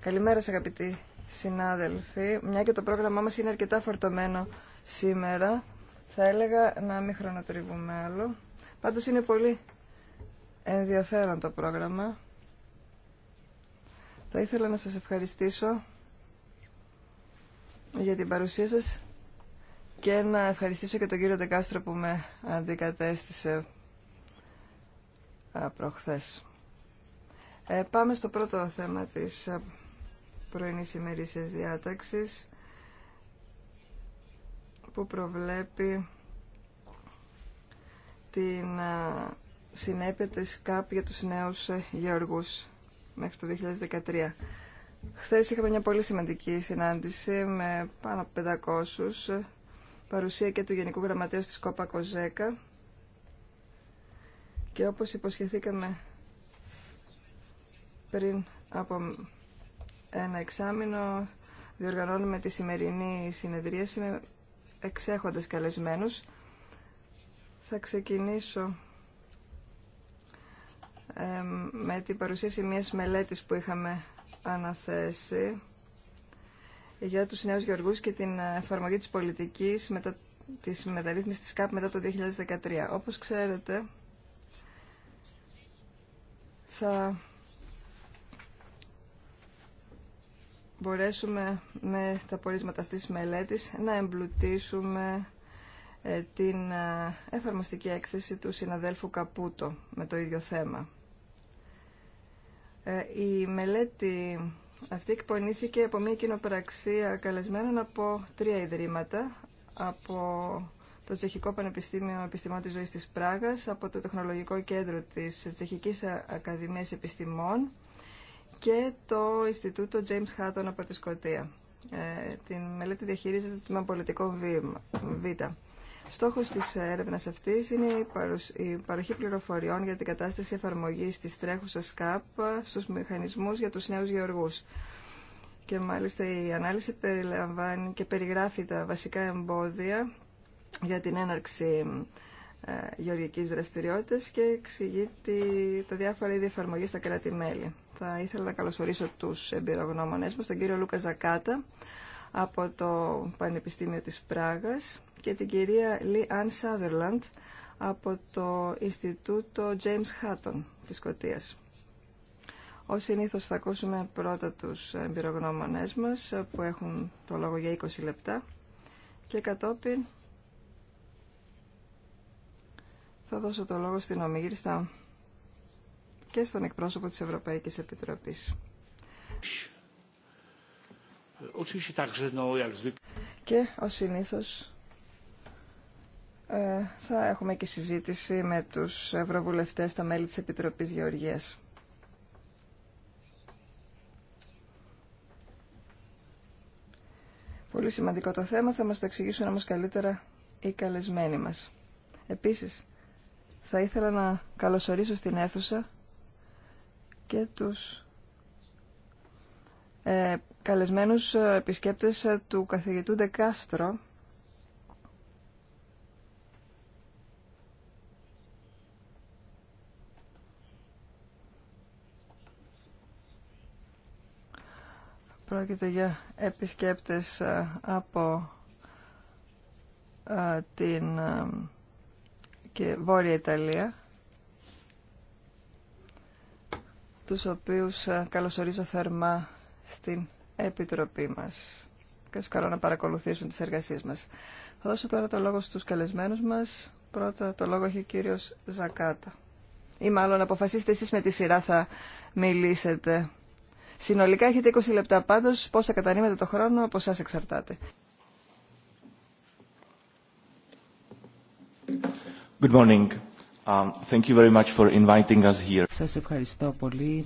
Καλημέρα σε αγαπητοί συνάδελφοι. Μια και το πρόγραμμά μας είναι αρκετά φορτωμένο σήμερα, θα έλεγα να μην χρονοτριβούμε άλλο. Πάντως είναι πολύ ενδιαφέρον το πρόγραμμα. Θα ήθελα να σας ευχαριστήσω για την παρουσία σας και να ευχαριστήσω και τον κύριο Δεκάστρο που με αντικατέστησε προχθές. Ε, πάμε στο πρώτο θέμα της πρωινής ημερήσιας διάταξης που προβλέπει την συνέπεια της ΚΑΠ για τους νέους ε, γεωργούς μέχρι το 2013. Χθες είχαμε μια πολύ σημαντική συνάντηση με πάνω από 500 ε, παρουσία και του Γενικού Γραμματέα της ΚΟΠΑ ΚΟΖΕΚΑ και όπως υποσχεθήκαμε πριν από ένα εξάμεινο, διοργανώνουμε τη σημερινή συνεδρίαση με εξέχοντες καλεσμένους. Θα ξεκινήσω με την παρουσίαση μιας μελέτης που είχαμε αναθέσει για τους νέους γεωργούς και την εφαρμογή της πολιτικής μετά της μεταρρύθμισης της ΚΑΠ μετά το 2013. Όπως ξέρετε, θα μπορέσουμε με τα πορίσματα αυτής της μελέτης να εμπλουτίσουμε ε, την ε, εφαρμοστική έκθεση του συναδέλφου Καπούτο με το ίδιο θέμα. Ε, η μελέτη αυτή εκπονήθηκε από μια κοινοπραξία καλεσμένων από τρία ιδρύματα, από το Τσεχικό Πανεπιστήμιο Επιστημών της Ζωής της Πράγας, από το Τεχνολογικό Κέντρο της Τσεχικής Ακαδημίας Επιστημών και το Ινστιτούτο James Hutton από τη Σκωτία. Ε, την μελέτη διαχειρίζεται το πολιτικό Β. Στόχος της έρευνας αυτής είναι η παροχή πληροφοριών για την κατάσταση εφαρμογής της τρέχουσας ΚΑΠ στους μηχανισμούς για τους νέους γεωργούς. Και μάλιστα η ανάλυση περιλαμβάνει και περιγράφει τα βασικά εμπόδια για την έναρξη ε, γεωργικής δραστηριότητας και εξηγεί τα διάφορα είδη εφαρμογή στα κράτη-μέλη. Θα ήθελα να καλωσορίσω τους εμπειρογνώμονές μας, τον κύριο Λούκα Ζακάτα από το Πανεπιστήμιο της Πράγας και την κυρία Λι Αν Σάδερλαντ από το Ινστιτούτο James Χάτον της Σκωτίας. Ως συνήθως θα ακούσουμε πρώτα τους εμπειρογνώμονές μας που έχουν το λόγο για 20 λεπτά και κατόπιν θα δώσω το λόγο στην Ομίγυριστα και στον εκπρόσωπο της Ευρωπαϊκής Επιτροπής. Και ο συνήθως ε, θα έχουμε και συζήτηση με τους ευρωβουλευτές, τα μέλη της Επιτροπής Γεωργίας. Πολύ σημαντικό το θέμα, θα μας το εξηγήσουν όμως καλύτερα οι καλεσμένοι μας. Επίσης, θα ήθελα να καλωσορίσω στην αίθουσα και τους ε, καλεσμένους ε, επισκέπτες ε, του καθηγητού Ντεκάστρο Πρόκειται για επισκέπτες ε, από την και Βόρεια Ιταλία, τους οποίους ε, καλωσορίζω θερμά στην Επιτροπή μας και σας καλώ να παρακολουθήσουν τις εργασίες μας. Θα δώσω τώρα το λόγο στους καλεσμένους μας. Πρώτα το λόγο έχει ο κύριος Ζακάτα. Ή μάλλον αποφασίστε εσείς με τη σειρά θα μιλήσετε. Συνολικά έχετε 20 λεπτά πάντως. Πώς θα κατανείμετε το χρόνο από σας εξαρτάται. Good Σας ευχαριστώ πολύ.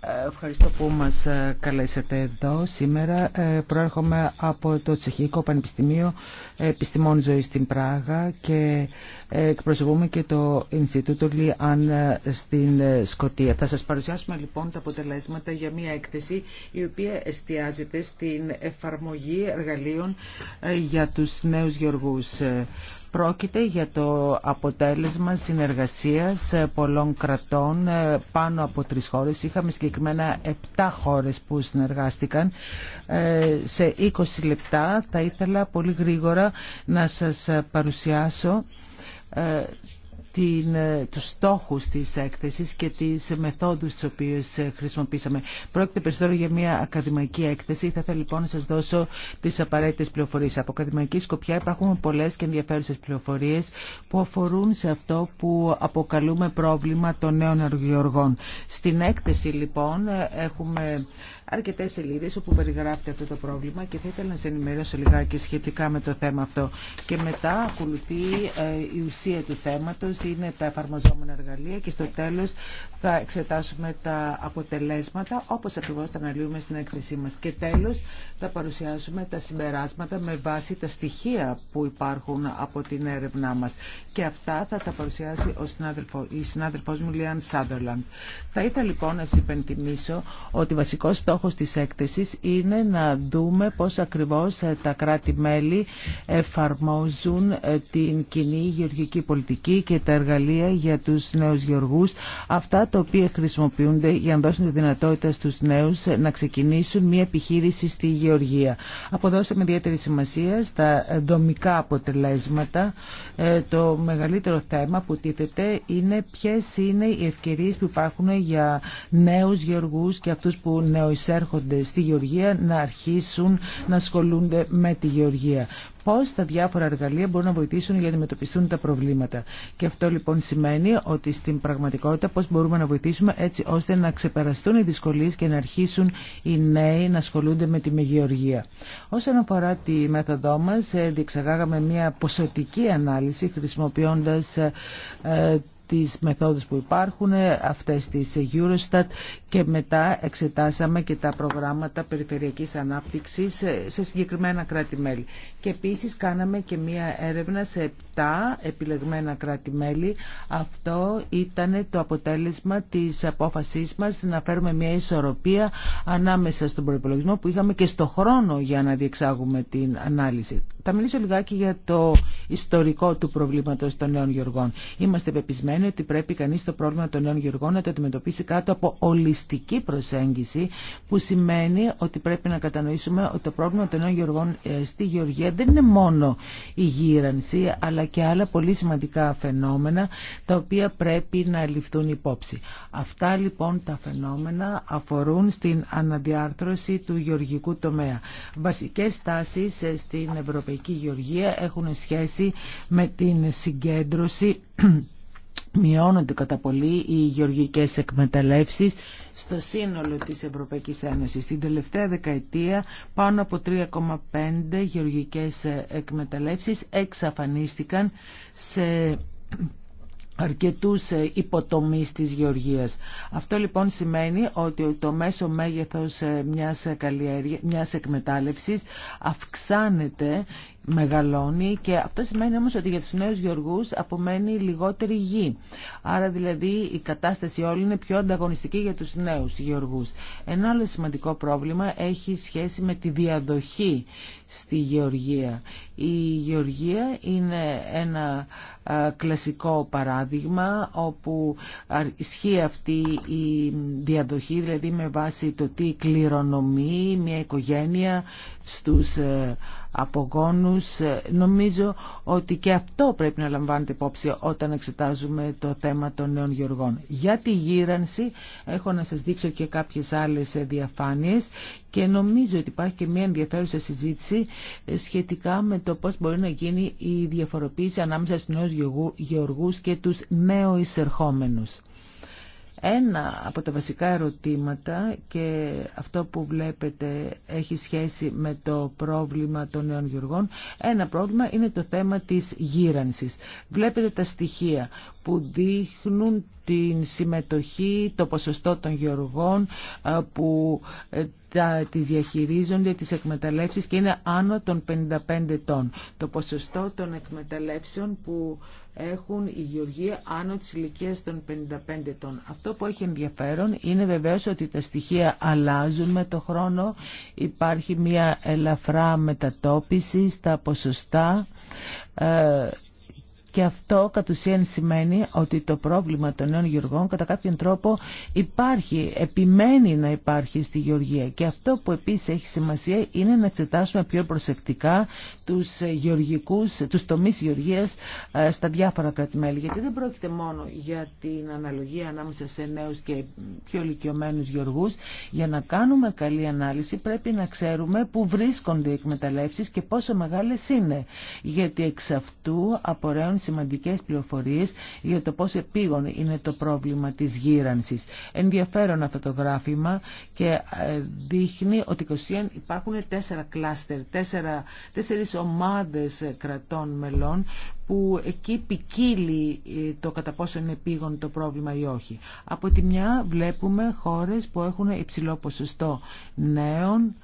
Ε, ευχαριστώ που μας ε, καλέσατε εδώ σήμερα. Ε, προέρχομαι από το Τσεχικό Πανεπιστημίο Επιστημών Ζωής στην Πράγα και εκπροσωπούμε και το Ινστιτούτο Λιάν στην Σκοτία. Θα σας παρουσιάσουμε λοιπόν τα αποτελέσματα για μια έκθεση η οποία εστιάζεται στην εφαρμογή εργαλείων για τους νέους γεωργούς. Πρόκειται για το αποτέλεσμα συνεργασίας ε, πολλών κρατών ε, πάνω από τρεις χώρες. Είχαμε συγκεκριμένα επτά χώρες που συνεργάστηκαν. Ε, σε 20 λεπτά θα ήθελα πολύ γρήγορα να σας παρουσιάσω την, ε, τους στόχους της έκθεσης και τις μεθόδους τις οποίες ε, χρησιμοποίησαμε. Πρόκειται περισσότερο για μια ακαδημαϊκή έκθεση. Θα ήθελα λοιπόν να σας δώσω τις απαραίτητες πληροφορίες. Από ακαδημαϊκή σκοπιά υπάρχουν πολλές και ενδιαφέρουσες πληροφορίες που αφορούν σε αυτό που αποκαλούμε πρόβλημα των νέων αργιοργών. Στην έκθεση λοιπόν ε, έχουμε αρκετές σελίδε όπου περιγράφεται αυτό το πρόβλημα και θα ήθελα να σε ενημερώσω λιγάκι σχετικά με το θέμα αυτό. Και μετά ακολουθεί ε, η ουσία του θέματο είναι τα εφαρμοζόμενα εργαλεία και στο τέλο θα εξετάσουμε τα αποτελέσματα όπω ακριβώ τα αναλύουμε στην έκθεσή μα. Και τέλο θα παρουσιάσουμε τα συμπεράσματα με βάση τα στοιχεία που υπάρχουν από την έρευνά μα. Και αυτά θα τα παρουσιάσει ο συνάδελφο, η συνάδελφός μου Λιάν Σάδερλαντ. Θα ήθελα λοιπόν να σα υπενθυμίσω ότι βασικό στόχο στόχος της έκθεσης είναι να δούμε πώς ακριβώς ε, τα κράτη-μέλη εφαρμόζουν ε, την κοινή γεωργική πολιτική και τα εργαλεία για τους νέους γεωργούς, αυτά τα οποία χρησιμοποιούνται για να δώσουν τη δυνατότητα στους νέους ε, να ξεκινήσουν μια επιχείρηση στη γεωργία. Αποδώσαμε ιδιαίτερη σημασία στα δομικά αποτελέσματα. Το μεγαλύτερο θέμα που τίθεται είναι ποιε είναι οι ευκαιρίες που υπάρχουν για νέους γεωργούς και αυτούς που νέους έρχονται στη Γεωργία να αρχίσουν να ασχολούνται με τη Γεωργία. Πώ τα διάφορα εργαλεία μπορούν να βοηθήσουν για να αντιμετωπιστούν τα προβλήματα. Και αυτό λοιπόν σημαίνει ότι στην πραγματικότητα πώ μπορούμε να βοηθήσουμε έτσι ώστε να ξεπεραστούν οι δυσκολίε και να αρχίσουν οι νέοι να ασχολούνται με τη μεγεωργία. Όσον αφορά τη μέθοδό μα, ε, διεξαγάγαμε μια ποσοτική ανάλυση χρησιμοποιώντας ε, ε, τις μεθόδους που υπάρχουν, αυτές της Eurostat και μετά εξετάσαμε και τα προγράμματα περιφερειακής ανάπτυξης σε συγκεκριμένα κράτη-μέλη. Και Επίσης κάναμε και μία έρευνα σε 7 επιλεγμένα κράτη-μέλη. Αυτό ήταν το αποτέλεσμα της απόφασής μας να φέρουμε μία ισορροπία ανάμεσα στον προπολογισμό που είχαμε και στο χρόνο για να διεξάγουμε την ανάλυση. Θα μιλήσω λιγάκι για το ιστορικό του προβλήματος των νέων γεωργών. Είμαστε πεπισμένοι ότι πρέπει κανείς το πρόβλημα των νέων γεωργών να το αντιμετωπίσει κάτω από ολιστική προσέγγιση που σημαίνει ότι πρέπει να κατανοήσουμε ότι το πρόβλημα των νέων γεωργών ε, στη Γεωργία δεν είναι μόνο η γύρανση αλλά και άλλα πολύ σημαντικά φαινόμενα τα οποία πρέπει να ληφθούν υπόψη. Αυτά λοιπόν τα φαινόμενα αφορούν στην αναδιάρθρωση του γεωργικού τομέα. Βασικές τάσεις ε, στην Ευρωπαϊκή Γεωργία έχουν σχέση με την συγκέντρωση μειώνονται κατά πολύ οι γεωργικές εκμεταλλεύσεις στο σύνολο της Ευρωπαϊκής Ένωσης. Την τελευταία δεκαετία πάνω από 3,5 γεωργικές εκμεταλλεύσεις εξαφανίστηκαν σε αρκετούς υποτομείς της γεωργίας. Αυτό λοιπόν σημαίνει ότι το μέσο μέγεθος μιας, μιας εκμετάλλευσης αυξάνεται μεγαλώνει και αυτό σημαίνει όμως ότι για τους νέους γεωργούς απομένει λιγότερη γη. Άρα δηλαδή η κατάσταση όλη είναι πιο ανταγωνιστική για τους νέους γεωργούς. Ένα άλλο σημαντικό πρόβλημα έχει σχέση με τη διαδοχή στη γεωργία. Η γεωργία είναι ένα κλασικό παράδειγμα όπου ισχύει αυτή η διαδοχή, δηλαδή με βάση το τι κληρονομεί μια οικογένεια στους από Νομίζω ότι και αυτό πρέπει να λαμβάνεται υπόψη όταν εξετάζουμε το θέμα των νέων γεωργών. Για τη γύρανση έχω να σας δείξω και κάποιες άλλες διαφάνειες και νομίζω ότι υπάρχει και μια ενδιαφέρουσα συζήτηση σχετικά με το πώς μπορεί να γίνει η διαφοροποίηση ανάμεσα στους νέους γεωργούς και τους νέο εισερχόμενους. Ένα από τα βασικά ερωτήματα και αυτό που βλέπετε έχει σχέση με το πρόβλημα των νέων γεωργών. Ένα πρόβλημα είναι το θέμα της γύρανσης. Βλέπετε τα στοιχεία που δείχνουν την συμμετοχή, το ποσοστό των γεωργών ε, που ε, τα, τις διαχειρίζονται, τις εκμεταλλεύσεις και είναι άνω των 55 ετών. Το ποσοστό των εκμεταλλεύσεων που έχουν η γεωργοί άνω της ηλικία των 55 ετών. Αυτό που έχει ενδιαφέρον είναι βεβαίως ότι τα στοιχεία αλλάζουν με το χρόνο. Υπάρχει μια ελαφρά μετατόπιση στα ποσοστά ε, και αυτό κατ' ουσίαν σημαίνει ότι το πρόβλημα των νέων γεωργών κατά κάποιον τρόπο υπάρχει, επιμένει να υπάρχει στη γεωργία. Και αυτό που επίσης έχει σημασία είναι να εξετάσουμε πιο προσεκτικά τους, γεωργικούς, τους τομείς γεωργίας ε, στα διάφορα κρατημέλη. Γιατί δεν πρόκειται μόνο για την αναλογία ανάμεσα σε νέους και πιο ηλικιωμένους γεωργούς. Για να κάνουμε καλή ανάλυση πρέπει να ξέρουμε πού βρίσκονται οι εκμεταλλεύσεις και πόσο μεγάλες είναι. Γιατί εξ αυτού απορρέουν σημαντικές πληροφορίες για το πώς επίγον είναι το πρόβλημα της γύρανσης. Ενδιαφέρον αυτό το γράφημα και ε, δείχνει ότι υπάρχουν τέσσερα κλάστερ, τέσσερα, τέσσερις ομάδες κρατών μελών που εκεί ποικίλει ε, το κατά πόσο είναι επίγον το πρόβλημα ή όχι. Από τη μια βλέπουμε χώρες που έχουν υψηλό ποσοστό νέων,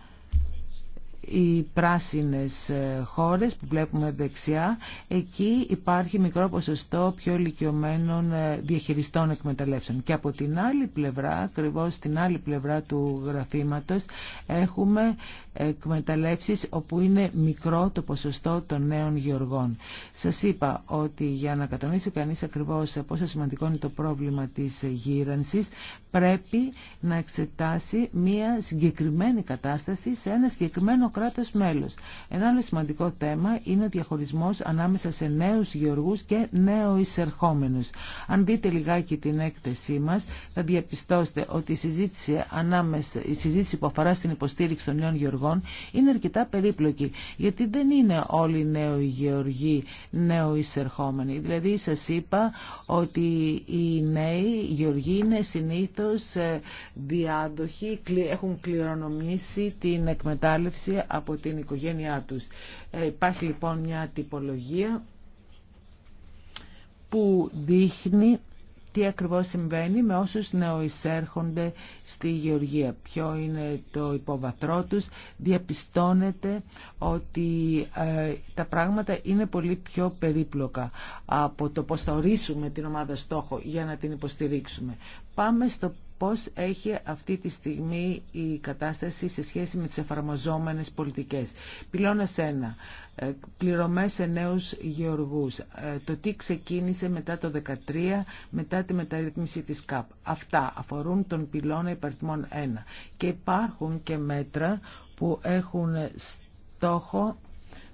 οι πράσινες ε, χώρες που βλέπουμε δεξιά, εκεί υπάρχει μικρό ποσοστό πιο ηλικιωμένων ε, διαχειριστών εκμεταλλεύσεων. Και από την άλλη πλευρά, ακριβώ την άλλη πλευρά του γραφήματος, έχουμε εκμεταλλεύσεις όπου είναι μικρό το ποσοστό των νέων γεωργών. Σας είπα ότι για να κατανοήσει κανείς ακριβώς πόσο σημαντικό είναι το πρόβλημα της γύρανσης πρέπει να εξετάσει μια συγκεκριμένη κατάσταση σε ένα συγκεκριμένο κράτος μέλος. Ένα άλλο σημαντικό θέμα είναι ο διαχωρισμός ανάμεσα σε νέους γεωργούς και νέο εισερχόμενους. Αν δείτε λιγάκι την έκθεσή μας θα διαπιστώσετε ότι η συζήτηση, ανάμεσα, η συζήτηση που αφορά στην υποστήριξη των νέων γεωργών είναι αρκετά περίπλοκη, γιατί δεν είναι όλοι νέοι Γεωργοί εισερχόμενοι. Δηλαδή σας είπα ότι οι νέοι Γεωργοί είναι συνήθως ε, διάδοχοι, έχουν κληρονομήσει την εκμετάλλευση από την οικογένειά τους. Ε, υπάρχει λοιπόν μια τυπολογία που δείχνει τι ακριβώς συμβαίνει με όσους νεοεισέρχονται στη Γεωργία. Ποιο είναι το υπόβαθρό τους. Διαπιστώνεται ότι ε, τα πράγματα είναι πολύ πιο περίπλοκα από το πώς θα ορίσουμε την ομάδα στόχο για να την υποστηρίξουμε. Πάμε στο πώς έχει αυτή τη στιγμή η κατάσταση σε σχέση με τις εφαρμοζόμενες πολιτικές. Πυλώνας 1. Ε, πληρωμές σε νέους γεωργούς. Ε, το τι ξεκίνησε μετά το 2013, μετά τη μεταρρύθμιση της ΚΑΠ. Αυτά αφορούν τον πυλώνα υπαριθμών 1. Και υπάρχουν και μέτρα που έχουν στόχο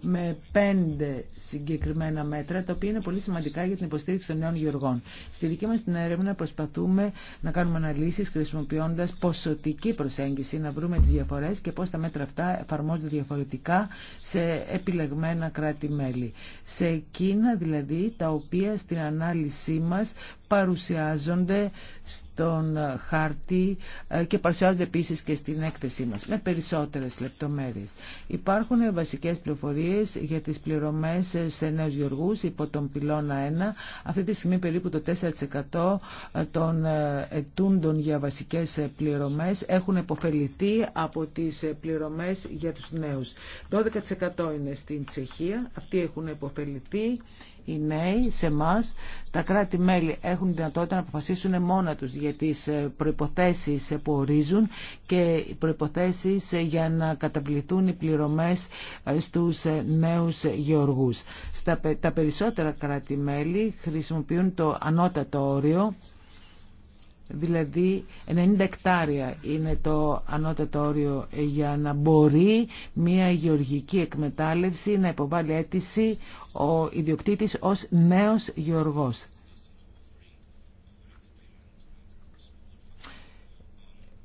με πέντε συγκεκριμένα μέτρα, τα οποία είναι πολύ σημαντικά για την υποστήριξη των νέων γεωργών. Στη δική μας την έρευνα προσπαθούμε να κάνουμε αναλύσεις χρησιμοποιώντας ποσοτική προσέγγιση, να βρούμε τις διαφορές και πώς τα μέτρα αυτά εφαρμόζονται διαφορετικά σε επιλεγμένα κράτη-μέλη. Σε εκείνα δηλαδή τα οποία στην ανάλυση μας παρουσιάζονται στον χάρτη ε, και παρουσιάζονται επίσης και στην έκθεσή μας με περισσότερες λεπτομέρειες. Υπάρχουν βασικές πληροφορίες για τις πληρωμές σε νέους γεωργούς υπό τον πυλώνα 1. Αυτή τη στιγμή περίπου το 4% ε, των ε, ετούντων για βασικές πληρωμές έχουν υποφεληθεί από τις πληρωμές για τους νέους. 12% είναι στην Τσεχία, αυτοί έχουν υποφεληθεί οι νέοι σε εμά. Τα κράτη-μέλη έχουν δυνατότητα να αποφασίσουν μόνα τους για τις ε, προϋποθέσεις ε, που ορίζουν και οι προϋποθέσεις ε, για να καταβληθούν οι πληρωμές στους νέους γεωργούς. Στα, τα περισσότερα κράτη-μέλη χρησιμοποιούν το ανώτατο όριο δηλαδή 90 εκτάρια είναι το ανώτατο όριο για να μπορεί μια γεωργική εκμετάλλευση να υποβάλει αίτηση ο ιδιοκτήτης ως νέος γεωργός.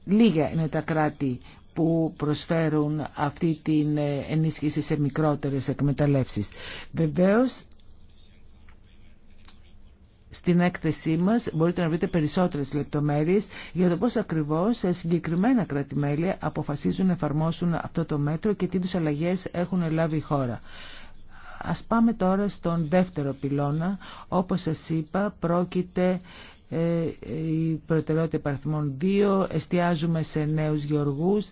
Λίγα είναι τα κράτη που προσφέρουν αυτή την ε, ενίσχυση σε μικρότερες εκμεταλλεύσεις. Βεβαίως, στην έκθεσή μας μπορείτε να βρείτε περισσότερες λεπτομέρειες για το πώς ακριβώς συγκεκριμένα κρατημέλια αποφασίζουν να εφαρμόσουν αυτό το μέτρο και τι τους αλλαγές έχουν λάβει η χώρα. Ας πάμε τώρα στον δεύτερο πυλώνα. Όπως σας είπα, πρόκειται ε, η προτεραιότητα παραθυμών 2, εστιάζουμε σε νέους γεωργούς,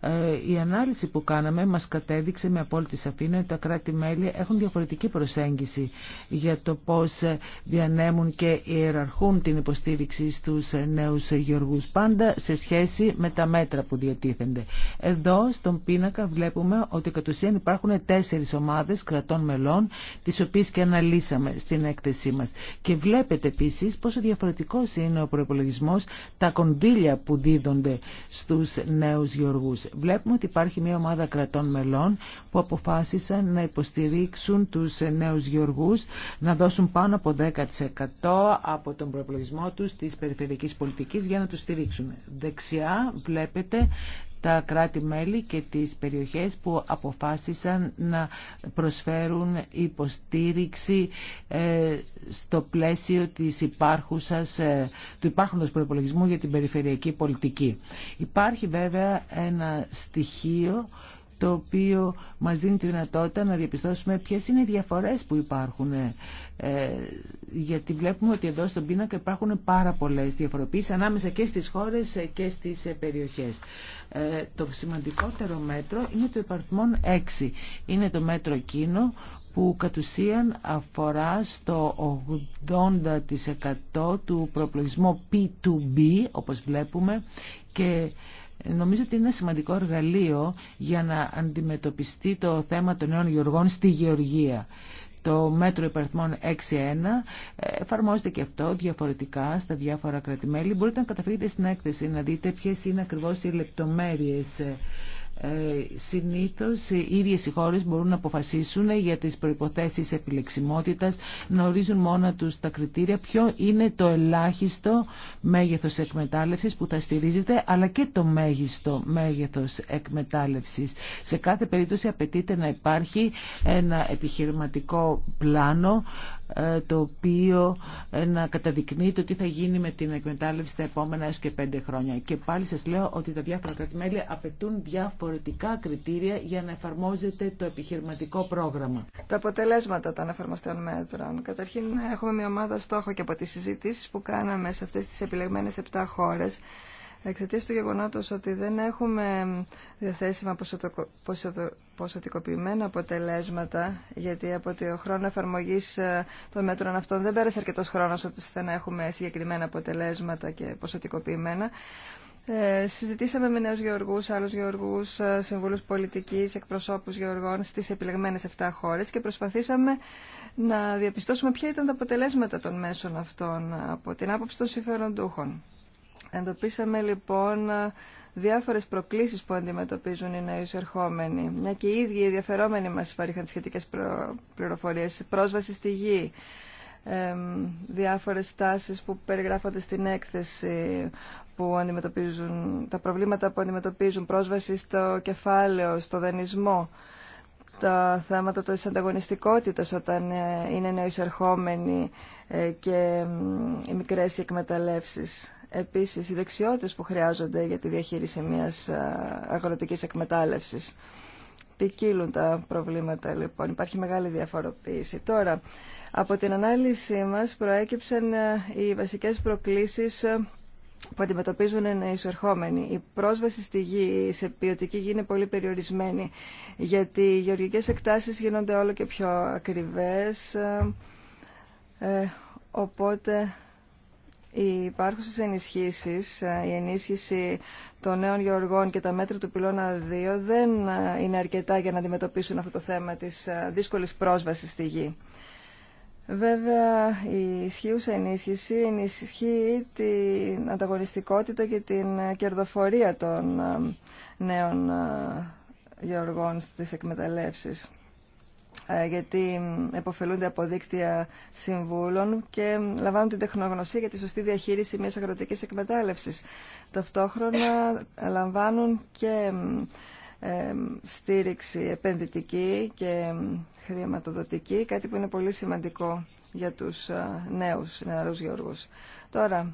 ε, η ανάλυση που κάναμε μας κατέδειξε με απόλυτη σαφήνεια ότι τα κράτη-μέλη έχουν διαφορετική προσέγγιση για το πώς διανέμουν και ιεραρχούν την υποστήριξη στους νέους γεωργούς πάντα σε σχέση με τα μέτρα που διατίθενται. Εδώ στον πίνακα βλέπουμε ότι κατ' ουσίαν υπάρχουν τέσσερις ομάδες κρατών μελών τις οποίες και αναλύσαμε στην έκθεσή μας. Και βλέπετε επίσης πόσο διαφορετικός είναι ο προπολογισμό τα κονδύλια που δίδονται στους νέους γεωργούς βλέπουμε ότι υπάρχει μια ομάδα κρατών μελών που αποφάσισαν να υποστηρίξουν τους νέους γεωργούς να δώσουν πάνω από 10% από τον προεπλογισμό τους της περιφερειακής πολιτικής για να τους στηρίξουν. Δεξιά βλέπετε τα κράτη-μέλη και τις περιοχές που αποφάσισαν να προσφέρουν υποστήριξη ε, στο πλαίσιο της υπάρχουσας, ε, του υπάρχοντος προπολογισμού για την περιφερειακή πολιτική. Υπάρχει βέβαια ένα στοιχείο το οποίο μας δίνει τη δυνατότητα να διαπιστώσουμε ποιες είναι οι διαφορές που υπάρχουν. Ε, γιατί βλέπουμε ότι εδώ στον πίνακα υπάρχουν πάρα πολλές διαφοροποίησεις ανάμεσα και στις χώρες ε, και στις ε, περιοχές. Ε, το σημαντικότερο μέτρο είναι το επαρτμόν 6. Είναι το μέτρο εκείνο που κατ' ουσίαν αφορά στο 80% του προπλογισμού P2B, όπως βλέπουμε, και Νομίζω ότι είναι σημαντικό εργαλείο για να αντιμετωπιστεί το θέμα των νέων γεωργών στη γεωργία. Το μέτρο υπαριθμών 6.1 ε, εφαρμόζεται και αυτό διαφορετικά στα διάφορα κρατημέλη. Μπορείτε να καταφύγετε στην έκθεση να δείτε ποιες είναι ακριβώς οι λεπτομέρειες ε, ε, συνήθως οι ίδιες οι χώρες μπορούν να αποφασίσουν για τις προϋποθέσεις επιλεξιμότητας, να ορίζουν μόνα τους τα κριτήρια, ποιο είναι το ελάχιστο μέγεθος εκμετάλλευσης που θα στηρίζεται, αλλά και το μέγιστο μέγεθος εκμετάλλευσης. Σε κάθε περίπτωση απαιτείται να υπάρχει ένα επιχειρηματικό πλάνο ε, το οποίο ε, να καταδεικνύει το τι θα γίνει με την εκμετάλλευση τα επόμενα έως και πέντε χρόνια. Και πάλι σας λέω ότι τα διάφορα κρατημέλια απαιτούν διαφορετικά κριτήρια για να εφαρμόζεται το επιχειρηματικό πρόγραμμα. Τα αποτελέσματα των εφαρμοστέων μέτρων. Καταρχήν έχουμε μια ομάδα στόχο και από τις συζητήσεις που κάναμε σε αυτές τις επιλεγμένες 7 χώρες Εξαιτία του γεγονότο ότι δεν έχουμε διαθέσιμα ποσοτικοποιημένα αποτελέσματα, γιατί από το χρόνο εφαρμογή ε, των μέτρων αυτών δεν πέρασε αρκετό χρόνο ώστε να έχουμε συγκεκριμένα αποτελέσματα και ποσοτικοποιημένα. Ε, συζητήσαμε με νέους γεωργούς, άλλους γεωργούς, ε, συμβούλους πολιτικής, εκπροσώπους γεωργών στις επιλεγμένες 7 χώρες και προσπαθήσαμε να διαπιστώσουμε ποια ήταν τα αποτελέσματα των μέσων αυτών από την άποψη των συμφεροντούχων. Εντοπίσαμε λοιπόν διάφορες προκλήσεις που αντιμετωπίζουν οι νέοι εισερχόμενοι. Μια και οι ίδιοι οι ενδιαφερόμενοι μας παρήχαν τις σχετικές πληροφορίες, πρόσβαση στη γη, διάφορες τάσεις που περιγράφονται στην έκθεση που αντιμετωπίζουν, τα προβλήματα που αντιμετωπίζουν, πρόσβαση στο κεφάλαιο, στο δανεισμό, τα θέματα της ανταγωνιστικότητας όταν ε, είναι εισερχόμενοι ε, και οι μικρές εκμεταλλεύσεις επίσης οι δεξιότητες που χρειάζονται για τη διαχείριση μιας ε, αγροτικής εκμετάλλευσης. Ποικίλουν τα προβλήματα λοιπόν, υπάρχει μεγάλη διαφοροποίηση. Τώρα, από την ανάλυση μας προέκυψαν ε, οι βασικές προκλήσεις ε, που αντιμετωπίζουν οι Η πρόσβαση στη γη, σε ποιοτική γη είναι πολύ περιορισμένη, γιατί οι γεωργικές εκτάσεις γίνονται όλο και πιο ακριβές, οπότε οι υπάρχουσες ενισχύσεις, ε, η ενίσχυση των νέων γεωργών και τα μέτρα του πυλώνα 2 δεν ε, είναι αρκετά για να αντιμετωπίσουν αυτό το θέμα της ε, δύσκολης πρόσβασης στη γη. Βέβαια, η ισχύουσα ενίσχυση ενισχύει την ανταγωνιστικότητα και την κερδοφορία των νέων γεωργών στις εκμεταλλεύσεις. Ε, γιατί εποφελούνται από δίκτυα συμβούλων και λαμβάνουν την τεχνογνωσία για τη σωστή διαχείριση μιας αγροτικής εκμετάλλευσης. Ταυτόχρονα ε, λαμβάνουν και ε, στήριξη επενδυτική και χρηματοδοτική, κάτι που είναι πολύ σημαντικό για τους νέους νεαρούς γεωργούς. Τώρα,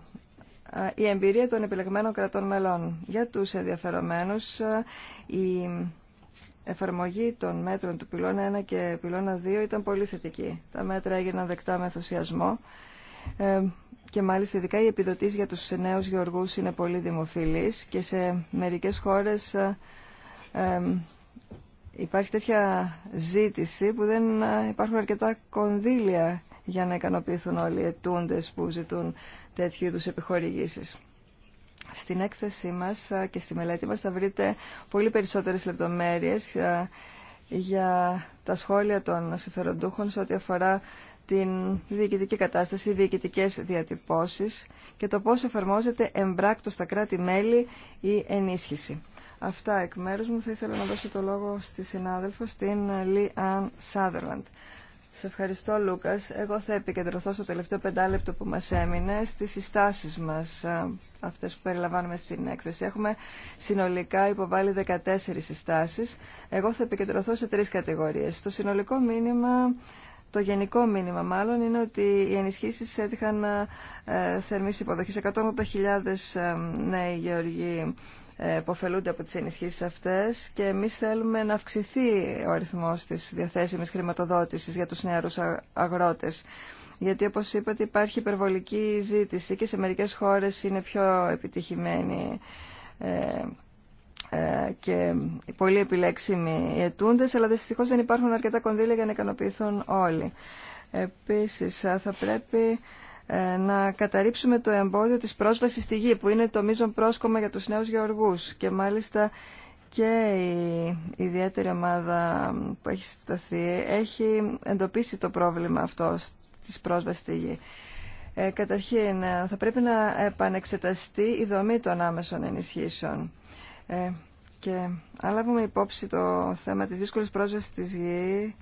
η εμπειρία των επιλεγμένων κρατών μελών. Για τους ενδιαφερομένους, η εφαρμογή των μέτρων του πυλώνα 1 και πυλώνα 2 ήταν πολύ θετική. Τα μέτρα έγιναν δεκτά με ενθουσιασμό ε, και μάλιστα ειδικά οι επιδοτήσει για τους νέους γεωργούς είναι πολύ δημοφιλείς και σε μερικές χώρες ε, υπάρχει τέτοια ζήτηση που δεν ε, υπάρχουν αρκετά κονδύλια για να ικανοποιηθούν όλοι οι ετούντες που ζητούν τέτοιου είδους επιχορηγήσεις. Στην έκθεσή μας ε, και στη μελέτη μας θα βρείτε πολύ περισσότερες λεπτομέρειες ε, για τα σχόλια των συμφεροντούχων σε ό,τι αφορά την διοικητική κατάσταση, διοικητικές διατυπώσεις και το πώς εφαρμόζεται εμπράκτο στα κράτη-μέλη η ενίσχυση. Αυτά εκ μέρους μου θα ήθελα να δώσω το λόγο στη συνάδελφο, στην Λι Αν Σάδερλαντ. Σε ευχαριστώ Λούκας. Εγώ θα επικεντρωθώ στο τελευταίο πεντάλεπτο που μας έμεινε στις συστάσεις μας αυτές που περιλαμβάνουμε στην έκθεση. Έχουμε συνολικά υποβάλει 14 συστάσεις. Εγώ θα επικεντρωθώ σε τρεις κατηγορίες. Το συνολικό μήνυμα, το γενικό μήνυμα μάλλον, είναι ότι οι ενισχύσεις έτυχαν ε, θερμής υποδοχής. 180.000 ε, νέοι γεωργοί ε, υποφελούνται από τις ενισχύσεις αυτές και εμείς θέλουμε να αυξηθεί ο αριθμός της διαθέσιμης χρηματοδότησης για τους νεαρούς αγρότες γιατί όπως είπατε υπάρχει υπερβολική ζήτηση και σε μερικές χώρες είναι πιο επιτυχημένη ε, ε, και πολύ επιλέξιμοι οι αιτούντες, αλλά δυστυχώς δεν υπάρχουν αρκετά κονδύλια για να ικανοποιηθούν όλοι. Επίσης, θα πρέπει ε, να καταρρύψουμε το εμπόδιο της πρόσβασης στη γη, που είναι το μείζον πρόσκομα για τους νέους γεωργούς. Και μάλιστα και η ιδιαίτερη ομάδα που έχει συσταθεί έχει εντοπίσει το πρόβλημα αυτό της πρόσβασης στη γη. Ε, καταρχήν, ε, θα πρέπει να επανεξεταστεί η δομή των άμεσων ενισχύσεων. Ε, και αν λάβουμε υπόψη το θέμα της δύσκολης πρόσβασης της γη,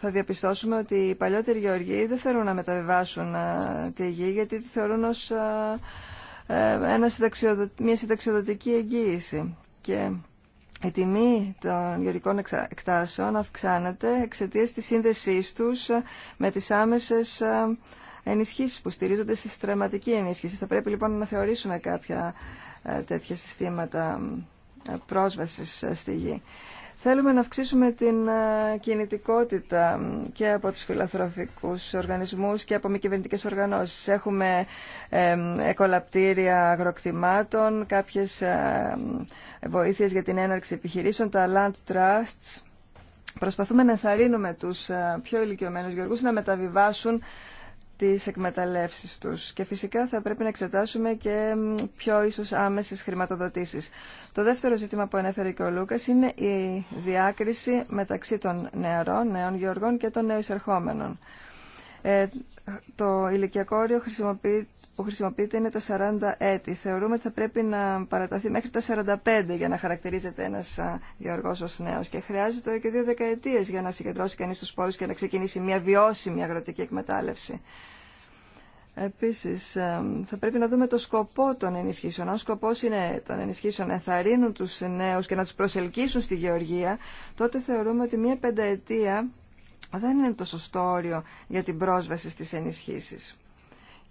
θα διαπιστώσουμε ότι οι παλιότεροι γεωργοί δεν θέλουν να μεταβιβάσουν τη γη γιατί τη θεωρούν ως ένα συνταξιοδο... μια συνταξιοδοτική εγγύηση. Και η τιμή των γεωρικών εκτάσεων αυξάνεται εξαιτίας της σύνδεσής τους με τις άμεσες ε, ενισχύσεις που στηρίζονται στη στραματική ενίσχυση. Θα πρέπει λοιπόν να θεωρήσουμε κάποια ε, τέτοια συστήματα ε, πρόσβασης στη γη. Θέλουμε να αυξήσουμε την ε, κινητικότητα και από τους φιλαθροφικούς οργανισμούς και από μη κυβερνητικές οργανώσεις. Έχουμε ε, εκολαπτήρια αγροκτημάτων, κάποιες ε, βοήθειες για την έναρξη επιχειρήσεων, τα land trusts. Προσπαθούμε να ενθαρρύνουμε τους πιο ηλικιωμένους γεωργούς να μεταβιβάσουν τις εκμεταλλεύσεις τους. Και φυσικά θα πρέπει να εξετάσουμε και πιο ίσως άμεσες χρηματοδοτήσεις. Το δεύτερο ζήτημα που ανέφερε και ο Λούκας είναι η διάκριση μεταξύ των νεαρών, νέων γεωργών και των νέων εισερχόμενων. Ε, το ηλικιακό όριο που χρησιμοποιείται είναι τα 40 έτη. Θεωρούμε ότι θα πρέπει να παραταθεί μέχρι τα 45 για να χαρακτηρίζεται ένας γεωργός ως νέος και χρειάζεται και δύο δεκαετίες για να συγκεντρώσει κανείς τους πόρου και να ξεκινήσει μια βιώσιμη αγροτική εκμετάλλευση. Επίσης, ε, θα πρέπει να δούμε το σκοπό των ενισχύσεων. Αν σκοπό είναι των ενισχύσεων να ενθαρρύνουν του νέου και να του προσελκύσουν στη γεωργία, τότε θεωρούμε ότι μια πενταετία δεν είναι το σωστό όριο για την πρόσβαση στις ενισχύσεις.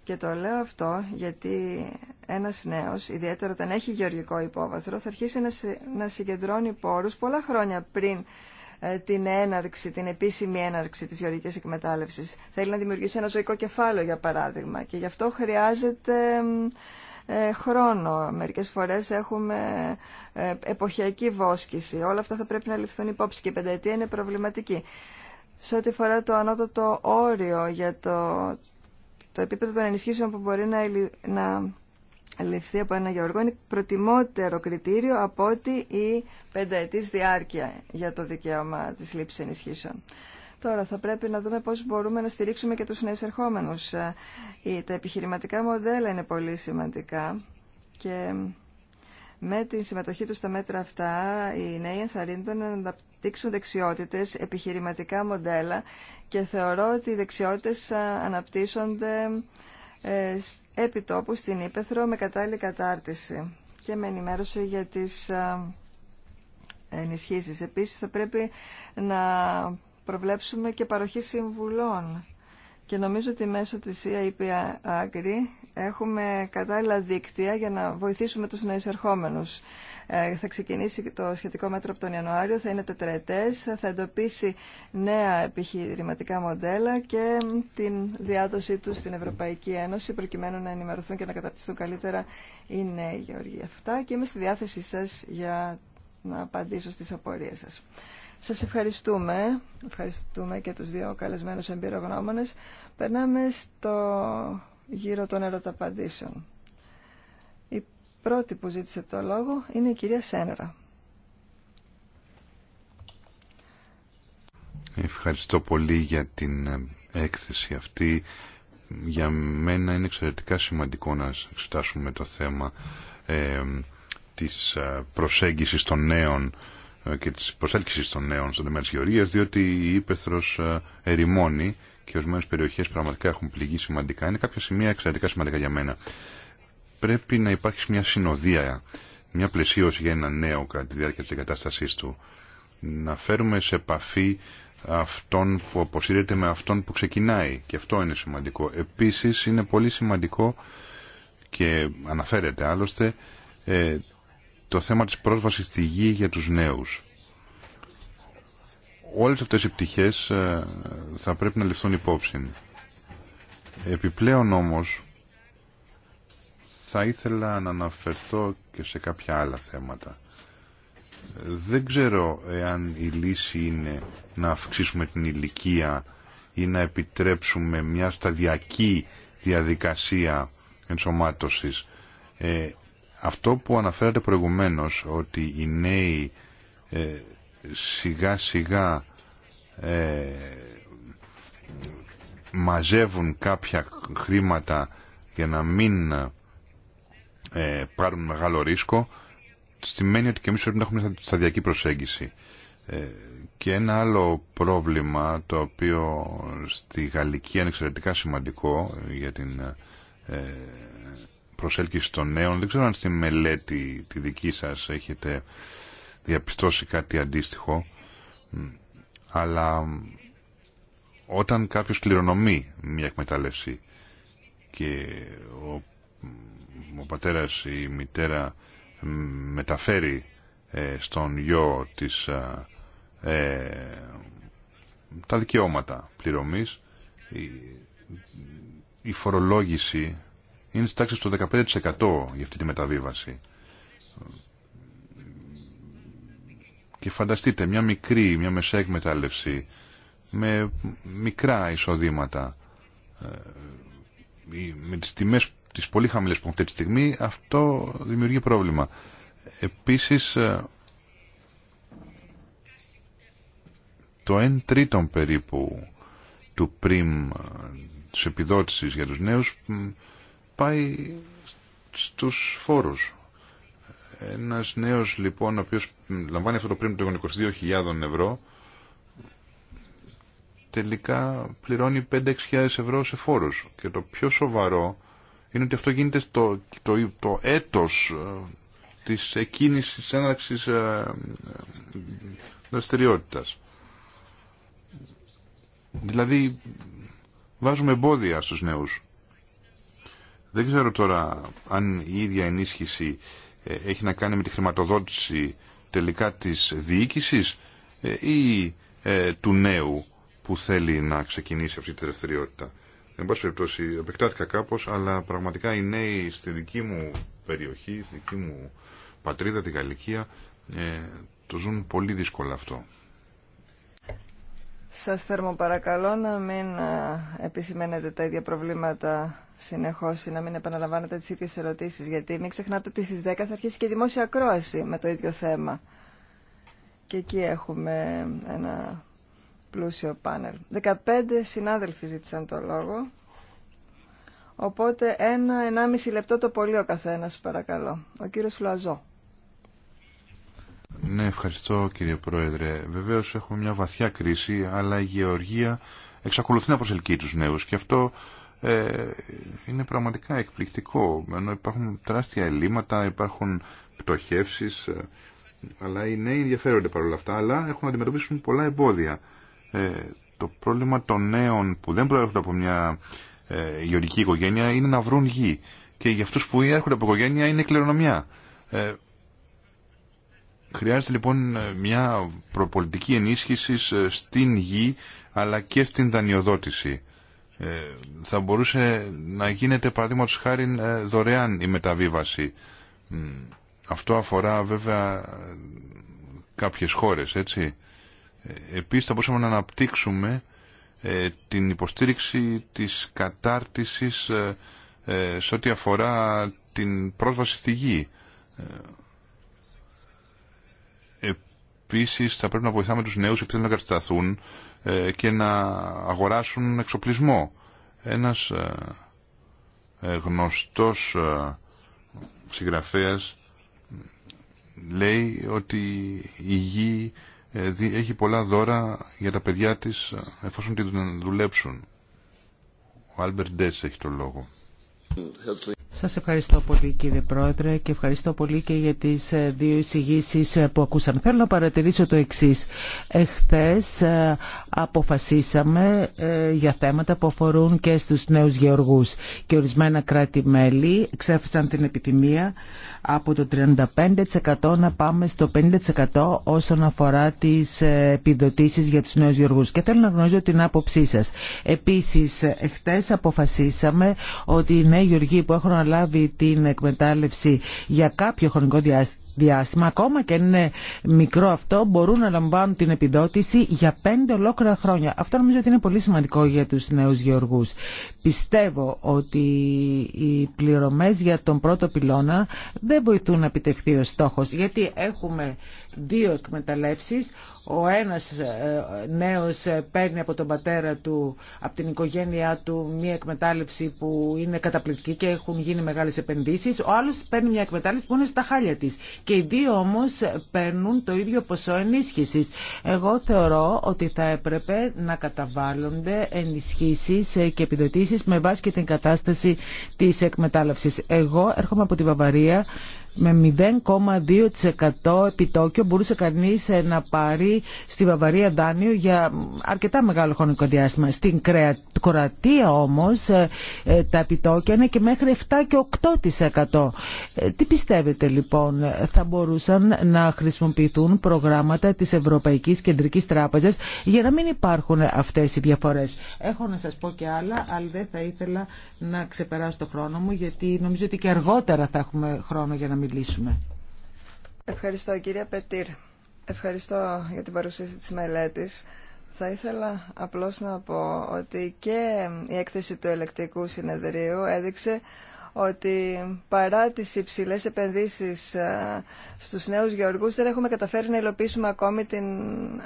Και το λέω αυτό γιατί ένας νέος, ιδιαίτερα όταν έχει γεωργικό υπόβαθρο, θα αρχίσει να συγκεντρώνει πόρους πολλά χρόνια πριν ε, την έναρξη, την επίσημη έναρξη της γεωργικής εκμετάλλευσης. Θέλει να δημιουργήσει ένα ζωικό κεφάλαιο, για παράδειγμα, και γι' αυτό χρειάζεται ε, χρόνο. Μερικές φορές έχουμε ε, εποχιακή βόσκηση. Όλα αυτά θα πρέπει να ληφθούν υπόψη και η πενταετία είναι προβληματική σε ό,τι αφορά το ανώτατο όριο για το, το επίπεδο των ενισχύσεων που μπορεί να, να ληφθεί από ένα γεωργό είναι προτιμότερο κριτήριο από ότι η πενταετής διάρκεια για το δικαίωμα της λήψης ενισχύσεων. Τώρα θα πρέπει να δούμε πώς μπορούμε να στηρίξουμε και τους νέους ερχόμενους. Ε, τα επιχειρηματικά μοντέλα είναι πολύ σημαντικά και με τη συμμετοχή του στα μέτρα αυτά, οι νέοι ενθαρρύνονται να αναπτύξουν δεξιότητες, επιχειρηματικά μοντέλα και θεωρώ ότι οι δεξιότητες αναπτύσσονται ε, επί τόπου στην Ήπεθρο με κατάλληλη κατάρτιση και με ενημέρωση για τις ε, ενισχύσει. Επίσης θα πρέπει να προβλέψουμε και παροχή συμβουλών και νομίζω ότι μέσω της EIP Agri έχουμε κατάλληλα δίκτυα για να βοηθήσουμε τους νέους ερχόμενους. Ε, θα ξεκινήσει το σχετικό μέτρο από τον Ιανουάριο, θα είναι τετραετές, θα εντοπίσει νέα επιχειρηματικά μοντέλα και την διάδοσή του στην Ευρωπαϊκή Ένωση προκειμένου να ενημερωθούν και να καταρτιστούν καλύτερα οι νέοι γεωργοί αυτά και είμαι στη διάθεσή σας για να απαντήσω στις απορίες σας. Σας ευχαριστούμε. Ευχαριστούμε και τους δύο καλεσμένους εμπειρογνώμονες. Περνάμε στο γύρω των ερωταπαντήσεων. Η πρώτη που ζήτησε το λόγο είναι η κυρία Σένερα. Ευχαριστώ πολύ για την ε, έκθεση αυτή. Για μένα είναι εξαιρετικά σημαντικό να εξετάσουμε το θέμα ε, της ε, προσέγγισης των νέων ε, και της προσέλκυσης των νέων στον τομέα της γεωρίας διότι η Ήπεθρος ερημώνει και ορισμένε περιοχέ πραγματικά έχουν πληγεί σημαντικά, είναι κάποια σημεία εξαιρετικά σημαντικά για μένα. Πρέπει να υπάρχει μια συνοδεία, μια πλαισίωση για ένα νέο κατά τη διάρκεια τη εγκατάστασή του. Να φέρουμε σε επαφή αυτόν που αποσύρεται με αυτόν που ξεκινάει και αυτό είναι σημαντικό. Επίσης είναι πολύ σημαντικό και αναφέρεται άλλωστε ε, το θέμα της πρόσβασης στη γη για τους νέους όλες αυτές οι πτυχές ε, θα πρέπει να ληφθούν υπόψη. Επιπλέον όμως θα ήθελα να αναφερθώ και σε κάποια άλλα θέματα. Δεν ξέρω εάν η λύση είναι να αυξήσουμε την ηλικία ή να επιτρέψουμε μια σταδιακή διαδικασία ενσωμάτωσης. Ε, αυτό που αναφέρατε προηγουμένως ότι οι νέοι ε, σιγά σιγά ε, μαζεύουν κάποια χρήματα για να μην ε, πάρουν μεγάλο ρίσκο σημαίνει ότι και εμείς πρέπει να έχουμε σταδιακή προσέγγιση. Ε, και ένα άλλο πρόβλημα το οποίο στη Γαλλική είναι εξαιρετικά σημαντικό για την ε, προσέλκυση των νέων. Δεν ξέρω αν στη μελέτη τη δική σας έχετε διαπιστώσει κάτι αντίστοιχο, αλλά όταν κάποιος κληρονομεί μια εκμετάλλευση και ο, ο πατέρας ή η μητέρα μεταφέρει ε, στον γιο της, ε, ε, τα δικαιώματα πληρωμής, η, η φορολόγηση είναι στάξη στο 15% για αυτή τη μεταβίβαση. Και φανταστείτε, μια μικρή, μια μεσαία εκμετάλλευση με μικρά εισοδήματα ε, με τις τιμές τις πολύ χαμηλές που έχουν αυτή τη στιγμή αυτό δημιουργεί πρόβλημα. Επίσης ε, το 1 τρίτον περίπου του πριμ ε, της επιδότησης για τους νέους πάει στους φόρους. Ένας νέος λοιπόν, ο οποίο λαμβάνει αυτό το πρίμιο των 22.000 ευρώ, τελικά πληρώνει 5-6.000 ευρώ σε φόρους. Και το πιο σοβαρό είναι ότι αυτό γίνεται στο, το, το έτος ε, της εκκίνησης έναρξης ε, ε, δραστηριότητα. Δηλαδή βάζουμε εμπόδια στους νέους. Δεν ξέρω τώρα αν η ίδια ενίσχυση ε, έχει να κάνει με τη χρηματοδότηση τελικά της διοίκησης ε, ή ε, του νέου που θέλει να ξεκινήσει αυτή τη δραστηριότητα. Εν πάση περιπτώσει, επεκτάθηκα κάπως, αλλά πραγματικά οι νέοι στη δική μου περιοχή, στη δική μου πατρίδα, τη Γαλλικία, το ζουν πολύ δύσκολα αυτό. Σας παρακαλώ να μην ε, επισημαίνετε τα ίδια προβλήματα συνεχώς ή να μην επαναλαμβάνετε τις ίδιες ερωτήσεις, γιατί μην ξεχνάτε ότι στις 10 θα αρχίσει και δημόσια ακρόαση με το ίδιο θέμα. Και εκεί έχουμε ένα πλούσιο πάνελ. 15 συνάδελφοι ζήτησαν το λόγο, οπότε ένα, ενάμιση λεπτό το πολύ ο καθένας, παρακαλώ. Ο κύριος Λουαζό. Ναι, ευχαριστώ κύριε Πρόεδρε. Βεβαίω έχουμε μια βαθιά κρίση, αλλά η γεωργία εξακολουθεί να προσελκύει του νέου και αυτό ε, είναι πραγματικά εκπληκτικό. Ενώ υπάρχουν τεράστια ελλείμματα, υπάρχουν πτωχεύσει, ε, αλλά οι νέοι ενδιαφέρονται παρόλα αυτά, αλλά έχουν να αντιμετωπίσουν πολλά εμπόδια. Ε, το πρόβλημα των νέων που δεν προέρχονται από μια ε, γεωργική οικογένεια είναι να βρουν γη. Και για αυτού που έρχονται από οικογένεια είναι κληρονομιά. Ε, Χρειάζεται λοιπόν μια προπολιτική ενίσχυση ε, στην γη αλλά και στην δανειοδότηση. Ε, θα μπορούσε να γίνεται παραδείγματο χάρη ε, δωρεάν η μεταβίβαση. Αυτό αφορά βέβαια κάποιες χώρες, έτσι. Επίσης θα μπορούσαμε να αναπτύξουμε την υποστήριξη της κατάρτισης ε, σε ό,τι αφορά την πρόσβαση στη γη. Επίση, θα πρέπει να βοηθάμε τους νέους που θέλουν να κατασταθούν ε, και να αγοράσουν εξοπλισμό. Ένας ε, ε, γνωστός συγγραφέας λέει ότι η γη έχει πολλά δώρα για τα παιδιά της εφόσον την δουλέψουν. Ο Άλμπερ Ντές έχει το λόγο. Σας ευχαριστώ πολύ κύριε Πρόεδρε και ευχαριστώ πολύ και για τις ε, δύο εισηγήσει ε, που ακούσαμε. Θέλω να παρατηρήσω το εξής. Εχθές ε, αποφασίσαμε για θέματα που αφορούν και στους νέους γεωργούς και ορισμένα κράτη-μέλη ξέφυσαν την επιθυμία από το 35% να πάμε στο 50% όσον αφορά τις επιδοτήσεις για τους νέους γεωργούς. Και θέλω να γνωρίζω την άποψή σας. Επίσης, εχθές αποφασίσαμε ότι οι νέοι γεωργοί που έχουν αναλάβει την εκμετάλλευση για κάποιο χρονικό διάστημα, ακόμα και αν είναι μικρό αυτό, μπορούν να λαμβάνουν την επιδότηση για πέντε ολόκληρα χρόνια. Αυτό νομίζω ότι είναι πολύ σημαντικό για τους νέους γεωργούς. Πιστεύω ότι οι πληρωμές για τον πρώτο πυλώνα δεν βοηθούν να επιτευχθεί ο στόχος, γιατί έχουμε δύο εκμεταλλεύσεις ο ένας ε, νέος ε, παίρνει από τον πατέρα του, από την οικογένειά του, μια εκμετάλλευση που είναι καταπληκτική και έχουν γίνει μεγάλες επενδύσεις, ο άλλος παίρνει μια εκμετάλλευση που είναι στα χάλια της. Και οι δύο όμως παίρνουν το ίδιο ποσό ενίσχυσης. Εγώ θεωρώ ότι θα έπρεπε να καταβάλλονται ενισχύσεις και επιδοτήσεις με βάση και την κατάσταση της εκμετάλλευσης. Εγώ έρχομαι από τη Βαβαρία με 0,2% επιτόκιο μπορούσε κανείς ε, να πάρει στη Βαβαρία δάνειο για αρκετά μεγάλο χρονικό διάστημα. Στην Κροατία όμως ε, ε, τα επιτόκια είναι και μέχρι 7 και 8%. Τι πιστεύετε λοιπόν θα μπορούσαν να χρησιμοποιηθούν προγράμματα της Ευρωπαϊκής Κεντρικής Τράπεζας για να μην υπάρχουν αυτές οι διαφορές. Έχω να σας πω και άλλα, αλλά δεν θα ήθελα να ξεπεράσω το χρόνο μου γιατί νομίζω ότι και αργότερα θα έχουμε χρόνο για να μιλήσουμε. Ευχαριστώ κυρία Πετήρ. Ευχαριστώ για την παρουσίαση της μελέτης. Θα ήθελα απλώς να πω ότι και η έκθεση του ελεκτικού συνεδρίου έδειξε ότι παρά τις υψηλές επενδύσεις ε, στους νέους γεωργούς δεν έχουμε καταφέρει να υλοποιήσουμε ακόμη την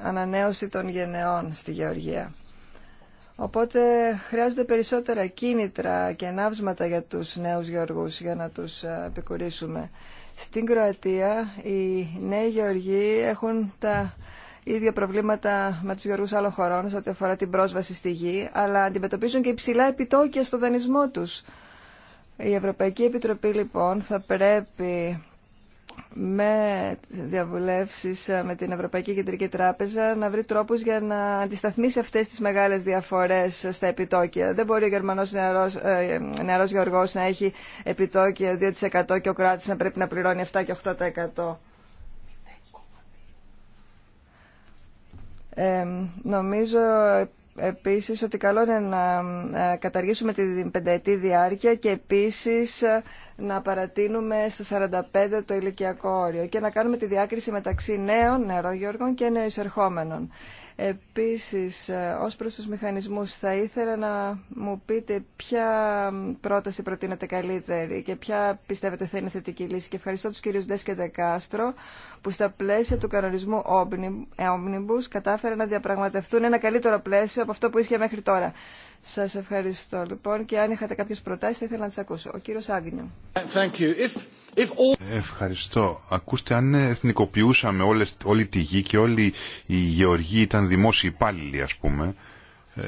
ανανέωση των γενεών στη γεωργία. Οπότε χρειάζονται περισσότερα κίνητρα και ανάβσματα για τους νέους γεωργούς για να τους ε, επικουρήσουμε. Στην Κροατία οι νέοι γεωργοί έχουν τα ίδια προβλήματα με τους γεωργούς άλλων χωρών σε ό,τι αφορά την πρόσβαση στη γη, αλλά αντιμετωπίζουν και υψηλά επιτόκια στο δανεισμό τους. Η Ευρωπαϊκή Επιτροπή λοιπόν θα πρέπει με διαβουλεύσεις ε, με την Ευρωπαϊκή Κεντρική Τράπεζα να βρει τρόπους για να αντισταθμίσει αυτές τις μεγάλες διαφορές στα επιτόκια. Δεν μπορεί ο Γερμανός νεαρός, ε, γεωργός να έχει επιτόκια 2% και ο κράτης να πρέπει να πληρώνει 7% και 8%. Ε, νομίζω επίσης ότι καλό είναι να ε, καταργήσουμε την πενταετή διάρκεια και επίσης ε, να παρατείνουμε στα 45 το ηλικιακό όριο και να κάνουμε τη διάκριση μεταξύ νέων νερόγιοργων και νεοεισερχόμενων. Επίσης, ε, ως προς τους μηχανισμούς, θα ήθελα να μου πείτε ποια πρόταση προτείνετε καλύτερη και ποια πιστεύετε θα είναι θετική λύση. Και ευχαριστώ τους κυρίους Ντές και που στα πλαίσια του κανονισμού ε, Omnibus κατάφεραν να διαπραγματευτούν ένα καλύτερο πλαίσιο από αυτό που ίσχυε μέχρι τώρα. Σα ευχαριστώ λοιπόν και αν είχατε κάποιε προτάσει θα ήθελα να τι ακούσω. Ο κύριο Άγνιο. Ευχαριστώ. Ακούστε, αν εθνικοποιούσαμε όλες, όλη τη γη και όλοι οι γεωργοί ήταν δημόσιοι υπάλληλοι δεν πούμε, ε,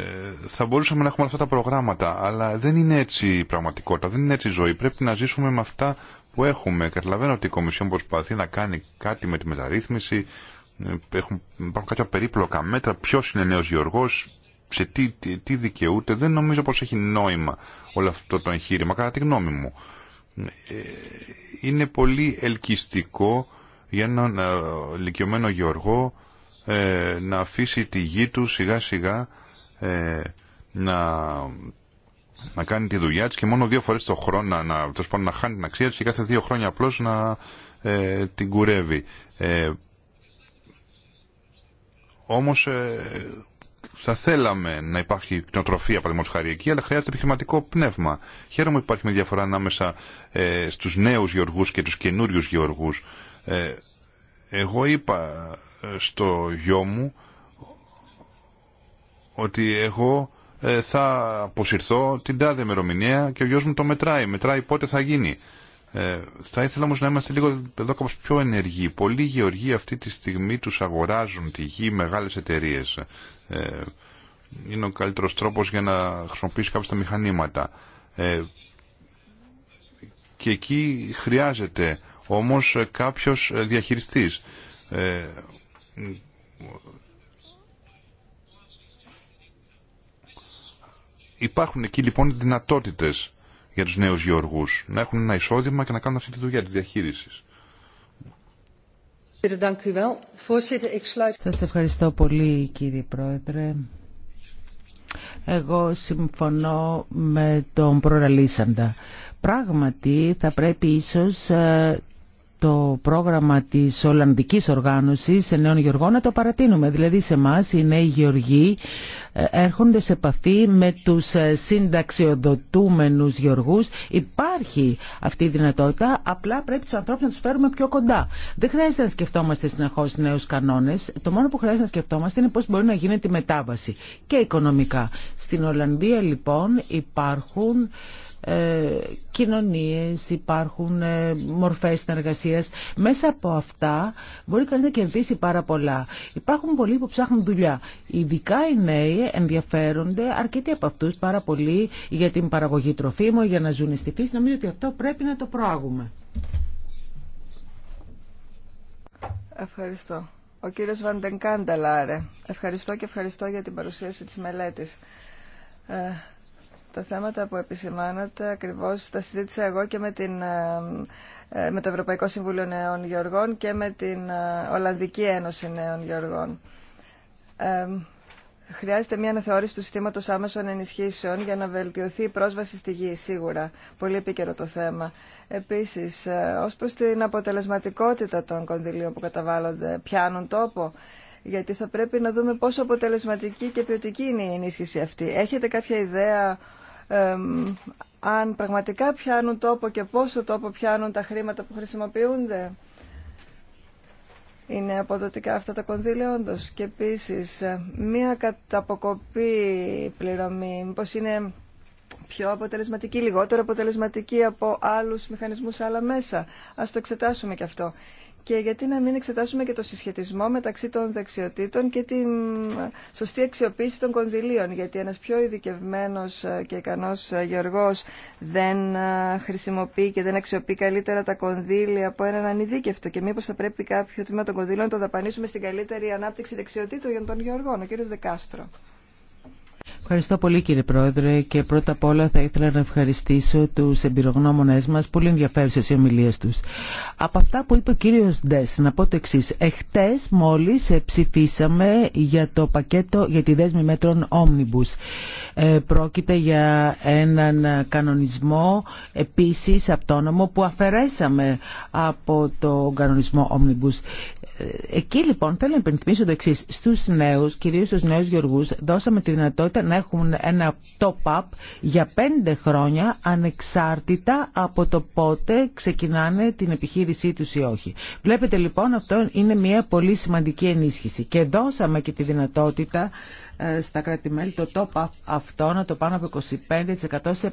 θα μπορούσαμε να έχουμε αυτά τα προγράμματα, αλλά δεν είναι έτσι η πραγματικότητα, δεν είναι έτσι η ζωή. Πρέπει να ζήσουμε με αυτά που έχουμε. Καταλαβαίνω ότι η Κομισιόν προσπαθεί να κάνει κάτι με τη μεταρρύθμιση. Ε, έχουν, υπάρχουν κάποια περίπλοκα μέτρα. Ποιο είναι νέο γεωργό, σε τι, τι, δικαιούται, δεν νομίζω πως έχει νόημα όλο αυτό το εγχείρημα, κατά τη γνώμη μου. Ε, είναι πολύ ελκυστικό για έναν ε, ηλικιωμένο γεωργό ε, να αφήσει τη γη του σιγά σιγά να, να κάνει τη δουλειά της και μόνο δύο φορές το χρόνο να, το να χάνει την αξία της και κάθε δύο χρόνια απλώς να την κουρεύει. όμως θα θέλαμε να υπάρχει κτηνοτροφία, παραδείγματο χάρη εκεί, αλλά χρειάζεται επιχειρηματικό πνεύμα. Χαίρομαι που υπάρχει μια διαφορά ανάμεσα ε, στου νέου γεωργού και του καινούριου γεωργού. Ε, εγώ είπα ε, στο γιο μου ότι εγώ ε, θα αποσυρθώ την τάδε ημερομηνία και ο γιος μου το μετράει. Μετράει πότε θα γίνει. θα ήθελα όμως να είμαστε λίγο εδώ κάπως πιο ενεργοί. Πολλοί γεωργοί αυτή τη στιγμή τους αγοράζουν τη γη μεγάλες εταιρείες ε, είναι ο καλύτερο τρόπος για να χρησιμοποιήσει κάποια τα μηχανήματα. Ε, και εκεί χρειάζεται όμως κάποιος διαχειριστής. Ε, υπάρχουν εκεί λοιπόν δυνατότητες για τους νέους γεωργούς να έχουν ένα εισόδημα και να κάνουν αυτή τη δουλειά της διαχείρισης. Σας ευχαριστώ πολύ κύριε Πρόεδρε. Εγώ συμφωνώ με τον προραλήσαντα. Πράγματι θα πρέπει ίσως ε, το πρόγραμμα της Ολλανδικής Οργάνωσης Νέων Γεωργών να το παρατείνουμε. Δηλαδή σε εμά οι νέοι γεωργοί ε, έρχονται σε επαφή με τους ε, συνταξιοδοτούμενους γεωργούς. Υπάρχει αυτή η δυνατότητα, απλά πρέπει τους ανθρώπους να τους φέρουμε πιο κοντά. Δεν χρειάζεται να σκεφτόμαστε συνεχώ νέους κανόνες. Το μόνο που χρειάζεται να σκεφτόμαστε είναι πώς μπορεί να γίνεται η μετάβαση και οικονομικά. Στην Ολλανδία λοιπόν υπάρχουν ε, κοινωνίες, υπάρχουν ε, μορφές συνεργασίας. Μέσα από αυτά μπορεί κανείς να κερδίσει πάρα πολλά. Υπάρχουν πολλοί που ψάχνουν δουλειά. Ειδικά οι νέοι ενδιαφέρονται αρκετοί από αυτούς πάρα πολύ για την παραγωγή τροφίμων, για να ζουν στη φύση. Νομίζω ότι αυτό πρέπει να το προάγουμε. Ευχαριστώ. Ο κύριος Βαντενκάντα Ευχαριστώ και ευχαριστώ για την παρουσίαση της μελέτης. Ε, τα θέματα που επισημάνατε ακριβώς τα συζήτησα εγώ και με, την, ε, ε, με το Ευρωπαϊκό Συμβούλιο Νέων Γεωργών και με την ε, Ολλανδική Ένωση Νέων Γεωργών. Ε, χρειάζεται μια αναθεώρηση του συστήματος άμεσων ενισχύσεων για να βελτιωθεί η πρόσβαση στη γη, σίγουρα. Πολύ επίκαιρο το θέμα. Επίση, ω προ την αποτελεσματικότητα των κονδυλίων που καταβάλλονται, πιάνουν τόπο γιατί θα πρέπει να δούμε πόσο αποτελεσματική και ποιοτική είναι η ενίσχυση αυτή. Έχετε κάποια ιδέα αν πραγματικά πιάνουν τόπο και πόσο τόπο πιάνουν τα χρήματα που χρησιμοποιούνται. Είναι αποδοτικά αυτά τα κονδύλια όντω. Και επίση, ε, μία καταποκοπή πληρωμή, μήπω είναι πιο αποτελεσματική, λιγότερο αποτελεσματική από άλλου μηχανισμού, άλλα μέσα. Α το εξετάσουμε και αυτό. Και γιατί να μην εξετάσουμε και το συσχετισμό μεταξύ των δεξιοτήτων και τη σωστή αξιοποίηση των κονδυλίων. Γιατί ένας πιο ειδικευμένο ε, και ικανός ε, γεωργός δεν ε, χρησιμοποιεί και δεν αξιοποιεί καλύτερα τα κονδύλια από έναν ανειδίκευτο. Και μήπως θα πρέπει κάποιο τμήμα των κονδύλων να το δαπανίσουμε στην καλύτερη ανάπτυξη δεξιοτήτων για τον γεωργό, ο κ. Δεκάστρο. Ευχαριστώ πολύ κύριε Πρόεδρε και πρώτα απ' όλα θα ήθελα να ευχαριστήσω τους εμπειρογνώμονές μας, πολύ ενδιαφέρουσες οι ομιλίες τους. Από αυτά που είπε ο κύριος Ντες, να πω το εξή. Εχθές μόλις ε, ψηφίσαμε για το πακέτο για τη δέσμη μέτρων Omnibus. Ε, πρόκειται για έναν κανονισμό επίσης αυτόνομο που αφαιρέσαμε από το κανονισμό Omnibus. Ε, εκεί λοιπόν θέλω να υπενθυμίσω το εξή. Στου νέου, κυρίω στου νέου γεωργού, δώσαμε τη δυνατότητα να έχουν ένα top-up για πέντε χρόνια ανεξάρτητα από το πότε ξεκινάνε την επιχείρησή τους ή όχι. Βλέπετε λοιπόν αυτό είναι μια πολύ σημαντική ενίσχυση και δώσαμε και τη δυνατότητα ε, στα κράτη-μέλη το top up αυτό να το πάνω από 25% σε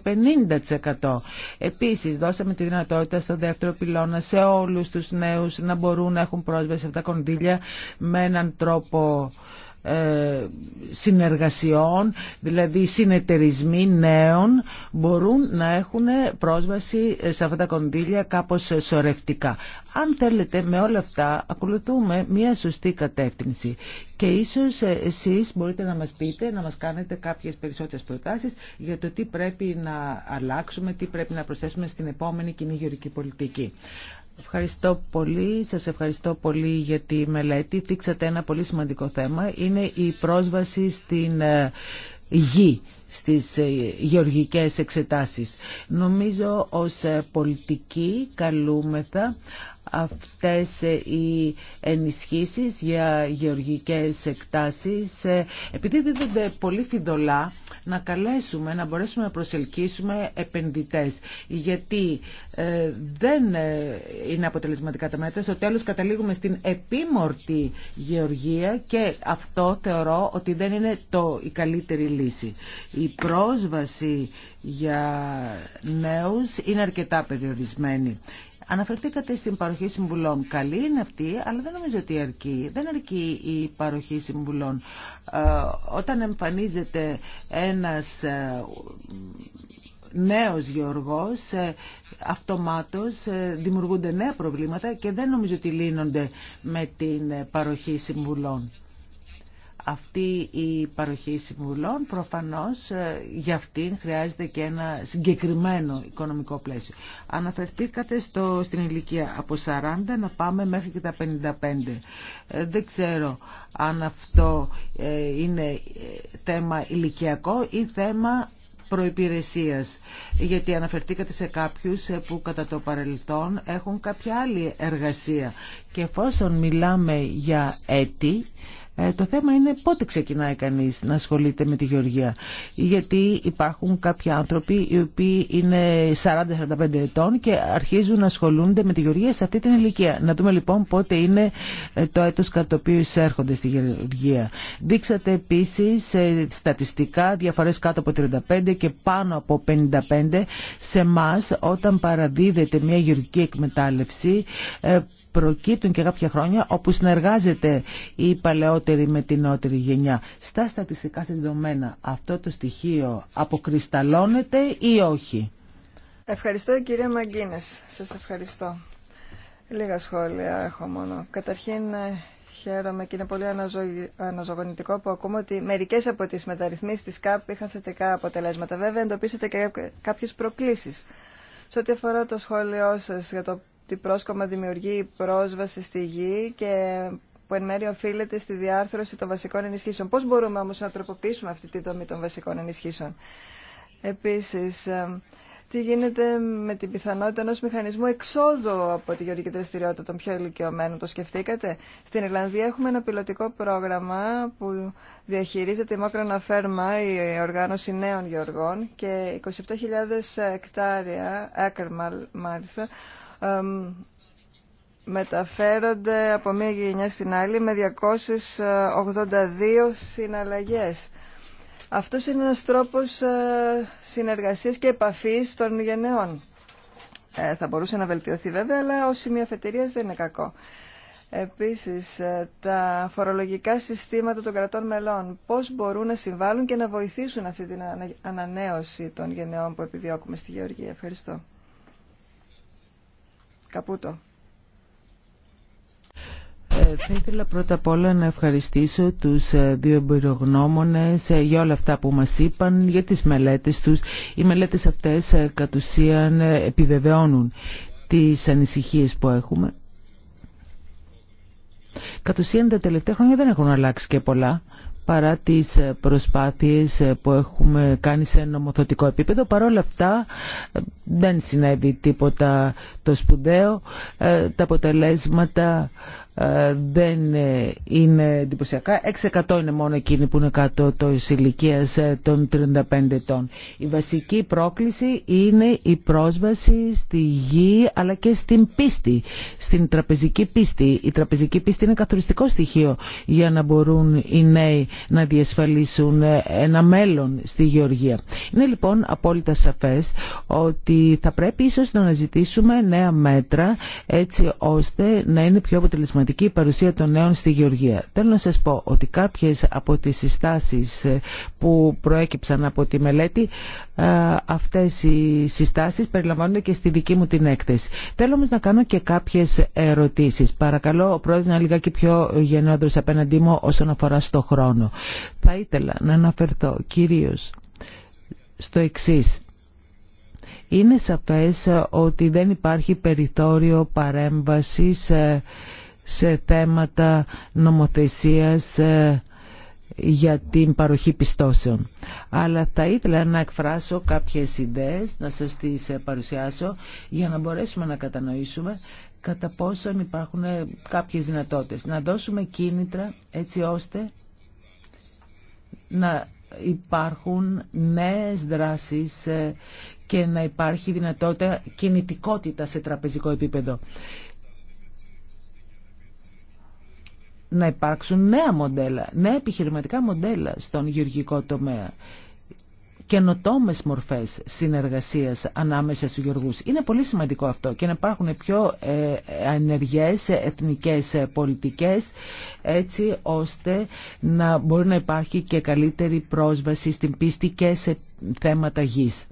50%. Επίσης δώσαμε τη δυνατότητα στο δεύτερο πυλώνα σε όλους τους νέους να μπορούν να έχουν πρόσβαση σε αυτά τα κονδύλια με έναν τρόπο ε, συνεργασιών, δηλαδή συνεταιρισμοί νέων μπορούν να έχουν πρόσβαση σε αυτά τα κονδύλια κάπως σωρευτικά. Αν θέλετε με όλα αυτά ακολουθούμε μια σωστή κατεύθυνση και ίσως εσείς μπορείτε να μας πείτε, να μας κάνετε κάποιες περισσότερες προτάσεις για το τι πρέπει να αλλάξουμε, τι πρέπει να προσθέσουμε στην επόμενη κοινή γεωρική πολιτική. Ευχαριστώ πολύ. Σας ευχαριστώ πολύ για τη μελέτη. Δείξατε ένα πολύ σημαντικό θέμα. Είναι η πρόσβαση στην ε, γη στις ε, γεωργικές εξετάσεις. Νομίζω ως ε, πολιτική καλούμεθα αυτές οι ενισχύσεις για γεωργικές εκτάσεις ε, επειδή δίδονται πολύ φιδωλά να καλέσουμε, να μπορέσουμε να προσελκύσουμε επενδυτές γιατί ε, δεν ε, είναι αποτελεσματικά τα μέτρα στο τέλος καταλήγουμε στην επίμορτη γεωργία και αυτό θεωρώ ότι δεν είναι το, η καλύτερη λύση. Η πρόσβαση για νέους είναι αρκετά περιορισμένη. Αναφερθήκατε στην παροχή συμβουλών. Καλή είναι αυτή, αλλά δεν νομίζω ότι αρκεί. Δεν αρκεί η παροχή συμβουλών. Ε, όταν εμφανίζεται ένας ε, νέος γεωργός, ε, αυτομάτως δημιουργούνται νέα προβλήματα και δεν νομίζω ότι λύνονται με την παροχή συμβουλών αυτή η παροχή συμβουλών προφανώς ε, για αυτήν χρειάζεται και ένα συγκεκριμένο οικονομικό πλαίσιο. Αναφερθήκατε στο, στην ηλικία από 40 να πάμε μέχρι και τα 55. Ε, δεν ξέρω αν αυτό ε, είναι θέμα ηλικιακό ή θέμα προϋπηρεσίας γιατί αναφερθήκατε σε κάποιους που κατά το παρελθόν έχουν κάποια άλλη εργασία και εφόσον μιλάμε για έτη ε, το θέμα είναι πότε ξεκινάει κανείς να ασχολείται με τη γεωργία. Γιατί υπάρχουν κάποιοι άνθρωποι οι οποίοι είναι 40-45 ετών και αρχίζουν να ασχολούνται με τη γεωργία σε αυτή την ηλικία. Να δούμε λοιπόν πότε είναι ε, το έτος κατά το οποίο εισέρχονται στη γεωργία. Δείξατε επίσης ε, στατιστικά διαφορές κάτω από 35 και πάνω από 55 σε εμά όταν παραδίδεται μια γεωργική εκμετάλλευση προκύπτουν και κάποια χρόνια όπου συνεργάζεται η παλαιότερη με την νότερη γενιά. Στα στατιστικά σας δεδομένα αυτό το στοιχείο αποκρισταλώνεται ή όχι. Ευχαριστώ κυρία Μαγκίνες. Σας ευχαριστώ. Λίγα σχόλια έχω μόνο. Καταρχήν ε, χαίρομαι και είναι πολύ αναζωογονητικό που ακούμε ότι μερικές από τις μεταρρυθμίσει τη ΚΑΠ είχαν θετικά αποτελέσματα. Βέβαια εντοπίσατε και κάποιε προκλήσει. Σε ό,τι αφορά το σχόλιο σα για το ότι πρόσκομα δημιουργεί πρόσβαση στη γη και που εν μέρει οφείλεται στη διάρθρωση των βασικών ενισχύσεων. Πώς μπορούμε όμως να τροποποιήσουμε αυτή τη δομή των βασικών ενισχύσεων. Επίσης, ε, τι γίνεται με την πιθανότητα ενό μηχανισμού εξόδου από τη γεωργική δραστηριότητα των πιο ηλικιωμένων. Το σκεφτήκατε. Στην Ιρλανδία έχουμε ένα πιλωτικό πρόγραμμα που διαχειρίζεται η Μόκρονα Φέρμα, η οργάνωση νέων γεωργών και 27.000 εκτάρια, μάλιστα, μεταφέρονται από μία γενιά στην άλλη με 282 συναλλαγές. Αυτό είναι ένας τρόπος ε, συνεργασίας και επαφής των γενεών. Ε, θα μπορούσε να βελτιωθεί βέβαια, αλλά ως σημείο αφετηρίας δεν είναι κακό. Επίσης, ε, τα φορολογικά συστήματα των κρατών μελών, πώς μπορούν να συμβάλλουν και να βοηθήσουν αυτή την ανανέωση των γενεών που επιδιώκουμε στη Γεωργία. Ευχαριστώ. Καπούτο. Ε, θα ήθελα πρώτα απ' όλα να ευχαριστήσω τους ε, δύο εμπειρογνώμονες ε, για όλα αυτά που μας είπαν, για τις μελέτες τους. Οι μελέτες αυτές κατ' ουσίαν επιβεβαιώνουν τις ανησυχίες που έχουμε. Κατ' ουσίαν τα τελευταία χρόνια δεν έχουν αλλάξει και πολλά παρά τις ε, προσπάθειες ε, που έχουμε κάνει σε νομοθετικό επίπεδο. Παρ' όλα αυτά ε, δεν συνέβη τίποτα το σπουδαίο. Τα αποτελέσματα ε, δεν είναι εντυπωσιακά. 6% είναι μόνο εκείνοι που είναι κάτω το ηλικία ε, των 35 ετών. Η βασική πρόκληση είναι η πρόσβαση στη γη αλλά και στην πίστη, στην τραπεζική πίστη. Η τραπεζική πίστη είναι καθοριστικό στοιχείο για να μπορούν οι νέοι να διασφαλίσουν ε, ένα μέλλον στη γεωργία. Είναι λοιπόν απόλυτα σαφές ότι θα πρέπει ίσως να αναζητήσουμε νέα μέτρα έτσι ώστε να είναι πιο αποτελεσματικά σημαντική παρουσία των νέων στη Γεωργία. Θέλω να σας πω ότι κάποιες από τις συστάσεις ε, που προέκυψαν από τη μελέτη, ε, αυτές οι συστάσεις περιλαμβάνονται και στη δική μου την έκθεση. Θέλω όμω να κάνω και κάποιες ερωτήσεις. Παρακαλώ ο πρόεδρος να είναι λιγάκι πιο γενναιόδρος απέναντί μου όσον αφορά στο χρόνο. Θα ήθελα να αναφερθώ κυρίω στο εξή. Είναι σαφές ότι δεν υπάρχει περιθώριο παρέμβασης ε, σε θέματα νομοθεσίας ε, για την παροχή πιστώσεων. Αλλά θα ήθελα να εκφράσω κάποιες ιδέες, να σας τις ε, παρουσιάσω για να μπορέσουμε να κατανοήσουμε κατά πόσον υπάρχουν ε, κάποιες δυνατότητες. Να δώσουμε κίνητρα έτσι ώστε να υπάρχουν νέες δράσεις και να υπάρχει δυνατότητα κινητικότητα σε τραπεζικό επίπεδο. να υπάρξουν νέα μοντέλα, νέα επιχειρηματικά μοντέλα στον γεωργικό τομέα καινοτόμε μορφέ συνεργασία ανάμεσα στου γεωργού. Είναι πολύ σημαντικό αυτό και να υπάρχουν πιο ε, ενεργέ εθνικέ πολιτικέ, έτσι ώστε να μπορεί να υπάρχει και καλύτερη πρόσβαση στην πίστη και σε θέματα γης.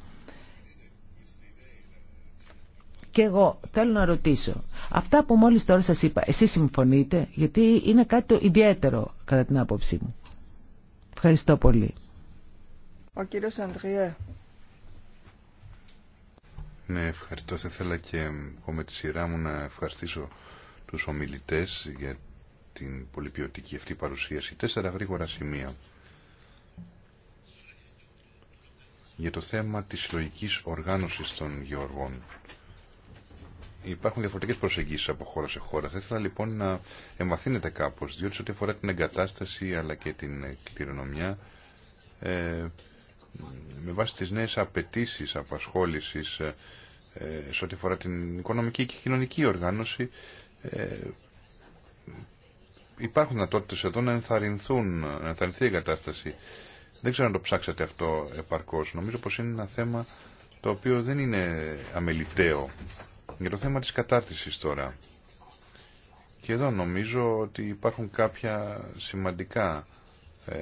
Και εγώ θέλω να ρωτήσω, αυτά που μόλις τώρα σας είπα, εσείς συμφωνείτε, γιατί είναι κάτι το ιδιαίτερο κατά την άποψή μου. Ευχαριστώ πολύ. Ο κύριος Ανδριέ. Ναι, ευχαριστώ. Θα ήθελα και εγώ με τη σειρά μου να ευχαριστήσω τους ομιλητές για την πολυπιωτική αυτή παρουσίαση. Τέσσερα γρήγορα σημεία. Για το θέμα της συλλογική οργάνωσης των γεωργών υπάρχουν διαφορετικέ προσεγγίσεις από χώρα σε χώρα. Θα ήθελα λοιπόν να εμβαθύνετε κάπω, διότι σε ό,τι αφορά την εγκατάσταση αλλά και την κληρονομιά, ε, με βάση τι νέες απαιτήσει απασχόληση ε, σε ό,τι αφορά την οικονομική και κοινωνική οργάνωση, ε, υπάρχουν δυνατότητε εδώ να ενθαρρυνθούν, να ενθαρρυνθεί η εγκατάσταση. Δεν ξέρω αν το ψάξατε αυτό επαρκώς. Νομίζω πω είναι ένα θέμα το οποίο δεν είναι αμεληταίο. Για το θέμα της κατάρτισης τώρα. Και εδώ νομίζω ότι υπάρχουν κάποια σημαντικά ε,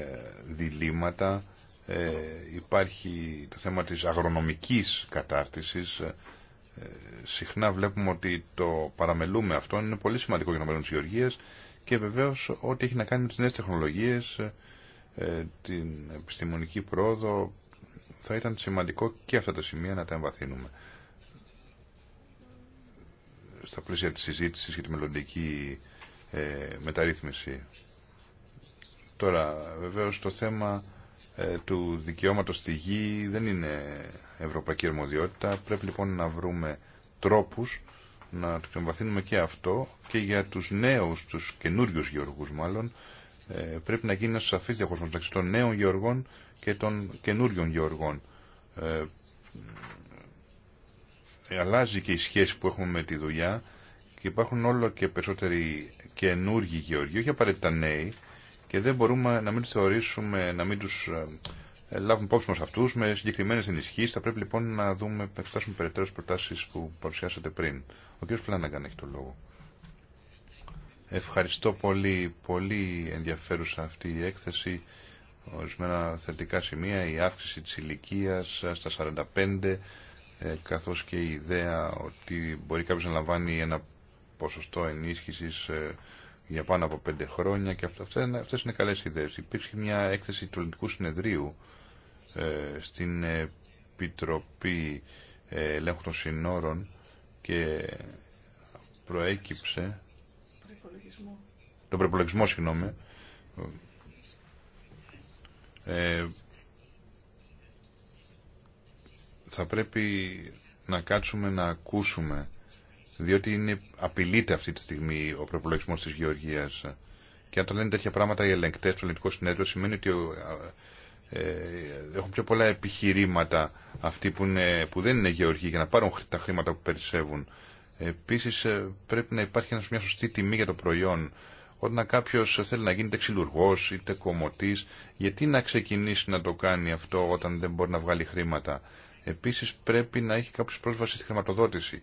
διλήμματα. Ε, υπάρχει το θέμα της αγρονομικής κατάρτισης. Ε, συχνά βλέπουμε ότι το παραμελούμε αυτό. Είναι πολύ σημαντικό για το μέλλον της και βεβαίως ό,τι έχει να κάνει με τις νέες τεχνολογίες, ε, ε, την επιστημονική πρόοδο, θα ήταν σημαντικό και αυτά τα σημεία να τα εμβαθύνουμε στα πλαίσια της συζήτησης για τη μελλοντική ε, μεταρρύθμιση. Τώρα, βεβαίως, το θέμα ε, του δικαιώματος στη γη δεν είναι ευρωπαϊκή αρμοδιότητα. Πρέπει λοιπόν να βρούμε τρόπους να το εμβαθύνουμε και αυτό και για τους νέους, τους καινούριους γεωργούς μάλλον, ε, πρέπει να γίνει ένα σαφής διαχωρισμός μεταξύ των νέων γεωργών και των καινούριων γεωργών. Ε, ε, αλλάζει και η σχέση που έχουμε με τη δουλειά και υπάρχουν όλο και περισσότεροι καινούργοι γεωργοί, όχι απαραίτητα νέοι, και δεν μπορούμε να μην του θεωρήσουμε, να μην τους ε, ε, λάβουμε υπόψη μα αυτού με συγκεκριμένε ενισχύσει. Θα πρέπει λοιπόν να δούμε, να εξετάσουμε περαιτέρω προτάσει που παρουσιάσατε πριν. Ο κ. Φλάνναγκαν έχει το λόγο. Ευχαριστώ πολύ, πολύ ενδιαφέρουσα αυτή η έκθεση. Ορισμένα θετικά σημεία, η αύξηση της ηλικία στα 45, ε, καθώς και η ιδέα ότι μπορεί κάποιος να λαμβάνει ένα ποσοστό ενίσχυσης ε, για πάνω από πέντε χρόνια και αυτές είναι καλές ιδέες. Υπήρχε μια έκθεση του Ελληνικού Συνεδρίου ε, στην Επιτροπή Ελέγχου των Συνόρων και προέκυψε τον προπολογισμό συγγνώμη ε, θα πρέπει να κάτσουμε να ακούσουμε διότι είναι απειλείται αυτή τη στιγμή ο προπολογισμό της Γεωργίας και αν το λένε τέτοια πράγματα οι ελεγκτές του Ελληνικού Συνέδριου σημαίνει ότι ε, ε έχουν πιο πολλά επιχειρήματα αυτοί που, είναι, που δεν είναι γεωργοί για να πάρουν τα χρήματα που περισσεύουν. Επίσης ε, πρέπει να υπάρχει μια σωστή τιμή για το προϊόν. Όταν κάποιο θέλει να γίνεται ξυλουργό είτε τεκομωτή, γιατί να ξεκινήσει να το κάνει αυτό όταν δεν μπορεί να βγάλει χρήματα. Επίσης πρέπει να έχει κάποιο πρόσβαση στη χρηματοδότηση.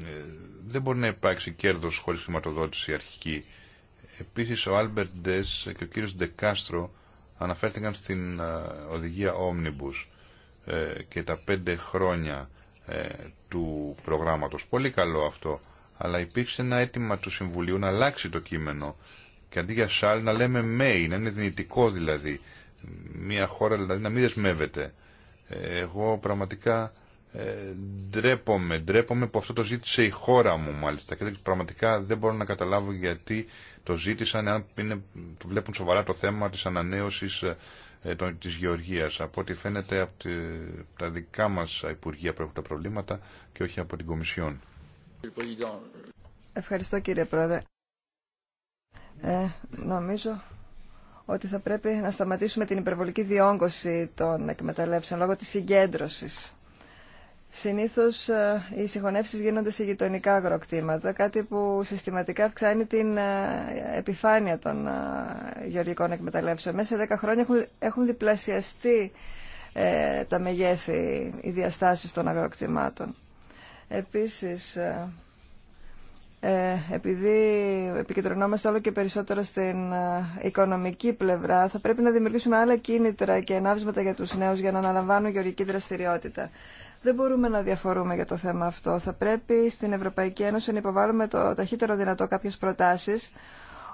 Ε, δεν μπορεί να υπάρξει κέρδος χωρίς χρηματοδότηση αρχική. Επίσης ο Άλμπερτ Ντες και ο κύριος Ντεκάστρο αναφέρθηκαν στην ε, οδηγία Omnibus ε, και τα πέντε χρόνια του προγράμματος. Πολύ καλό αυτό. Αλλά υπήρξε ένα αίτημα του Συμβουλίου να αλλάξει το κείμενο και αντί για σάλ να λέμε may, να είναι δυνητικό δηλαδή. Μια χώρα δηλαδή να μην δεσμεύεται. Εγώ πραγματικά ε, ντρέπομαι, που αυτό το ζήτησε η χώρα μου μάλιστα και πραγματικά δεν μπορώ να καταλάβω γιατί το ζήτησαν αν είναι, βλέπουν σοβαρά το θέμα της ανανέωσης ε, ε, των, της γεωργίας από ό,τι φαίνεται από τη, τα δικά μας υπουργεία που έχουν τα προβλήματα και όχι από την Κομισιόν. Ευχαριστώ κύριε Πρόεδρε. Ε, νομίζω ότι θα πρέπει να σταματήσουμε την υπερβολική διόγκωση των εκμεταλλεύσεων λόγω της συγκέντρωσης. Συνήθως ε, οι συγχωνεύσεις γίνονται σε γειτονικά αγροκτήματα, κάτι που συστηματικά αυξάνει την ε, επιφάνεια των ε, γεωργικών εκμεταλλεύσεων. Μέσα σε 10 χρόνια έχουν διπλασιαστεί τα μεγέθη, οι διαστάσεις των αγροκτημάτων. Επίσης, ε, επειδή επικεντρωνόμαστε όλο και περισσότερο στην ε, οικονομική πλευρά, θα πρέπει να δημιουργήσουμε άλλα κίνητρα και ενάβσματα για τους νέους για να αναλαμβάνουν γεωργική δραστηριότητα. Δεν μπορούμε να διαφορούμε για το θέμα αυτό. Θα πρέπει στην Ευρωπαϊκή Ένωση να υποβάλουμε το ταχύτερο δυνατό κάποιες προτάσεις,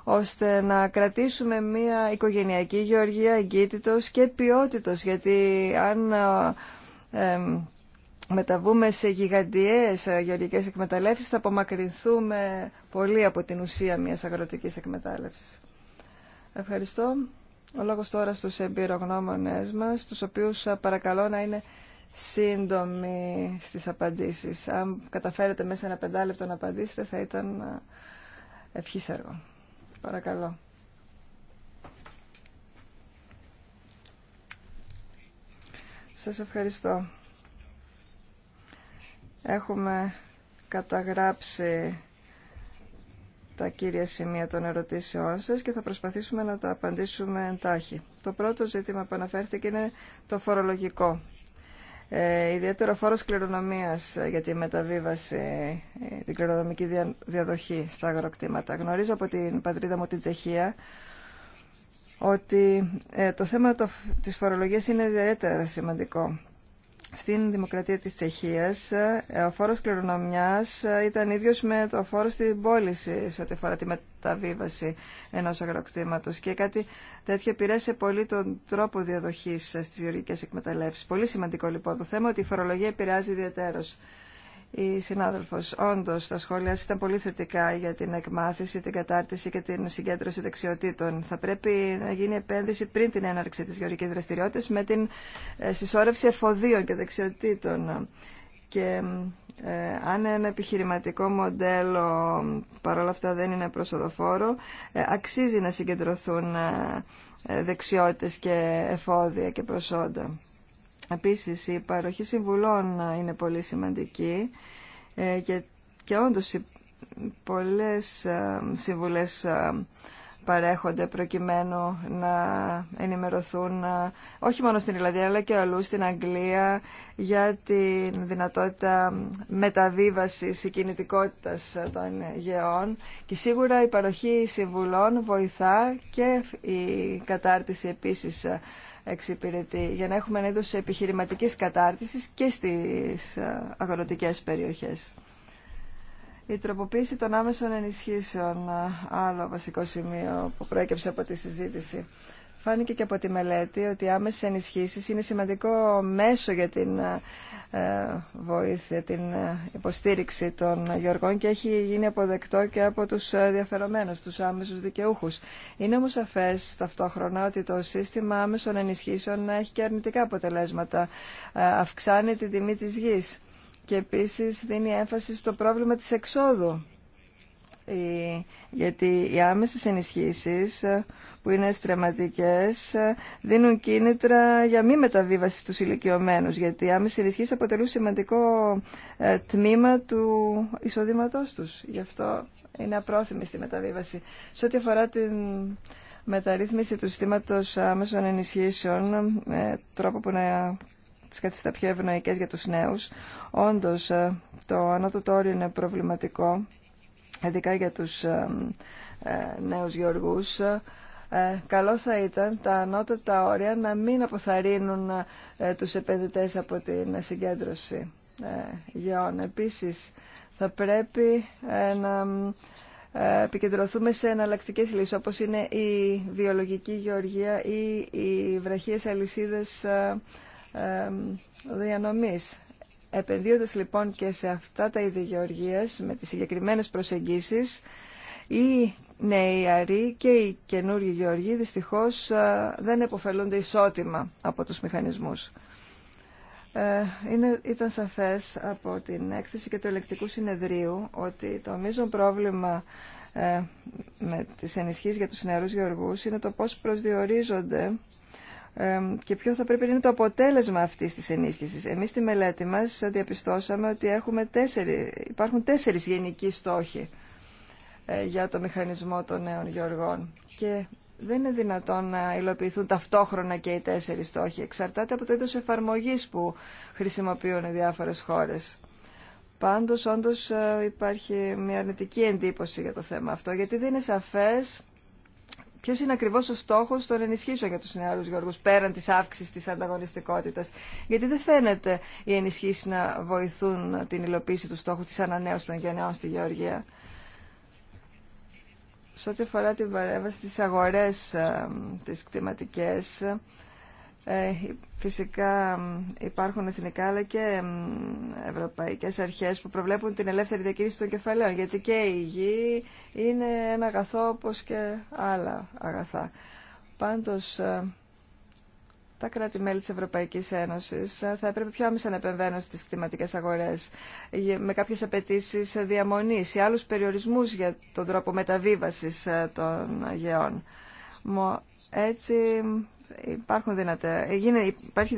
ώστε να κρατήσουμε μια οικογενειακή γεωργία εγκύτητος και ποιότητος, γιατί αν... Ε, μεταβούμε σε γιγαντιές ε, γεωργικές εκμεταλλεύσεις θα απομακρυνθούμε πολύ από την ουσία μιας αγροτικής εκμετάλλευσης. Ευχαριστώ. Ο λόγος τώρα στους εμπειρογνώμονές μας, τους οποίους ε, παρακαλώ να είναι σύντομοι στις απαντήσεις. Αν καταφέρετε μέσα ένα πεντάλεπτο να απαντήσετε θα ήταν ε, ευχής έργο. Παρακαλώ. Σας ευχαριστώ. Έχουμε καταγράψει τα κύρια σημεία των ερωτήσεών σας και θα προσπαθήσουμε να τα απαντήσουμε εντάχει. Το πρώτο ζήτημα που αναφέρθηκε είναι το φορολογικό. Ε, ιδιαίτερο φόρος κληρονομίας για τη μεταβίβαση, ε, την κληρονομική διαδοχή στα αγροκτήματα. Γνωρίζω από την πατρίδα μου την Τσεχία ότι ε, το θέμα της φορολογίας είναι ιδιαίτερα σημαντικό στην Δημοκρατία της Τσεχίας ε, ο φόρος κληρονομιάς ε, ήταν ίδιος με το φόρο στην πώληση σε ό,τι αφορά τη μεταβίβαση ενός αγροκτήματος και κάτι τέτοιο επηρέασε πολύ τον τρόπο διαδοχής ε, στις γεωργικές εκμεταλλεύσεις. Πολύ σημαντικό λοιπόν το θέμα ότι η φορολογία επηρεάζει ιδιαίτερως η συνάδελφο, όντω, τα σχόλια ήταν πολύ θετικά για την εκμάθηση, την κατάρτιση και την συγκέντρωση δεξιοτήτων. Θα πρέπει να γίνει επένδυση πριν την έναρξη τη γεωργικής δραστηριότητα με την ε, συσσόρευση εφοδίων και δεξιοτήτων. Και ε, αν ένα επιχειρηματικό μοντέλο παρόλα αυτά δεν είναι προσοδοφόρο, ε, αξίζει να συγκεντρωθούν ε, δεξιότητες και εφόδια και προσόντα. Επίσης, η παροχή συμβουλών είναι πολύ σημαντική ε, και, και όντως πολλές ε, συμβουλές ε, παρέχονται προκειμένου να ενημερωθούν όχι μόνο στην Ιλλανδία αλλά και αλλού στην Αγγλία για τη δυνατότητα μεταβίβασης ή κινητικότητας των γεών και σίγουρα η παροχή συμβουλών βοηθά και η κατάρτιση επίσης εξυπηρετεί για να έχουμε ένα είδος επιχειρηματικής κατάρτισης και στις ε, αγροτικές περιοχές. Η τροποποίηση των άμεσων ενισχύσεων, ε, άλλο βασικό σημείο που προέκυψε από τη συζήτηση. Φάνηκε και από τη μελέτη ότι οι άμεσες ενισχύσεις είναι σημαντικό μέσο για την ε, ε, βοήθεια, την ε, υποστήριξη των γεωργών και έχει γίνει αποδεκτό και από τους ε, διαφερομένους, τους άμεσους δικαιούχους. Είναι όμως σαφές ταυτόχρονα ότι το σύστημα άμεσων ενισχύσεων έχει και αρνητικά αποτελέσματα. Αυξάνει τη τιμή της γης και επίσης δίνει έμφαση στο πρόβλημα της εξόδου γιατί οι άμεσες ενισχύσεις ε, που είναι στρεματικές ε, δίνουν κίνητρα για μη μεταβίβαση στους ηλικιωμένους γιατί οι άμεσες ενισχύσεις αποτελούν σημαντικό ε, τμήμα του εισοδήματός τους. Γι' αυτό είναι απρόθυμη στη μεταβίβαση. Σε ό,τι αφορά την μεταρρύθμιση του συστήματος άμεσων ενισχύσεων με τρόπο που να τις καθιστά πιο ευνοϊκές για τους νέους, όντως το ανώτατο είναι προβληματικό ειδικά για τους ε, νέους γεωργούς, ε, καλό θα ήταν τα ανώτατα όρια να μην αποθαρρύνουν ε, τους επενδυτές από την συγκέντρωση γεών. Επίσης, θα πρέπει να επικεντρωθούμε σε εναλλακτικές λύσεις, όπως είναι η βιολογική γεωργία ή οι βραχίες αλυσίδες διανομής. Επενδύοντας λοιπόν και σε αυτά τα είδη γεωργίας με τις συγκεκριμένες προσεγγίσεις, οι νεαροί και οι καινούργοι γεωργοί δυστυχώς ε, δεν επωφελούνται ισότιμα από τους μηχανισμούς. Ε, είναι, ήταν σαφές από την έκθεση και του ελεκτικού συνεδρίου ότι το μείζον πρόβλημα ε, με τις ενισχύσεις για τους νεαρούς γεωργούς είναι το πώς προσδιορίζονται και ποιο θα πρέπει να είναι το αποτέλεσμα αυτής της ενίσχυσης. Εμείς στη μελέτη μας διαπιστώσαμε ότι έχουμε τέσσερι, υπάρχουν τέσσερις γενικοί στόχοι ε, για το μηχανισμό των νέων γεωργών. Και δεν είναι δυνατόν να υλοποιηθούν ταυτόχρονα και οι τέσσερις στόχοι. Εξαρτάται από το είδος εφαρμογής που χρησιμοποιούν οι διάφορες χώρες. Πάντως, όντως ε, υπάρχει μια αρνητική εντύπωση για το θέμα αυτό, γιατί δεν είναι σαφές Ποιο είναι ακριβώς ο στόχος των ενισχύσεων για του νεαρού γεωργούς πέραν της αύξηση της ανταγωνιστικότητας. Γιατί δεν φαίνεται οι ενισχύσει να βοηθούν την υλοποίηση του στόχου της ανανέωσης των γενναιών στη γεωργία. Σε ό,τι αφορά την παρέμβαση στι αγορές, ε, τι κτηματικέ, ε, φυσικά υπάρχουν εθνικά αλλά και ευρωπαϊκές αρχές που προβλέπουν την ελεύθερη διακίνηση των κεφαλαίων γιατί και η γη είναι ένα αγαθό όπως και άλλα αγαθά. Πάντως ε, τα κράτη-μέλη της Ευρωπαϊκής Ένωσης ε, θα έπρεπε πιο άμεσα να επεμβαίνουν στις κλιματικές αγορές με κάποιες απαιτήσει διαμονής ή άλλους περιορισμούς για τον τρόπο μεταβίβασης των γεών. Έτσι υπάρχουν δυνατά, υπάρχει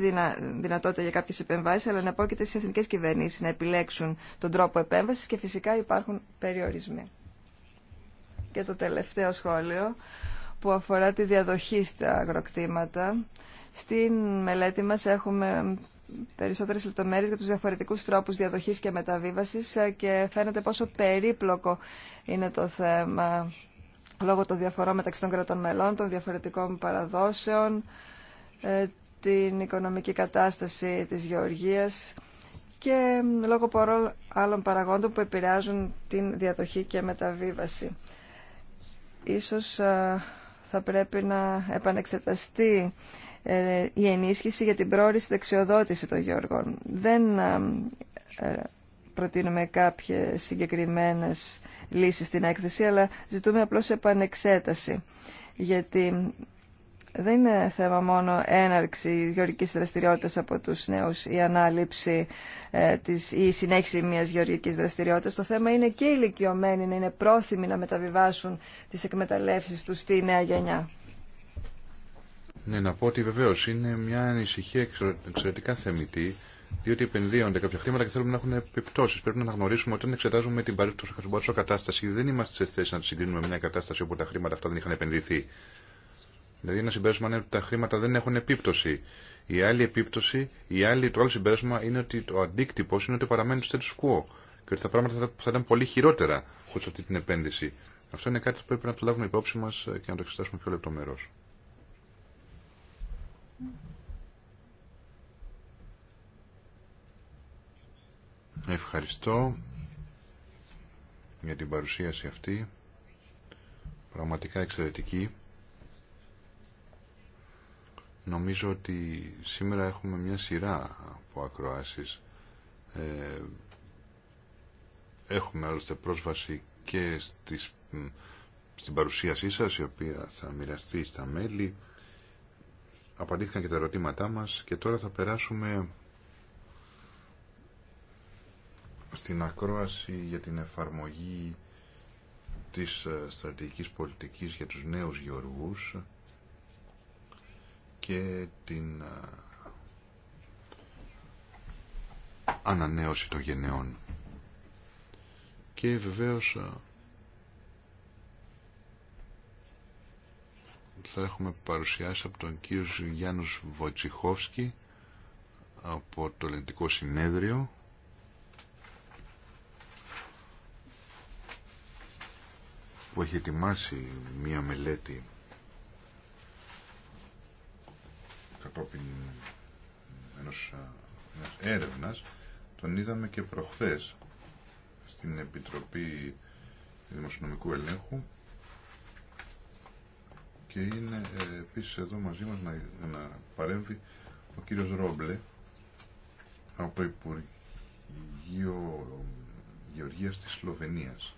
δυνατότητα για κάποιες επεμβάσεις, αλλά να και τις εθνικές κυβερνήσεις να επιλέξουν τον τρόπο επέμβασης και φυσικά υπάρχουν περιορισμοί. Και το τελευταίο σχόλιο που αφορά τη διαδοχή στα αγροκτήματα. Στην μελέτη μας έχουμε περισσότερες λεπτομέρειες για τους διαφορετικούς τρόπους διαδοχής και μεταβίβασης και φαίνεται πόσο περίπλοκο είναι το θέμα λόγω των διαφορών μεταξύ των κρατών μελών, των διαφορετικών παραδόσεων, ε, την οικονομική κατάσταση της γεωργίας και λόγω πολλών άλλων παραγόντων που επηρεάζουν την διαδοχή και μεταβίβαση. Ίσως ε, θα πρέπει να επανεξεταστεί ε, η ενίσχυση για την πρόορη δεξιοδότηση των γεωργών. Δεν προτείνουμε κάποιες συγκεκριμένες λύσεις στην έκθεση, αλλά ζητούμε απλώς επανεξέταση. Γιατί δεν είναι θέμα μόνο έναρξη γεωργικής δραστηριότητας από τους νέους ή ανάληψη ε, της, ή συνέχιση μιας γεωργικής δραστηριότητας. Το θέμα είναι και οι ηλικιωμένοι να είναι πρόθυμοι να μεταβιβάσουν τις εκμεταλλεύσεις τους στη νέα γενιά. Ναι, να πω ότι βεβαίως είναι μια ανησυχία εξαιρετικά θεμητή διότι επενδύονται κάποια χρήματα και θέλουμε να έχουν επιπτώσει. Πρέπει να αναγνωρίσουμε ότι όταν εξετάζουμε την παρούσα κατάσταση δεν είμαστε σε θέση να συγκρίνουμε με μια κατάσταση όπου τα χρήματα αυτά δεν είχαν επενδυθεί. Δηλαδή ένα συμπέρασμα είναι ότι τα χρήματα δεν έχουν επίπτωση. Η άλλη επίπτωση, η άλλη, το άλλο συμπέρασμα είναι ότι ο αντίκτυπο είναι ότι παραμένει στο status quo και ότι τα πράγματα θα ήταν πολύ χειρότερα χωρί αυτή την επένδυση. Αυτό είναι κάτι που πρέπει να το λάβουμε υπόψη μα και να το εξετάσουμε πιο λεπτομερώ. Ευχαριστώ για την παρουσίαση αυτή. Πραγματικά εξαιρετική. Νομίζω ότι σήμερα έχουμε μια σειρά από ακροάσεις. Ε, έχουμε άλλωστε πρόσβαση και στις, στην παρουσίασή σας, η οποία θα μοιραστεί στα μέλη. Απαντήθηκαν και τα ερωτήματά μας και τώρα θα περάσουμε στην ακρόαση για την εφαρμογή της ε, στρατηγικής πολιτικής για τους νέους γεωργούς και την ε, ανανέωση των γενεών. Και βεβαίως ε, θα έχουμε παρουσιάσει από τον κύριο Γιάννους Βοτσιχόφσκι από το Ελληνικό Συνέδριο που έχει ετοιμάσει μία μελέτη κατόπιν ενός, έρευνας τον είδαμε και προχθές στην Επιτροπή Δημοσιονομικού Ελέγχου και είναι ε, επίσης εδώ μαζί μας να, να παρέμβει ο κύριος Ρόμπλε από το Υπουργείο Γεωργίας της Σλοβενίας.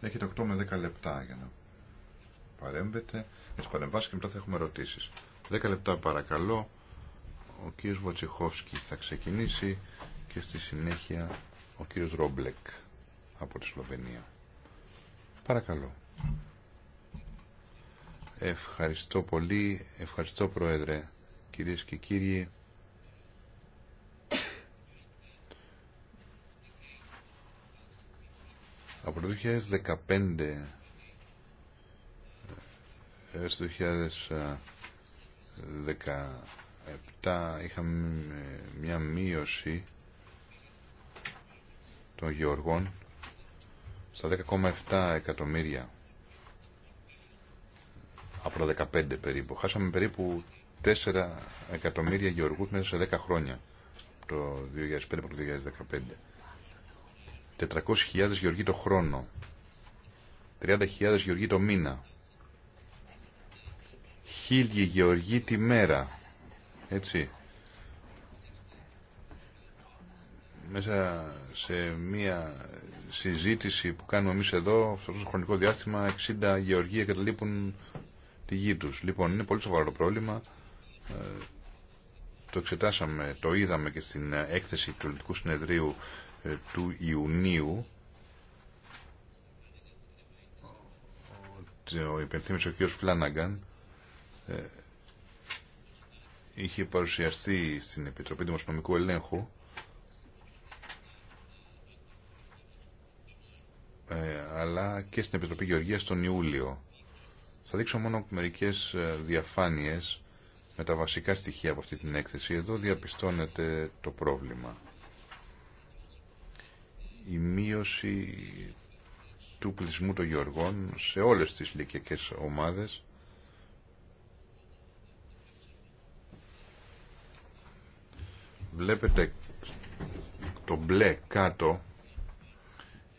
Έχετε 8 με 10 λεπτά για να παρέμβετε. να τι παρεμβάσετε και μετά θα έχουμε ερωτήσεις. 10 λεπτά παρακαλώ. Ο κύριος Βοτσιχόφσκι θα ξεκινήσει και στη συνέχεια ο κύριος Ρόμπλεκ από τη Σλοβενία. Παρακαλώ. Ευχαριστώ πολύ. Ευχαριστώ Πρόεδρε. Κυρίες και κύριοι. Από το 2015 έως το 2017 είχαμε ε, μια μείωση των γεωργών στα 10,7 εκατομμύρια από τα 15 περίπου. Χάσαμε περίπου 4 εκατομμύρια γεωργούς μέσα σε 10 χρόνια το 2005 από το 2015. 400.000 γεωργοί το χρόνο, 30.000 γεωργοί το μήνα, 1.000 γεωργοί τη μέρα, έτσι, μέσα σε μία συζήτηση που κάνουμε εμείς εδώ, σε αυτό το χρονικό διάστημα, 60 γεωργοί εγκαταλείπουν τη γη τους. Λοιπόν, είναι πολύ σοβαρό το πρόβλημα. Ε, το εξετάσαμε, το είδαμε και στην έκθεση του Ελληνικού Συνεδρίου ε, του Ιουνίου ο υπενθύμησε ο κ. Φλάναγκαν ε, είχε παρουσιαστεί στην Επιτροπή Δημοσιονομικού Ελέγχου ε, αλλά και στην Επιτροπή Γεωργίας τον Ιούλιο. Θα δείξω μόνο μερικές διαφάνειες με τα βασικά στοιχεία από αυτή την έκθεση. Εδώ διαπιστώνεται το πρόβλημα η μείωση του πληθυσμού των γεωργών σε όλες τις ηλικιακές ομάδες βλέπετε το μπλε κάτω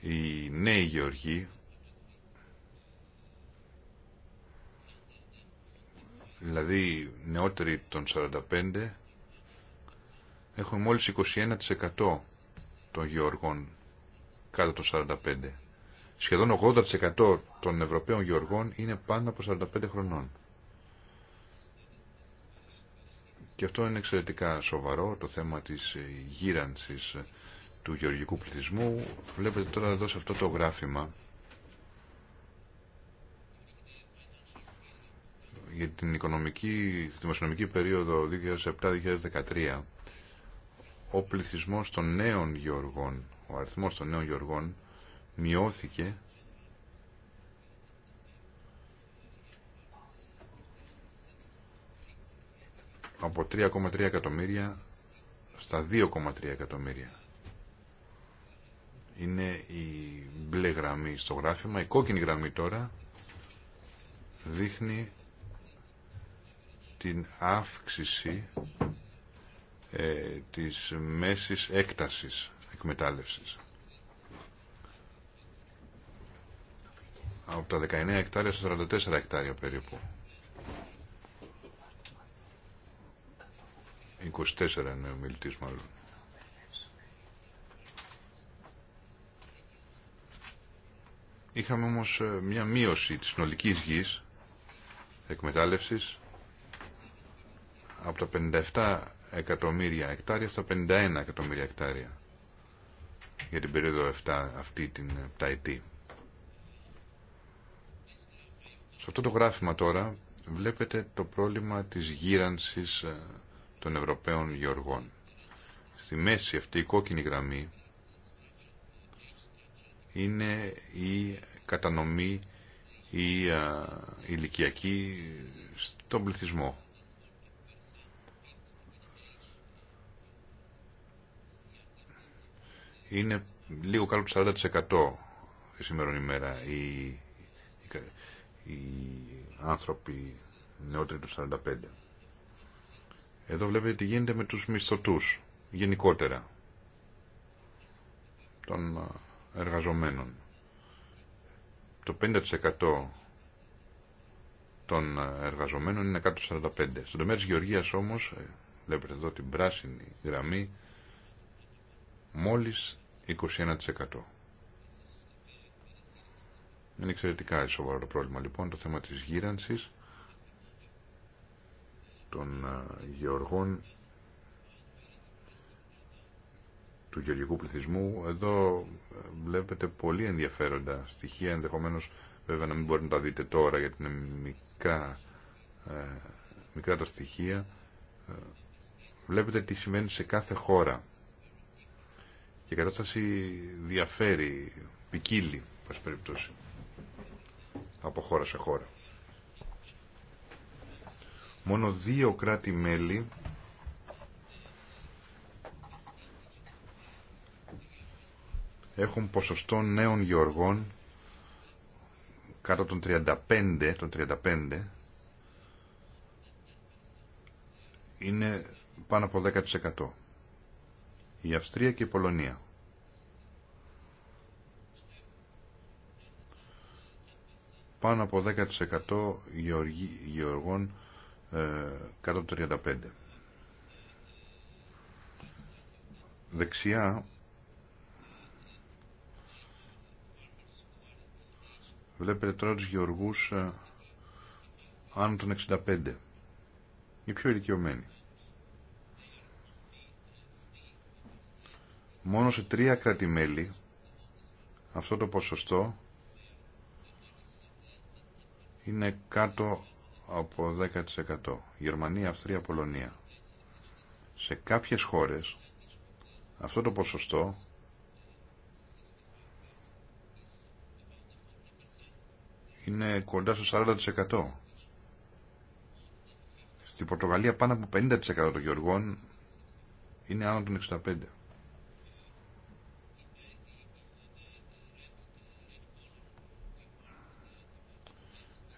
οι νέοι γεωργοί δηλαδή νεότεροι των 45 έχουν μόλις 21% των γεωργών κάτω των 45. Σχεδόν 80% των Ευρωπαίων γεωργών είναι πάνω από 45 χρονών. Και αυτό είναι εξαιρετικά σοβαρό, το θέμα της ε, γύρανσης ε, του γεωργικού πληθυσμού. Βλέπετε τώρα εδώ σε αυτό το γράφημα για την οικονομική, δημοσιονομική περίοδο 2007-2013 ο πληθυσμός των νέων γεωργών ο αριθμός των νέων γεωργών μειώθηκε από 3,3 εκατομμύρια στα 2,3 εκατομμύρια. Είναι η μπλε γραμμή στο γράφημα. Η κόκκινη γραμμή τώρα δείχνει την αύξηση ε, της μέσης έκτασης από τα 19 εκτάρια στα 44 εκτάρια περίπου. 24 είναι ο μιλητής μάλλον. Είχαμε όμως ε, μια μείωση της συνολικής γης εκμετάλλευσης από τα 57 εκατομμύρια εκτάρια στα 51 εκατομμύρια εκτάρια για την περίοδο 7, αυτή την πταετή. Σε αυτό το γράφημα τώρα βλέπετε το πρόβλημα της γύρανσης ε, των Ευρωπαίων γεωργών. Στη μέση αυτή η κόκκινη γραμμή είναι η κατανομή η ε, ηλικιακή στον πληθυσμό. είναι λίγο κάτω του 40% σήμερα ημέρα οι, οι, οι άνθρωποι νεότεροι του 45. Εδώ βλέπετε τι γίνεται με τους μισθωτούς γενικότερα των ε, εργαζομένων. Το 50% των ε, εργαζομένων είναι κάτω 45. Στον τομέα της γεωργίας όμως, ε, βλέπετε εδώ την πράσινη γραμμή, Μόλις 21%. Είναι εξαιρετικά σοβαρό το πρόβλημα λοιπόν το θέμα της γύρανσης των ε, γεωργών του γεωργικού πληθυσμού. Εδώ ε, βλέπετε πολύ ενδιαφέροντα στοιχεία, ενδεχομένως βέβαια να μην μπορείτε να τα δείτε τώρα γιατί είναι μικρά, ε, μικρά τα στοιχεία. Βλέπετε τι σημαίνει σε κάθε χώρα και η κατάσταση διαφέρει, ποικίλει, πάση περιπτώσει, από χώρα σε χώρα. Μόνο δύο κράτη-μέλη έχουν ποσοστό νέων γεωργών κάτω των 35, των 35 είναι πάνω από 10% η Αυστρία και η Πολωνία. Πάνω από 10% γεωργών ε, κάτω από το 35%. Δεξιά βλέπετε τώρα τους γεωργούς ε, άνω των 65 οι πιο ηλικιωμένοι. μόνο σε τρία κράτη-μέλη αυτό το ποσοστό είναι κάτω από 10%. Γερμανία, Αυστρία, Πολωνία. Σε κάποιες χώρες αυτό το ποσοστό είναι κοντά στο 40%. Στην Πορτογαλία πάνω από 50% των γεωργών είναι άνω των 65%.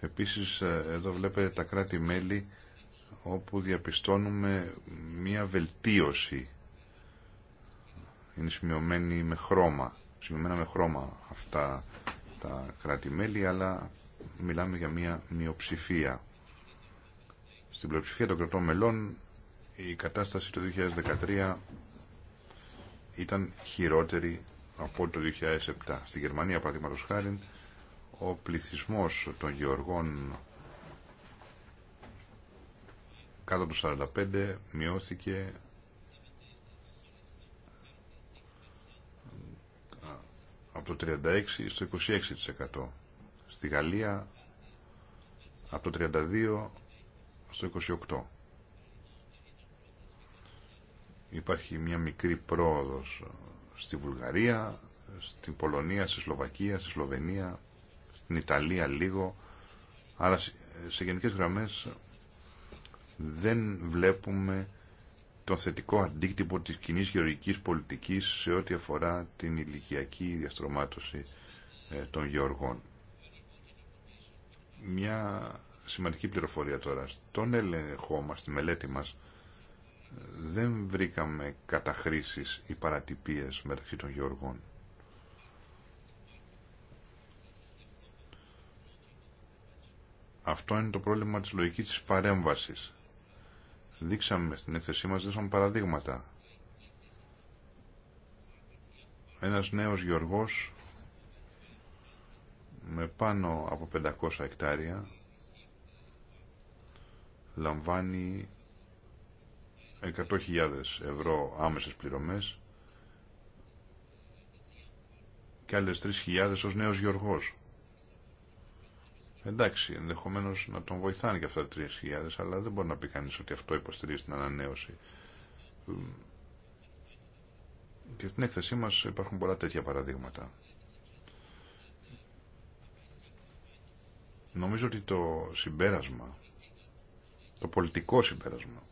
Επίσης ε, εδώ βλέπετε τα κράτη-μέλη όπου διαπιστώνουμε μία βελτίωση. Είναι σημειωμένη με χρώμα, σημειωμένα με χρώμα αυτά τα κράτη-μέλη, αλλά μιλάμε για μία μειοψηφία. Στην πλειοψηφία των κρατών μελών η κατάσταση το 2013 ήταν χειρότερη από το 2007. Στη Γερμανία, παραδείγματος χάρη, ο πληθυσμός των γεωργών κάτω από το 45 μειώθηκε από το 36% στο 26%. Στη Γαλλία από το 32% στο 28%. Υπάρχει μια μικρή πρόοδος στη Βουλγαρία, στην Πολωνία, στη Σλοβακία, στη Σλοβενία την Ιταλία λίγο, αλλά σε γενικές γραμμές δεν βλέπουμε τον θετικό αντίκτυπο της κοινή γεωργικής πολιτικής σε ό,τι αφορά την ηλικιακή διαστρωμάτωση ε, των γεωργών. Μια σημαντική πληροφορία τώρα. Στον έλεγχό μας, στη μελέτη μας, ε, δεν βρήκαμε καταχρήσεις ή παρατυπίες μεταξύ των γεωργών. Αυτό είναι το πρόβλημα της λογικής της παρέμβασης. Δείξαμε στην έκθεσή μας, δώσαμε παραδείγματα. Ένας νέος Γιώργος με πάνω από 500 εκτάρια λαμβάνει 100.000 ευρώ άμεσες πληρωμές και άλλες 3.000 ως νέος Γιώργος. Εντάξει, ενδεχομένω να τον βοηθάνε και αυτά τα 3.000, αλλά δεν μπορεί να πει κανεί ότι αυτό υποστηρίζει την ανανέωση. Και στην έκθεσή μα υπάρχουν πολλά τέτοια παραδείγματα. Νομίζω ότι το συμπέρασμα, το πολιτικό συμπέρασμα,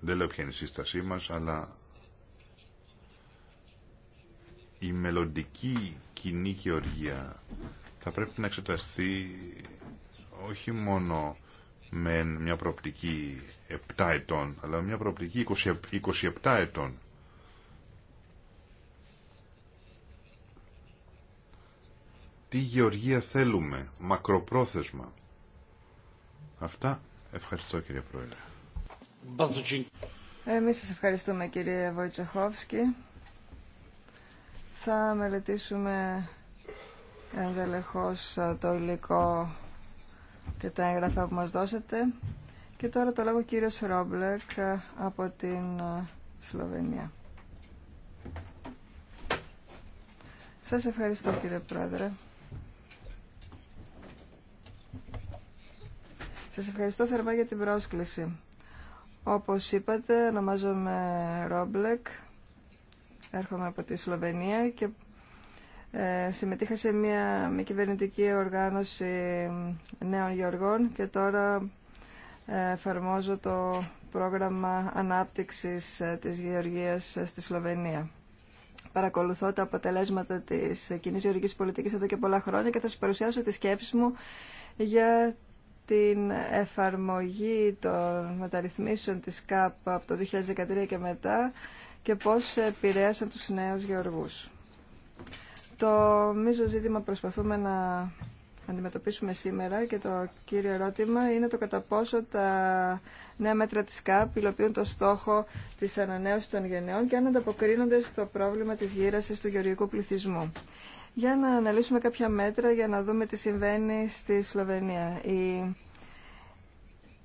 δεν λέω ποια είναι η σύστασή μας, αλλά η μελλοντική κοινή γεωργία θα πρέπει να εξεταστεί όχι μόνο με μια προοπτική 7 ετών, αλλά μια προοπτική 27 ετών. Τι γεωργία θέλουμε, μακροπρόθεσμα. Αυτά. Ευχαριστώ κύριε Πρόεδρε. Εμείς σας ευχαριστούμε κύριε Βοητσοχόφσκι. Θα μελετήσουμε ενδελεχώς ε, το υλικό και τα έγγραφα που μας δώσετε. Και τώρα το λόγο κύριος Ρόμπλεκ ε, από την ε, Σλοβενία. Σας ευχαριστώ κύριε Πρόεδρε. Σας ευχαριστώ θερμά για την πρόσκληση. Όπως είπατε, ονομάζομαι Ρόμπλεκ. Έρχομαι από τη Σλοβενία και ε, συμμετείχα σε μια μη κυβερνητική οργάνωση νέων γεωργών και τώρα ε, εφαρμόζω το πρόγραμμα ανάπτυξης ε, της γεωργίας στη Σλοβενία. Παρακολουθώ τα αποτελέσματα της κοινή γεωργικής πολιτικής εδώ και πολλά χρόνια και θα σας παρουσιάσω τις σκέψεις μου για την εφαρμογή των μεταρρυθμίσεων της ΚΑΠ από το 2013 και μετά και πώς επηρέασαν τους νέους γεωργούς. Το μείζο ζήτημα προσπαθούμε να αντιμετωπίσουμε σήμερα και το κύριο ερώτημα είναι το κατά πόσο τα νέα μέτρα της ΚΑΠ υλοποιούν το στόχο της ανανέωσης των γενναιών και αν ανταποκρίνονται στο πρόβλημα της γύρασης του γεωργικού πληθυσμού. Για να αναλύσουμε κάποια μέτρα για να δούμε τι συμβαίνει στη Σλοβενία.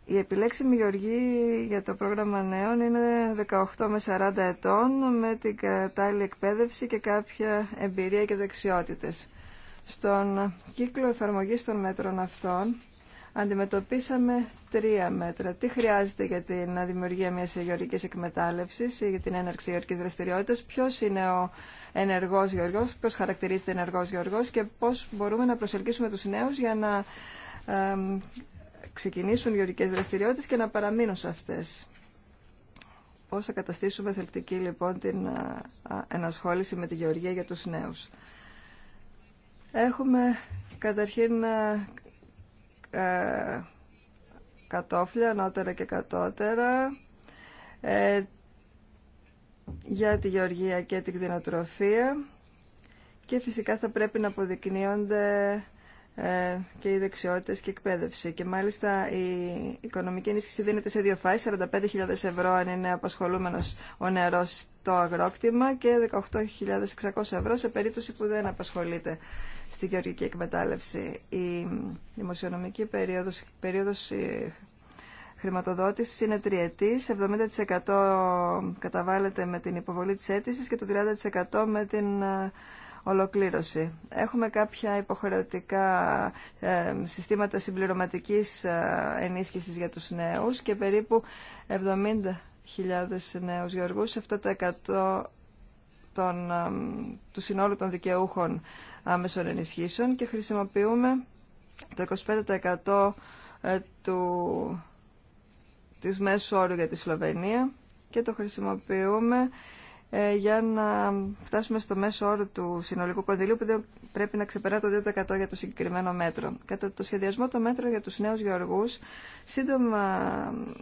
Η επιλέξιμη γεωργή για το πρόγραμμα νέων είναι 18 με 40 ετών με την κατάλληλη εκπαίδευση και κάποια εμπειρία και δεξιότητες. Στον κύκλο εφαρμογής των μέτρων αυτών αντιμετωπίσαμε τρία μέτρα. Τι χρειάζεται για την δημιουργία μιας γεωργικής εκμετάλλευσης ή για την έναρξη γεωργικής δραστηριότητας, ποιος είναι ο ενεργός γεωργός, ποιος χαρακτηρίζεται ενεργός γεωργός και πώς μπορούμε να προσελκύσουμε τους νέους για να ξεκινήσουν ορικές δραστηριότητες και να παραμείνουν σε αυτές. Πώς θα καταστήσουμε θελκτική λοιπόν την ενασχόληση με τη γεωργία για τους νέους. Έχουμε καταρχήν ε, κατόφλια, ανώτερα και κατώτερα, ε, για τη γεωργία και την κτηνοτροφία και φυσικά θα πρέπει να αποδεικνύονται ε, και οι δεξιότητε και εκπαίδευση. Και μάλιστα η οικονομική ενίσχυση δίνεται σε δύο φάσει: 45.000 ευρώ αν είναι απασχολούμενο ο νερό στο αγρόκτημα και 18.600 ευρώ σε περίπτωση που δεν απασχολείται στη γεωργική εκμετάλλευση. Η δημοσιονομική περίοδος, περίοδος ε, χρηματοδότησης είναι τριετή, 70% καταβάλλεται με την υποβολή τη αίτηση και το 30% με την ε, ολοκλήρωση. Έχουμε κάποια υποχρεωτικά ε, συστήματα συμπληρωματικής ε, ενίσχυσης για τους νέους και περίπου 70.000 νέους γεωργούς, 7% των, ε, του συνόλου των δικαιούχων άμεσων ενισχύσεων και χρησιμοποιούμε το 25% του, της μέσου όρου για τη Σλοβενία και το χρησιμοποιούμε ε, για να φτάσουμε στο μέσο όρο του συνολικού κονδυλίου που δεν πρέπει να ξεπερά το 2% για το συγκεκριμένο μέτρο. Κατά το σχεδιασμό των μέτρων για τους νέους γεωργούς, σύντομα,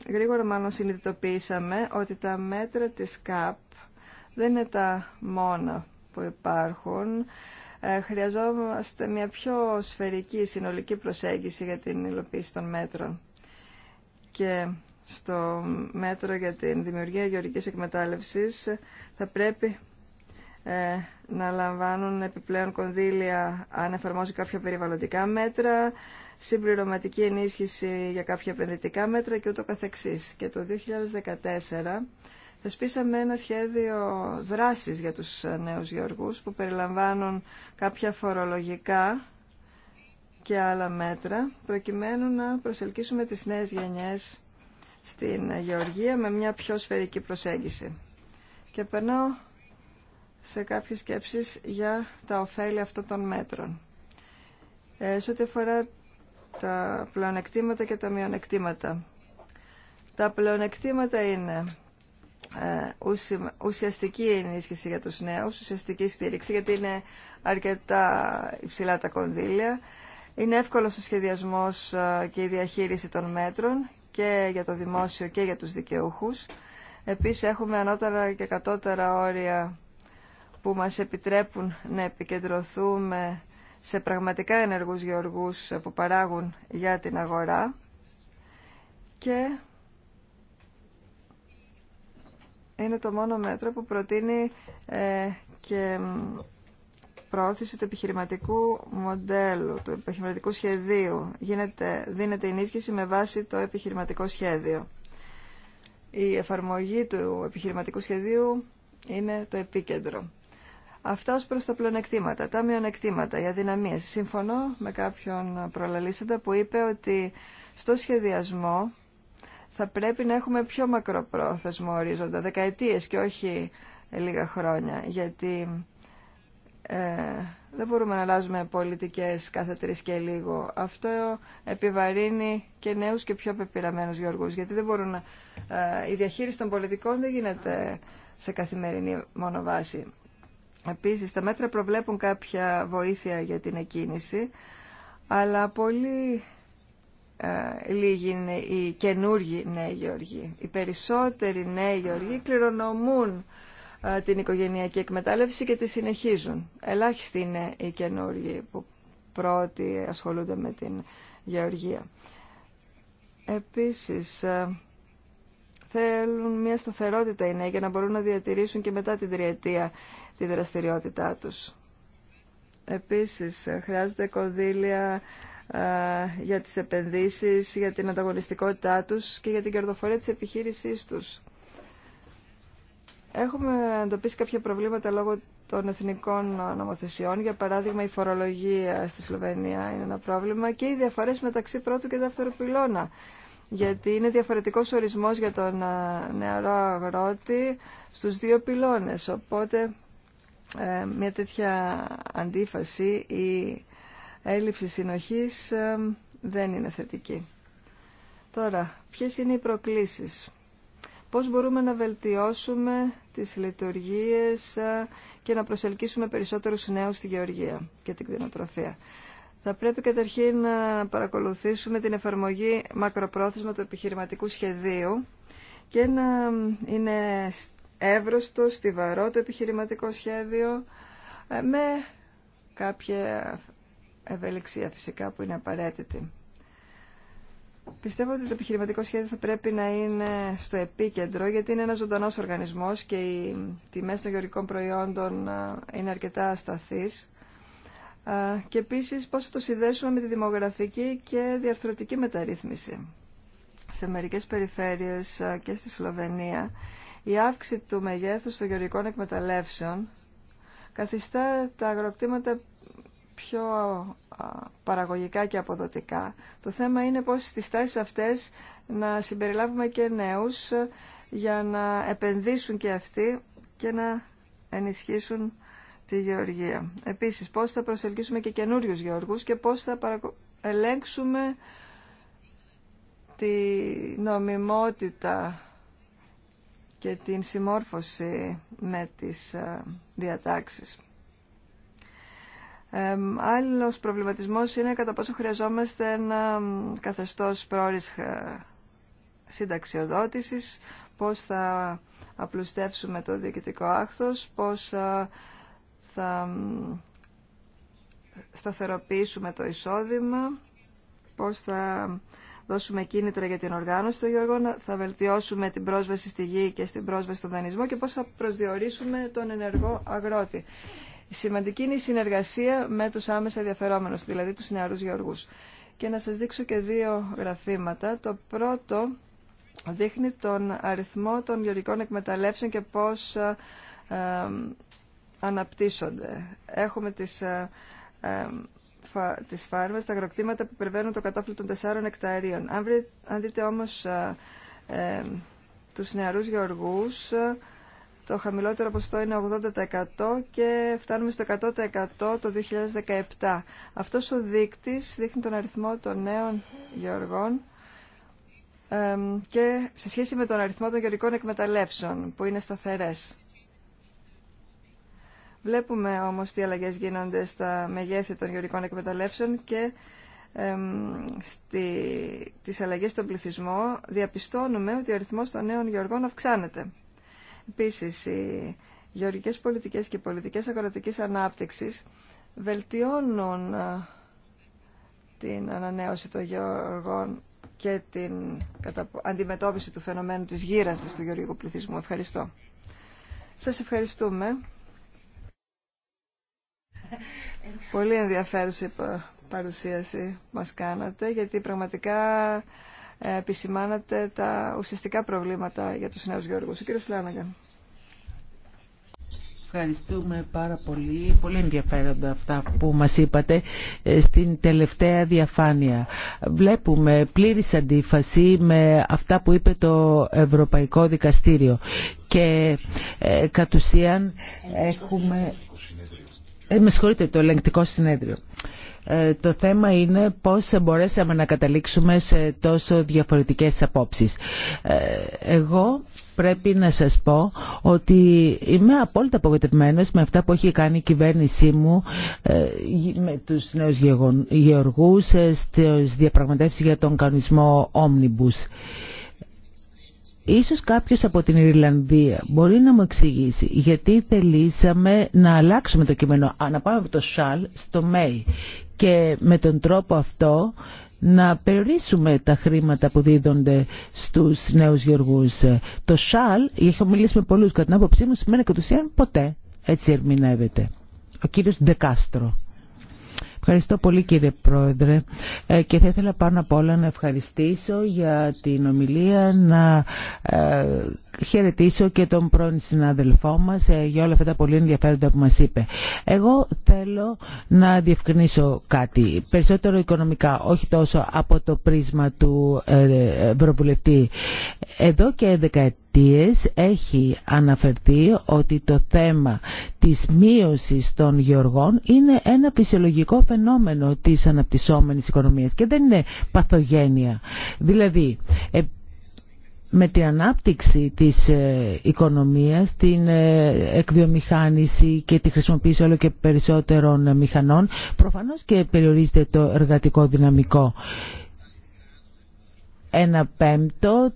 γρήγορα μάλλον συνειδητοποίησαμε ότι τα μέτρα της ΚΑΠ δεν είναι τα μόνα που υπάρχουν. Ε, χρειαζόμαστε μια πιο σφαιρική συνολική προσέγγιση για την υλοποίηση των μέτρων. Και στο μέτρο για την δημιουργία γεωργικής εκμετάλλευσης θα πρέπει ε, να λαμβάνουν επιπλέον κονδύλια αν εφαρμόζουν κάποια περιβαλλοντικά μέτρα, συμπληρωματική ενίσχυση για κάποια επενδυτικά μέτρα και ούτω καθεξής. Και το 2014 θα σπίσαμε ένα σχέδιο δράσης για τους νέους γεωργούς που περιλαμβάνουν κάποια φορολογικά και άλλα μέτρα προκειμένου να προσελκύσουμε τις νέες γενιές στην γεωργία με μια πιο σφαιρική προσέγγιση. Και περνάω σε κάποιες σκέψεις για τα ωφέλη αυτών των μέτρων. Ε, σε ό,τι αφορά τα πλεονεκτήματα και τα μειονεκτήματα. Τα πλεονεκτήματα είναι ε, ουσιαστική ενίσχυση για τους νέους, ουσιαστική στήριξη, γιατί είναι αρκετά υψηλά τα κονδύλια. Είναι εύκολος ο σχεδιασμός ε, και η διαχείριση των μέτρων και για το δημόσιο και για τους δικαιούχους. Επίσης έχουμε ανώτερα και κατώτερα όρια που μας επιτρέπουν να επικεντρωθούμε σε πραγματικά ενεργούς γεωργούς που παράγουν για την αγορά και είναι το μόνο μέτρο που προτείνει ε, και προώθηση του επιχειρηματικού μοντέλου, του επιχειρηματικού σχεδίου. Γίνεται, δίνεται ενίσχυση με βάση το επιχειρηματικό σχέδιο. Η εφαρμογή του επιχειρηματικού σχεδίου είναι το επίκεντρο. Αυτά ως προς τα πλονεκτήματα, τα μειονεκτήματα, οι αδυναμίες. Συμφωνώ με κάποιον προλαλήσαντα που είπε ότι στο σχεδιασμό θα πρέπει να έχουμε πιο μακροπρόθεσμο ορίζοντα, δεκαετίες και όχι λίγα χρόνια, γιατί ε, δεν μπορούμε να αλλάζουμε πολιτικές κάθε τρεις και λίγο. Αυτό επιβαρύνει και νέους και πιο πεπειραμένους Γιώργους, γιατί δεν μπορούν να, ε, η διαχείριση των πολιτικών δεν γίνεται σε καθημερινή μόνο βάση. Επίσης, τα μέτρα προβλέπουν κάποια βοήθεια για την εκκίνηση, αλλά πολύ ε, λίγοι είναι οι καινούργοι νέοι Γεωργοί. Οι περισσότεροι νέοι Γεωργοί κληρονομούν την οικογενειακή εκμετάλλευση και τη συνεχίζουν. Ελάχιστοι είναι οι καινούργοι που πρώτοι ασχολούνται με την γεωργία. Επίσης, θέλουν μια σταθερότητα οι νέοι για να μπορούν να διατηρήσουν και μετά την τριετία τη δραστηριότητά τους. Επίσης, χρειάζονται κονδύλια για τις επενδύσεις, για την ανταγωνιστικότητά τους και για την κερδοφορία της επιχείρησής τους. Έχουμε εντοπίσει κάποια προβλήματα λόγω των εθνικών νομοθεσιών. Για παράδειγμα, η φορολογία στη Σλοβενία είναι ένα πρόβλημα και οι διαφορέ μεταξύ πρώτου και δεύτερου πυλώνα. Γιατί είναι διαφορετικό ορισμό για τον ε, νεαρό αγρότη στου δύο πυλώνε. Οπότε, ε, μια τέτοια αντίφαση ή έλλειψη συνοχή ε, δεν είναι θετική. Τώρα, ποιε είναι οι προκλήσει πώς μπορούμε να βελτιώσουμε τις λειτουργίες και να προσελκύσουμε περισσότερους νέους στη γεωργία και την κτηνοτροφία. Θα πρέπει καταρχήν να παρακολουθήσουμε την εφαρμογή μακροπρόθεσμα του επιχειρηματικού σχεδίου και να είναι εύρωστο, στιβαρό το επιχειρηματικό σχέδιο ε, με κάποια ευελιξία φυσικά που είναι απαραίτητη. Πιστεύω ότι το επιχειρηματικό σχέδιο θα πρέπει να είναι στο επίκεντρο, γιατί είναι ένα ζωντανό οργανισμός και οι τιμέ των γεωργικών προϊόντων είναι αρκετά ασταθεί. Και επίσης πώς θα το συνδέσουμε με τη δημογραφική και διαρθρωτική μεταρρύθμιση. Σε μερικές περιφέρειες και στη Σλοβενία, η αύξηση του μεγέθου των γεωργικών εκμεταλλεύσεων καθιστά τα αγροκτήματα πιο παραγωγικά και αποδοτικά. Το θέμα είναι πώς στις τάσεις αυτές να συμπεριλάβουμε και νέους για να επενδύσουν και αυτοί και να ενισχύσουν τη γεωργία. Επίσης, πώς θα προσελκύσουμε και καινούριους γεωργούς και πώς θα ελέγξουμε τη νομιμότητα και την συμμόρφωση με τις διατάξεις. Ε, άλλος προβληματισμός είναι κατά πόσο χρειαζόμαστε ένα καθεστώς πρόορης ε, συνταξιοδότησης, πώς θα απλουστεύσουμε το διοικητικό άχθος, πώς ε, θα σταθεροποιήσουμε το εισόδημα, πώς θα δώσουμε κίνητρα για την οργάνωση των γεωργών, θα βελτιώσουμε την πρόσβαση στη γη και στην πρόσβαση στον δανεισμό και πώς θα προσδιορίσουμε τον ενεργό αγρότη. Σημαντική είναι η συνεργασία με τους άμεσα ενδιαφερόμενους, δηλαδή τους νεαρούς γεωργούς. Και να σας δείξω και δύο γραφήματα. Το πρώτο δείχνει τον αριθμό των γεωργικών εκμεταλλεύσεων και πώς ε, ε, αναπτύσσονται. Έχουμε τις, ε, ε φάρμες, τα αγροκτήματα που περιβαίνουν το κατόφλι των τεσσάρων εκταρίων. Αν, αν δείτε όμως τους νεαρούς γεωργούς, το χαμηλότερο ποσοστό είναι 80% και φτάνουμε στο 100% το 2017. Αυτός ο δείκτης δείχνει τον αριθμό των νέων γεωργών και σε σχέση με τον αριθμό των γεωργικών εκμεταλλεύσεων που είναι σταθερές. Βλέπουμε όμως τι αλλαγές γίνονται στα μεγέθη των γεωργικών εκμεταλλεύσεων και στις αλλαγές στον πληθυσμό διαπιστώνουμε ότι ο αριθμός των νέων γεωργών αυξάνεται. Επίση, οι γεωργικές πολιτικές και οι πολιτικές αγροτικής ανάπτυξης βελτιώνουν ε, την ανανέωση των γεωργών και την αντιμετώπιση του φαινομένου της γύρασης του γεωργικού πληθυσμού. Ευχαριστώ. Σας ευχαριστούμε. Πολύ ενδιαφέρουσα παρουσίαση που μας κάνατε, γιατί πραγματικά ε, επισημάνατε τα ουσιαστικά προβλήματα για τους νέους γεωργούς. Ο κύριος Φλάνναγκαν. Ευχαριστούμε πάρα πολύ. Πολύ ενδιαφέροντα αυτά που μας είπατε ε, στην τελευταία διαφάνεια. Βλέπουμε πλήρης αντίφαση με αυτά που είπε το Ευρωπαϊκό Δικαστήριο και ε, κατ' ουσίαν έχουμε ε, με συγχωρείτε, το ελεγκτικό συνέδριο. Ε, το θέμα είναι πώς μπορέσαμε να καταλήξουμε σε τόσο διαφορετικές απόψεις. Ε, εγώ πρέπει να σας πω ότι είμαι απόλυτα απογοητευμένος με αυτά που έχει κάνει η κυβέρνησή μου ε, με τους νέους γεωργούς ε, στις διαπραγματεύσεις για τον κανονισμό Omnibus. Ίσως κάποιος από την Ιρλανδία μπορεί να μου εξηγήσει γιατί θελήσαμε να αλλάξουμε το κείμενο, να πάμε από το σαλ στο ΜΕΙ και με τον τρόπο αυτό να περιορίσουμε τα χρήματα που δίδονται στους νέους γεωργούς. Το ΣΑΛ, έχω μιλήσει με πολλούς κατά την άποψή μου, σημαίνει κατ' ουσίαν ποτέ. Έτσι ερμηνεύεται. Ο κύριος Ντεκάστρο. Ευχαριστώ πολύ κύριε Πρόεδρε ε, και θα ήθελα πάνω απ' όλα να ευχαριστήσω για την ομιλία, να ε, χαιρετήσω και τον πρώην συνάδελφό μας ε, για όλα αυτά τα πολύ ενδιαφέροντα που μας είπε. Εγώ θέλω να διευκρινίσω κάτι, περισσότερο οικονομικά, όχι τόσο από το πρίσμα του Ευρωβουλευτή. Εδώ και δεκαετία δεκαετίες έχει αναφερθεί ότι το θέμα της μείωσης των γεωργών είναι ένα φυσιολογικό φαινόμενο της αναπτυσσόμενης οικονομίας και δεν είναι παθογένεια. Δηλαδή, ε, με την ανάπτυξη της ε, οικονομίας, την ε, εκβιομηχάνηση και τη χρησιμοποίηση όλο και περισσότερων μηχανών, προφανώς και περιορίζεται το εργατικό δυναμικό ένα πέμπτο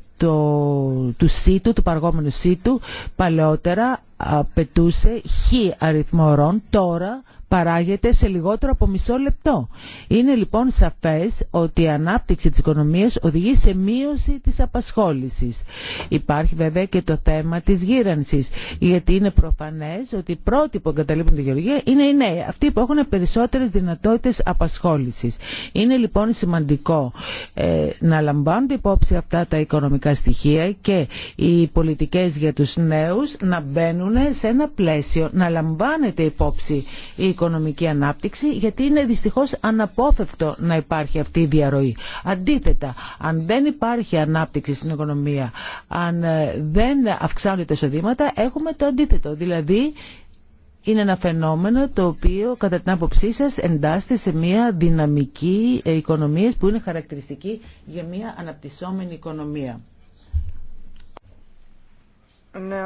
του σύτου, του παργόμενου σύτου. Παλαιότερα απαιτούσε χ αριθμορών, τώρα παράγεται σε λιγότερο από μισό λεπτό. Είναι λοιπόν σαφές ότι η ανάπτυξη της οικονομίας οδηγεί σε μείωση της απασχόλησης. Υπάρχει βέβαια και το θέμα της γύρανσης, γιατί είναι προφανές ότι οι πρώτοι που εγκαταλείπουν τη γεωργία είναι οι νέοι, αυτοί που έχουν περισσότερες δυνατότητες απασχόλησης. Είναι λοιπόν σημαντικό ε, να λαμβάνονται υπόψη αυτά τα οικονομικά στοιχεία και οι πολιτικές για τους νέους να μπαίνουν σε ένα πλαίσιο, να λαμβάνεται υπόψη η οικονομική ανάπτυξη γιατί είναι δυστυχώς αναπόφευκτο να υπάρχει αυτή η διαρροή. Αντίθετα, αν δεν υπάρχει ανάπτυξη στην οικονομία, αν ε, δεν αυξάνονται τα εισοδήματα, έχουμε το αντίθετο. Δηλαδή, είναι ένα φαινόμενο το οποίο κατά την άποψή σα εντάσσεται σε μια δυναμική ε, οικονομία που είναι χαρακτηριστική για μια αναπτυσσόμενη οικονομία. Ναι,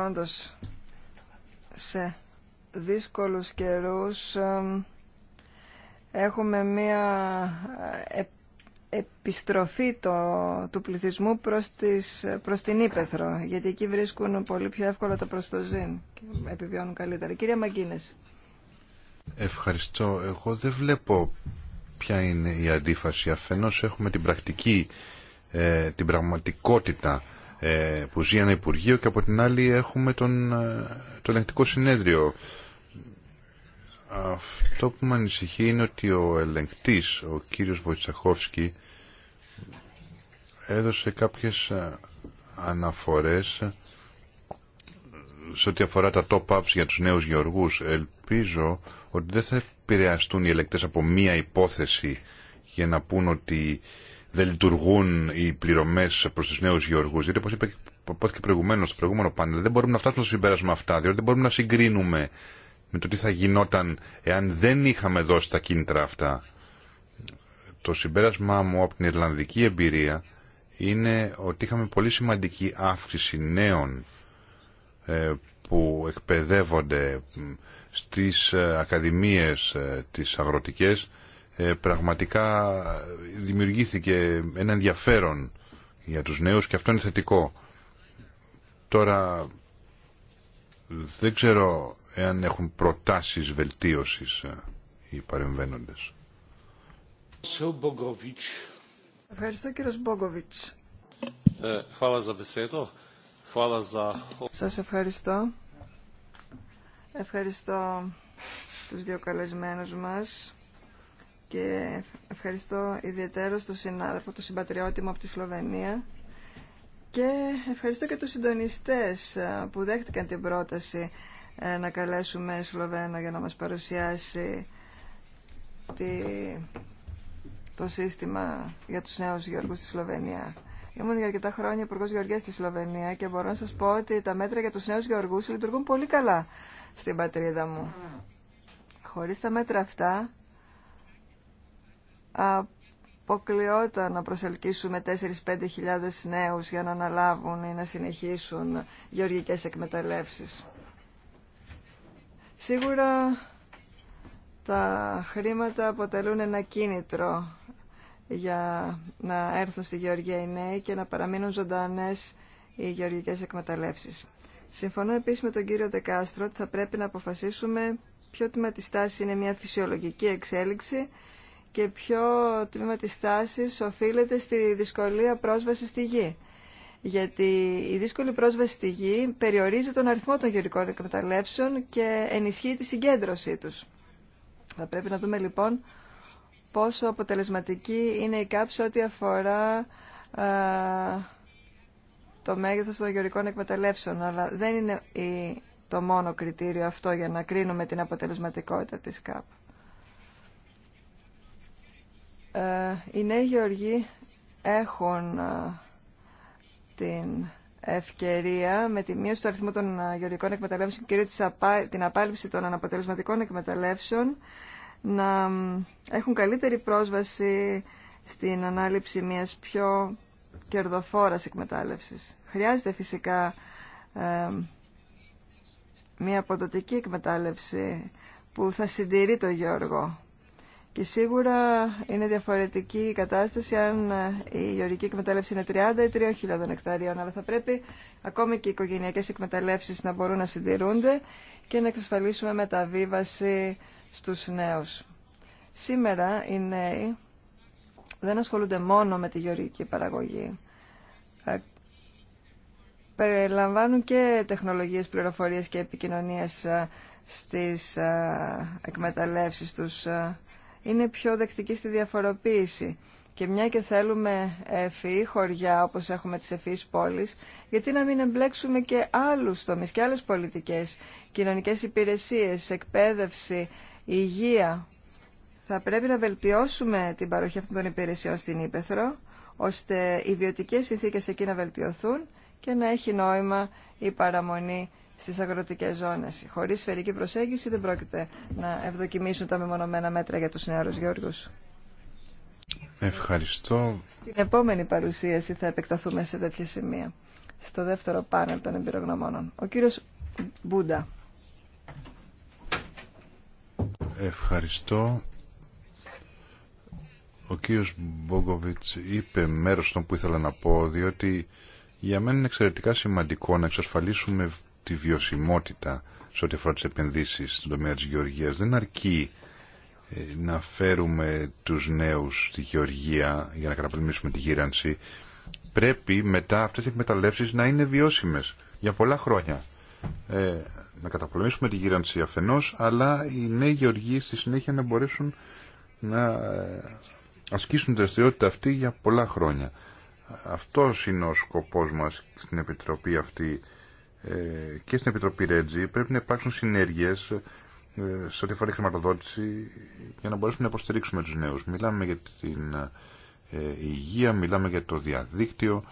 δύσκολους καιρούς έχουμε μία ε, επιστροφή το, του πληθυσμού προς, τις, προς την Ήπεθρο, γιατί εκεί βρίσκουν πολύ πιο εύκολα τα προστοζήν και επιβιώνουν καλύτερα. Κύριε Μαγκίνες. Ευχαριστώ. Εγώ δεν βλέπω ποια είναι η αντίφαση. Αφενός έχουμε την πρακτική, ε, την πραγματικότητα ε, που ζει ένα Υπουργείο και από την άλλη έχουμε τον, το ελεγκτικό συνέδριο αυτό που με ανησυχεί είναι ότι ο ελεγκτής, ο κύριος Βοητσαχόφσκι, έδωσε κάποιες ε, αναφορές ε, σε ό,τι αφορά τα top-ups για τους νέους γεωργούς. Ελπίζω ότι δεν θα επηρεαστούν οι ελεγκτές από μία υπόθεση για να πούν ότι δεν λειτουργούν οι πληρωμές προς τους νέους γεωργούς. Διότι, όπως είπα και προηγουμένως, στο προηγούμενο πάνελ, δεν μπορούμε να φτάσουμε στο συμπέρασμα αυτά, διότι δεν μπορούμε να συγκρίνουμε με το τι θα γινόταν εάν δεν είχαμε δώσει τα κίνητρα αυτά. Το συμπέρασμά μου από την Ιρλανδική εμπειρία είναι ότι είχαμε πολύ σημαντική αύξηση νέων ε, που εκπαιδεύονται στις ε, ακαδημίες ε, τις αγροτικές πραγματικά δημιουργήθηκε ένα ενδιαφέρον για τους νέους και αυτό είναι θετικό. Τώρα δεν ξέρω εάν έχουν προτάσεις βελτίωσης ε, οι παρεμβαίνοντες. Ευχαριστώ κύριο Μπόγκοβιτς. Ε, Σας ευχαριστώ. Ευχαριστώ τους δύο καλεσμένους μας και ευχαριστώ ιδιαίτερα τον συνάδελφο, τον συμπατριώτη μου από τη Σλοβενία και ευχαριστώ και τους συντονιστές ε, που δέχτηκαν την πρόταση ε, να καλέσουμε Σλοβαίνο για να μας παρουσιάσει το σύστημα για τους νέους γεωργούς στη Σλοβενία. Ήμουν για αρκετά χρόνια υπουργό Γεωργία στη Σλοβενία και μπορώ να σα πω ότι τα μέτρα για του νέου γεωργού λειτουργούν πολύ καλά στην πατρίδα μου. Χωρί τα μέτρα αυτά, αποκλειόταν να προσελκύσουμε 4-5 χιλιάδες νέους για να αναλάβουν ή να συνεχίσουν γεωργικές εκμεταλλεύσεις. Σίγουρα τα χρήματα αποτελούν ένα κίνητρο για να έρθουν στη Γεωργία οι νέοι και να παραμείνουν ζωντανές οι γεωργικές εκμεταλλεύσεις. Συμφωνώ επίσης με τον κύριο Δεκάστρο ότι θα πρέπει να αποφασίσουμε ποιο τμήμα της τάσης είναι μια φυσιολογική εξέλιξη και ποιο τμήμα της τάσης οφείλεται στη δυσκολία πρόσβασης στη γη γιατί η δύσκολη πρόσβαση στη γη περιορίζει τον αριθμό των γεωρικών εκμεταλλεύσεων και ενισχύει τη συγκέντρωσή τους. Θα πρέπει να δούμε λοιπόν πόσο αποτελεσματική είναι η κάψη ό,τι αφορά το μέγεθος των γεωρικών εκμεταλλεύσεων, αλλά δεν είναι το μόνο κριτήριο αυτό για να κρίνουμε την αποτελεσματικότητα της ΚΑΠ. Ε, οι νέοι γεωργοί έχουν την ευκαιρία με τη μείωση του αριθμού των ε, γεωργικών εκμεταλλεύσεων και κυρίως την απάλληψη των αναποτελεσματικών εκμεταλλεύσεων να έχουν καλύτερη πρόσβαση στην ανάληψη μιας πιο κερδοφόρας εκμετάλλευσης. Χρειάζεται φυσικά ε, μια αποδοτική εκμετάλλευση που θα συντηρεί το γεωργό και σίγουρα είναι διαφορετική η κατάσταση αν ε, η γεωργική εκμετάλλευση είναι 30 ή 3.000 εκταρίων. Αλλά θα πρέπει ακόμη και οι οικογενειακέ εκμεταλλεύσει να μπορούν να συντηρούνται και να εξασφαλίσουμε μεταβίβαση στου νέου. Σήμερα οι νέοι δεν ασχολούνται μόνο με τη γεωργική παραγωγή. Ε, περιλαμβάνουν και τεχνολογίες πληροφορίας και επικοινωνίας ε, στις εκμεταλλεύσεις τους είναι πιο δεκτική στη διαφοροποίηση. Και μια και θέλουμε ευφυή χωριά όπως έχουμε τις ευφυείς πόλεις, γιατί να μην εμπλέξουμε και άλλους τομείς και άλλες πολιτικές, κοινωνικές υπηρεσίες, εκπαίδευση, υγεία. Θα πρέπει να βελτιώσουμε την παροχή αυτών των υπηρεσιών στην Ήπεθρο, ώστε οι βιωτικές συνθήκες εκεί να βελτιωθούν και να έχει νόημα η παραμονή Στι αγροτικέ ζώνες. Χωρίς σφαιρική προσέγγιση δεν πρόκειται να ευδοκιμήσουν τα μεμονωμένα μέτρα για τους νεαρούς Γιώργου. Ευχαριστώ. Στην επόμενη παρουσίαση θα επεκταθούμε σε τέτοια σημεία. Στο δεύτερο πάνελ των εμπειρογνωμόνων. Ο κύριος Μπούντα. Ευχαριστώ. Ο κύριος Μπόγκοβιτς είπε μέρος των που ήθελα να πω, διότι για μένα είναι εξαιρετικά σημαντικό να εξασφαλίσουμε τη βιωσιμότητα σε ό,τι αφορά τι επενδύσεις στον τομέα τη γεωργία Δεν αρκεί ε, να φέρουμε του νέου στη γεωργία για να καταπολεμήσουμε τη γύρανση. Πρέπει μετά αυτέ οι εκμεταλλευσει να είναι βιώσιμε για πολλά χρόνια. Ε, να καταπολεμήσουμε τη γύρανση αφενό, αλλά οι νέοι γεωργοί στη συνέχεια να μπορέσουν να ε, ασκήσουν τη δραστηριότητα αυτή για πολλά χρόνια. Αυτός είναι ο σκοπός μας στην Επιτροπή αυτή ε, και στην Επιτροπή Ρέτζη πρέπει να υπάρξουν συνέργειες ε, σε ό,τι αφορά χρηματοδότηση για να μπορέσουμε να υποστηρίξουμε τους νέους. Μιλάμε για την ε, υγεία, μιλάμε για το διαδίκτυο.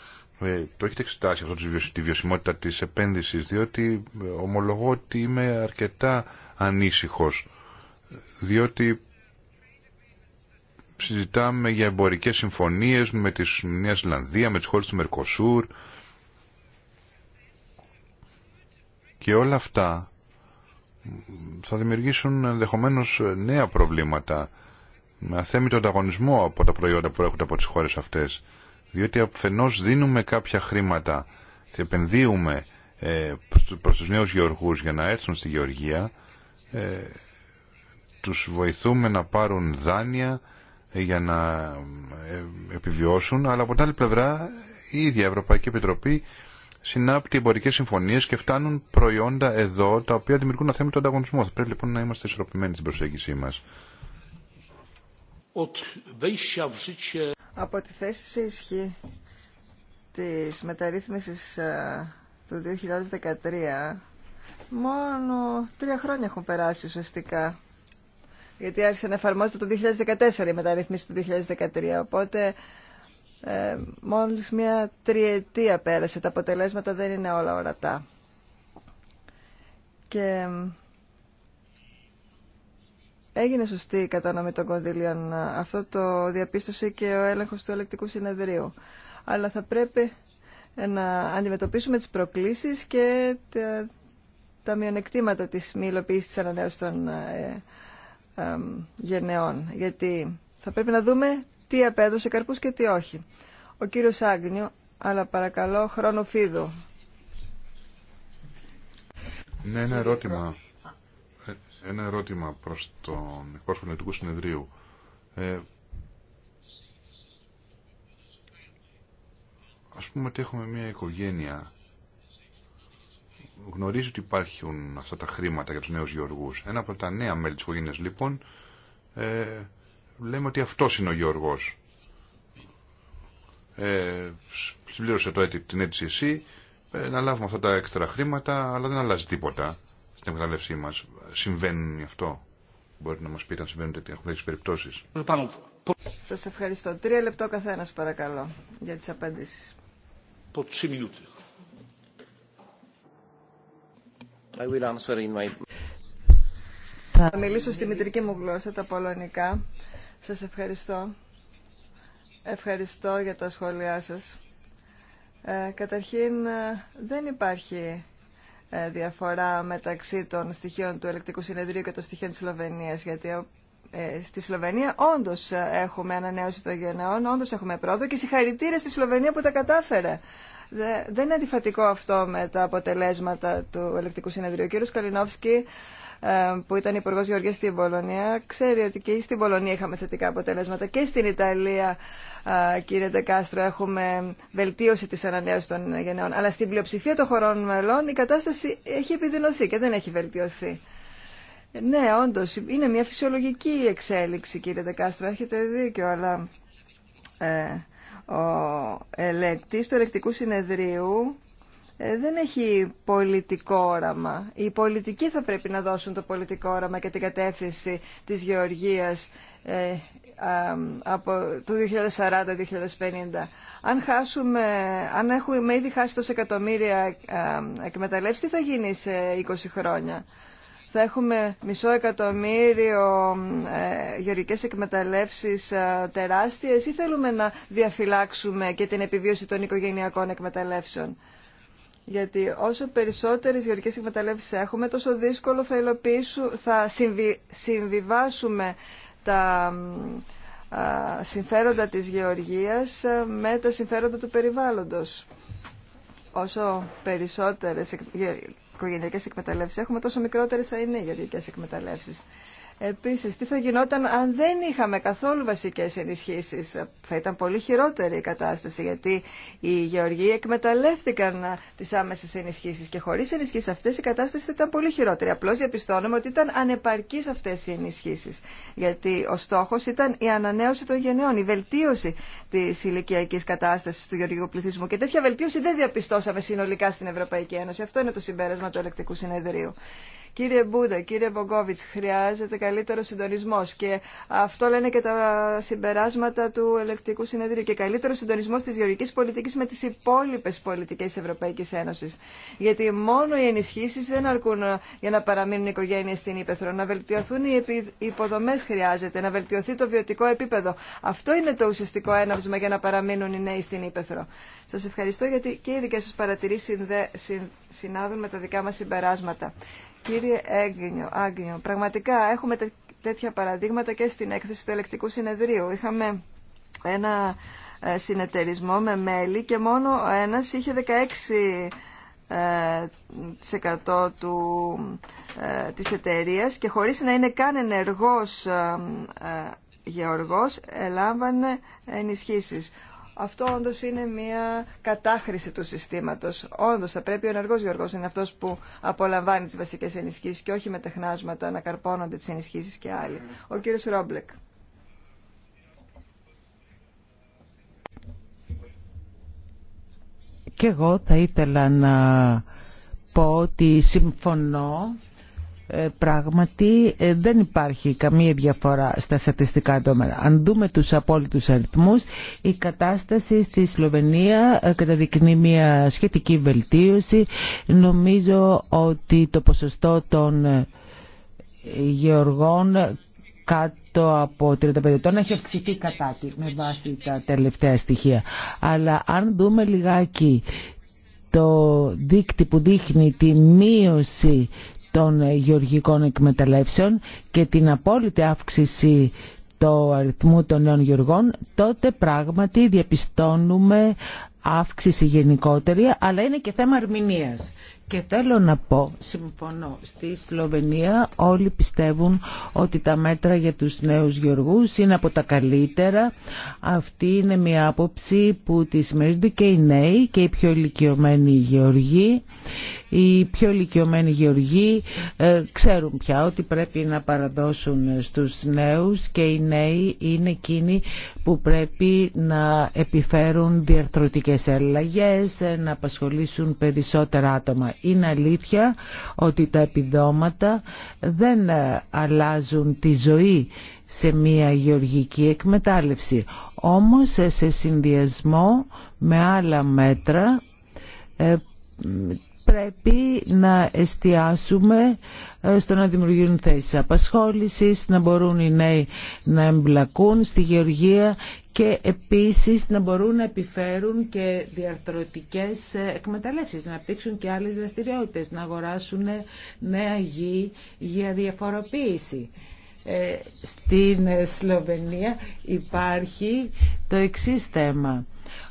το έχετε εξετάσει αυτό τη βιωσιμότητα της επένδυσης διότι ομολογώ ότι είμαι αρκετά ανήσυχος διότι συζητάμε για εμπορικές συμφωνίες με τη Νέα Ζηλανδία, με τις χώρες του Μερκοσούρ Και όλα αυτά θα δημιουργήσουν ενδεχομένω νέα προβλήματα με αθέμητο ανταγωνισμό από τα προϊόντα που έρχονται από τις χώρες αυτές. Διότι αφενός δίνουμε κάποια χρήματα, και επενδύουμε ε, προς τους νέους γεωργούς για να έρθουν στη γεωργία, ε, τους βοηθούμε να πάρουν δάνεια ε, για να επιβιώσουν, αλλά από την άλλη πλευρά η ίδια Ευρωπαϊκή Επιτροπή συνάπτει εμπορικέ συμφωνίε και φτάνουν προϊόντα εδώ τα οποία δημιουργούν του ανταγωνισμό. Θα πρέπει λοιπόν να είμαστε ισορροπημένοι στην προσέγγιση μα. Από τη θέση σε ισχύ της μεταρρύθμισης ε, του 2013 μόνο τρία χρόνια έχουν περάσει ουσιαστικά γιατί άρχισε να εφαρμόζεται το 2014 η μεταρρύθμιση του 2013 οπότε ε, μόλις μια τριετία πέρασε. Τα αποτελέσματα δεν είναι όλα ορατά. Και έγινε σωστή η κατανομή των κονδυλίων. Αυτό το διαπίστωσε και ο έλεγχος του ελεκτικού συνεδρίου. Αλλά θα πρέπει ε, να αντιμετωπίσουμε τις προκλήσεις και τα, μειονεκτήματα της μη υλοποίησης της ανανέωσης των ε, ε, γενεών. Γιατί θα πρέπει να δούμε τι απέδωσε καρπούς και τι όχι. Ο κύριος Άγνιο, αλλά παρακαλώ, χρόνο φίδου. Ναι, ένα ερώτημα. Ένα ερώτημα προς τον εκπρόσωπο του Ελληνικού Συνεδρίου. Ε, ας πούμε ότι έχουμε μια οικογένεια γνωρίζει ότι υπάρχουν αυτά τα χρήματα για τους νέους γεωργούς. Ένα από τα νέα μέλη της οικογένειας λοιπόν ε, λέμε ότι αυτό είναι ο Γιώργος. Ε, συμπλήρωσε το, την αίτηση εσύ, ε, να λάβουμε αυτά τα έξτρα χρήματα, αλλά δεν αλλάζει τίποτα στην εκμεταλλευσή μας. Συμβαίνουν αυτό. Μπορείτε να μας πείτε αν συμβαίνουν τέτοιες περιπτώσεις. Σας ευχαριστώ. Τρία λεπτά καθένας παρακαλώ για τις απαντήσεις. I Θα μιλήσω στη μητρική μου γλώσσα, τα πολωνικά. Σας ευχαριστώ. Ευχαριστώ για τα σχόλιά σας. Ε, καταρχήν, ε, δεν υπάρχει ε, διαφορά μεταξύ των στοιχείων του Ελεκτικού Συνεδρίου και των στοιχείων της Σλοβενίας, γιατί ε, στη Σλοβενία όντως έχουμε ανανέωση των γενεών, όντως έχουμε πρόοδο και συγχαρητήρια στη Σλοβενία που τα κατάφερε. Δεν είναι αντιφατικό αυτό με τα αποτελέσματα του ελεκτικού συνεδρίου. Ο κύριο Καλινόφσκι, ε, που ήταν υπουργό Γεωργία στην Πολωνία, ξέρει ότι και στην Πολωνία είχαμε θετικά αποτελέσματα και στην Ιταλία, ε, κύριε Ντεκάστρο, έχουμε βελτίωση τη ανανέωση των γενναιών. Αλλά στην πλειοψηφία των χωρών μελών η κατάσταση έχει επιδεινωθεί και δεν έχει βελτιωθεί. Ναι, όντω, είναι μια φυσιολογική εξέλιξη, κύριε Ντεκάστρο. έχετε δίκιο, αλλά ε, ο ελέκτης του ελεκτικού συνεδρίου ε, δεν έχει πολιτικό όραμα. Οι πολιτικοί θα πρέπει να δώσουν το πολιτικό όραμα και την κατεύθυνση της γεωργίας ε, από το 2040-2050. Αν, αν έχουμε ήδη χάσει τόσα εκατομμύρια εκμεταλλεύσει, τι θα γίνει σε 20 χρόνια θα έχουμε μισό εκατομμύριο ε, γεωργικές εκμεταλλεύσεις ε, τεράστιες ή θέλουμε να διαφυλάξουμε και την επιβίωση των οικογενειακών εκμεταλλεύσεων. Γιατί όσο περισσότερες γεωργικές εκμεταλλεύσεις έχουμε, τόσο δύσκολο θα, θα συμβιβάσουμε τα συμφέροντα της γεωργίας ε, με τα συμφέροντα του περιβάλλοντος. Όσο περισσότερες οικογενειακές εκμεταλλεύσεις έχουμε, τόσο μικρότερες θα είναι οι οικογενειακές εκμεταλλεύσεις. Επίσης, τι θα γινόταν αν δεν είχαμε καθόλου βασικές ενισχύσεις. Θα ήταν πολύ χειρότερη η κατάσταση, γιατί οι γεωργοί εκμεταλλεύτηκαν τις άμεσες ενισχύσεις και χωρίς ενισχύσει αυτές η κατάσταση θα ήταν πολύ χειρότερη. Απλώς διαπιστώνουμε ότι ήταν ανεπαρκείς αυτές οι ενισχύσεις, γιατί ο στόχος ήταν η ανανέωση των γενναιών, η βελτίωση της ηλικιακή κατάστασης του γεωργικού πληθυσμού και τέτοια βελτίωση δεν διαπιστώσαμε συνολικά στην Ευρωπαϊκή Ένωση. Αυτό είναι το συμπέρασμα του Ελεκτικού Συνεδρίου. Κύριε Μπούντα, κύριε Μπογκόβιτ, χρειάζεται καλύτερο συντονισμό. και αυτό λένε και τα συμπεράσματα του Ελεκτικού Συνεδρίου και καλύτερο συντονισμό τη γεωργική πολιτική με τι υπόλοιπε πολιτικέ της Ευρωπαϊκής Ένωσης. Γιατί μόνο οι ενισχύσει δεν αρκούν για να παραμείνουν οι οικογένειε στην Ήπεθρο. Να βελτιωθούν οι υποδομέ χρειάζεται, να βελτιωθεί το βιωτικό επίπεδο. Αυτό είναι το ουσιαστικό έναυσμα για να παραμείνουν οι νέοι στην Ήπεθρο. Σα ευχαριστώ γιατί και οι δικέ σα παρατηρήσει συνάδουν με τα δικά μα συμπεράσματα. Κύριε Έγγινιο, Άγγινιο, πραγματικά έχουμε τέτοια παραδείγματα και στην έκθεση του ελεκτικού συνεδρίου. Είχαμε ένα ε, συνεταιρισμό με μέλη και μόνο ο ένας είχε 16% ε, του, ε, της εταιρείας και χωρίς να είναι καν ενεργός γεωργός ελάμβανε ενισχύσεις. Αυτό όντω είναι μια κατάχρηση του συστήματος. Όντω θα πρέπει ο ενεργός Γιώργο είναι αυτός που απολαμβάνει τις βασικές ενισχύσει και όχι με τεχνάσματα να καρπώνονται τις ενισχύσει και άλλοι. Ο κύριος Ρόμπλεκ. Και εγώ θα ήθελα να πω ότι συμφωνώ ε, πράγματι ε, δεν υπάρχει καμία διαφορά στα στατιστικά νούμερα. Αν δούμε τους απόλυτους αριθμούς, η κατάσταση στη Σλοβενία ε, καταδεικνύει μια σχετική βελτίωση. Νομίζω ότι το ποσοστό των γεωργών κάτω από 35 ετών έχει αυξηθεί κατά τη με βάση τα τελευταία στοιχεία. Αλλά αν δούμε λιγάκι το δίκτυ που δείχνει τη μείωση των γεωργικών εκμεταλλεύσεων και την απόλυτη αύξηση του αριθμού των νέων γεωργών, τότε πράγματι διαπιστώνουμε αύξηση γενικότερη, αλλά είναι και θέμα αρμηνίας. Και θέλω να πω, συμφωνώ, στη Σλοβενία όλοι πιστεύουν ότι τα μέτρα για τους νέους γεωργούς είναι από τα καλύτερα. Αυτή είναι μια άποψη που τη συμμερίζονται και οι νέοι και οι πιο ηλικιωμένοι γεωργοί. Οι πιο ηλικιωμένοι γεωργοί ε, ξέρουν πια ότι πρέπει να παραδώσουν στους νέους και οι νέοι είναι εκείνοι που πρέπει να επιφέρουν διαρθρωτικές αλλαγές, ε, να απασχολήσουν περισσότερα άτομα. Είναι αλήθεια ότι τα επιδόματα δεν ε, αλλάζουν τη ζωή σε μια γεωργική εκμετάλλευση. Όμως σε συνδυασμό με άλλα μέτρα πρέπει να εστιάσουμε ε, στο να δημιουργούν θέσεις απασχόλησης, να μπορούν οι νέοι να εμπλακούν στη γεωργία και επίσης να μπορούν να επιφέρουν και διαρθρωτικές ε, εκμεταλλεύσεις, να απτύξουν και άλλες δραστηριότητες, να αγοράσουν νέα γη για διαφοροποίηση. Ε, στην Σλοβενία υπάρχει το εξής θέμα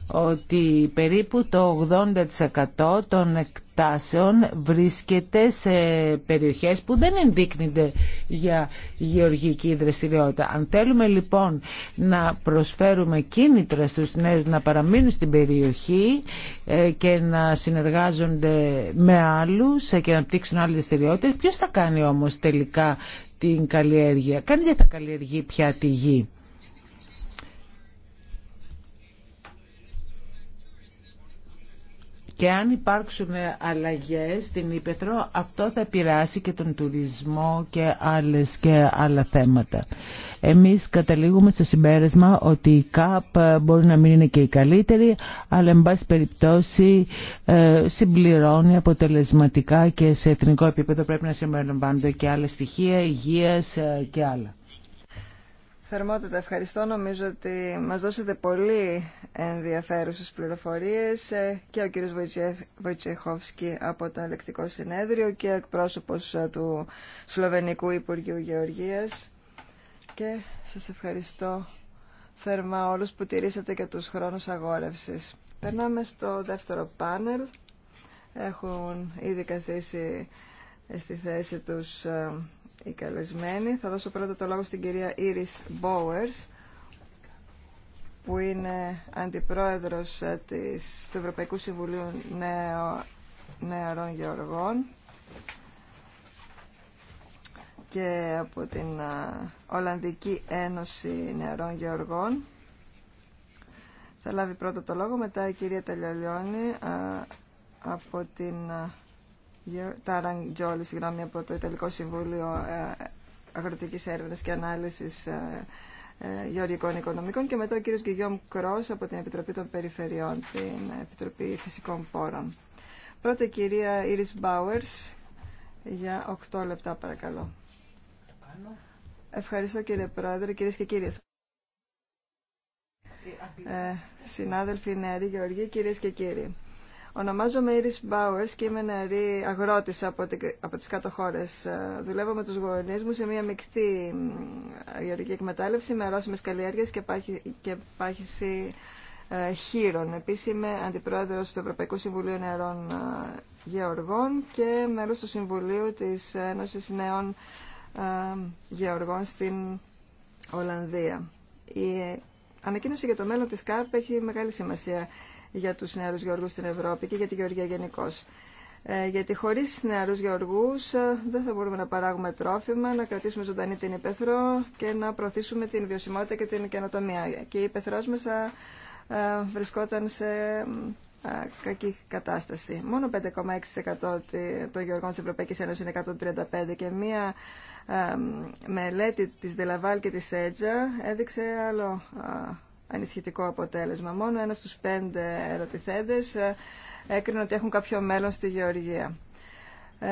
ότι περίπου το 80% των εκτάσεων βρίσκεται σε περιοχές που δεν ενδείκνυνται για γεωργική δραστηριότητα. Αν θέλουμε λοιπόν να προσφέρουμε κίνητρα στους νέους να παραμείνουν στην περιοχή ε, και να συνεργάζονται με άλλους και να πτύξουν άλλες δραστηριότητες, ποιος θα κάνει όμως τελικά την καλλιέργεια. κάνει για θα καλλιεργεί πια τη γη. Και αν υπάρξουν αλλαγές στην Ήπετρο, αυτό θα επηρεάσει και τον τουρισμό και, άλλες, και άλλα θέματα. Εμείς καταλήγουμε στο συμπέρασμα ότι η ΚΑΠ μπορεί να μην είναι και η καλύτερη, αλλά εν πάση περιπτώσει ε, συμπληρώνει αποτελεσματικά και σε εθνικό επίπεδο πρέπει να συμπεριλαμβάνονται και άλλα στοιχεία υγείας ε, και άλλα. Θερμότητα, ευχαριστώ. Νομίζω ότι μας δώσετε πολύ ενδιαφέρουσες πληροφορίες ε, και ο κύριος Βοητσεχόφσκι από το Ελεκτικό Συνέδριο και εκπρόσωπος ε, του Σλοβενικού Υπουργείου Γεωργίας. Και σας ευχαριστώ θερμά όλους που τηρήσατε και τους χρόνους αγόρευσης. Περνάμε στο δεύτερο πάνελ. Έχουν ήδη καθίσει στη θέση τους ε, οι Θα δώσω πρώτα το λόγο στην κυρία Iris Bowers, που είναι αντιπρόεδρος ε, της, του Ευρωπαϊκού Συμβουλίου Νέο, Νεαρών Γεωργών και από την ε, Ολλανδική Ένωση Νεαρών Γεωργών. Θα λάβει πρώτα το λόγο, μετά η κυρία Ταλιαλιώνη ε, από την Τζόλη, συγγνώμη, από το Ιταλικό Συμβούλιο ε, Αγροτικής Έρευνα και Ανάλυσης ε, ε, Γεωργικών Οικονομικών και μετά ο κύριο Γκυγιόμ Κρό από την Επιτροπή των Περιφερειών, την Επιτροπή Φυσικών Πόρων. Πρώτα η κυρία Ήρις Μπάουερς για 8 λεπτά παρακαλώ. Ευχαριστώ κύριε Πρόεδρε, κύριε και κύριοι. Ε, συνάδελφοι νεαροί Γεωργοί, κύριε και κύριοι. Ονομάζομαι Iris Bowers και είμαι νεαρή αγρότης από, την, τις κάτω χώρες. Ε, δουλεύω με τους γονείς μου σε μια μεικτή γεωργική εκμετάλλευση με αρρώσιμες καλλιέργειες και, πάχηση και ε, χείρων. Επίσης είμαι αντιπρόεδρος του Ευρωπαϊκού Συμβουλίου Νεαρών ε, Γεωργών και μέλος του Συμβουλίου της Ένωσης Νέων Γεωργών στην Ολλανδία. Η ανακοίνωση για το μέλλον της ΚΑΠ έχει μεγάλη σημασία για τους νεαρούς γεωργούς στην Ευρώπη και για τη γεωργία γενικώ. Ε, γιατί χωρίς νεαρούς γεωργούς ε, δεν θα μπορούμε να παράγουμε τρόφιμα, να κρατήσουμε ζωντανή την υπεθρό και να προωθήσουμε την βιωσιμότητα και την καινοτομία. Και η υπεθρός μας θα ε, βρισκόταν σε κακή κατάσταση. Μόνο 5,6% των γεωργών της Ευρωπαϊκής Ένωσης είναι 135 και μία μελέτη της Δελαβάλ και της Έτζα έδειξε άλλο ανισχυτικό αποτέλεσμα. Μόνο ένας στους πέντε ερωτηθέντες ε, έκρινε ότι έχουν κάποιο μέλλον στη γεωργία. Ε,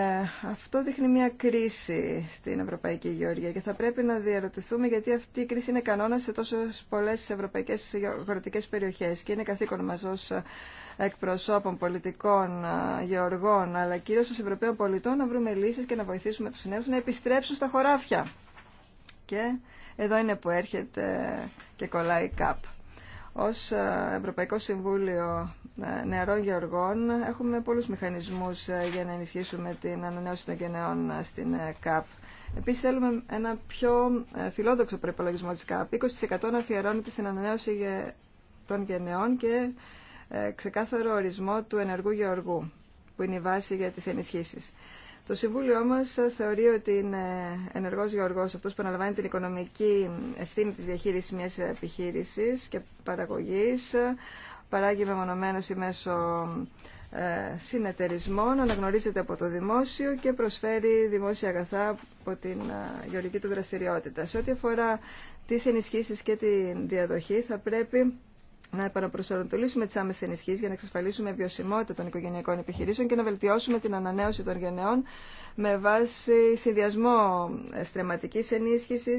αυτό δείχνει μια κρίση στην Ευρωπαϊκή Γεωργία και θα πρέπει να διαρωτηθούμε γιατί αυτή η κρίση είναι κανόνα σε τόσε πολλέ ευρωπαϊκέ γεωργικέ περιοχέ και είναι καθήκον μα ω εκπροσώπων πολιτικών, ε, γεωργών αλλά κυρίω ω Ευρωπαίων πολιτών να βρούμε λύσει και να βοηθήσουμε του νέου να επιστρέψουν στα χωράφια. Και εδώ είναι που έρχεται και κολλάει η ΚΑΠ. Ως ε, Ευρωπαϊκό Συμβούλιο ε, Νεαρών Γεωργών έχουμε πολλούς μηχανισμούς ε, για να ενισχύσουμε την ανανέωση των γενεών στην ΚΑΠ. Επίσης θέλουμε ένα πιο φιλόδοξο προϋπολογισμό της ΚΑΠ. 20% να αφιερώνεται στην ανανέωση των γενεών και ξεκάθαρο ορισμό του ενεργού γεωργού, που είναι η βάση για τις ενισχύσεις. Το Συμβούλιο μας θεωρεί ότι είναι ενεργός γεωργός αυτός που αναλαμβάνει την οικονομική ευθύνη της διαχείριση μιας επιχείρηση και παραγωγής, παράγει μεμονωμένο ή μέσω ε, συνεταιρισμών, αναγνωρίζεται από το δημόσιο και προσφέρει δημόσια αγαθά από την ε, γεωργική του δραστηριότητα. Σε ό,τι αφορά τις ενισχύσει και τη διαδοχή θα πρέπει να επαναπροσανατολίσουμε τι άμεσε ενισχύσει για να εξασφαλίσουμε βιωσιμότητα των οικογενειακών επιχειρήσεων και να βελτιώσουμε την ανανέωση των γενεών με βάση συνδυασμό στρεματική ενίσχυση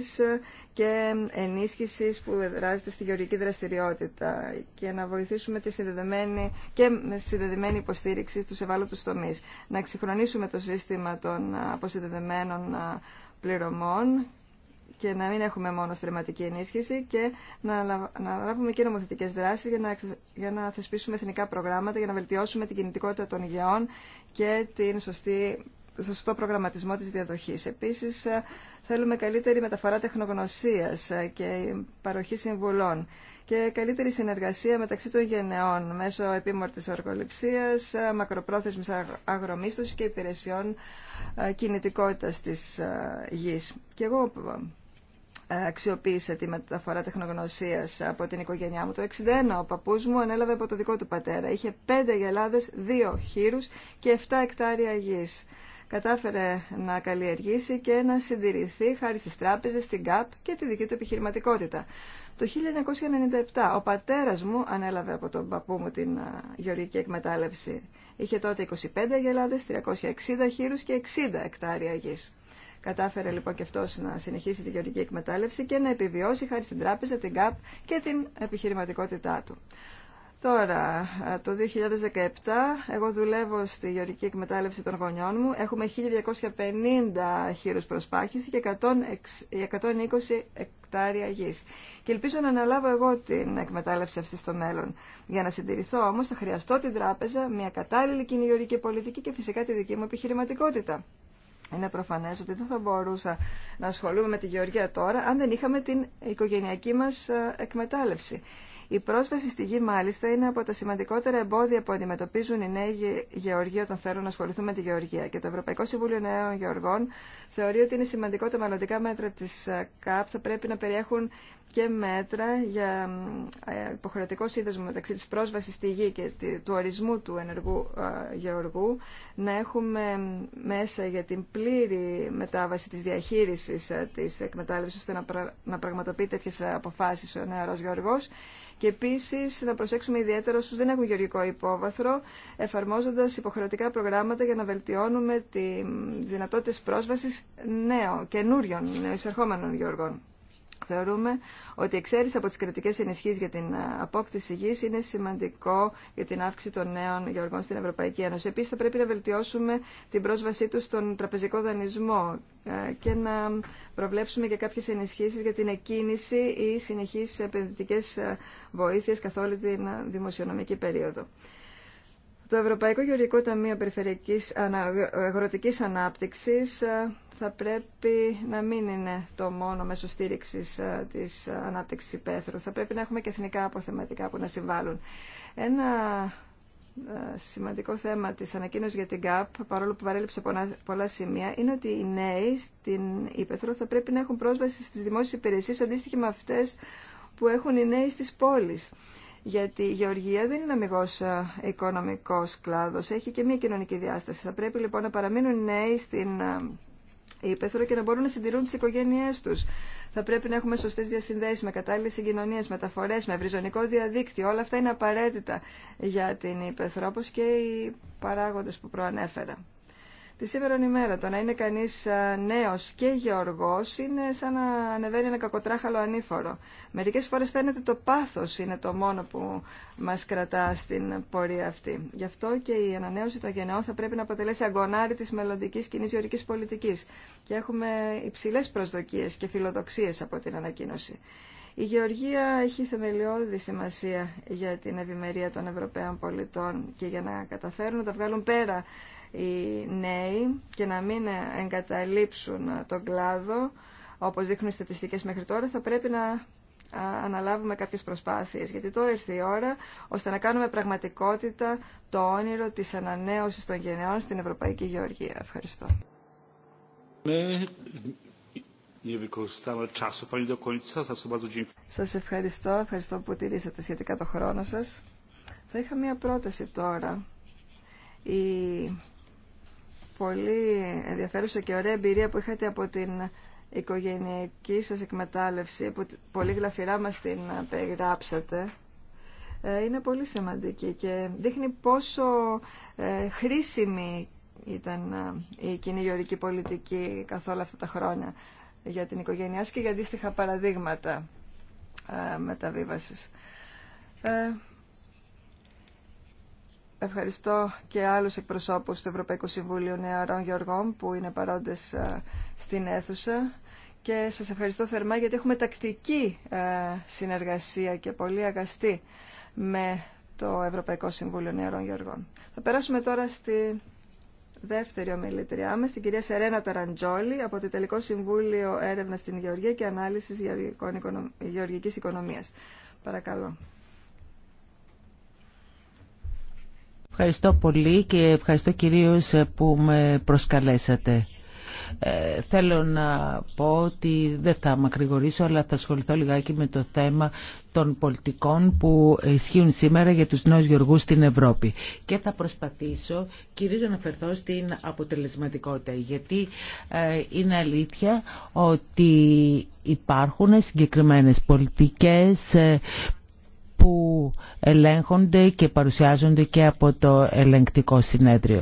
και ενίσχυση που δράζεται στη γεωργική δραστηριότητα και να βοηθήσουμε τη συνδεδεμένη και με συνδεδεμένη υποστήριξη στου ευάλωτου τομεί. Να εξυγχρονίσουμε το σύστημα των αποσυνδεδεμένων πληρωμών και να μην έχουμε μόνο στρεματική ενίσχυση και να, λάβουμε και νομοθετικέ δράσει για να, για να θεσπίσουμε εθνικά προγράμματα, για να βελτιώσουμε την κινητικότητα των υγεών και την σωστή σωστό προγραμματισμό της διαδοχής. Επίσης, ε, θέλουμε καλύτερη μεταφορά τεχνογνωσίας ε, και παροχή συμβουλών και καλύτερη συνεργασία μεταξύ των γενεών μέσω επίμορτης οργοληψίας, ε, μακροπρόθεσμης αγρομίστωσης και υπηρεσιών κινητικότητας της γης. Και εγώ αξιοποίησε τη μεταφορά τεχνογνωσία από την οικογένειά μου. Το 61 ο παππού μου ανέλαβε από το δικό του πατέρα. Είχε 5 γελάδε, 2 χείρου και 7 εκτάρια γης. Κατάφερε να καλλιεργήσει και να συντηρηθεί χάρη στις τράπεζες, στην ΚΑΠ και τη δική του επιχειρηματικότητα. Το 1997 ο πατέρας μου ανέλαβε από τον παππού μου την γεωργική εκμετάλλευση. Είχε τότε 25 γελάδες, 360 χείρους και 60 εκτάρια γης. Κατάφερε λοιπόν και αυτό να συνεχίσει τη γεωργική εκμετάλλευση και να επιβιώσει χάρη στην τράπεζα, την ΚΑΠ και την επιχειρηματικότητά του. Τώρα, το 2017, εγώ δουλεύω στη γεωργική εκμετάλλευση των γονιών μου. Έχουμε 1250 χείρους προσπάχηση και 120 εκτάρια γης. Και ελπίζω να αναλάβω εγώ την εκμετάλλευση αυτή στο μέλλον. Για να συντηρηθώ όμως θα χρειαστώ την τράπεζα, μια κατάλληλη κοινή γεωργική πολιτική και φυσικά τη δική μου επιχειρηματικότητα. Είναι προφανές ότι δεν θα μπορούσα να ασχολούμαι με τη γεωργία τώρα αν δεν είχαμε την οικογενειακή μας ε, εκμετάλλευση. Η πρόσβαση στη γη μάλιστα είναι από τα σημαντικότερα εμπόδια που αντιμετωπίζουν οι νέοι γεωργοί όταν θέλουν να ασχοληθούν με τη γεωργία. Και το Ευρωπαϊκό Συμβούλιο Νέων Γεωργών θεωρεί ότι είναι σημαντικό τα μελλοντικά μέτρα τη ε, ΚΑΠ θα πρέπει να περιέχουν και μέτρα για ε, υποχρεωτικό σύνδεσμο μεταξύ της πρόσβασης στη γη και του ορισμού του ενεργού ε, γεωργού, να έχουμε μέσα για την πλήρη μετάβαση της διαχείρισης ε, της εκμετάλλευσης ώστε να πραγματοποιεί τέτοιες αποφάσεις ο νεαρός γεωργός και επίσης να προσέξουμε ιδιαίτερα όσους δεν έχουν γεωργικό υπόβαθρο εφαρμόζοντας υποχρεωτικά προγράμματα για να βελτιώνουμε τις δυνατότητες πρόσβασης νέων, καινούριων, εισερχόμενων γεωργών. Θεωρούμε ότι η εξαίρεση από τις κρατικέ ενισχύσει για την απόκτηση γη είναι σημαντικό για την αύξηση των νέων γεωργών στην Ευρωπαϊκή Ένωση. Επίση, θα πρέπει να βελτιώσουμε την πρόσβασή τους στον τραπεζικό δανεισμό ε, και να προβλέψουμε και κάποιες ενισχύσει για την εκκίνηση ή συνεχίσει επενδυτικέ ε, βοήθειε καθ' όλη την δημοσιονομική περίοδο. Το Ευρωπαϊκό Γεωργικό Ταμείο Περιφερειακής Αγροτικής Ανάπτυξης ε, θα πρέπει να μην είναι το μόνο μέσο στήριξη ε, της ανάπτυξης υπαίθρου. Θα πρέπει να έχουμε και εθνικά αποθεματικά που να συμβάλλουν. Ένα ε, σημαντικό θέμα της ανακοίνωσης για την ΚΑΠ, παρόλο που παρέλειψε πολλά σημεία, είναι ότι οι νέοι στην Ήπεθρο θα πρέπει να έχουν πρόσβαση στις δημόσιες υπηρεσίες αντίστοιχη με αυτές που έχουν οι νέοι στις πόλεις γιατί η γεωργία δεν είναι αμυγός ε, οικονομικός κλάδος, έχει και μια κοινωνική διάσταση. Θα πρέπει λοιπόν να παραμείνουν νέοι στην υπεθρό ε, και να μπορούν να συντηρούν τις οικογένειές τους. Θα πρέπει να έχουμε σωστές διασυνδέσεις με κατάλληλες συγκοινωνίες, μεταφορές, με ευρυζωνικό διαδίκτυο. Όλα αυτά είναι απαραίτητα για την υπεθρό, όπως και οι παράγοντες που προανέφερα τη σήμερα ημέρα. Το να είναι κανεί νέο και γεωργό είναι σαν να ανεβαίνει ένα κακοτράχαλο ανήφορο. Μερικέ φορέ φαίνεται το πάθο είναι το μόνο που μα κρατά στην πορεία αυτή. Γι' αυτό και η ανανέωση των γενναιών θα πρέπει να αποτελέσει αγκονάρι τη μελλοντική κοινή γεωργική πολιτική. Και έχουμε υψηλέ προσδοκίε και φιλοδοξίε από την ανακοίνωση. Η γεωργία έχει θεμελιώδη σημασία για την ευημερία των Ευρωπαίων πολιτών και για να καταφέρουν να τα βγάλουν πέρα οι νέοι και να μην εγκαταλείψουν τον κλάδο, όπως δείχνουν οι στατιστικές μέχρι τώρα, θα πρέπει να αναλάβουμε κάποιες προσπάθειες. Γιατί τώρα ήρθε η ώρα ώστε να κάνουμε πραγματικότητα το όνειρο της ανανέωσης των γενεών στην Ευρωπαϊκή Γεωργία. Ευχαριστώ. Σας ευχαριστώ. Ευχαριστώ που τηρήσατε σχετικά το χρόνο σας. Θα είχα μία πρόταση τώρα. Η πολύ ενδιαφέρουσα και ωραία εμπειρία που είχατε από την οικογενειακή σας εκμετάλλευση που πολύ γλαφυρά μας την ε, περιγράψατε ε, είναι πολύ σημαντική και δείχνει πόσο ε, χρήσιμη ήταν η κοινή γεωρική πολιτική όλα αυτά τα χρόνια για την οικογένειά και για αντίστοιχα παραδείγματα μεταβίβασης. Ευχαριστώ και άλλους εκπροσώπους του Ευρωπαϊκού Συμβουλίου Νεαρών Γεωργών που είναι παρόντες ε, στην αίθουσα και σας ευχαριστώ θερμά γιατί έχουμε τακτική ε, συνεργασία και πολύ αγαστή με το Ευρωπαϊκό Συμβούλιο Νεαρών Γεωργών. Θα περάσουμε τώρα στη δεύτερη ομιλητριά μας, την κυρία Σερένα Ταραντζόλη από το Τελικό Συμβούλιο Έρευνα στην Γεωργία και Ανάλυσης Γεωργικής Οικονομίας. Παρακαλώ. Ευχαριστώ πολύ και ευχαριστώ κυρίως ε, που με προσκαλέσατε. Ε, θέλω να πω ότι δεν θα μακρηγορήσω αλλά θα ασχοληθώ λιγάκι με το θέμα των πολιτικών που ισχύουν σήμερα για τους νέους γεωργούς στην Ευρώπη. Και θα προσπαθήσω κυρίως να φερθώ στην αποτελεσματικότητα γιατί ε, είναι αλήθεια ότι υπάρχουν συγκεκριμένες πολιτικές ε, που ελέγχονται και παρουσιάζονται και από το ελεγκτικό συνέδριο.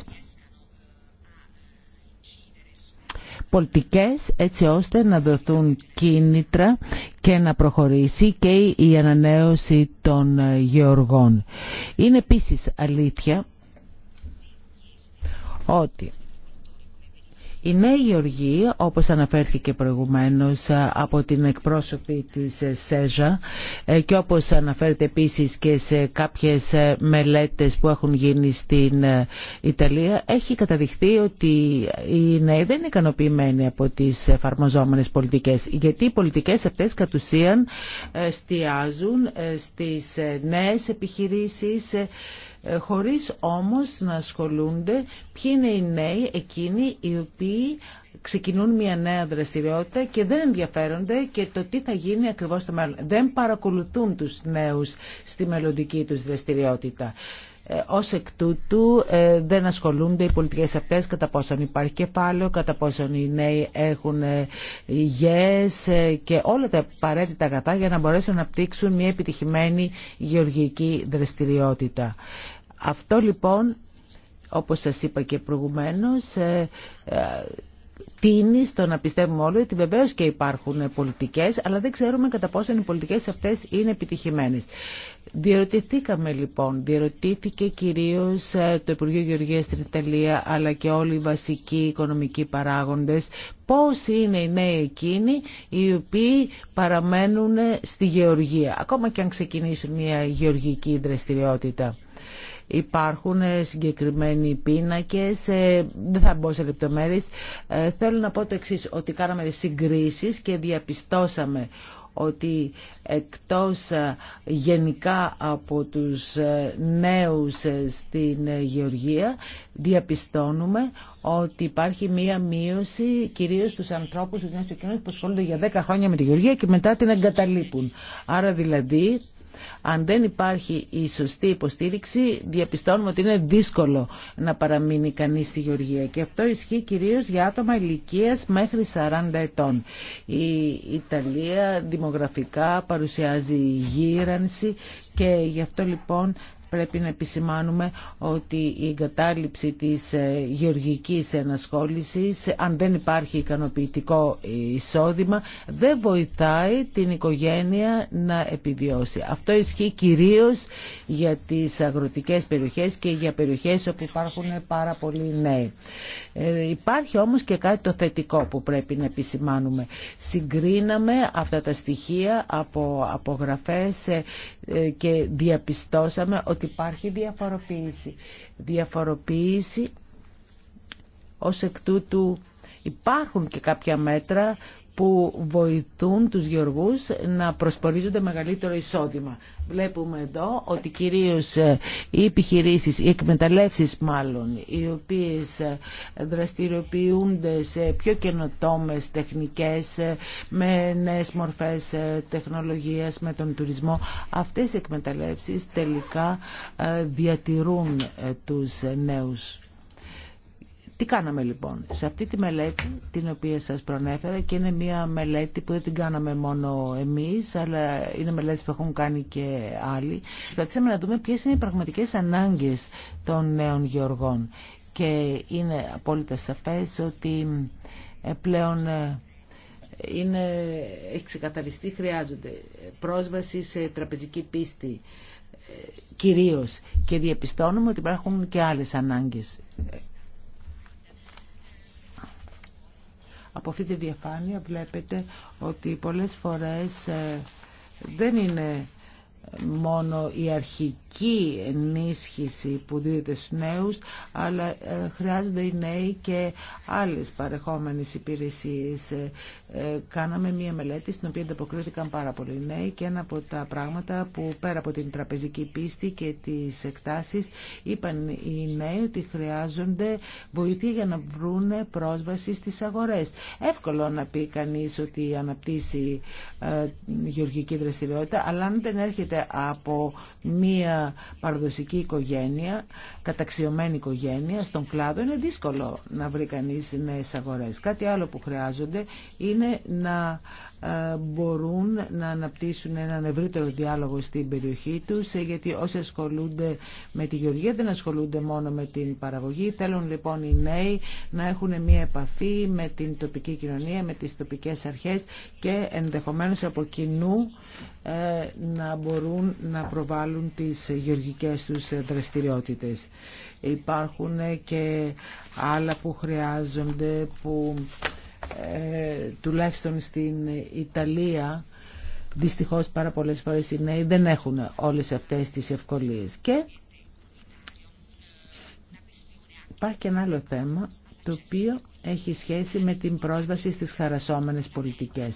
Πολιτικές έτσι ώστε να δοθούν κίνητρα και να προχωρήσει και η ανανέωση των ε, γεωργών. Είναι επίσης αλήθεια ότι η νέοι γεωργοί, όπως αναφέρθηκε προηγουμένως ε, από την εκπρόσωπη της ε, ΣΕΖΑ ε, και όπως αναφέρεται επίσης και σε κάποιες μελέτες που έχουν γίνει στην Ιταλία, έχει καταδειχθεί ότι οι νέοι δεν είναι ικανοποιημένοι από τις εφαρμοζόμενες πολιτικές, γιατί οι πολιτικές αυτές κατ' ουσίαν στιάζουν στις νέες επιχειρήσεις, ε, χωρίς όμως να ασχολούνται ποιοι είναι οι νέοι εκείνοι οι οποίοι ξεκινούν μια νέα δραστηριότητα και δεν ενδιαφέρονται και το τι θα γίνει ακριβώς στο μέλλον. Δεν παρακολουθούν τους νέους στη μελλοντική τους δραστηριότητα. Ε, ως εκ τούτου ε, δεν ασχολούνται οι πολιτικές αυτές κατά πόσον υπάρχει κεφάλαιο, κατά πόσον οι νέοι έχουν ε, γες και όλα τα απαραίτητα αγαθά για να μπορέσουν να πτύξουν μια επιτυχημένη γεωργική δραστηριότητα. Αυτό λοιπόν, όπως σας είπα και προηγουμένως, ε, ε, τίνει στο να πιστεύουμε όλοι ότι βεβαίω και υπάρχουν πολιτικές, αλλά δεν ξέρουμε κατά πόσο οι πολιτικές αυτές είναι επιτυχημένες. Διερωτηθήκαμε λοιπόν, διερωτήθηκε κυρίως ε, το Υπουργείο Γεωργίας στην Ιταλία, αλλά και όλοι οι βασικοί οικονομικοί παράγοντες, πώς είναι οι νέοι εκείνοι οι οποίοι παραμένουν στη γεωργία, ακόμα και αν ξεκινήσουν μια γεωργική δραστηριότητα. Υπάρχουν ε, συγκεκριμένοι πίνακες, ε, δεν θα μπω σε λεπτομέρειες. Ε, θέλω να πω το εξής, ότι κάναμε συγκρίσεις και διαπιστώσαμε ότι εκτός γενικά από τους νέους στην Γεωργία διαπιστώνουμε ότι υπάρχει μία μείωση κυρίως στους ανθρώπους του νέου που ασχολούνται για 10 χρόνια με τη Γεωργία και μετά την εγκαταλείπουν. Άρα δηλαδή αν δεν υπάρχει η σωστή υποστήριξη, διαπιστώνουμε ότι είναι δύσκολο να παραμείνει κανεί στη Γεωργία. Και αυτό ισχύει κυρίω για άτομα ηλικία μέχρι 40 ετών. Η Ιταλία δημογραφικά παρουσιάζει γύρανση και γι' αυτό λοιπόν πρέπει να επισημάνουμε ότι η εγκατάλειψη της ε, γεωργικής ενασχόλησης, αν δεν υπάρχει ικανοποιητικό εισόδημα, δεν βοηθάει την οικογένεια να επιβιώσει. Αυτό ισχύει κυρίως για τις αγροτικές περιοχές και για περιοχές όπου υπάρχουν πάρα πολλοί νέοι. Ε, υπάρχει όμως και κάτι το θετικό που πρέπει να επισημάνουμε. Συγκρίναμε αυτά τα στοιχεία από απογραφές ε, και διαπιστώσαμε ότι ότι υπάρχει διαφοροποίηση. Διαφοροποίηση ως εκ τούτου υπάρχουν και κάποια μέτρα που βοηθούν τους γεωργούς να προσπορίζονται μεγαλύτερο εισόδημα. Βλέπουμε εδώ ότι κυρίως ε, οι επιχειρήσεις, οι εκμεταλλεύσεις μάλλον, οι οποίες ε, δραστηριοποιούνται σε πιο καινοτόμες τεχνικές, ε, με νέες μορφές τεχνολογίας, με τον τουρισμό, αυτές οι εκμεταλλεύσεις τελικά διατηρούν τους νέους τι κάναμε λοιπόν. Σε αυτή τη μελέτη την οποία σας προνέφερα και είναι μια μελέτη που δεν την κάναμε μόνο εμείς αλλά είναι μελέτη που έχουν κάνει και άλλοι. Προσπαθήσαμε να δούμε ποιες είναι οι πραγματικές ανάγκες των νέων γεωργών και είναι απόλυτα σαφές ότι ε, πλέον ε, είναι, έχει ξεκαθαριστεί, χρειάζονται πρόσβαση σε τραπεζική πίστη ε, κυρίως και διαπιστώνουμε ότι υπάρχουν και άλλες ανάγκες Από αυτή τη διαφάνεια βλέπετε ότι πολλές φορές ε, δεν είναι μόνο η αρχική ενίσχυση που δίδεται στους νέους αλλά ε, χρειάζονται οι νέοι και άλλες παρεχόμενες υπηρεσίες. Ε, ε, κάναμε μία μελέτη στην οποία ανταποκρίθηκαν πάρα πολλοί νέοι και ένα από τα πράγματα που πέρα από την τραπεζική πίστη και τις εκτάσεις είπαν οι νέοι ότι χρειάζονται βοήθεια για να βρουν πρόσβαση στις αγορές. Εύκολο να πει κανείς ότι αναπτύσσει γεωργική δραστηριότητα αλλά αν δεν έρχεται από μία παραδοσική οικογένεια, καταξιωμένη οικογένεια στον κλάδο, είναι δύσκολο να βρει κανείς νέες αγορές. Κάτι άλλο που χρειάζονται είναι να ε, μπορούν να αναπτύσσουν έναν ευρύτερο διάλογο στην περιοχή τους ε, γιατί όσοι ασχολούνται με τη γεωργία δεν ασχολούνται μόνο με την παραγωγή θέλουν λοιπόν οι νέοι να έχουν μια επαφή με την τοπική κοινωνία με τις τοπικές αρχές και ενδεχομένως από κοινού ε, να μπορούν να προβάλλουν τις γεωργικές τους δραστηριότητες υπάρχουν και άλλα που χρειάζονται που ε, τουλάχιστον στην Ιταλία δυστυχώς πάρα πολλές φορές οι νέοι δεν έχουν όλες αυτές τις ευκολίες και υπάρχει και ένα άλλο θέμα το οποίο έχει σχέση με την πρόσβαση στις χαρασόμενες πολιτικές.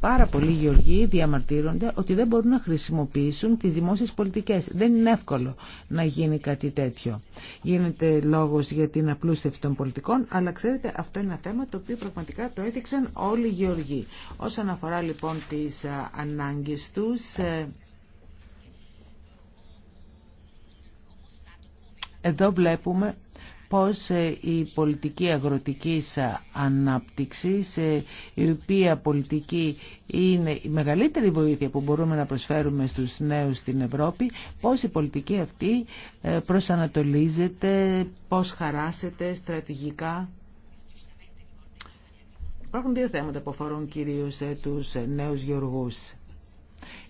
Πάρα πολλοί γεωργοί διαμαρτύρονται ότι δεν μπορούν να χρησιμοποιήσουν τις δημόσιες πολιτικές. Δεν είναι εύκολο να γίνει κάτι τέτοιο. Γίνεται λόγος για την απλούστευση των πολιτικών, αλλά ξέρετε αυτό είναι ένα θέμα το οποίο πραγματικά το έδειξαν όλοι οι γεωργοί. Όσον αφορά λοιπόν τις ε, ανάγκες τους... Ε, εδώ βλέπουμε πώς ε, η πολιτική αγροτικής ανάπτυξης, ε, η οποία πολιτική είναι η μεγαλύτερη βοήθεια που μπορούμε να προσφέρουμε στους νέους στην Ευρώπη, πώς η πολιτική αυτή ε, προσανατολίζεται, πώς χαράσεται στρατηγικά. Υπάρχουν δύο θέματα που αφορούν κυρίως τους νέους γεωργούς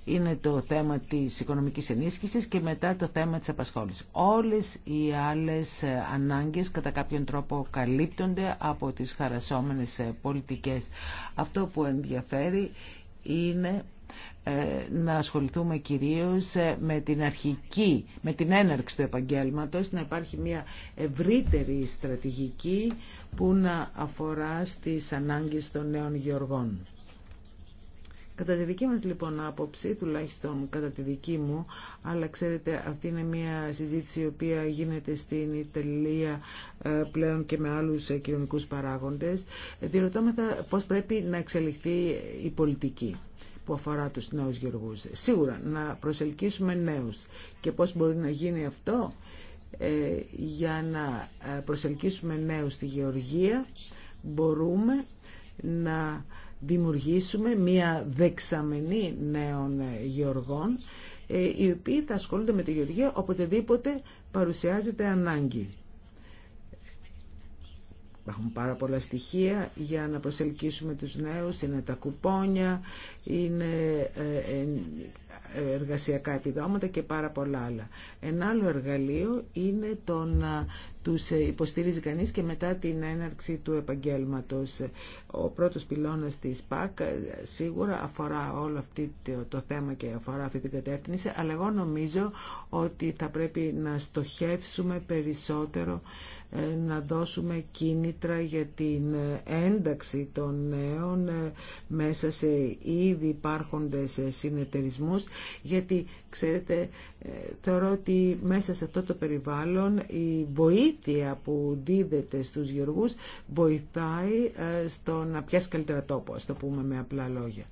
είναι το θέμα της οικονομικής ενίσχυσης και μετά το θέμα της απασχόλησης. Όλες οι άλλες ε, ανάγκες κατά κάποιον τρόπο καλύπτονται από τις χαρασόμενες ε, πολιτικές. Αυτό που ενδιαφέρει είναι ε, να ασχοληθούμε κυρίως με την αρχική, με την έναρξη του επαγγέλματος, να υπάρχει μια ευρύτερη στρατηγική που να αφορά στις ανάγκες των νέων γεωργών. Κατά τη δική μας λοιπόν άποψη, τουλάχιστον κατά τη δική μου, αλλά ξέρετε αυτή είναι μια συζήτηση η οποία γίνεται στην Ιταλία ε, πλέον και με άλλους ε, κοινωνικούς παράγοντες, διερωτώμεθα πώς πρέπει να εξελιχθεί η πολιτική που αφορά τους νέους γεωργούς. Σίγουρα να προσελκύσουμε νέους και πώς μπορεί να γίνει αυτό ε, για να προσελκύσουμε νέους στη γεωργία μπορούμε να δημιουργήσουμε μία δεξαμενή νέων γεωργών ε, οι οποίοι θα ασχολούνται με τη γεωργία οποτεδήποτε παρουσιάζεται ανάγκη. Υπάρχουν πάρα πολλά στοιχεία για να προσελκύσουμε τους νέους, είναι τα κουπόνια, είναι ε, ε, εργασιακά επιδόματα και πάρα πολλά άλλα. Ένα άλλο εργαλείο είναι το να τους υποστηρίζει κανείς και μετά την έναρξη του επαγγέλματος. Ο πρώτος πυλώνας της ΠΑΚ ε, σίγουρα αφορά όλο αυτό το θέμα και αφορά αυτή την κατεύθυνση, αλλά εγώ νομίζω ότι θα πρέπει να στοχεύσουμε περισσότερο ε, να δώσουμε κίνητρα για την ε, ένταξη των νέων ε, μέσα σε ήδη υπάρχοντες συνεταιρισμούς γιατί ξέρετε θεωρώ ότι μέσα σε αυτό το περιβάλλον η βοήθεια που δίδεται στους γεωργούς βοηθάει στο να πιάσει καλύτερα τόπο, το πούμε με απλά λόγια.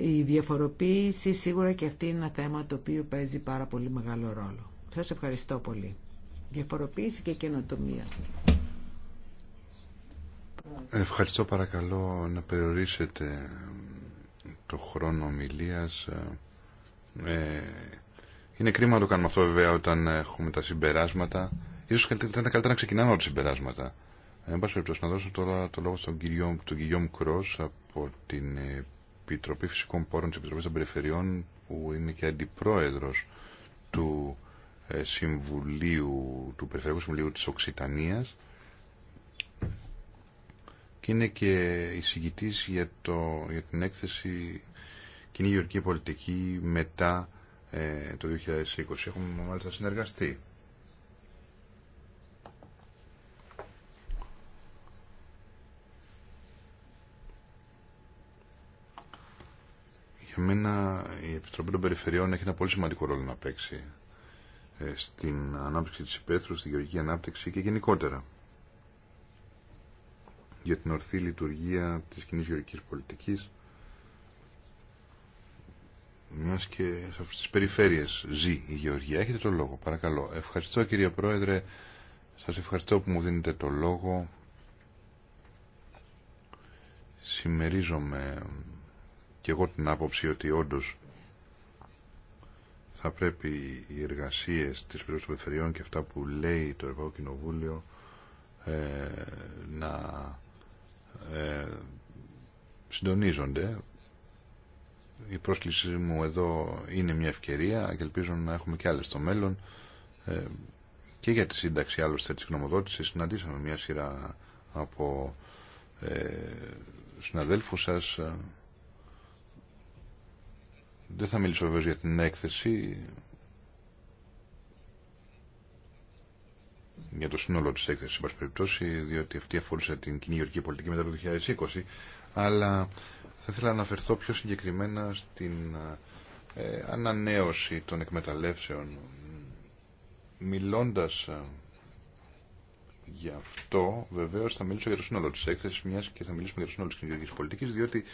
Η διαφοροποίηση σίγουρα και αυτή είναι ένα θέμα το οποίο παίζει πάρα πολύ μεγάλο ρόλο. Σας ευχαριστώ πολύ διαφοροποίηση και καινοτομία. Ευχαριστώ παρακαλώ να περιορίσετε το χρόνο ομιλίας. Ε, είναι κρίμα να το κάνουμε αυτό βέβαια όταν έχουμε τα συμπεράσματα. Ίσως θα ήταν καλύτερα να ξεκινάμε από τα συμπεράσματα. Ε, εν πάση περιπτώσει, να δώσω τώρα το λόγο στον κύριο, τον Κρός από την Επιτροπή Φυσικών Πόρων της Επιτροπής των Περιφερειών που είναι και αντιπρόεδρος του ε, Συμβουλίου, του Περιφερειακού Συμβουλίου της Οξυτανίας και είναι και εισηγητής για, το, για την έκθεση Κοινή Γεωργική Πολιτική μετά ε, το 2020. Έχουμε μάλιστα συνεργαστεί. Για μένα η Επιτροπή των Περιφερειών έχει ένα πολύ σημαντικό ρόλο να παίξει ε, στην ανάπτυξη της υπαίθρου, στη γεωργική ανάπτυξη και γενικότερα για την ορθή λειτουργία της κοινή γεωργικής πολιτικής μιας και σε αυτές τις περιφέρειες ζει η Γεωργία. Έχετε το λόγο, παρακαλώ. Ευχαριστώ κύριε Πρόεδρε, σας ευχαριστώ που μου δίνετε το λόγο. Συμμερίζομαι και εγώ την άποψη ότι όντως θα πρέπει οι εργασίες της πλήρωσης περιφερειών και αυτά που λέει το Ευρωπαϊκό Κοινοβούλιο ε, να ε, συντονίζονται. Η πρόσκλησή μου εδώ είναι μια ευκαιρία και ελπίζω να έχουμε και άλλες στο μέλλον ε, και για τη σύνταξη άλλωστε της γνωμοδότησης συναντήσαμε μια σειρά από ε, συναδέλφους σας ε, δεν θα μιλήσω βέβαια για την έκθεση, για το σύνολο της έκθεσης, σε περιπτώσει, διότι αυτή αφορούσε την κοινή πολιτική μετά το 2020, αλλά θα ήθελα να αναφερθώ πιο συγκεκριμένα στην ε, ανανέωση των εκμεταλλεύσεων. Μιλώντας ε, γι' αυτό, βεβαίως θα μιλήσω για το σύνολο της έκθεση μιας και θα μιλήσουμε για το σύνολο της κοινωνική πολιτική διότι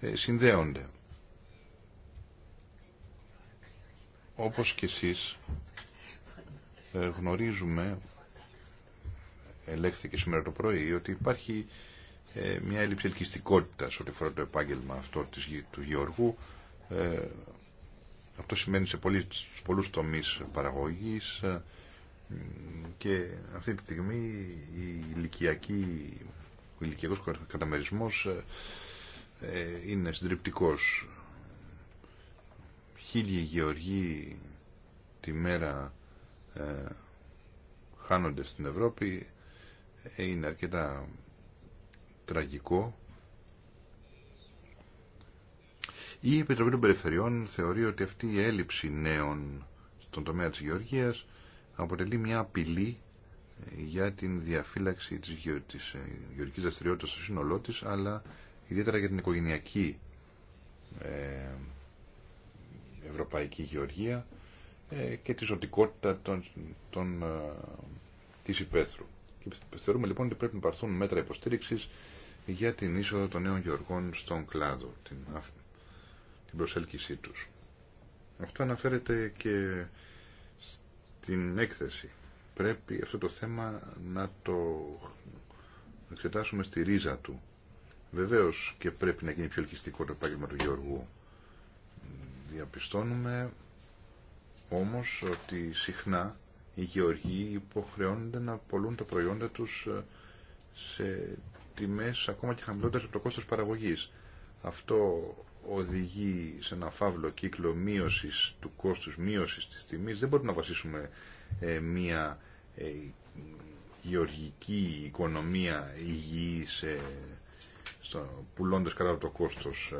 ε, συνδέονται. Όπως και εσείς ε, γνωρίζουμε, ελέγχθηκε σήμερα το πρωί, ότι υπάρχει ε, μια έλλειψη ελκυστικότητα ό,τι φορά το επάγγελμα αυτό της, του Γιώργου. Ε, αυτό σημαίνει σε πολλούς, πολλούς τομείς παραγωγής και αυτή τη στιγμή η ηλικιακή, ο ηλικιακός καταμερισμός είναι συντριπτικός χίλιοι γεωργοί τη μέρα ε, χάνονται στην Ευρώπη ε, είναι αρκετά τραγικό. Η Επιτροπή των Περιφερειών θεωρεί ότι αυτή η έλλειψη νέων στον τομέα της γεωργίας αποτελεί μια απειλή ε, για την διαφύλαξη της, γεω... της ε, γεωργικής δραστηριότητας στο σύνολό της, αλλά ιδιαίτερα για την οικογενειακή ευρωπαϊκή γεωργία ε, και τη ζωτικότητα των, των, ε, της υπαίθρου. Και θεωρούμε λοιπόν ότι πρέπει να παρθούν μέτρα υποστήριξης για την είσοδο των νέων γεωργών στον κλάδο, την, την προσέλκυσή τους. Αυτό αναφέρεται και στην έκθεση. Πρέπει αυτό το θέμα να το εξετάσουμε στη ρίζα του. Βεβαίως και πρέπει να γίνει πιο ελκυστικό το επάγγελμα του Γεωργού. Διαπιστώνουμε όμως ότι συχνά οι γεωργοί υποχρεώνονται να πολλούν τα προϊόντα τους ε, σε τιμές ακόμα και χαμηλότερες από το κόστος παραγωγής. Αυτό οδηγεί σε ένα φαύλο κύκλο μείωσης του κόστους, μείωσης της τιμής. Δεν μπορούμε να βασίσουμε ε, μια ε, γεωργική οικονομία υγιή σε, στο, πουλώντας κατά το κόστος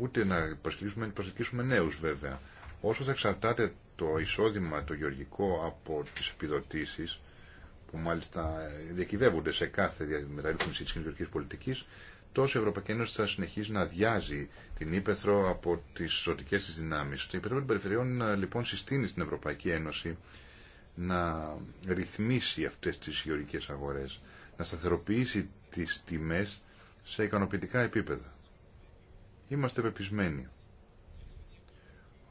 ούτε να προσελκύσουμε, προσελκύσουμε νέους βέβαια. Όσο θα εξαρτάται το εισόδημα το γεωργικό από τις επιδοτήσεις, που μάλιστα ε, διακυβεύονται σε κάθε μεταρρύθμιση της γεωργικής πολιτικής, τόσο η Ευρωπαϊκή Ένωση θα συνεχίσει να αδειάζει την Ήπεθρο από τις ζωτικές της δυνάμεις. Το Υπηρεσία των Περιφερειών ε, λοιπόν συστήνει στην Ευρωπαϊκή Ένωση να ρυθμίσει αυτές τις γεωργικές αγορές, να σταθεροποιήσει τις τιμές σε ικανοποιητικά επίπεδα. Είμαστε πεπισμένοι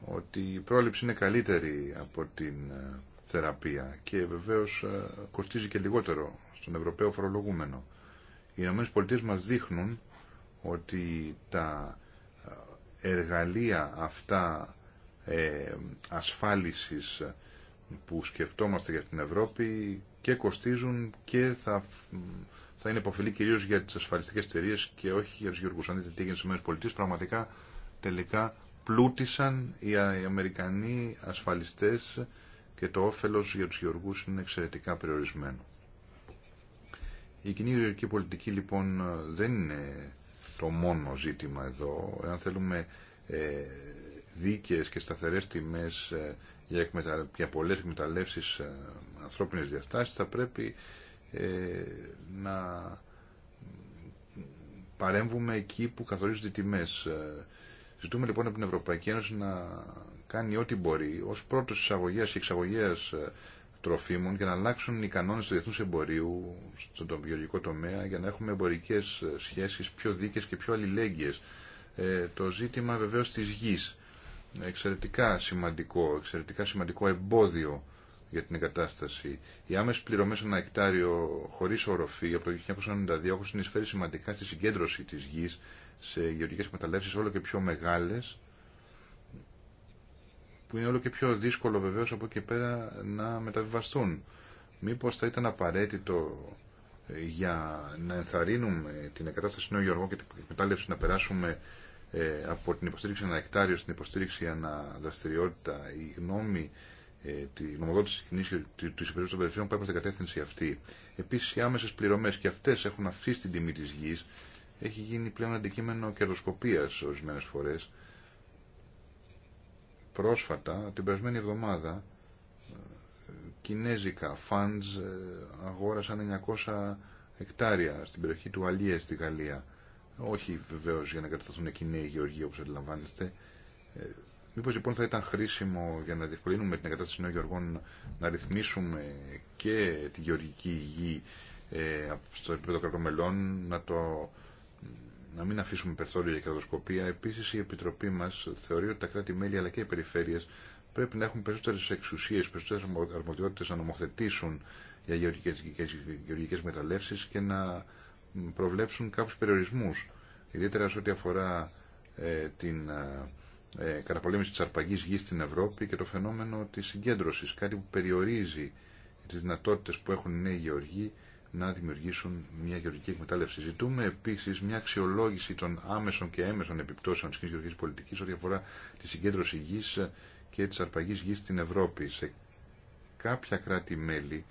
ότι η πρόληψη είναι καλύτερη από την ε, θεραπεία και βεβαίως ε, κοστίζει και λιγότερο στον Ευρωπαίο φορολογούμενο. Οι ΗΠΑ μας δείχνουν ότι τα ε, εργαλεία αυτά ε, ασφάλισης που σκεφτόμαστε για την Ευρώπη και κοστίζουν και θα θα είναι υποφελή κυρίω για τι ασφαλιστικέ εταιρείε και όχι για του Γιώργου. Αν δείτε τι έγινε στι ΗΠΑ, πραγματικά τελικά πλούτησαν οι Αμερικανοί ασφαλιστέ και το όφελο για του Γεωργού είναι εξαιρετικά περιορισμένο. Η κοινή γεωργική πολιτική λοιπόν δεν είναι το μόνο ζήτημα εδώ. Εάν θέλουμε ε, δίκαιες και σταθερές τιμές ε, για, εκμετα... για πολλές εκμεταλλεύσεις ε, ανθρώπινες διαστάσεις θα πρέπει ε, να παρέμβουμε εκεί που καθορίζονται οι τιμές. Ε, ζητούμε λοιπόν από την Ευρωπαϊκή Ένωση να κάνει ό,τι μπορεί ως πρώτος εισαγωγέας και εξαγωγέας ε, τροφίμων για να αλλάξουν οι κανόνες του διεθνούς εμπορίου στον βιολογικό τομέα για να έχουμε εμπορικές σχέσεις πιο δίκαιες και πιο αλληλέγγυες. το ζήτημα βεβαίως της γης. Εξαιρετικά σημαντικό, εξαιρετικά σημαντικό εμπόδιο για την εγκατάσταση. Οι άμεσε πληρωμέ ένα εκτάριο χωρί οροφή από το 1992 έχουν συνεισφέρει σημαντικά στη συγκέντρωση τη γη σε γεωργικέ εκμεταλλεύσει όλο και πιο μεγάλε, που είναι όλο και πιο δύσκολο βεβαίω από εκεί πέρα να μεταβιβαστούν. Μήπω θα ήταν απαραίτητο ε, για να ενθαρρύνουμε την εγκατάσταση νέου Γεωργού και την εκμετάλλευση να περάσουμε ε, από την υποστήριξη ένα εκτάριο στην υποστήριξη αναδραστηριότητα η γνώμη ε, τη γνωμοδότηση τη κοινή του τη των περιφερειών που στην κατεύθυνση αυτή. Επίση, οι άμεσε πληρωμέ και αυτέ έχουν αυξήσει την τιμή τη γη. Έχει γίνει πλέον αντικείμενο κερδοσκοπία ορισμένε φορέ. Πρόσφατα, την περασμένη εβδομάδα, ε, κινέζικα funds ε, αγόρασαν 900 εκτάρια στην περιοχή του Αλίε στη Γαλλία. Όχι βεβαίω για να κατασταθούν Κινέοι γεωργοί όπω αντιλαμβάνεστε Μήπως λοιπόν θα ήταν χρήσιμο για να διευκολύνουμε την εγκατάσταση νέων γεωργών να ρυθμίσουμε και τη γεωργική υγιή ε, στο επίπεδο κρατομελών, να, το, να μην αφήσουμε περιθώριο για κρατοσκοπία. Επίσης η Επιτροπή μας θεωρεί ότι τα κράτη-μέλη αλλά και οι περιφέρειες πρέπει να έχουν περισσότερες εξουσίες, περισσότερες αρμοδιότητες να νομοθετήσουν για γεωργικές, γεωργικές μεταλλεύσεις και να προβλέψουν κάποιους περιορισμούς, ιδιαίτερα σε αφορά ε, την... Ε, ε, καταπολέμηση της αρπαγής γης στην Ευρώπη και το φαινόμενο της συγκέντρωσης, κάτι που περιορίζει τις δυνατότητες που έχουν οι νέοι γεωργοί να δημιουργήσουν μια γεωργική εκμετάλλευση. Ζητούμε επίσης μια αξιολόγηση των άμεσων και έμεσων επιπτώσεων της γεωργικής πολιτικής ό,τι αφορά τη συγκέντρωση γης και της αρπαγής γης στην Ευρώπη. Σε κάποια κράτη-μέλη,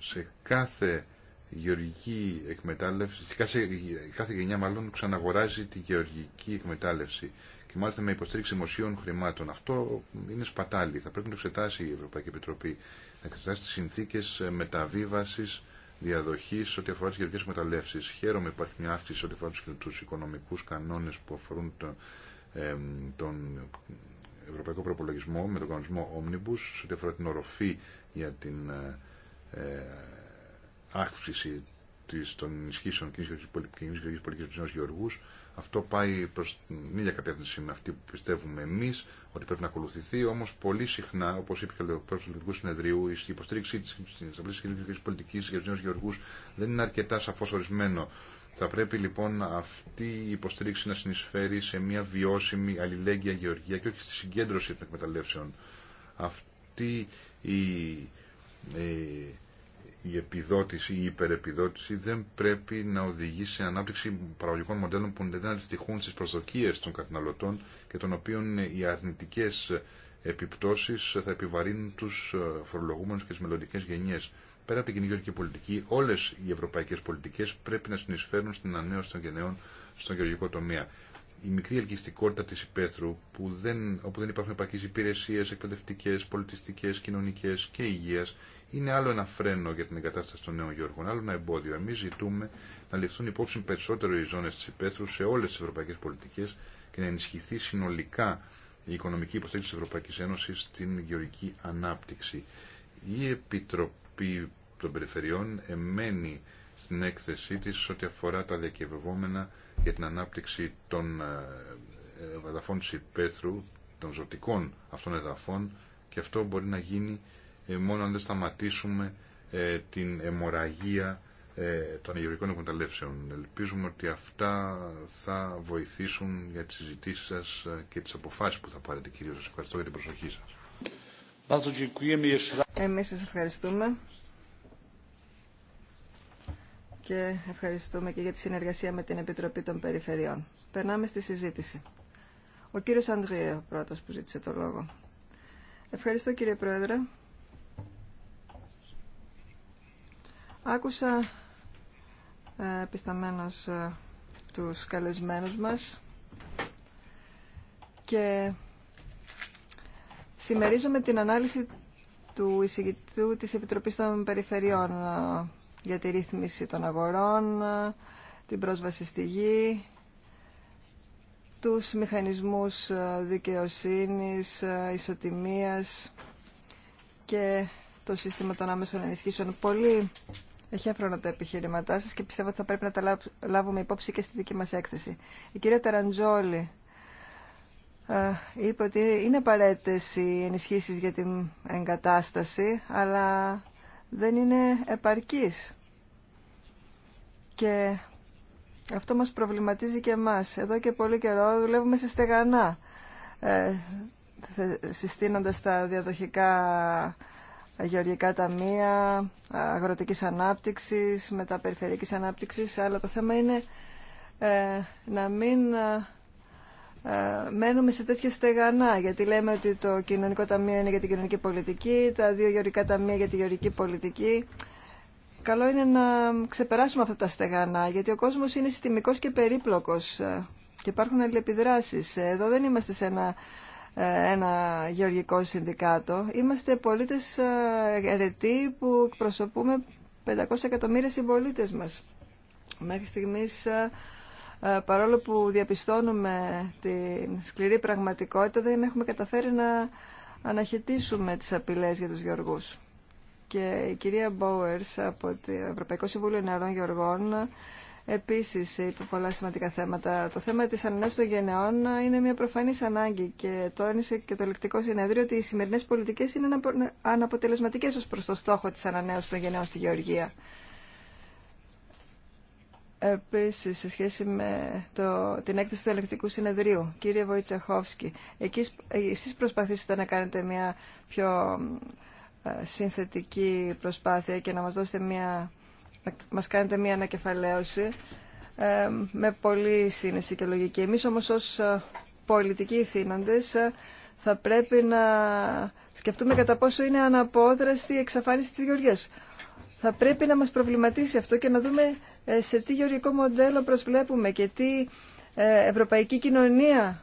σε κάθε γεωργική εκμετάλλευση, κάθε, κάθε γενιά μάλλον ξαναγοράζει τη γεωργική εκμετάλλευση και μάλιστα με υποστήριξη δημοσίων χρημάτων. Αυτό είναι σπατάλι. Θα πρέπει να το εξετάσει η Ευρωπαϊκή Επιτροπή, να εξετάσει τι συνθήκε μεταβίβαση, διαδοχή ό,τι αφορά τι γεωργικέ εκμεταλλεύσει. Χαίρομαι που υπάρχει μια αύξηση ό,τι αφορά του οικονομικού κανόνε που αφορούν τον Ευρωπαϊκό Προπολογισμό με τον κανονισμό Omnibus, σε ό,τι αφορά την οροφή για την. Ε, αύξηση της, των ενισχύσεων κοινής πολιτικής πολιτικής του γεωργούς. Αυτό πάει προς την ίδια κατεύθυνση με αυτή που πιστεύουμε εμείς ότι πρέπει να ακολουθηθεί, όμως πολύ συχνά, όπως είπε και ο Πρόεδρος του Ελληνικού Συνεδρίου, η υποστήριξη της της κοινής πολιτικής για τους γεωργούς δεν είναι αρκετά σαφώς ορισμένο. Θα πρέπει λοιπόν αυτή η υποστήριξη να συνεισφέρει σε μια βιώσιμη αλληλέγγυα γεωργία και όχι στη συγκέντρωση των εκμεταλλεύσεων. Αυτή η η επιδότηση ή η υπερεπιδότηση δεν πρέπει να οδηγεί σε ανάπτυξη παραγωγικών μοντέλων που δεν αντιστοιχούν στις προσδοκίες των καταναλωτών και των οποίων οι αρνητικές επιπτώσεις θα επιβαρύνουν τους φορολογούμενους και τις μελλοντικέ γενιές. Πέρα από την κοινή πολιτική, όλες οι ευρωπαϊκές πολιτικές πρέπει να συνεισφέρουν στην ανανέωση των γενναίων στον γεωργικό τομέα η μικρή ελκυστικότητα της υπαίθρου που δεν, όπου δεν υπάρχουν επαρκείς υπηρεσίες, εκπαιδευτικές, πολιτιστικές, κοινωνικές και υγείας είναι άλλο ένα φρένο για την εγκατάσταση των νέων Γιώργων, άλλο ένα εμπόδιο. Εμείς ζητούμε να ληφθούν υπόψη περισσότερο οι ζώνες της υπαίθρου σε όλες τις ευρωπαϊκές πολιτικές και να ενισχυθεί συνολικά η οικονομική υποστήριξη της Ευρωπαϊκής Ένωσης στην γεωργική ανάπτυξη. Η Επιτροπή των Περιφερειών εμένει στην έκθεσή της ό,τι αφορά τα διακευευόμενα για την ανάπτυξη των ε, ε, εδαφών της υπαίθρου, των ζωτικών αυτών εδαφών και αυτό μπορεί να γίνει ε, μόνο αν δεν σταματήσουμε την αιμορραγία των αγιορικών εκμεταλλεύσεων. Ελπίζουμε ότι αυτά θα βοηθήσουν για τις συζητήσεις σας και τις αποφάσεις που θα πάρετε κυρίως. Σας ευχαριστώ για την προσοχή σας. Εμείς σας ευχαριστούμε και ευχαριστούμε και για τη συνεργασία με την Επιτροπή των Περιφερειών. Περνάμε στη συζήτηση. Ο κύριος Ανδρία, ο πρώτος που ζήτησε το λόγο. Ευχαριστώ κύριε Πρόεδρε. Άκουσα ε, επισταμένος ε, τους καλεσμένους μας και συμμερίζομαι την ανάλυση του εισηγητού της Επιτροπής των Περιφερειών για τη ρύθμιση των αγορών, την πρόσβαση στη γη, τους μηχανισμούς δικαιοσύνης, ισοτιμίας και το σύστημα των άμεσων ενισχύσεων. Πολύ εχέφρονα τα επιχειρηματά σας και πιστεύω ότι θα πρέπει να τα λάβουμε υπόψη και στη δική μας έκθεση. Η κυρία Ταραντζόλη ε, είπε ότι είναι απαραίτητε οι ενισχύσεις για την εγκατάσταση, αλλά δεν είναι επαρκής. Και αυτό μας προβληματίζει και εμάς. Εδώ και πολύ καιρό δουλεύουμε σε στεγανά, ε, συστήνοντας τα διαδοχικά γεωργικά ταμεία, αγροτικής ανάπτυξης, μεταπεριφερειακής ανάπτυξης, αλλά το θέμα είναι ε, να μην ε, ε, μένουμε σε τέτοια στεγανά, γιατί λέμε ότι το κοινωνικό ταμείο είναι για την κοινωνική πολιτική, τα δύο γεωρικά ταμεία για τη γεωρική πολιτική. Καλό είναι να ξεπεράσουμε αυτά τα στεγανά, γιατί ο κόσμος είναι συστημικός και περίπλοκος ε, και υπάρχουν αλληλεπιδράσεις. Ε, εδώ δεν είμαστε σε ένα, ένα γεωργικό συνδικάτο. Είμαστε πολίτες ερετοί που εκπροσωπούμε 500 εκατομμύρια συμπολίτε μας. Μέχρι στιγμής ε, παρόλο που διαπιστώνουμε τη σκληρή πραγματικότητα, δεν έχουμε καταφέρει να αναχαιτήσουμε τις απειλές για τους γεωργούς. Και η κυρία Μπόερς από το Ευρωπαϊκό Συμβούλιο Νεαρών Γεωργών επίσης είπε πολλά σημαντικά θέματα. Το θέμα της ανανέωσης των γενεών είναι μια προφανής ανάγκη και τόνισε και το λεκτικό συνεδρίο ότι οι σημερινές πολιτικές είναι αναποτελεσματικές ως προς το στόχο της ανανέωσης των γενεών στη Γεωργία. Επίσης, σε σχέση με το, την έκθεση του ελεκτικού συνεδρίου, κύριε Βοητσεχόφσκι, εκεί, ε, εσείς προσπαθήσατε να κάνετε μια πιο ε, συνθετική προσπάθεια και να μας δώσετε μια, μας κάνετε μια ανακεφαλαίωση ε, με πολύ σύνεση και λογική. Εμείς όμως ως πολιτικοί θύνοντες θα πρέπει να σκεφτούμε κατά πόσο είναι αναπόδραστη η εξαφάνιση της Γεωργίας. Θα πρέπει να μας προβληματίσει αυτό και να δούμε ε, σε τι γεωργικό μοντέλο προσβλέπουμε και τι ε, ευρωπαϊκή κοινωνία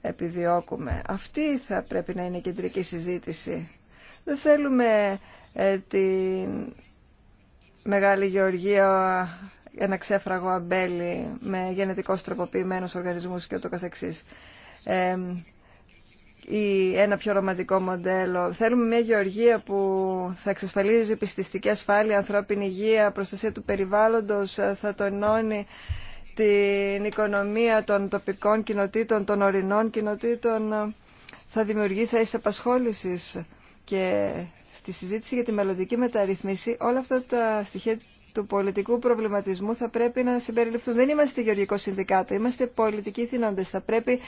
επιδιώκουμε. Αυτή θα πρέπει να είναι η κεντρική συζήτηση. Δεν θέλουμε ε, τη μεγάλη γεωργία ένα ξέφραγο αμπέλι με γενετικώς τροποποιημένους οργανισμούς και ούτω καθεξής ή ένα πιο ρομαντικό μοντέλο. Θέλουμε μια γεωργία που θα εξασφαλίζει πιστιστική ασφάλεια, ανθρώπινη υγεία, προστασία του περιβάλλοντος, ε, θα τονώνει την οικονομία των τοπικών κοινοτήτων, των ορεινών κοινοτήτων, ε, θα δημιουργεί θέσει απασχόλησης και στη συζήτηση για τη μελλοντική μεταρρυθμίση όλα αυτά τα στοιχεία του πολιτικού προβληματισμού θα πρέπει να συμπεριληφθούν. Δεν είμαστε γεωργικό συνδικάτο, είμαστε πολιτικοί θυνόντες. Θα πρέπει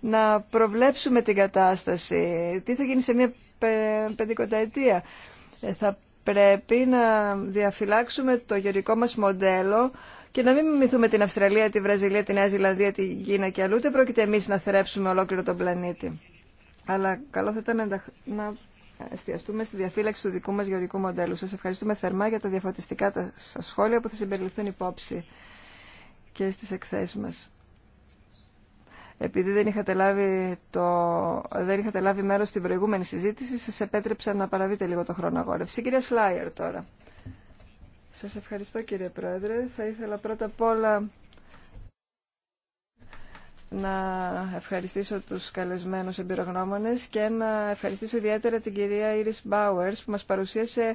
να προβλέψουμε την κατάσταση. Τι θα γίνει σε μια πεντηκονταετία. Ε, θα πρέπει να διαφυλάξουμε το γεωργικό μας μοντέλο και να μην μιμηθούμε την Αυστραλία, τη Βραζιλία, τη Νέα Ζηλανδία, την Κίνα και αλλού. Δεν πρόκειται εμείς να θρέψουμε ολόκληρο τον πλανήτη. Αλλά καλό θα ήταν να εστιαστούμε στη διαφύλαξη του δικού μας γεωργικού μοντέλου. Σας ευχαριστούμε θερμά για τα διαφωτιστικά σα σας σχόλια που θα συμπεριληφθούν υπόψη και στις εκθέσεις μας. Επειδή δεν είχατε λάβει, το... δεν λάβει μέρος στην προηγούμενη συζήτηση, σας επέτρεψα να παραβείτε λίγο το χρόνο αγόρευση. Κυρία Σλάιερ τώρα. Σας ευχαριστώ κύριε Πρόεδρε. Θα ήθελα πρώτα απ' όλα να ευχαριστήσω τους καλεσμένους εμπειρογνώμονες και να ευχαριστήσω ιδιαίτερα την κυρία Iris Bowers που μας παρουσίασε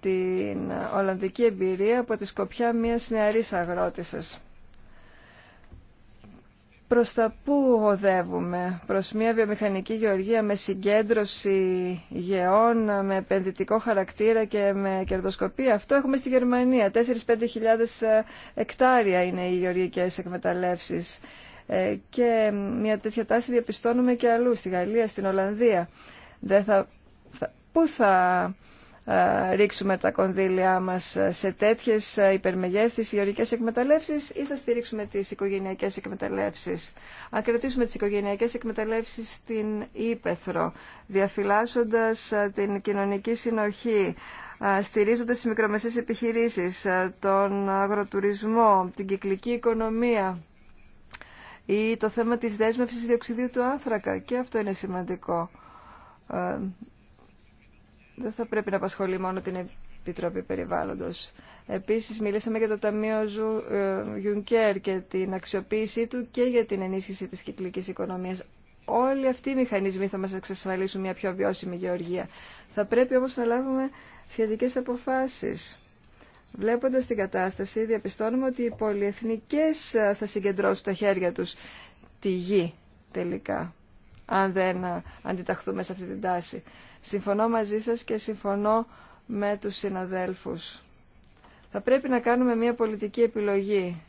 την Ολλανδική εμπειρία από τη σκοπιά μιας νεαρής αγρότησας. Προς τα πού οδεύουμε, προς μια βιομηχανική γεωργία με συγκέντρωση γεών, με επενδυτικό χαρακτήρα και με κερδοσκοπία. Αυτό έχουμε στη Γερμανία. 4-5 χιλιάδες ε, εκτάρια είναι οι γεωργικές εκμεταλλεύσεις ε, και μια τέτοια τάση διαπιστώνουμε και αλλού, στη Γαλλία, στην Ολλανδία. πού θα ε, ρίξουμε τα κονδύλια μας ε, σε τέτοιες υπερμεγέθεις ιωρικές εκμεταλλεύσεις ή θα στηρίξουμε τις οικογενειακές εκμεταλλεύσεις. Αν κρατήσουμε τις οικογενειακές εκμεταλλεύσεις στην Ήπεθρο, διαφυλάσσοντας την κοινωνική συνοχή, στηρίζοντας τις μικρομεσαίες επιχειρήσεις, τον αγροτουρισμό, την κυκλική οικονομία ή το θέμα της δέσμευσης διοξιδίου του άνθρακα. Και αυτό είναι σημαντικό. Ε, δεν θα πρέπει να απασχολεί μόνο την Επιτροπή Περιβάλλοντος. Επίσης, μιλήσαμε για το Ταμείο Ζου, Γιουνκέρ ε, και την αξιοποίησή του και για την ενίσχυση της κυκλικής οικονομίας. Όλοι αυτοί οι μηχανισμοί θα μας εξασφαλίσουν μια πιο βιώσιμη γεωργία. Θα πρέπει όμως να λάβουμε σχετικές αποφάσεις. Βλέποντας την κατάσταση, διαπιστώνουμε ότι οι πολυεθνικές ε, θα συγκεντρώσουν τα χέρια τους τη γη τελικά, αν δεν ε, αντιταχθούμε σε αυτή την τάση. Συμφωνώ μαζί σας και συμφωνώ με τους συναδέλφους. Θα πρέπει να κάνουμε μια πολιτική επιλογή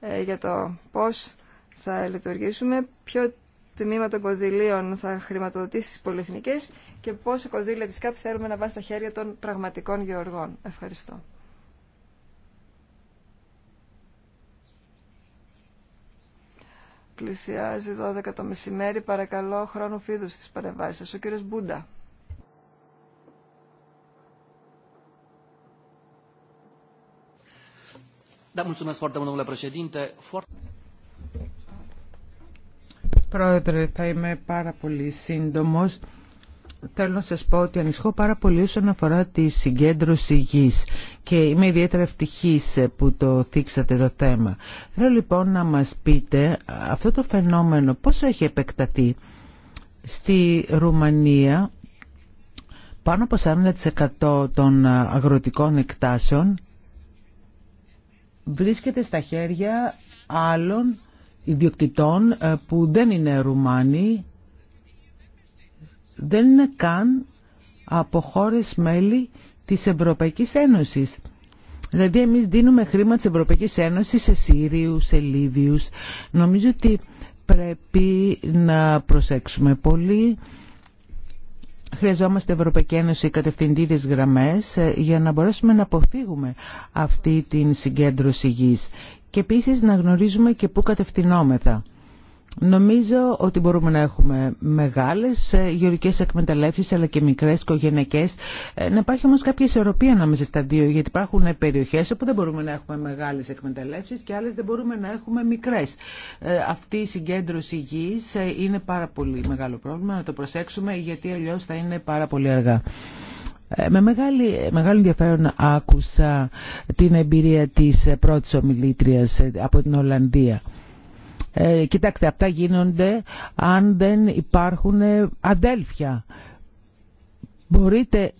ε, για το πώς θα λειτουργήσουμε, ποιο τμήμα των κονδυλίων θα χρηματοδοτήσει τι πολυεθνικές και πόσα κονδύλια της ΚΑΠ θέλουμε να βάζει στα χέρια των πραγματικών γεωργών. Ευχαριστώ. πλησιάζει 12 το μεσημέρι. Παρακαλώ χρόνο φίδους στις παρεμβάσεις σας. Ο κύριος Μπούντα. Πρόεδρε, θα είμαι πάρα πολύ σύντομος θέλω να σας πω ότι ανησυχώ πάρα πολύ όσον αφορά τη συγκέντρωση γης και είμαι ιδιαίτερα ευτυχής που το θίξατε το θέμα. Θέλω λοιπόν να μας πείτε αυτό το φαινόμενο πόσο έχει επεκταθεί στη Ρουμανία πάνω από 40% των αγροτικών εκτάσεων βρίσκεται στα χέρια άλλων ιδιοκτητών ε, που δεν είναι Ρουμάνοι δεν είναι καν από χώρε μέλη της Ευρωπαϊκής Ένωσης. Δηλαδή εμείς δίνουμε χρήμα της Ευρωπαϊκής Ένωσης σε Σύριους, σε Λίβιους. Νομίζω ότι πρέπει να προσέξουμε πολύ. Χρειαζόμαστε Ευρωπαϊκή Ένωση κατευθυντήριες γραμμές ε, για να μπορέσουμε να αποφύγουμε αυτή την συγκέντρωση γης. Και επίσης να γνωρίζουμε και πού κατευθυνόμεθα. Νομίζω ότι μπορούμε να έχουμε μεγάλες ε, γεωρικές εκμεταλλεύσεις αλλά και μικρές οικογενειακές. Ε, να υπάρχει όμως κάποια ισορροπία ανάμεσα στα δύο γιατί υπάρχουν περιοχές όπου δεν μπορούμε να έχουμε μεγάλες εκμεταλλεύσεις και άλλες δεν μπορούμε να έχουμε μικρές. Ε, αυτή η συγκέντρωση γης είναι πάρα πολύ μεγάλο πρόβλημα να το προσέξουμε γιατί αλλιώς θα είναι πάρα πολύ αργά. Με μεγάλη, μεγάλο ενδιαφέρον άκουσα την εμπειρία της πρώτης ομιλήτριας από την Ολλανδία. Ε, κοιτάξτε, αυτά γίνονται αν δεν υπάρχουν ε, αδέλφια. Μπορείτε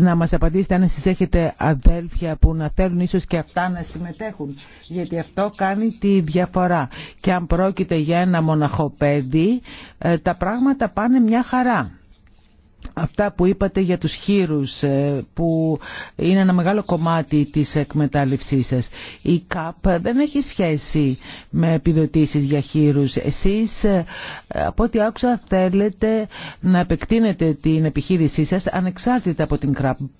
να μας απαντήσετε αν εσείς έχετε αδέλφια που να θέλουν ίσως και αυτά να συμμετέχουν. Γιατί αυτό κάνει τη διαφορά. Και αν πρόκειται για ένα μοναχό ε, τα πράγματα πάνε μια χαρά αυτά που είπατε για τους χείρους ε, που είναι ένα μεγάλο κομμάτι της εκμετάλλευσής σας. Η ΚΑΠ δεν έχει σχέση με επιδοτήσεις για χείρους. Εσείς ε, από ό,τι άκουσα θέλετε να επεκτείνετε την επιχείρησή σας ανεξάρτητα από την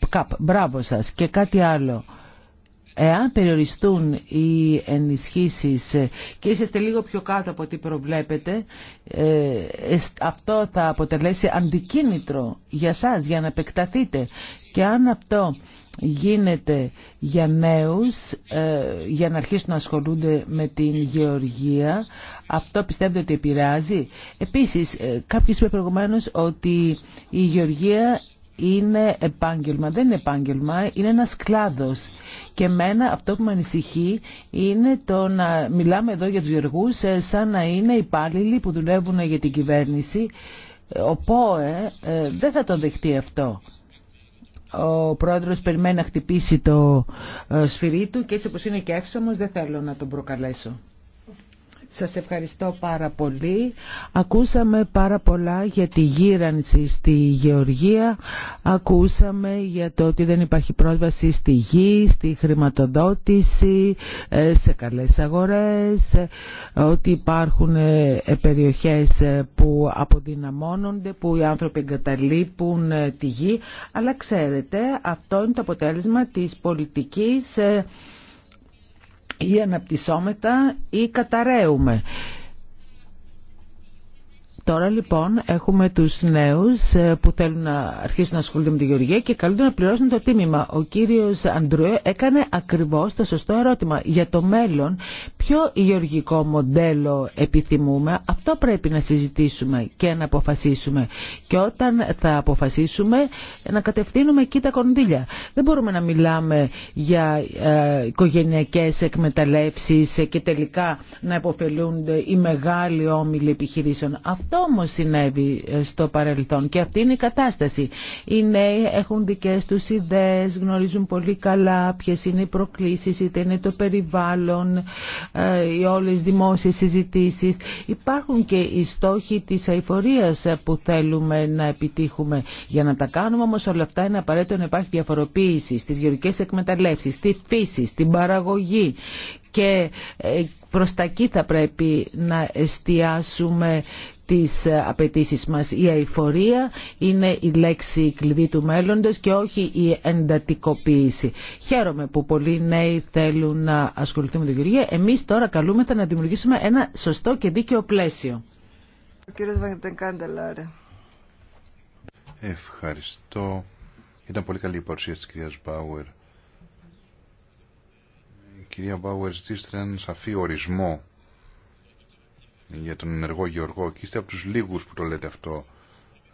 ΚΑΠ. Μπράβο σας και κάτι άλλο. Εάν περιοριστούν οι ενισχύσεις και είσαστε λίγο πιο κάτω από ό,τι προβλέπετε, ε, αυτό θα αποτελέσει αντικίνητρο για σας, για να επεκταθείτε. Και αν αυτό γίνεται για νέους, ε, για να αρχίσουν να ασχολούνται με την γεωργία, αυτό πιστεύετε ότι επηρεάζει. Επίσης, ε, κάποιος είπε προηγουμένως ότι η γεωργία είναι επάγγελμα. Δεν είναι επάγγελμα, είναι ένας κλάδος. Και μένα αυτό που με ανησυχεί είναι το να μιλάμε εδώ για τους γεργούς ε, σαν να είναι υπάλληλοι που δουλεύουν για την κυβέρνηση. Ο ΠΟΕ ε, δεν θα το δεχτεί αυτό ο πρόεδρος περιμένει να χτυπήσει το ε, σφυρί του και έτσι όπως είναι και εύσομος δεν θέλω να τον προκαλέσω. Σας ευχαριστώ πάρα πολύ. Ακούσαμε πάρα πολλά για τη γύρανση στη γεωργία. Ακούσαμε για το ότι δεν υπάρχει πρόσβαση στη γη, στη χρηματοδότηση, ε, σε καλές αγορές, ε, ότι υπάρχουν ε, περιοχές που αποδυναμώνονται, που οι άνθρωποι εγκαταλείπουν τη γη. Αλλά ξέρετε, αυτό είναι το αποτέλεσμα της πολιτικής ή αναπτυσσόμετα ή καταραίουμε. Τώρα λοιπόν έχουμε τους νέους ε, που θέλουν να αρχίσουν να ασχολούνται με τη γεωργία και καλούνται να πληρώσουν το τίμημα. Ο κύριος Αντρουέ έκανε ακριβώς το σωστό ερώτημα. Για το μέλλον ποιο γεωργικό μοντέλο επιθυμούμε, αυτό πρέπει να συζητήσουμε και να αποφασίσουμε. Και όταν θα αποφασίσουμε να κατευθύνουμε εκεί τα κονδύλια. Δεν μπορούμε να μιλάμε για ε, οικογενειακές εκμεταλλεύσεις και τελικά να υποφελούνται οι μεγάλοι όμιλοι επιχειρήσεων. Αυτό αυτό όμω συνέβη ε, στο παρελθόν και αυτή είναι η κατάσταση. Οι νέοι έχουν δικέ του ιδέε, γνωρίζουν πολύ καλά ποιε είναι οι προκλήσει, είτε είναι το περιβάλλον, ε, οι όλε δημόσιε συζητήσει. Υπάρχουν και οι στόχοι τη αηφορία ε, που θέλουμε να επιτύχουμε. Για να τα κάνουμε όμω όλα αυτά είναι απαραίτητο να υπάρχει διαφοροποίηση στι γεωργικέ εκμεταλλεύσει, στη φύση, στην παραγωγή και προς τα εκεί θα πρέπει να εστιάσουμε τις απαιτήσεις μας. Η αηφορία είναι η λέξη κλειδί του μέλλοντος και όχι η εντατικοποίηση. Χαίρομαι που πολλοί νέοι θέλουν να ασχοληθούν με την γεωργία. Εμείς τώρα καλούμεθα να δημιουργήσουμε ένα σωστό και δίκαιο πλαίσιο. Ευχαριστώ. Ήταν πολύ καλή η παρουσία της κυρίας Μπάουερ. Η κυρία Μπάουερ ζήτησε έναν σαφή ορισμό για τον ενεργό γεωργό και είστε από τους λίγους που το λέτε αυτό.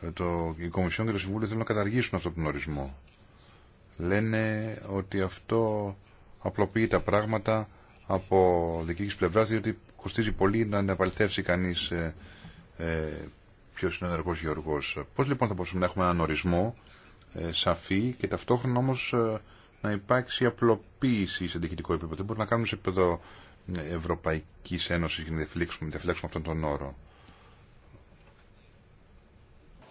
Ε, το, η Κομισιόν και το Συμβούλιο θέλουν να καταργήσουν αυτόν τον ορισμό. Λένε ότι αυτό απλοποιεί τα πράγματα από δική πλευρά διότι κοστίζει πολύ να αναπαληθεύσει κανείς ε, ε, ποιος είναι ο ενεργός γεωργός. Πώς λοιπόν θα μπορούσαμε να έχουμε έναν ορισμό ε, σαφή και ταυτόχρονα όμως ε, να υπάρξει απλοποίηση σε διοικητικό επίπεδο. Δεν μπορούμε να κάνουμε σε επίπεδο Ευρωπαϊκή σένος ή θα τι αντιμετωπίσουμε αυτόν τον νόρο;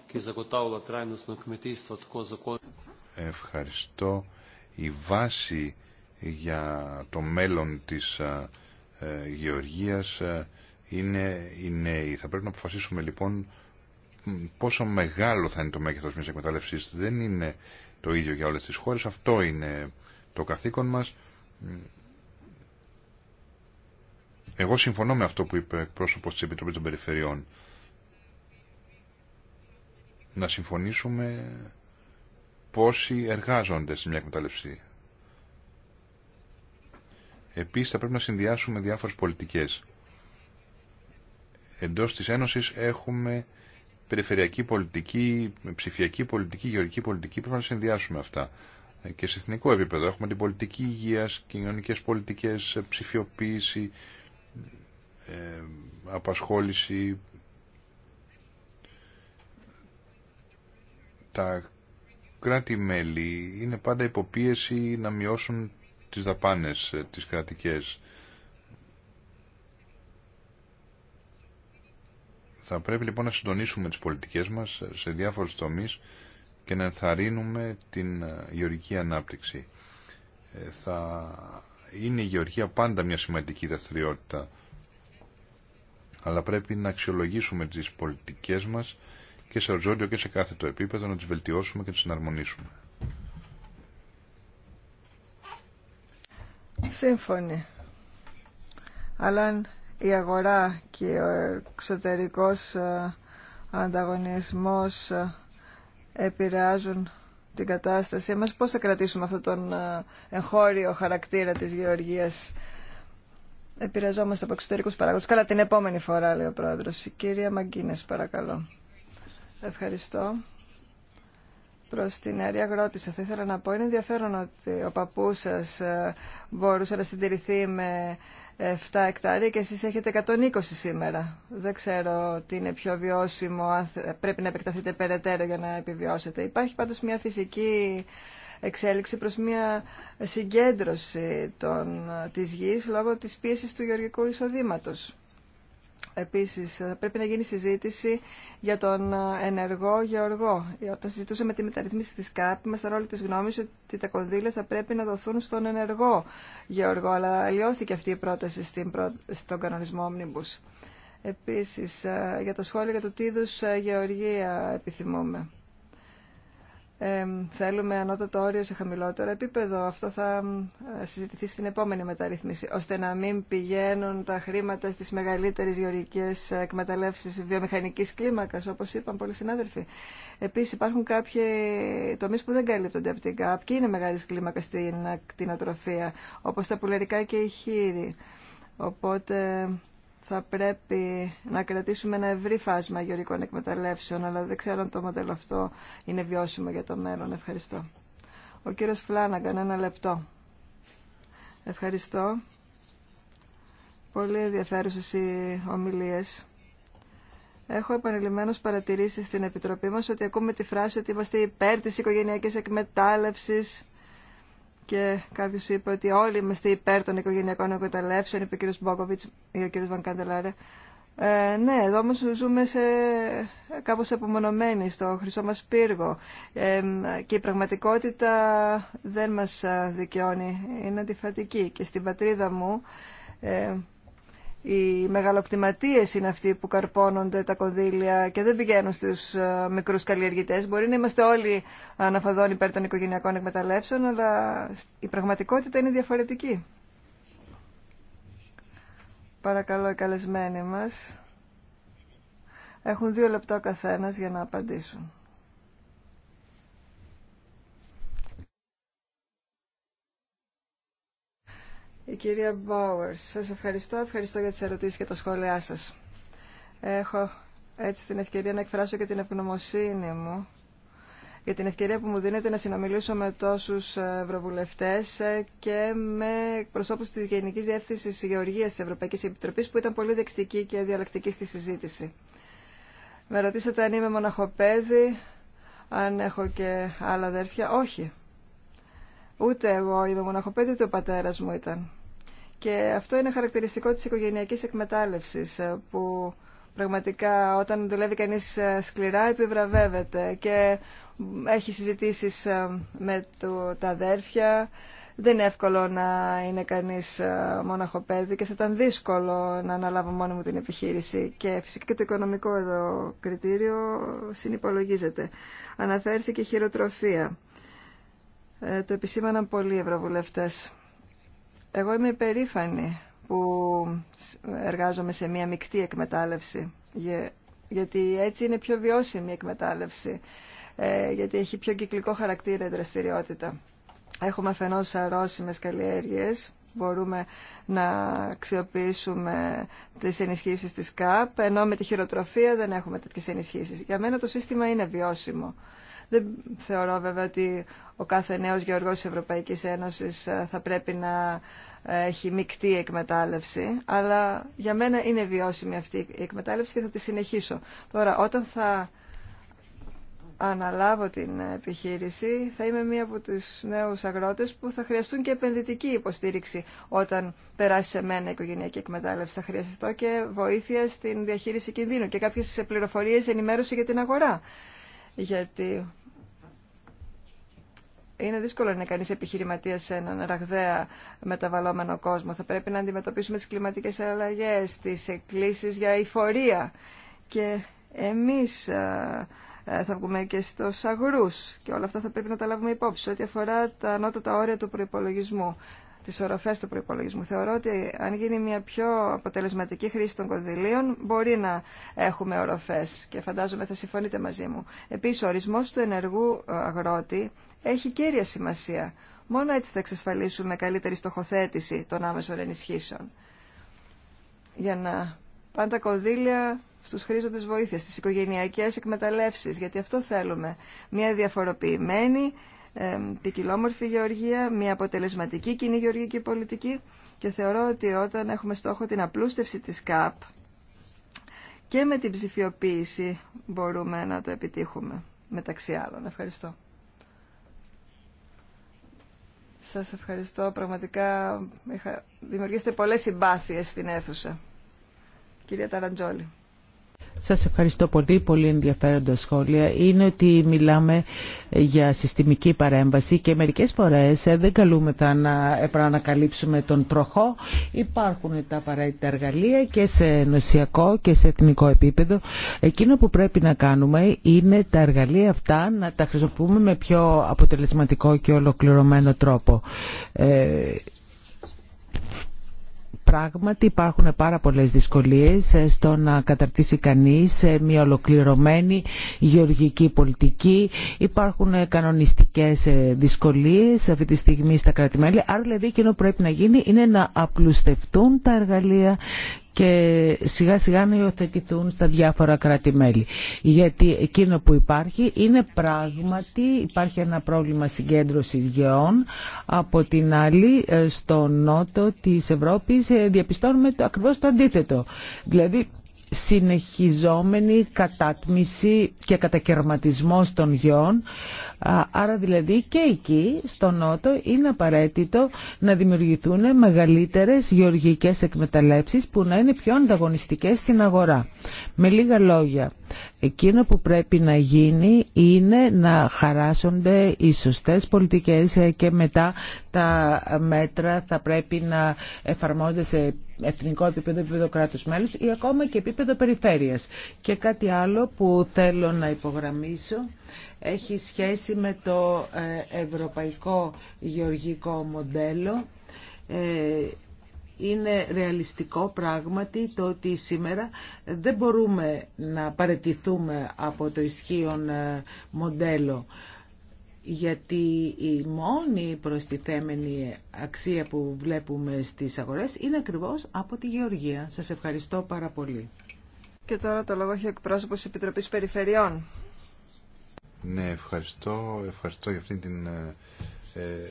Κυριακόταουλα τρένος Ένωση για να διαφυλάξουμε, διαφυλάξουμε αυτόν τον όρο. Ευχαριστώ. Η βάση για το μέλλον της ε, ε γεωργίας ε, είναι οι νέοι. Θα πρέπει να αποφασίσουμε λοιπόν πόσο μεγάλο θα είναι το μέγεθος μιας εκμετάλλευσης. Δεν είναι το ίδιο για όλες τις χώρες. Αυτό είναι το καθήκον μας. Εγώ συμφωνώ με αυτό που είπε ο πρόσωπο τη Επιτροπή των Περιφερειών. Να συμφωνήσουμε πόσοι εργάζονται σε μια εκμεταλλευσή. Επίση θα πρέπει να συνδυάσουμε διάφορες πολιτικές. Εντό τη Ένωσης έχουμε περιφερειακή πολιτική, ψηφιακή πολιτική, γεωργική πολιτική, πρέπει να συνδυάσουμε αυτά. Και σε εθνικό επίπεδο έχουμε την πολιτική υγεία, κοινωνικέ πολιτικέ, ψηφιοποίηση, ε, απασχόληση, τα κράτη-μέλη είναι πάντα υποπίεση να μειώσουν τις δαπάνες ε, τις κρατικές. Θα πρέπει λοιπόν να συντονίσουμε τις πολιτικές μας σε διάφορους τομείς και να ενθαρρύνουμε την ε, γεωργική ανάπτυξη. Θα είναι η γεωργία πάντα μια σημαντική δραστηριότητα αλλά πρέπει να αξιολογήσουμε τις πολιτικές μας και σε οριζόντιο και σε κάθε το επίπεδο να τις βελτιώσουμε και τις συναρμονίσουμε. Σύμφωνοι. Αλλά η αγορά και ο εξωτερικός ε, ανταγωνισμός ε, επηρεάζουν την κατάστασή μας, πώς θα κρατήσουμε αυτόν τον ε, εγχώριο χαρακτήρα της γεωργίας επηρεαζόμαστε από εξωτερικούς παράγοντες. Καλά, την επόμενη φορά, λέει ο Πρόεδρος. Η κυρία Μαγκίνες, παρακαλώ. Ευχαριστώ. Προ την Αρία Γρότησα, θα ήθελα να πω, είναι ενδιαφέρον ότι ο παππούς σας ε, μπορούσε να συντηρηθεί με 7 ε, εκτάρια και εσείς έχετε 120 σήμερα. Δεν ξέρω τι είναι πιο βιώσιμο, αν πρέπει να επεκταθείτε περαιτέρω για να επιβιώσετε. Υπάρχει πάντως μια φυσική εξέλιξη προς μια συγκέντρωση των, της γης λόγω της πίεσης του γεωργικού εισοδήματος. Επίσης, θα πρέπει να γίνει συζήτηση για τον ενεργό γεωργό. Όταν συζητούσαμε τη μεταρρύθμιση της ΚΑΠ, ήμασταν όλοι της γνώμης ότι τα κονδύλια θα πρέπει να δοθούν στον ενεργό γεωργό, αλλά λιώθηκε αυτή η πρόταση στην στον κανονισμό Omnibus. Επίσης, ε, για τα σχόλια για το τι ε, γεωργία επιθυμούμε ε, θέλουμε ανώτατο όριο σε χαμηλότερο επίπεδο. Αυτό θα συζητηθεί στην επόμενη μεταρρύθμιση, ώστε να μην πηγαίνουν τα χρήματα στις μεγαλύτερες γεωργικές εκμεταλλεύσεις βιομηχανικής κλίμακας, όπως είπαν πολλοί συνάδελφοι. Επίσης υπάρχουν κάποιοι τομείς που δεν καλύπτονται από την ΚΑΠ και είναι μεγάλης κλίμακας στην ακτινοτροφία, όπως τα πουλερικά και οι χείροι. Οπότε θα πρέπει να κρατήσουμε ένα ευρύ φάσμα γεωρικών εκμεταλλεύσεων, αλλά δεν ξέρω αν το μοντέλο αυτό είναι βιώσιμο για το μέλλον. Ευχαριστώ. Ο κύριος Φλάναγκαν, ένα λεπτό. Ευχαριστώ. Πολύ ενδιαφέρουσες οι ομιλίες. Έχω επανειλημμένως παρατηρήσει στην Επιτροπή μας ότι ακούμε τη φράση ότι είμαστε υπέρ της οικογενειακής εκμετάλλευσης και κάποιος είπε ότι όλοι είμαστε υπέρ των οικογενειακών εκμεταλλεύσεων, είπε ο κ. Μπόκοβιτς ή ο κ. Βανκαντελάρε. Ε, ναι, εδώ όμως ζούμε σε, κάπως απομονωμένοι στο χρυσό μας πύργο ε, και η πραγματικότητα δεν μας δικαιώνει, είναι αντιφατική. Και στην πατρίδα μου ε, οι μεγαλοκτηματίες είναι αυτοί που καρπώνονται τα κονδύλια και δεν πηγαίνουν στους ε, μικρούς καλλιεργητές. Μπορεί να είμαστε όλοι αναφαδόν υπέρ των οικογενειακών εκμεταλλεύσεων, αλλά η πραγματικότητα είναι διαφορετική. Παρακαλώ οι καλεσμένοι μας. Έχουν δύο λεπτά καθένας για να απαντήσουν. Η κυρία Μπάουερ, σα ευχαριστώ. Ευχαριστώ για τι ερωτήσει και τα σχόλιά σα. Έχω έτσι την ευκαιρία να εκφράσω και την ευγνωμοσύνη μου για την ευκαιρία που μου δίνεται να συνομιλήσω με τόσου ευρωβουλευτέ και με εκπροσώπου τη Γενική Διεύθυνση Γεωργία τη Ευρωπαϊκή Επιτροπή που ήταν πολύ δεκτική και διαλλακτική στη συζήτηση. Με ρωτήσατε αν είμαι μοναχοπέδη, αν έχω και άλλα αδέρφια. Όχι. Ούτε εγώ είμαι μοναχοπέδη, ούτε ο πατέρας μου ήταν. Και αυτό είναι χαρακτηριστικό της οικογενειακής εκμετάλλευσης ε, που πραγματικά όταν δουλεύει κανείς ε, σκληρά επιβραβεύεται και έχει συζητήσεις ε, με το, τα αδέρφια. Δεν είναι εύκολο να είναι κανείς μοναχοπέδι και θα ήταν δύσκολο να αναλάβω μόνο μου την επιχείρηση. Και φυσικά και το οικονομικό εδώ κριτήριο συνυπολογίζεται. Αναφέρθηκε χειροτροφία. το επισήμαναν πολλοί ευρωβουλευτές. Εγώ είμαι περήφανη που εργάζομαι σε μια μεικτή εκμετάλλευση, γιατί έτσι είναι πιο βιώσιμη η εκμετάλλευση, ε, γιατί έχει πιο κυκλικό χαρακτήρα η δραστηριότητα. Έχουμε αφενός αρρώσιμες καλλιέργειες, μπορούμε να αξιοποιήσουμε τις ενισχύσεις της ΚΑΠ, ενώ με τη χειροτροφία δεν έχουμε τέτοιες ενισχύσεις. Για μένα το σύστημα είναι βιώσιμο. Δεν θεωρώ βέβαια ότι ο κάθε νέος γεωργός της Ευρωπαϊκής Ένωσης ε, θα πρέπει να ε, έχει μεικτή εκμετάλλευση, αλλά για μένα είναι βιώσιμη αυτή η εκμετάλλευση και θα τη συνεχίσω. Τώρα, όταν θα αναλάβω την επιχείρηση, θα είμαι μία από τους νέους αγρότες που θα χρειαστούν και επενδυτική υποστήριξη όταν περάσει σε μένα η οικογενειακή εκμετάλλευση. Θα χρειαστώ και βοήθεια στην διαχείριση κινδύνου και κάποιες πληροφορίες ενημέρωση για την αγορά. Γιατί είναι δύσκολο να είναι κανεί επιχειρηματία σε έναν ραγδαία μεταβαλλόμενο κόσμο. Θα πρέπει να αντιμετωπίσουμε τι κλιματικέ αλλαγέ, τι εκκλήσει για ηφορία. Και εμεί θα βγούμε και στου αγρού. Και όλα αυτά θα πρέπει να τα λάβουμε υπόψη ό,τι αφορά τα ανώτατα όρια του προπολογισμού τις οροφές του προϋπολογισμού. Θεωρώ ότι αν γίνει μια πιο αποτελεσματική χρήση των κονδυλίων μπορεί να έχουμε οροφές και φαντάζομαι θα συμφωνείτε μαζί μου. Επίσης, ο ορισμός του ενεργού ε, αγρότη έχει κύρια σημασία. Μόνο έτσι θα εξασφαλίσουμε καλύτερη στοχοθέτηση των άμεσων ενισχύσεων. Για να πάντα κονδύλια στους χρήζοντες βοήθειας, στις οικογενειακές εκμεταλλεύσεις, γιατί αυτό θέλουμε. Μια διαφοροποιημένη ποικιλόμορφη γεωργία, μια αποτελεσματική κοινή γεωργική πολιτική και θεωρώ ότι όταν έχουμε στόχο την απλούστευση της ΚΑΠ και με την ψηφιοποίηση μπορούμε να το επιτύχουμε μεταξύ άλλων. Ευχαριστώ. Σας ευχαριστώ. Πραγματικά δημιουργήσετε πολλές συμπάθειες στην αίθουσα. Κυρία Ταραντζόλη. Σας ευχαριστώ πολύ, πολύ ενδιαφέροντα σχόλια. Είναι ότι μιλάμε για συστημική παρέμβαση και μερικές φορές ε, δεν καλούμεθα να επανακαλύψουμε τον τροχό. Υπάρχουν τα απαραίτητα εργαλεία και σε νοσιακό και σε εθνικό επίπεδο. Εκείνο που πρέπει να κάνουμε είναι τα εργαλεία αυτά να τα χρησιμοποιούμε με πιο αποτελεσματικό και ολοκληρωμένο τρόπο. Ε, Πράγματι υπάρχουν πάρα πολλές δυσκολίες ε, στο να καταρτήσει κανείς ε, μια ολοκληρωμένη γεωργική πολιτική. Υπάρχουν ε, κανονιστικές δυσκολίες αυτή τη στιγμή στα κρατημέλη. Άρα δηλαδή εκείνο που πρέπει να γίνει είναι να απλουστευτούν τα εργαλεία και σιγά σιγά να υιοθετηθούν στα διάφορα κράτη-μέλη. Γιατί εκείνο που υπάρχει είναι πράγματι, υπάρχει ένα πρόβλημα συγκέντρωσης γεών. Από την άλλη, ε, στο νότο της Ευρώπης ε, διαπιστώνουμε το, ακριβώς το αντίθετο. Δηλαδή, συνεχιζόμενη κατάτμιση και κατακαιρματισμός των γιών. Άρα δηλαδή και εκεί, στο Νότο, είναι απαραίτητο να δημιουργηθούν μεγαλύτερες γεωργικές εκμεταλλεύσεις που να είναι πιο ανταγωνιστικές στην αγορά. Με λίγα λόγια, εκείνο που πρέπει να γίνει είναι να χαράσονται οι σωστές πολιτικές και μετά τα μέτρα θα πρέπει να εφαρμόζονται σε εθνικό επίπεδο, επίπεδο κράτους μέλους ή ακόμα και επίπεδο περιφέρειας. Και κάτι άλλο που θέλω να υπογραμμίσω έχει σχέση με το ε, ευρωπαϊκό γεωργικό μοντέλο. Ε, είναι ρεαλιστικό πράγματι το ότι σήμερα δεν μπορούμε να παρετηθούμε από το ισχύον ε, μοντέλο γιατί η μόνη προστιθέμενη αξία που βλέπουμε στις αγορές είναι ακριβώς από τη Γεωργία. Σας ευχαριστώ πάρα πολύ. Και τώρα το λόγο έχει εκπρόσωπος της Επιτροπής Περιφερειών. Ναι, ευχαριστώ. Ευχαριστώ για αυτήν την ε, ε,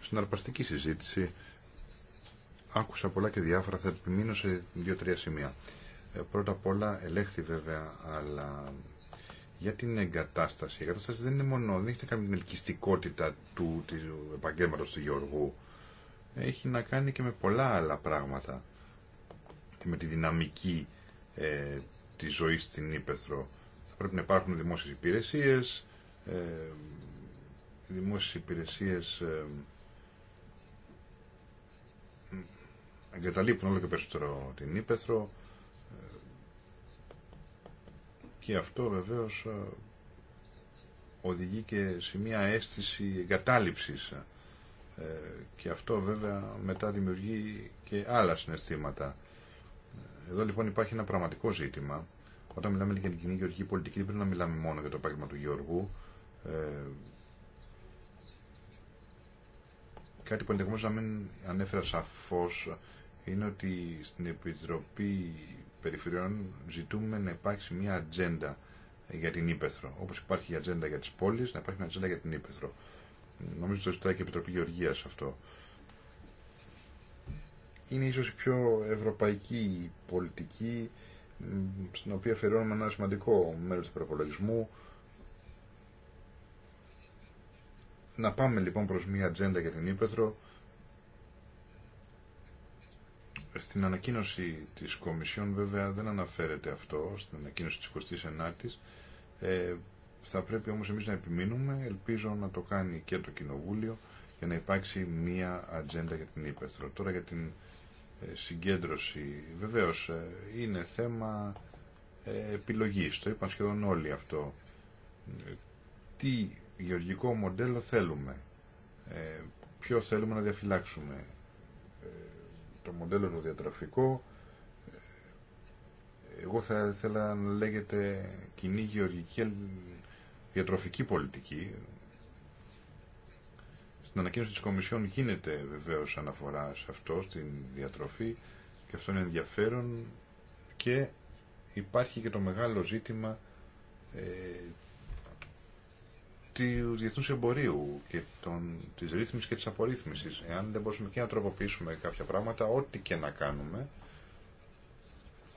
συναρπαστική συζήτηση. Άκουσα πολλά και διάφορα, θα επιμείνω σε δύο-τρία σημεία. Ε, πρώτα απ' όλα ελέγχθη βέβαια, αλλά για την εγκατάσταση. Η εγκατάσταση δεν είναι μόνο, δεν έχει να κάνει με την ελκυστικότητα του, του επαγγέλματος του Γιώργου, Έχει να κάνει και με πολλά άλλα πράγματα και με τη δυναμική ε, της ζωής στην Ήπεθρο. Θα πρέπει να υπάρχουν δημόσιες υπηρεσίες, ε, δημόσιε δημόσιες υπηρεσίες ε, εγκαταλείπουν όλο και περισσότερο την Ήπεθρο, και αυτό βεβαίως ε, οδηγεί και σε μια αίσθηση εγκατάλειψης ε, και αυτό βέβαια μετά δημιουργεί και άλλα συναισθήματα. Εδώ λοιπόν υπάρχει ένα πραγματικό ζήτημα. Όταν μιλάμε για την κοινή γεωργική πολιτική δεν πρέπει να μιλάμε μόνο για το επάγγελμα του γεωργού. Ε, κάτι που ενδεχομένω να μην ανέφερα σαφώ είναι ότι στην Επιτροπή περιφερειών ζητούμε να υπάρξει μια ατζέντα για την Ήπεθρο. Όπως υπάρχει η ατζέντα για τις πόλεις, να υπάρχει μια ατζέντα για την Ήπεθρο. Νομίζω το ζητάει και η Επιτροπή Γεωργίας αυτό. Είναι ίσως η πιο ευρωπαϊκή πολιτική στην οποία φερειώνουμε ένα σημαντικό μέρος του προπολογισμού. Να πάμε λοιπόν προς μια ατζέντα για την Ήπεθρο στην ανακοίνωση της Κομισιόν βέβαια δεν αναφέρεται αυτό, στην ανακοίνωση της 29ης. Ε, θα πρέπει όμως εμείς να επιμείνουμε, ελπίζω να το κάνει και το Κοινοβούλιο για να υπάρξει μία ατζέντα για την Ήπεθρο. Τώρα για την ε, συγκέντρωση, βεβαίως ε, είναι θέμα ε, επιλογής, το είπαν σχεδόν όλοι αυτό. Τι γεωργικό μοντέλο θέλουμε, ποιο θέλουμε να διαφυλάξουμε το μοντέλο του διατροφικό. Ε, εγώ θα ήθελα να λέγεται κοινή γεωργική διατροφική πολιτική. Στην ανακοίνωση της Κομισιόν γίνεται βεβαίως αναφορά σε αυτό, στην διατροφή και αυτό είναι ενδιαφέρον και υπάρχει και το μεγάλο ζήτημα ε, του διεθνού εμπορίου και τη ρύθμιση και τη απορρίθμιση. Εάν δεν μπορούμε και να τροποποιήσουμε κάποια πράγματα, ό,τι και να κάνουμε,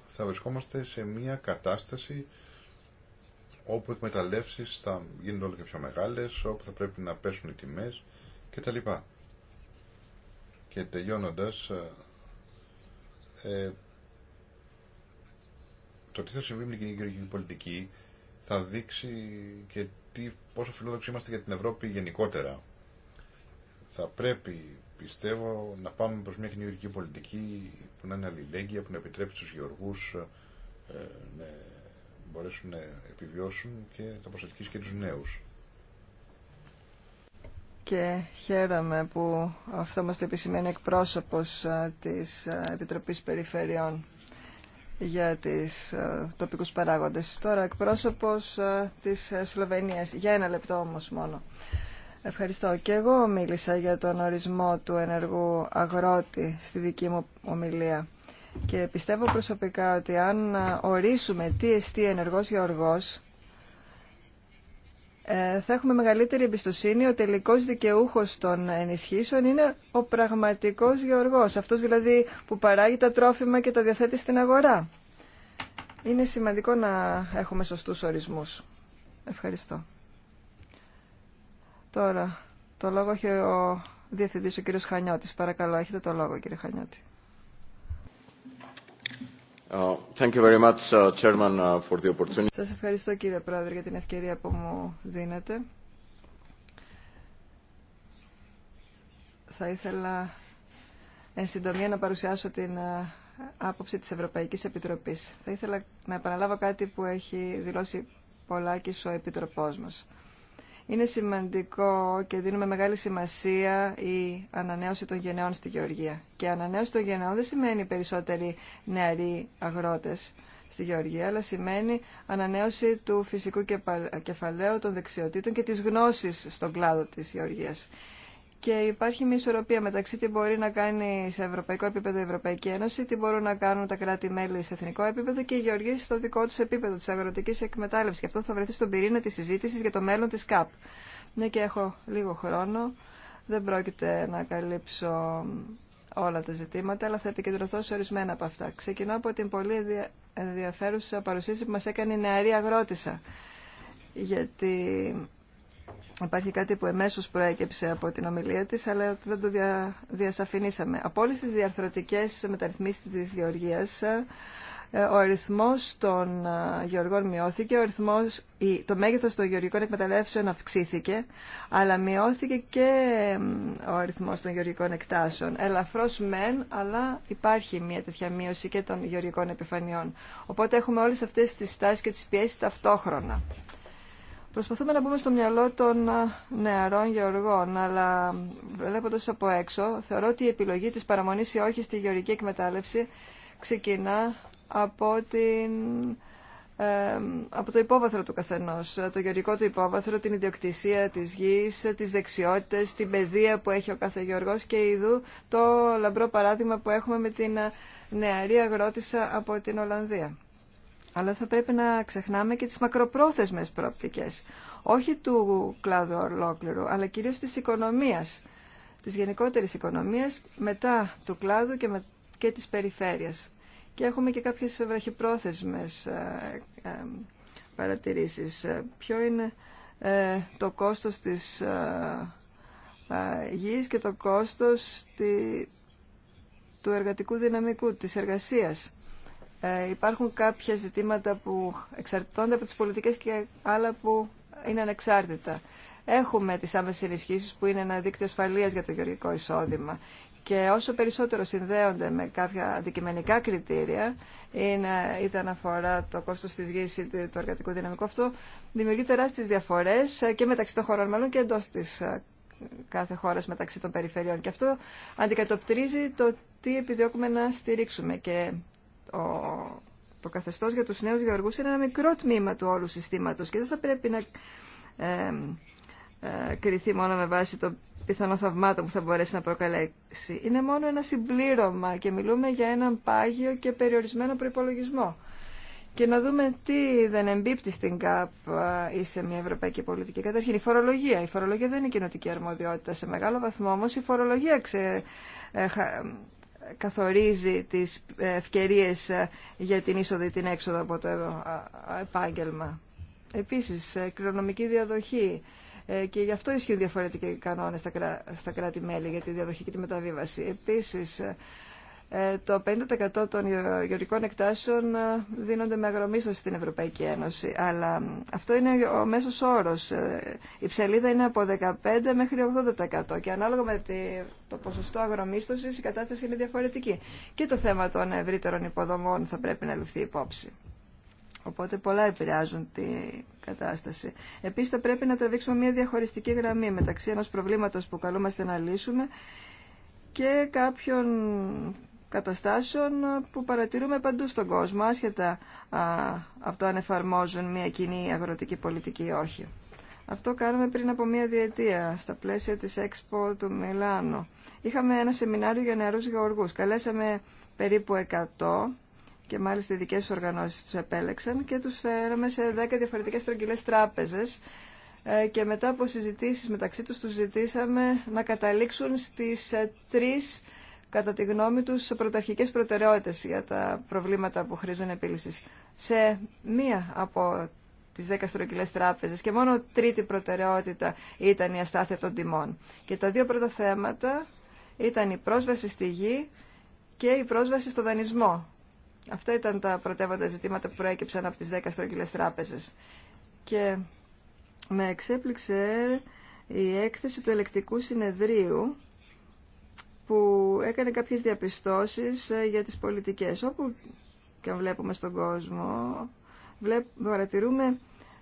θα βρισκόμαστε σε μια κατάσταση όπου εκμεταλλεύσει θα γίνονται όλο και πιο μεγάλε, όπου θα πρέπει να πέσουν οι τιμές κτλ. Και τελειώνοντας, ε, ε το τι θα συμβεί με την κοινωνική πολιτική θα δείξει και τι, πόσο φιλόδοξοι είμαστε για την Ευρώπη γενικότερα. Θα πρέπει, πιστεύω, να πάμε προς μια κοινωνική πολιτική που να είναι αλληλέγγυα, που να επιτρέπει στους γεωργούς ε, να μπορέσουν να επιβιώσουν και τα προσελκύσει και τους νέους. Και χαίρομαι που αυτό μας το επισημαίνει εκπρόσωπος ε, της ε, Επιτροπής Περιφερειών για τις ε, τοπικούς παράγοντες. Τώρα εκπρόσωπος ε, της ε, Σλοβενίας. Για ένα λεπτό όμως μόνο. Ευχαριστώ. Και εγώ μίλησα για τον ορισμό του ενεργού αγρότη στη δική μου ομιλία. Και πιστεύω προσωπικά ότι αν ορίσουμε τι εστί ενεργός γεωργός, ε, θα έχουμε μεγαλύτερη εμπιστοσύνη. Ο τελικός δικαιούχος των ενισχύσεων είναι ο πραγματικός γεωργός, αυτός δηλαδή που παράγει τα τρόφιμα και τα διαθέτει στην αγορά. Είναι σημαντικό να έχουμε σωστούς ορισμούς. Ευχαριστώ. Τώρα, το λόγο έχει ο Διευθυντής, ο κύριος Χανιώτης. Παρακαλώ, έχετε το λόγο κύριε Χανιώτη. Thank Σας ευχαριστώ κύριε Πρόεδρε για την ευκαιρία που μου δίνετε. Θα ήθελα εν συντομία να παρουσιάσω την ε, άποψη της Ευρωπαϊκής Επιτροπής. Θα ήθελα να επαναλάβω κάτι που έχει δηλώσει πολλά και ο Επιτροπός μας. Είναι σημαντικό και δίνουμε μεγάλη σημασία η ανανέωση των γενεών στη Γεωργία. Και ανανέωση των γενεών δεν σημαίνει περισσότεροι νεαροί αγρότες στη Γεωργία, αλλά σημαίνει ανανέωση του φυσικού κεφαλαίου, των δεξιοτήτων και της γνώσης στον κλάδο της Γεωργίας και υπάρχει μια ισορροπία μεταξύ τι μπορεί να κάνει σε ευρωπαϊκό επίπεδο η Ευρωπαϊκή Ένωση, τι μπορούν να κάνουν τα κράτη-μέλη σε εθνικό επίπεδο και οι γεωργοί στο δικό του επίπεδο τη αγροτική εκμετάλλευση. Και αυτό θα βρεθεί στον πυρήνα τη συζήτηση για το μέλλον τη ΚΑΠ. Μια ναι, και έχω λίγο χρόνο, δεν πρόκειται να καλύψω όλα τα ζητήματα, αλλά θα επικεντρωθώ σε ορισμένα από αυτά. Ξεκινώ από την πολύ ενδιαφέρουσα παρουσίαση που μα έκανε η νεαρή αγρότησα. Γιατί Υπάρχει κάτι που εμέσως προέκυψε από την ομιλία της, αλλά δεν το δια, διασαφηνίσαμε. Από όλες τις διαρθρωτικές μεταρρυθμίσεις της Γεωργίας, ε, ο αριθμός των ε, γεωργών μειώθηκε, ο το μέγεθος των γεωργικών εκμεταλλεύσεων αυξήθηκε, αλλά μειώθηκε και ο αριθμός των γεωργικών εκτάσεων. Ελαφρώς μεν, αλλά υπάρχει μια τέτοια μείωση και των γεωργικών επιφανειών. Οπότε έχουμε όλες αυτές τις στάσεις και τις πιέσεις ταυτόχρονα. Προσπαθούμε να μπούμε στο μυαλό των ε, νεαρών γεωργών, αλλά βλέποντα από έξω, θεωρώ ότι η επιλογή της παραμονής ή όχι στη γεωργική εκμετάλλευση ξεκινά από, την, ε, από το υπόβαθρο του καθενό. το γεωργικό του υπόβαθρο, την ιδιοκτησία τη γης, τι δεξιότητε, την παιδεία που έχει ο κάθε γεωργό και ειδού το λαμπρό παράδειγμα που έχουμε με την ε, νεαρή αγρότησα από την Ολλανδία. Αλλά θα πρέπει να ξεχνάμε και τις μακροπρόθεσμες προοπτικές, όχι του κλάδου ολόκληρου, αλλά κυρίως της οικονομίας, της γενικότερης οικονομίας, μετά του κλάδου και, με, και της περιφέρειας. Και έχουμε και κάποιες βραχυπρόθεσμες ε, ε, παρατηρήσεις. Ε, ποιο είναι το κόστος της γης και το κόστος του εργατικού δυναμικού, της εργασίας. Ε, υπάρχουν κάποια ζητήματα που εξαρτώνται από τις πολιτικές και άλλα που είναι ανεξάρτητα. Έχουμε τις άμεσες ενισχύσει που είναι ένα δίκτυο ασφαλείας για το γεωργικό εισόδημα και όσο περισσότερο συνδέονται με κάποια αντικειμενικά κριτήρια, είναι, είτε αναφορά το κόστο τη γη είτε το εργατικό δυναμικό αυτό, δημιουργεί τεράστιε διαφορέ ε, και μεταξύ των χωρών μάλλον και εντό της ε, κάθε χώρα μεταξύ των περιφερειών. Και αυτό αντικατοπτρίζει το τι επιδιώκουμε να στηρίξουμε. Και το καθεστώς για τους νέους γεωργούς είναι ένα μικρό τμήμα του όλου συστήματος και δεν θα πρέπει να ε, ε, κριθεί μόνο με βάση το πιθανό θαυμάτο που θα μπορέσει να προκαλέσει. Είναι μόνο ένα συμπλήρωμα και μιλούμε για έναν πάγιο και περιορισμένο προπολογισμό. Και να δούμε τι δεν εμπίπτει στην ΚΑΠ ε, ή σε μια ευρωπαϊκή πολιτική. Καταρχήν η φορολογία. Η φορολογία δεν είναι κοινοτική αρμοδιότητα. Σε μεγάλο βαθμό όμω η φορολογία ξε... Ε, καθορίζει τις ευκαιρίες ε, για την είσοδο ή την έξοδο από το ε, ε, επάγγελμα. Επίσης, κληρονομική διαδοχή. Και γι' αυτό ισχύουν διαφορετικοί κανόνες στα κράτη-μέλη για τη διαδοχή και τη μεταβίβαση. Επίσης, ε, το 50% των γεωργικών εκτάσεων ε, δίνονται με αγρομίσθωση στην Ευρωπαϊκή Ένωση. Αλλά αυτό είναι ο μέσος όρος. Ε, η ψελίδα είναι από 15% μέχρι 80% και ανάλογα με το ποσοστό αγρομίσθωσης η κατάσταση είναι διαφορετική. Και το θέμα των ευρύτερων υποδομών θα πρέπει να ληφθεί υπόψη. Οπότε πολλά επηρεάζουν την κατάσταση. Επίσης θα πρέπει να τραβήξουμε μια διαχωριστική γραμμή μεταξύ ενός προβλήματος που καλούμαστε να λύσουμε και κάποιων καταστάσεων που παρατηρούμε παντού στον κόσμο, άσχετα από το αν εφαρμόζουν μια κοινή αγροτική πολιτική ή όχι. Αυτό κάναμε πριν από μία διετία, στα πλαίσια της Expo του Μιλάνου. Είχαμε ένα σεμινάριο για νεαρούς γεωργούς. Καλέσαμε περίπου 100 και μάλιστα οι δικές τους οργανώσεις τους επέλεξαν και τους φέραμε σε 10 διαφορετικές τρογγυλές τράπεζες ε, και μετά από συζητήσεις μεταξύ τους τους ζητήσαμε να καταλήξουν στις ε, τρεις κατά τη γνώμη του πρωταρχικέ προτεραιότητες για τα προβλήματα που χρήζουν επίλυση Σε μία από τι 10 στρογγυλέ τράπεζε. και μόνο τρίτη προτεραιότητα ήταν η αστάθεια των τιμών. Και τα δύο πρώτα θέματα ήταν η πρόσβαση στη γη και η πρόσβαση στο δανεισμό. Αυτά ήταν τα πρωτεύοντα ζητήματα που προέκυψαν από τι δέκα στρογγυλέ τράπεζε. Και με εξέπληξε η έκθεση του ελεκτικού συνεδρίου που έκανε κάποιες διαπιστώσεις ε, για τις πολιτικές. Όπου και αν βλέπουμε στον κόσμο, βλέπουμε, παρατηρούμε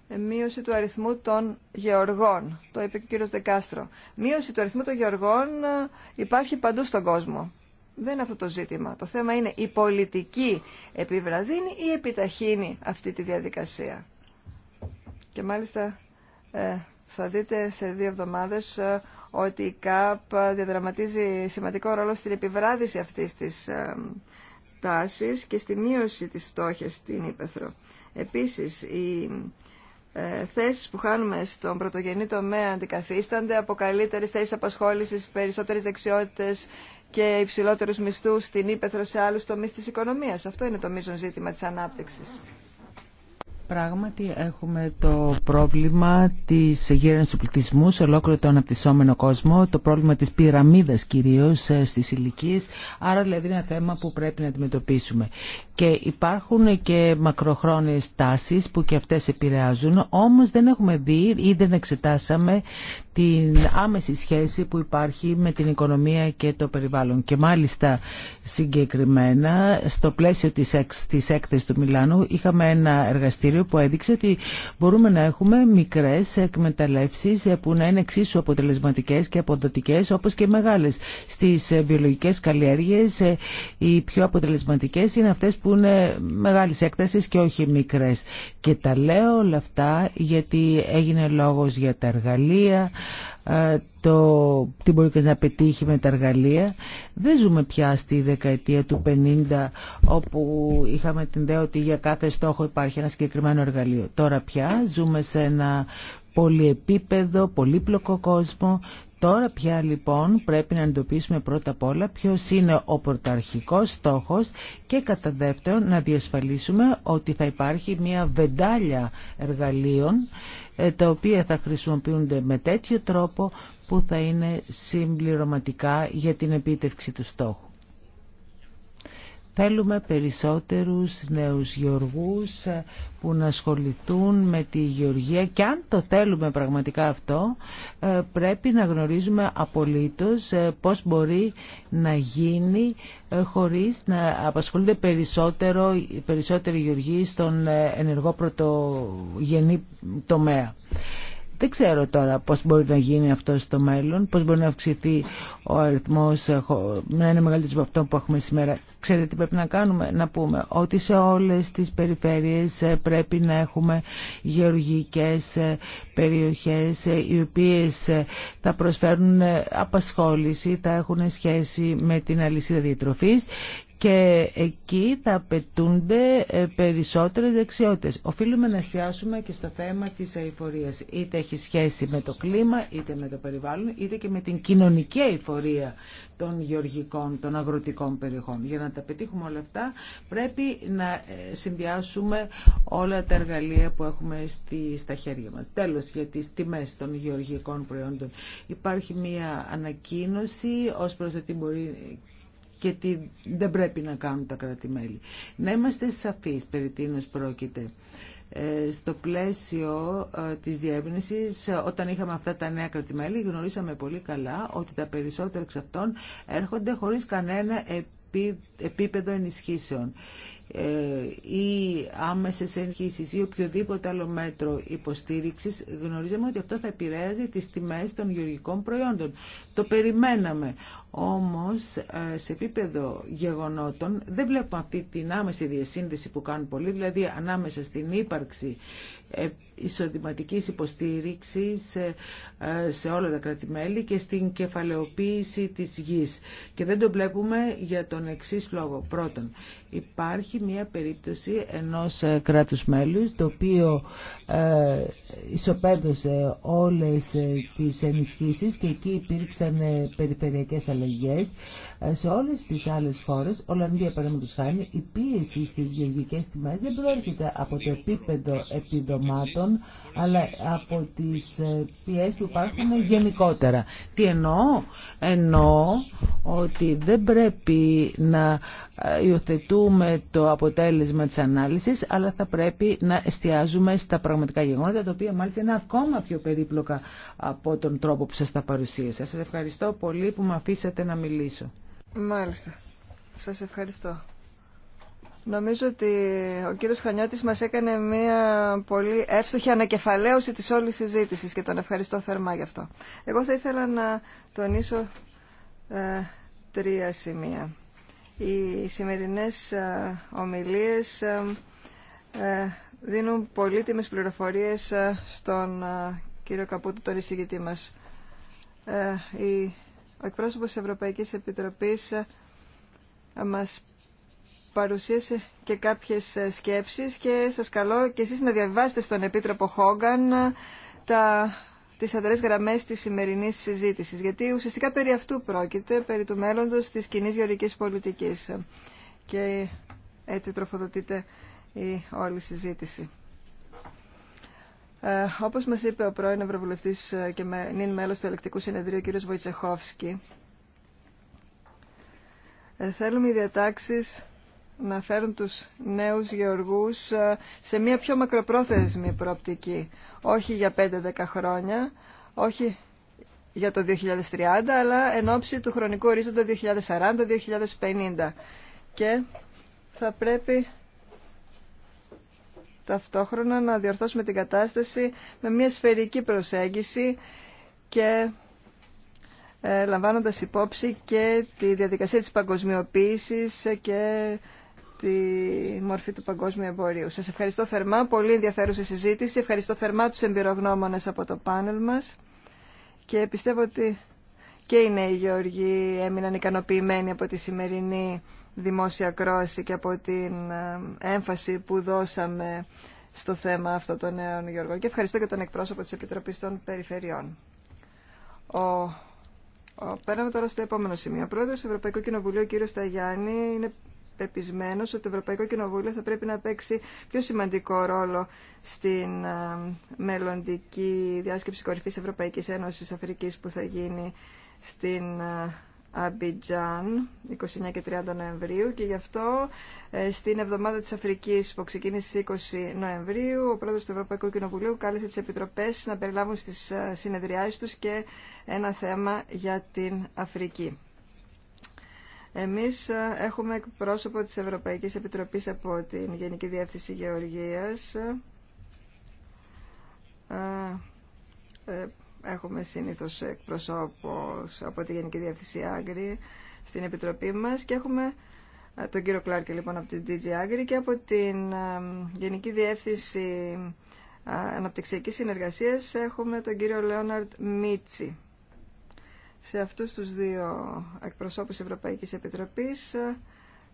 ε, μείωση του αριθμού των γεωργών. Το είπε και ο κύριος Δεκάστρο. Μείωση του αριθμού των γεωργών ε, υπάρχει παντού στον κόσμο. Δεν είναι αυτό το ζήτημα. Το θέμα είναι η πολιτική επιβραδύνει ή επιταχύνει αυτή τη διαδικασία. Και μάλιστα θα δείτε σε δύο εβδομάδες ότι η ΚΑΠ διαδραματίζει σημαντικό ρόλο στην επιβράδυση αυτής της ε, τάσης και στη μείωση της φτώχειας στην Ήπεθρο. Επίσης, οι ε, θέσεις που χάνουμε στον πρωτογενή τομέα αντικαθίστανται από καλύτερε θέσεις απασχόλησης, περισσότερες δεξιότητες και υψηλότερους μισθούς στην Ήπεθρο σε άλλους τομείς της οικονομίας. Αυτό είναι το μείζον ζήτημα της ανάπτυξης. Πράγματι έχουμε το πρόβλημα της γέρανσης του πληθυσμού σε ολόκληρο τον αναπτυσσόμενο κόσμο, το πρόβλημα της πυραμίδας κυρίως ε, στις ηλικίε, άρα δηλαδή είναι ένα θέμα που πρέπει να αντιμετωπίσουμε. Και υπάρχουν και μακροχρόνιες τάσεις που και αυτές επηρεάζουν, όμως δεν έχουμε δει ή δεν εξετάσαμε την άμεση σχέση που υπάρχει με την οικονομία και το περιβάλλον. Και μάλιστα συγκεκριμένα στο πλαίσιο της, εξ, της έκθεσης του Μιλάνου είχαμε ένα εργαστήριο που έδειξε ότι μπορούμε να έχουμε μικρές εκμεταλλεύσεις που να είναι εξίσου αποτελεσματικές και αποδοτικές όπως και μεγάλες. Στις βιολογικές καλλιέργειες οι πιο αποτελεσματικές είναι αυτές που είναι μεγάλης έκτασης και όχι μικρές. Και τα λέω όλα αυτά γιατί έγινε λόγος για τα εργαλεία, ε, το, τι μπορεί και να πετύχει με τα εργαλεία. Δεν ζούμε πια στη δεκαετία του 50 όπου είχαμε την ιδέα ότι για κάθε στόχο υπάρχει ένα συγκεκριμένο εργαλείο. Τώρα πια ζούμε σε ένα πολυεπίπεδο, πολύπλοκο κόσμο Τώρα πια λοιπόν πρέπει να εντοπίσουμε πρώτα απ' όλα ποιος είναι ο πρωταρχικός στόχος και κατά δεύτερον να διασφαλίσουμε ότι θα υπάρχει μια βεντάλια εργαλείων ε, τα οποία θα χρησιμοποιούνται με τέτοιο τρόπο που θα είναι συμπληρωματικά για την επίτευξη του στόχου. Θέλουμε περισσότερους νέους γεωργούς ε, που να ασχοληθούν με τη γεωργία και αν το θέλουμε πραγματικά αυτό ε, πρέπει να γνωρίζουμε απολύτως ε, πώς μπορεί να γίνει χωρίς να απασχολούνται περισσότερο, περισσότεροι γεωργοί στον ενεργό πρωτογενή τομέα. Δεν ξέρω τώρα πώς μπορεί να γίνει αυτό στο μέλλον, πώς μπορεί να αυξηθεί ο αριθμός, ε, να είναι μεγαλύτερο από αυτό που έχουμε σήμερα. Ξέρετε τι πρέπει να κάνουμε, να πούμε ότι σε όλες τις περιφέρειες ε, πρέπει να έχουμε γεωργικές ε, περιοχές οι οποίες θα προσφέρουν απασχόληση, θα έχουν σχέση με την αλυσίδα διατροφής και εκεί θα απαιτούνται ε, περισσότερες δεξιότητες. Οφείλουμε να εστιάσουμε και στο θέμα της αηφορίας. Είτε έχει σχέση με το κλίμα, είτε με το περιβάλλον, είτε και με την κοινωνική αηφορία των γεωργικών, των αγροτικών περιοχών. Για να τα πετύχουμε όλα αυτά πρέπει να ε, συνδυάσουμε όλα τα εργαλεία που έχουμε στη, στα χέρια μας. Τέλος, για τις τιμές των γεωργικών προϊόντων. Υπάρχει μια ανακοίνωση ως προς ότι μπορεί και τι δεν πρέπει να κάνουν τα κράτη-μέλη. Να είμαστε σαφείς περί τίνος πρόκειται. Ε, στο πλαίσιο ε, της διεύνησης, ε, όταν είχαμε αυτά τα νέα κρατημέλη, γνωρίσαμε πολύ καλά ότι τα περισσότερα εξ αυτών έρχονται χωρίς κανένα επίπεδο ενισχύσεων. Ε, ή άμεσες εγχύσεις ή οποιοδήποτε άλλο μέτρο υποστήριξης, γνωρίζαμε ότι αυτό θα επηρέαζε τις τιμές των γεωργικών προϊόντων. Το περιμέναμε. Όμως, ε, σε επίπεδο γεγονότων, δεν βλέπουμε αυτή την άμεση διασύνδεση που κάνουν πολλοί, δηλαδή ανάμεσα στην ύπαρξη εισοδηματικής υποστήριξης ε, ε, σε, όλα τα κρατημέλη και στην κεφαλαιοποίηση της γης. Και δεν το βλέπουμε για τον εξής λόγο. Πρώτον, υπάρχει μια περίπτωση ενός ε, κράτους μέλους το οποίο ε, ισοπαίδωσε όλες ε, τις ενισχύσεις και εκεί υπήρξαν ε, περιφερειακές αλλαγές. Σε όλες τις άλλες χώρες, Ολλανδία παραδείγματος χάνει, η πίεση στις γεωργικές τιμές δεν προέρχεται από το επίπεδο επιδομάτων, αλλά από τις πιέσεις που υπάρχουν γενικότερα. Τι εννοώ? Εννοώ ότι δεν πρέπει να υιοθετούμε το αποτέλεσμα της ανάλυσης, αλλά θα πρέπει να εστιάζουμε στα πραγματικά πραγματικά γεγονότα, τα οποία μάλιστα είναι ακόμα πιο περίπλοκα από τον τρόπο που σας τα παρουσίασα. Σας ευχαριστώ πολύ που με αφήσατε να μιλήσω. Μάλιστα. Σας ευχαριστώ. Νομίζω ότι ο κύριος Χανιώτης μας έκανε μια πολύ εύστοχη ανακεφαλαίωση της όλης συζήτησης και τον ευχαριστώ θερμά γι' αυτό. Εγώ θα ήθελα να τονίσω ε, τρία σημεία. Οι σημερινές ε, ομιλίες ε, δίνουν πολύτιμες πληροφορίες ε, στον ε, κύριο Καπούτο, τον εισηγητή μας. Ε, ο εκπρόσωπος της Ευρωπαϊκής Επιτροπής μας παρουσίασε και κάποιες σκέψεις και σας καλώ και εσείς να διαβάσετε στον Επίτροπο Χόγκαν τα, τις γραμμέ γραμμές της σημερινής συζήτησης, γιατί ουσιαστικά περί αυτού πρόκειται, περί του μέλλοντος της κοινή γεωρικής πολιτικής. Και έτσι τροφοδοτείται η όλη συζήτηση. Ε, όπως μας είπε ο πρώην Ευρωβουλευτής ε, και με, νυν μέλος του Ελεκτικού Συνεδρίου, ο κ. Βοητσεχόφσκι, ε, θέλουμε οι διατάξεις να φέρουν τους νέους γεωργούς ε, σε μια πιο μακροπρόθεσμη προοπτική. Όχι για 5-10 χρόνια, όχι για το 2030, αλλά εν ώψη του χρονικού ορίζοντα 2040-2050. Και θα πρέπει ταυτόχρονα να διορθώσουμε την κατάσταση με μια σφαιρική προσέγγιση και ε, λαμβάνοντας υπόψη και τη διαδικασία της παγκοσμιοποίησης και τη μορφή του παγκόσμιου εμπορίου. Σας ευχαριστώ θερμά, πολύ ενδιαφέρουσα συζήτηση. Ευχαριστώ θερμά τους εμπειρογνώμονες από το πάνελ μας και πιστεύω ότι και οι νέοι Γεωργοί έμειναν ικανοποιημένοι από τη σημερινή δημόσια κρόση και από την ε, έμφαση που δώσαμε στο θέμα αυτό των νέων γεωργών. Και ευχαριστώ και τον εκπρόσωπο της Επιτροπής των Περιφερειών. Ο Πέραμε τώρα στο επόμενο σημείο. Ο Πρόεδρος του Ευρωπαϊκού Κοινοβουλίου, ο κύριο Σταγιάννη, είναι πεπισμένο ότι το Ευρωπαϊκό Κοινοβούλιο θα πρέπει να παίξει πιο σημαντικό ρόλο στην ε, μελλοντική διάσκεψη κορυφή Ευρωπαϊκής Ένωσης Αφρικής που θα γίνει στην ε, Αμπιτζάν 29 και 30 Νοεμβρίου και γι' αυτό ε, στην εβδομάδα της Αφρικής που ξεκίνησε στις 20 Νοεμβρίου ο πρόεδρος του Ευρωπαϊκού Κοινοβουλίου κάλεσε τις επιτροπές να περιλάβουν στις ε, συνεδριάσεις τους και ένα θέμα για την Αφρική. Εμείς ε, έχουμε εκπρόσωπο της Ευρωπαϊκής Επιτροπής από την Γενική Διεύθυνση Γεωργίας έχουμε συνήθως εκπροσώπους από τη Γενική Διεύθυνση Άγκρη στην Επιτροπή μας και έχουμε ε, τον κύριο Κλάρκε λοιπόν από την DG Άγκρη και από την ε, Γενική Διεύθυνση ε, Αναπτυξιακής Συνεργασίας έχουμε τον κύριο Λέοναρντ Μίτσι. Σε αυτούς τους δύο εκπροσώπους Ευρωπαϊκής Επιτροπής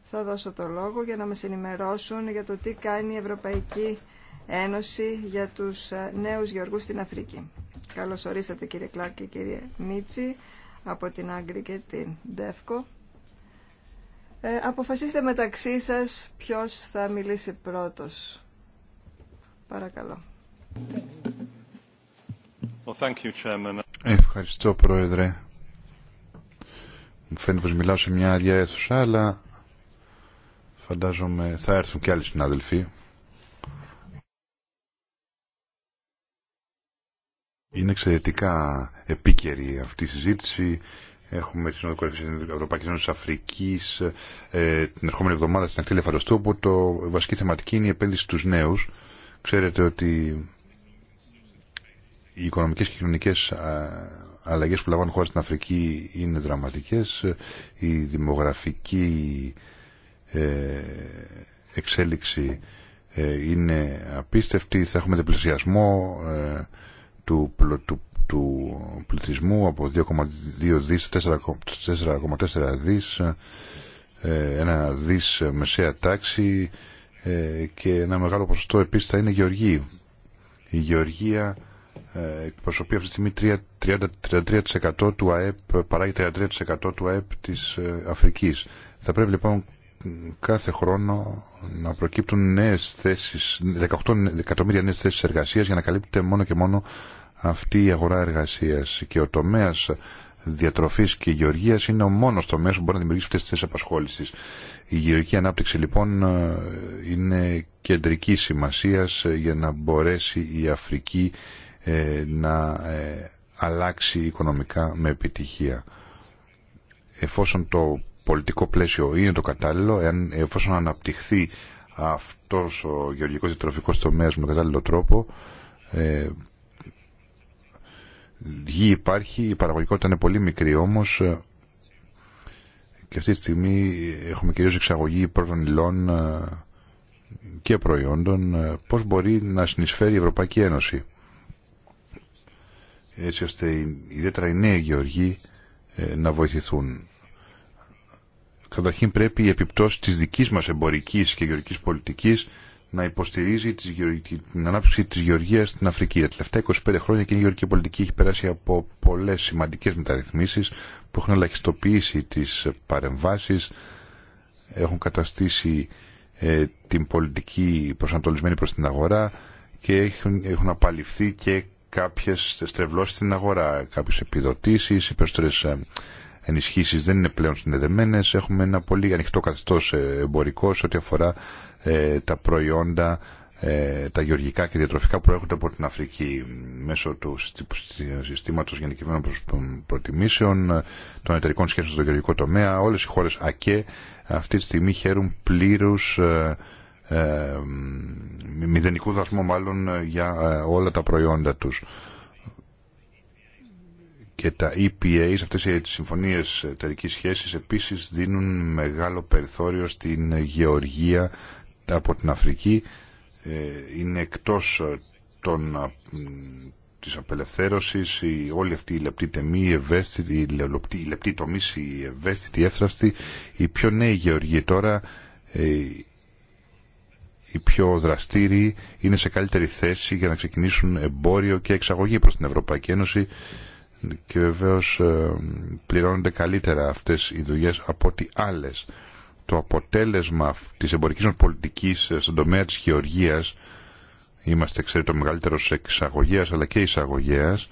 θα δώσω το λόγο για να μας ενημερώσουν για το τι κάνει η Ευρωπαϊκή Ένωση για τους ε, νέους γεωργούς στην Αφρική. Καλώς ορίσατε κύριε Κλάρκ και κύριε Μίτσι από την Άγκρη και την Δεύκο. Ε, αποφασίστε μεταξύ σας ποιος θα μιλήσει πρώτος. Παρακαλώ. Well, thank Ευχαριστώ Πρόεδρε. Μου φαίνεται πως μιλάω σε μια άδεια αλλά φαντάζομαι θα έρθουν και άλλοι συνάδελφοι. Είναι εξαιρετικά επίκαιρη αυτή η συζήτηση. Έχουμε τη Συνόδο Κορυφή Ευρωπαϊκή Ένωση Αφρική ε, την ερχόμενη εβδομάδα στην Ακτή το βασική θεματική είναι η επένδυση στου νέου. Ξέρετε ότι οι οικονομικέ και κοινωνικέ αλλαγέ που λαμβάνουν χώρα στην Αφρική είναι δραματικέ. Η δημογραφική ε, εξέλιξη ε, είναι απίστευτη. Θα έχουμε διπλασιασμό. Ε, του, του, του πληθυσμού από 2,2 δις 4,4 δις ε, ένα δις μεσαία τάξη ε, και ένα μεγάλο ποσοστό επίσης θα είναι γεωργοί. Η γεωργία ε, εκπροσωπεί αυτή τη στιγμή 33% του ΑΕΠ, παράγει 33% του ΑΕΠ της Αφρικής. Θα πρέπει λοιπόν κάθε χρόνο να προκύπτουν νέες θέσεις, 18 εκατομμύρια νέες θέσεις εργασίας για να καλύπτεται μόνο και μόνο αυτή η αγορά εργασίας και ο τομέας διατροφής και γεωργία είναι ο μόνος τομέας που μπορεί να δημιουργήσει αυτές τις θέσεις απασχόλησης. Η γεωργική ανάπτυξη λοιπόν είναι κεντρική σημασίας για να μπορέσει η Αφρική ε, να ε, αλλάξει οικονομικά με επιτυχία. Εφόσον το πολιτικό πλαίσιο είναι το κατάλληλο, εφόσον αναπτυχθεί αυτός ο γεωργικός διατροφικός τομέας με κατάλληλο τρόπο, ε, γη υπάρχει, η παραγωγικότητα είναι πολύ μικρή όμως ε, και αυτή τη στιγμή έχουμε κυρίως εξαγωγή πρώτων υλών ε, και προϊόντων ε, πώς μπορεί να συνεισφέρει η Ευρωπαϊκή Ένωση έτσι ώστε ιδιαίτερα οι νέοι γεωργοί να βοηθηθούν. Καταρχήν πρέπει η επιπτώση της δικής μας εμπορικής και γεωργικής πολιτικής να υποστηρίζει την ανάπτυξη τη γεωργίας στην Αφρική. Τα τελευταία 25 χρόνια και η γεωργική πολιτική έχει περάσει από πολλέ σημαντικέ μεταρρυθμίσεις που έχουν ελαχιστοποιήσει τι παρεμβάσει, έχουν καταστήσει ε, την πολιτική προσανατολισμένη προ την αγορά και έχουν, έχουν απαλληφθεί και κάποιε στρεβλώσει στην αγορά, κάποιε επιδοτήσει, οι περισσότερε ε, ενισχύσει, δεν είναι πλέον συνδεδεμένες, έχουμε ένα πολύ ανοιχτό καθεστώς ε, εμπορικό σε ό,τι αφορά ε, τα προϊόντα, ε, τα γεωργικά και διατροφικά που προέρχονται από την Αφρική μέσω του συστήματος γενικευμένων προτιμήσεων, ε, των εταιρικών σχέσεων στο γεωργικό τομέα. Όλες οι χώρες ΑΚΕ αυτή τη στιγμή χαίρουν πλήρους μηδενικού δασμού μάλλον για όλα τα προϊόντα τους και τα EPA, αυτές οι συμφωνίες εταιρικής σχέση επίσης δίνουν μεγάλο περιθώριο στην γεωργία από την Αφρική ε, είναι εκτός ε, των, ε, της απελευθέρωσης η, όλη αυτή η λεπτή τομή, η ευαίσθητη, η λεπτή, η η ευαίσθητη, η οι πιο νέοι γεωργοί τώρα, οι πιο δραστήριοι είναι σε καλύτερη θέση για να ξεκινήσουν εμπόριο και εξαγωγή προς την Ευρωπαϊκή Ένωση και βεβαίως πληρώνονται καλύτερα αυτές οι δουλειές από ότι άλλες το αποτέλεσμα της εμπορικής μας πολιτικής ε, στον τομέα της χειοργίας είμαστε ξέρετε το μεγαλύτερος εξαγωγίας αλλά και εισαγωγέας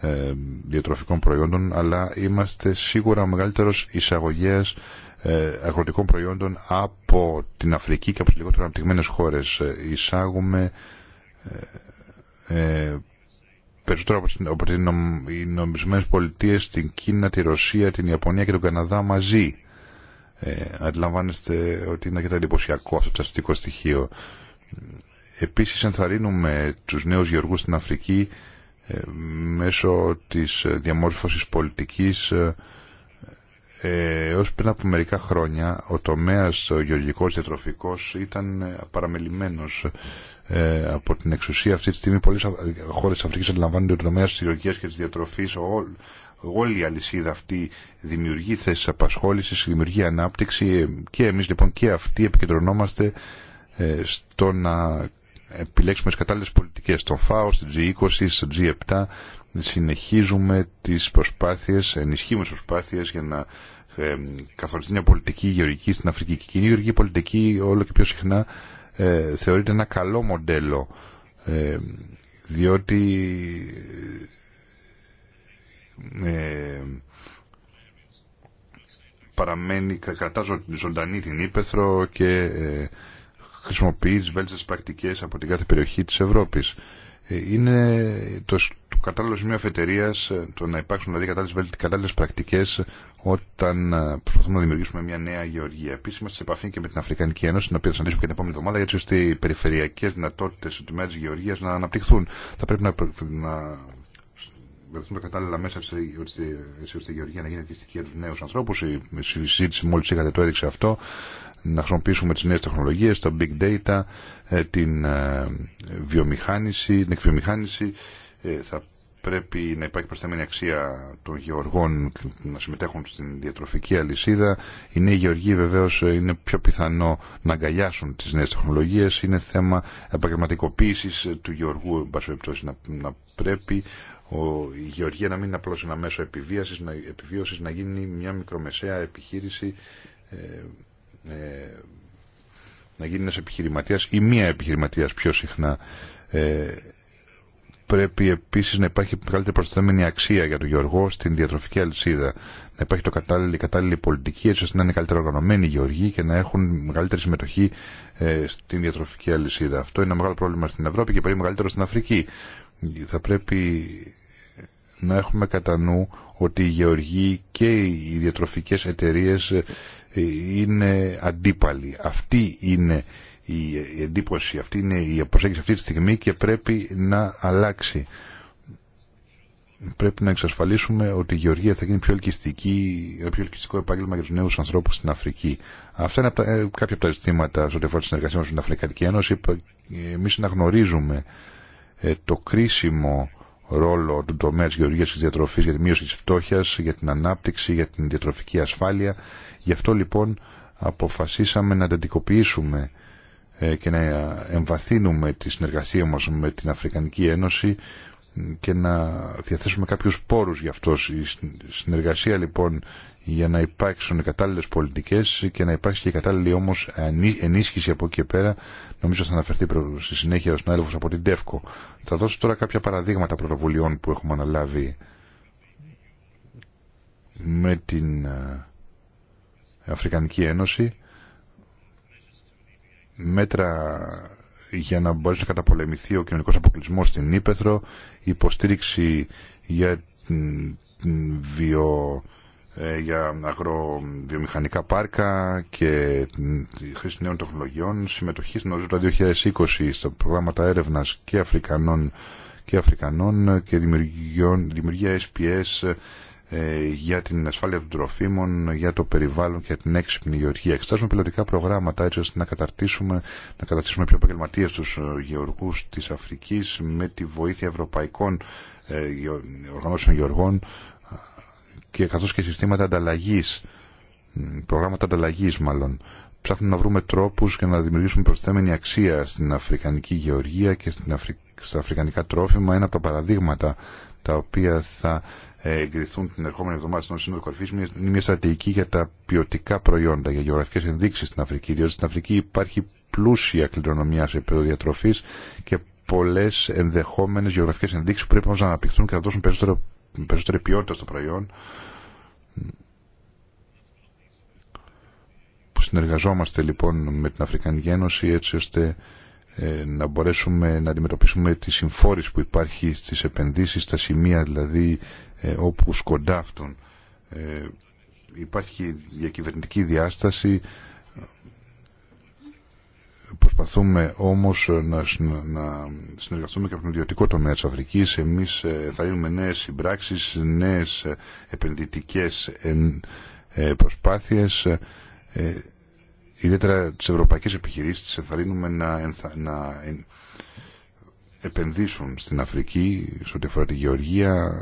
ε, διατροφικών προϊόντων αλλά είμαστε σίγουρα ο μεγαλύτερος εισαγωγέας ε, αγροτικών προϊόντων από την Αφρική και από τις λιγότερο αναπτυγμένες χώρες ε, εισάγουμε ε, περισσότερο από, την, από τις νομισμένες Πολιτείες, την Κίνα, τη Ρωσία, την Ιαπωνία και τον Καναδά μαζί ε, αντιλαμβάνεστε ότι είναι αρκετά εντυπωσιακό αυτό το στοιχείο. Επίσης ενθαρρύνουμε τους νέους γεωργούς στην Αφρική ε, μέσω της διαμόρφωσης πολιτικής ε, έως πριν από μερικά χρόνια ο τομέας ο γεωργικός διατροφικός ήταν παραμελημένος ε, από την εξουσία αυτή τη στιγμή πολλές χώρες της Αφρικής αντιλαμβάνονται ότι ο τομέας της γεωργίας και της διατροφής όλη η αλυσίδα αυτή δημιουργεί θέσεις απασχόλησης, δημιουργεί ανάπτυξη ε, και εμείς λοιπόν και αυτοί επικεντρωνόμαστε ε, στο να επιλέξουμε τις κατάλληλες πολιτικές στον ΦΑΟ, στην G20, στο G7 συνεχίζουμε τις προσπάθειες, ενισχύουμε τις προσπάθειες για να ε, καθοριστεί μια πολιτική γεωργική στην Αφρική. Και η γεωργική πολιτική όλο και πιο συχνά θεωρείται ένα καλό μοντέλο διότι ε, παραμένει, κρατά ζωντανή την Ήπεθρο και ε, χρησιμοποιεί τι βέλτιστες πρακτικέ από την κάθε περιοχή της Ευρώπης. Ε, είναι το, το κατάλληλο σημείο αφετηρίας ε, το να υπάρξουν δηλαδή κατάλληλε πρακτικέ πρακτικές όταν ε, προσπαθούμε να δημιουργήσουμε μια νέα γεωργία. επίση είμαστε σε επαφή και με την Αφρικανική Ένωση, την οποία θα συναντήσουμε και την επόμενη εβδομάδα, έτσι ώστε οι περιφερειακές δυνατότητες του τη γεωργίας να αναπτυχθούν. Θα πρέπει να βρεθούν τα κατάλληλα μέσα έτσι ώστε η Γεωργία να γίνει ελκυστική για του νέου ανθρώπου. Η συζήτηση μόλι είχατε το έδειξε αυτό. Να χρησιμοποιήσουμε τι νέε τεχνολογίε, τα big data, ε, την ε, βιομηχάνηση, την εκβιομηχάνηση. Ε, θα πρέπει να υπάρχει προσταμένη αξία των γεωργών να συμμετέχουν στην διατροφική αλυσίδα. Οι νέοι γεωργοί βεβαίω είναι πιο πιθανό να αγκαλιάσουν τι νέε τεχνολογίε. Είναι θέμα επαγγελματικοποίηση του γεωργού, εν να, να πρέπει ο, η γεωργία να μην είναι απλώς ένα μέσο επιβίωσης, να, επιβίωσης, να γίνει μια μικρομεσαία επιχείρηση, ε, ε, να γίνει ένας επιχειρηματίας ή μία επιχειρηματίας πιο συχνά. Ε, πρέπει επίσης να υπάρχει μεγαλύτερη προσθέμενη αξία για τον Γεωργό στην διατροφική αλυσίδα. Να υπάρχει το κατάλληλη, κατάλληλη πολιτική έτσι ώστε να είναι καλύτερα οργανωμένοι οι Γεωργοί και να έχουν μεγαλύτερη συμμετοχή ε, στην διατροφική αλυσίδα. Αυτό είναι ένα μεγάλο πρόβλημα στην Ευρώπη και πολύ μεγαλύτερο στην Αφρική θα πρέπει να έχουμε κατά νου ότι οι γεωργοί και οι διατροφικές εταιρείες ε, είναι αντίπαλοι. Αυτή είναι η εντύπωση, αυτή είναι η προσέγγιση αυτή τη στιγμή και πρέπει να αλλάξει. Πρέπει να εξασφαλίσουμε ότι η γεωργία θα γίνει πιο ελκυστική, πιο ελκυστικό επάγγελμα για του νέου ανθρώπου στην Αφρική. Αυτά είναι ε, κάποια από τα ζητήματα σε ό,τι αφορά συνεργασία μα με την Αφρικανική Ένωση. Εμεί αναγνωρίζουμε ε, το κρίσιμο ρόλο του τομέα της γεωργίας και της διατροφής για τη μείωση της φτώχειας, για την ανάπτυξη, για την διατροφική ασφάλεια. Γι' αυτό λοιπόν αποφασίσαμε να αντικοποιήσουμε ε, και να εμβαθύνουμε τη συνεργασία μας με την Αφρικανική Ένωση και να διαθέσουμε κάποιους πόρους γι' αυτό. Η συνεργασία λοιπόν για να υπάρξουν οι κατάλληλες πολιτικές και να υπάρξει και η κατάλληλη όμως ενίσχυση από εκεί και πέρα νομίζω θα αναφερθεί στη συνέχεια ο συνάδελφος από την ΤΕΦΚΟ θα δώσω τώρα κάποια παραδείγματα πρωτοβουλειών που έχουμε αναλάβει με την ε, Αφρικανική Ένωση μέτρα για να μπορέσει να καταπολεμηθεί ο κοινωνικό αποκλεισμό στην Ήπεθρο υποστήριξη για την βιο ε, για αγροβιομηχανικά πάρκα και τη χρήση νέων τεχνολογιών, συμμετοχή στην ΟΖΟΤΑ 2020 στα προγράμματα έρευνας και Αφρικανών και, Αφρικανών και δημιουργία SPS ε, για την ασφάλεια των τροφίμων, για το περιβάλλον και την έξυπνη γεωργία. Εξετάζουμε πιλωτικά προγράμματα έτσι ώστε να καταρτήσουμε, να καταρτήσουμε πιο επαγγελματίε του ε, γεωργού τη Αφρική με τη βοήθεια ευρωπαϊκών οργανώσεων γεωργών και καθώς και συστήματα ανταλλαγής, προγράμματα ανταλλαγής μάλλον. Ψάχνουμε να βρούμε τρόπους για να δημιουργήσουμε προσθέμενη αξία στην αφρικανική γεωργία και στην στα αφρικανικά τρόφιμα. Ένα από τα παραδείγματα τα οποία θα ε, εγκριθούν την ερχόμενη εβδομάδα στον Σύνοδο Κορφή είναι μια στρατηγική για τα ποιοτικά προϊόντα, για γεωγραφικές ενδείξεις στην Αφρική. Διότι στην Αφρική υπάρχει πλούσια κληρονομιά σε επίπεδο διατροφή και πολλέ ενδεχόμενε γεωγραφικέ ενδείξει που πρέπει να αναπτυχθούν και να δώσουν περισσότερο περισσότερη ποιότητα στο προϊόν που συνεργαζόμαστε λοιπόν με την Αφρικανική Ένωση έτσι ώστε ε, να μπορέσουμε να αντιμετωπίσουμε τη συμφόρηση που υπάρχει στις επενδύσεις στα σημεία δηλαδή ε, όπου σκοντάφτουν ε, υπάρχει διακυβερνητική διάσταση Προσπαθούμε όμως να, να συνεργαστούμε και από τον ιδιωτικό τομέα της Αφρικής. Εμείς ε, θα δίνουμε νέες συμπράξεις, νέες ε, επενδυτικές ε, προσπάθειες. Ιδιαίτερα τις ευρωπαϊκές επιχειρήσεις θα να, να επενδύσουν στην Αφρική, σε ό,τι αφορά τη γεωργία.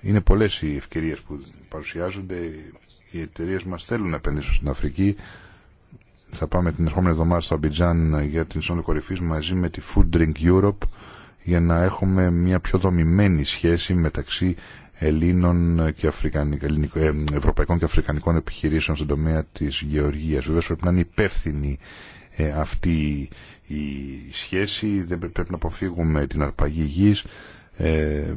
Είναι πολλές οι ευκαιρίες που παρουσιάζονται. Οι εταιρείε μας θέλουν να επενδύσουν στην Αφρική θα πάμε την ερχόμενη εβδομάδα στο Αμπιτζάν για την Σύνοδο Κορυφή μαζί με τη Food Drink Europe για να έχουμε μια πιο δομημένη σχέση μεταξύ Ελλήνων και Αφρικανικών, ε, ευρωπαϊκών και αφρικανικών επιχειρήσεων στον τομέα της γεωργίας. Βέβαια, πρέπει να είναι υπεύθυνη ε, αυτή η σχέση, δεν πρέπει να αποφύγουμε την αρπαγή γης. Ε,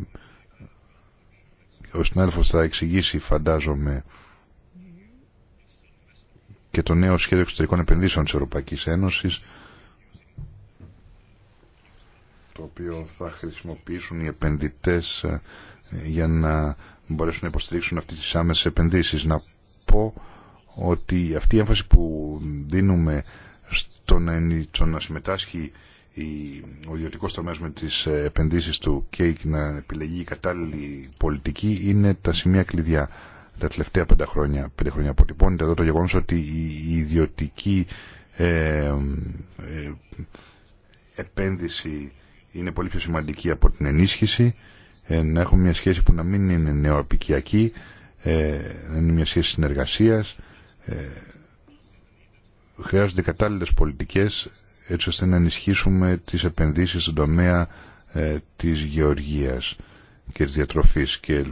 ο συνάδελφος θα εξηγήσει φαντάζομαι και το νέο σχέδιο εξωτερικών επενδύσεων της Ευρωπαϊκής Ένωσης το οποίο θα χρησιμοποιήσουν οι επενδυτές ε, για να μπορέσουν να υποστηρίξουν αυτές τις άμεσες επενδύσεις. Να πω ότι αυτή η έμφαση που δίνουμε στο να, συμμετάσχει ο ιδιωτικό τομέα με τις ε, επενδύσεις του και να επιλεγεί η κατάλληλη πολιτική είναι τα σημεία κλειδιά τα τελευταία πέντε χρόνια, πέντε χρόνια αποτυπώνεται εδώ το γεγονός ότι η ιδιωτική ε, ε, επένδυση είναι πολύ πιο σημαντική από την ενίσχυση ε, να έχουμε μια σχέση που να μην είναι νεοαπικιακή ε, να είναι μια σχέση συνεργασίας ε, χρειάζονται κατάλληλες πολιτικές έτσι ώστε να ενισχύσουμε τις επενδύσεις στον τομέα της γεωργίας και της διατροφής και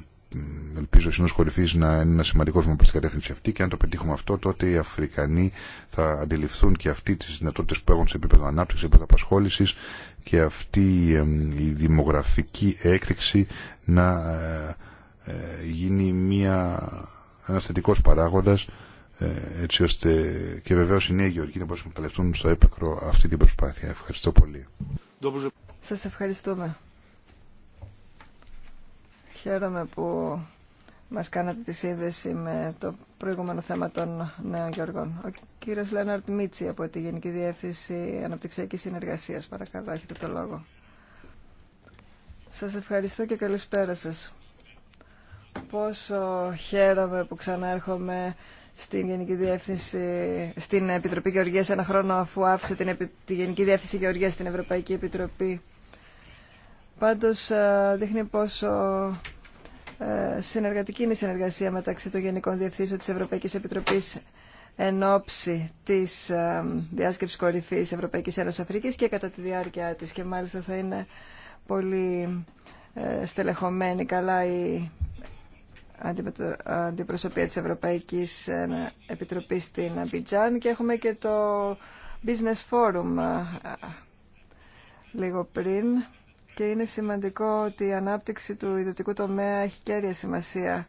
ελπίζω ο Συνός Κορυφής να είναι ένα σημαντικό βήμα προς την κατεύθυνση αυτή και αν το πετύχουμε αυτό τότε οι Αφρικανοί θα αντιληφθούν και αυτοί τις δυνατότητες που έχουν σε επίπεδο ανάπτυξης, σε επίπεδο απασχόληση και αυτή η δημογραφική έκρηξη να ε, ε, γίνει μια, ένας θετικός παράγοντας ε, έτσι ώστε και βεβαίως οι νέοι Γεωργοί να μπορούν να στο έπακρο αυτή την προσπάθεια. Ευχαριστώ πολύ. Σας ευχαριστούμε. Χαίρομαι που μας κάνατε τη σύνδεση με το προηγούμενο θέμα των νέων γεωργών. Ο κύριος Λέναρτ Μίτσι από τη Γενική Διεύθυνση Αναπτυξιακής Συνεργασίας. Παρακαλώ, έχετε το λόγο. Σας ευχαριστώ και καλησπέρα σας. Πόσο χαίρομαι που ξανάρχομαι στην Γενική Διεύθυνση, στην Επιτροπή Γεωργίας ένα χρόνο αφού άφησε την, τη Γενική Διεύθυνση Γεωργίας στην Ευρωπαϊκή Επιτροπή Πάντως ε, δείχνει πόσο ε, συνεργατική είναι η συνεργασία μεταξύ των Γενικών Διευθύνσεων της Ευρωπαϊκής Επιτροπής εν ώψη της ε, διάσκεψης κορυφής Ευρωπαϊκής Ένωσης Αφρικής και κατά τη διάρκεια της και μάλιστα θα είναι πολύ στελεχωμένη καλά η αντιπροσωπεία της Ευρωπαϊκής Επιτροπής στην Αμπιτζάν και έχουμε και το Business Forum λίγο πριν και είναι σημαντικό ότι η ανάπτυξη του ιδιωτικού τομέα έχει κέρια σημασία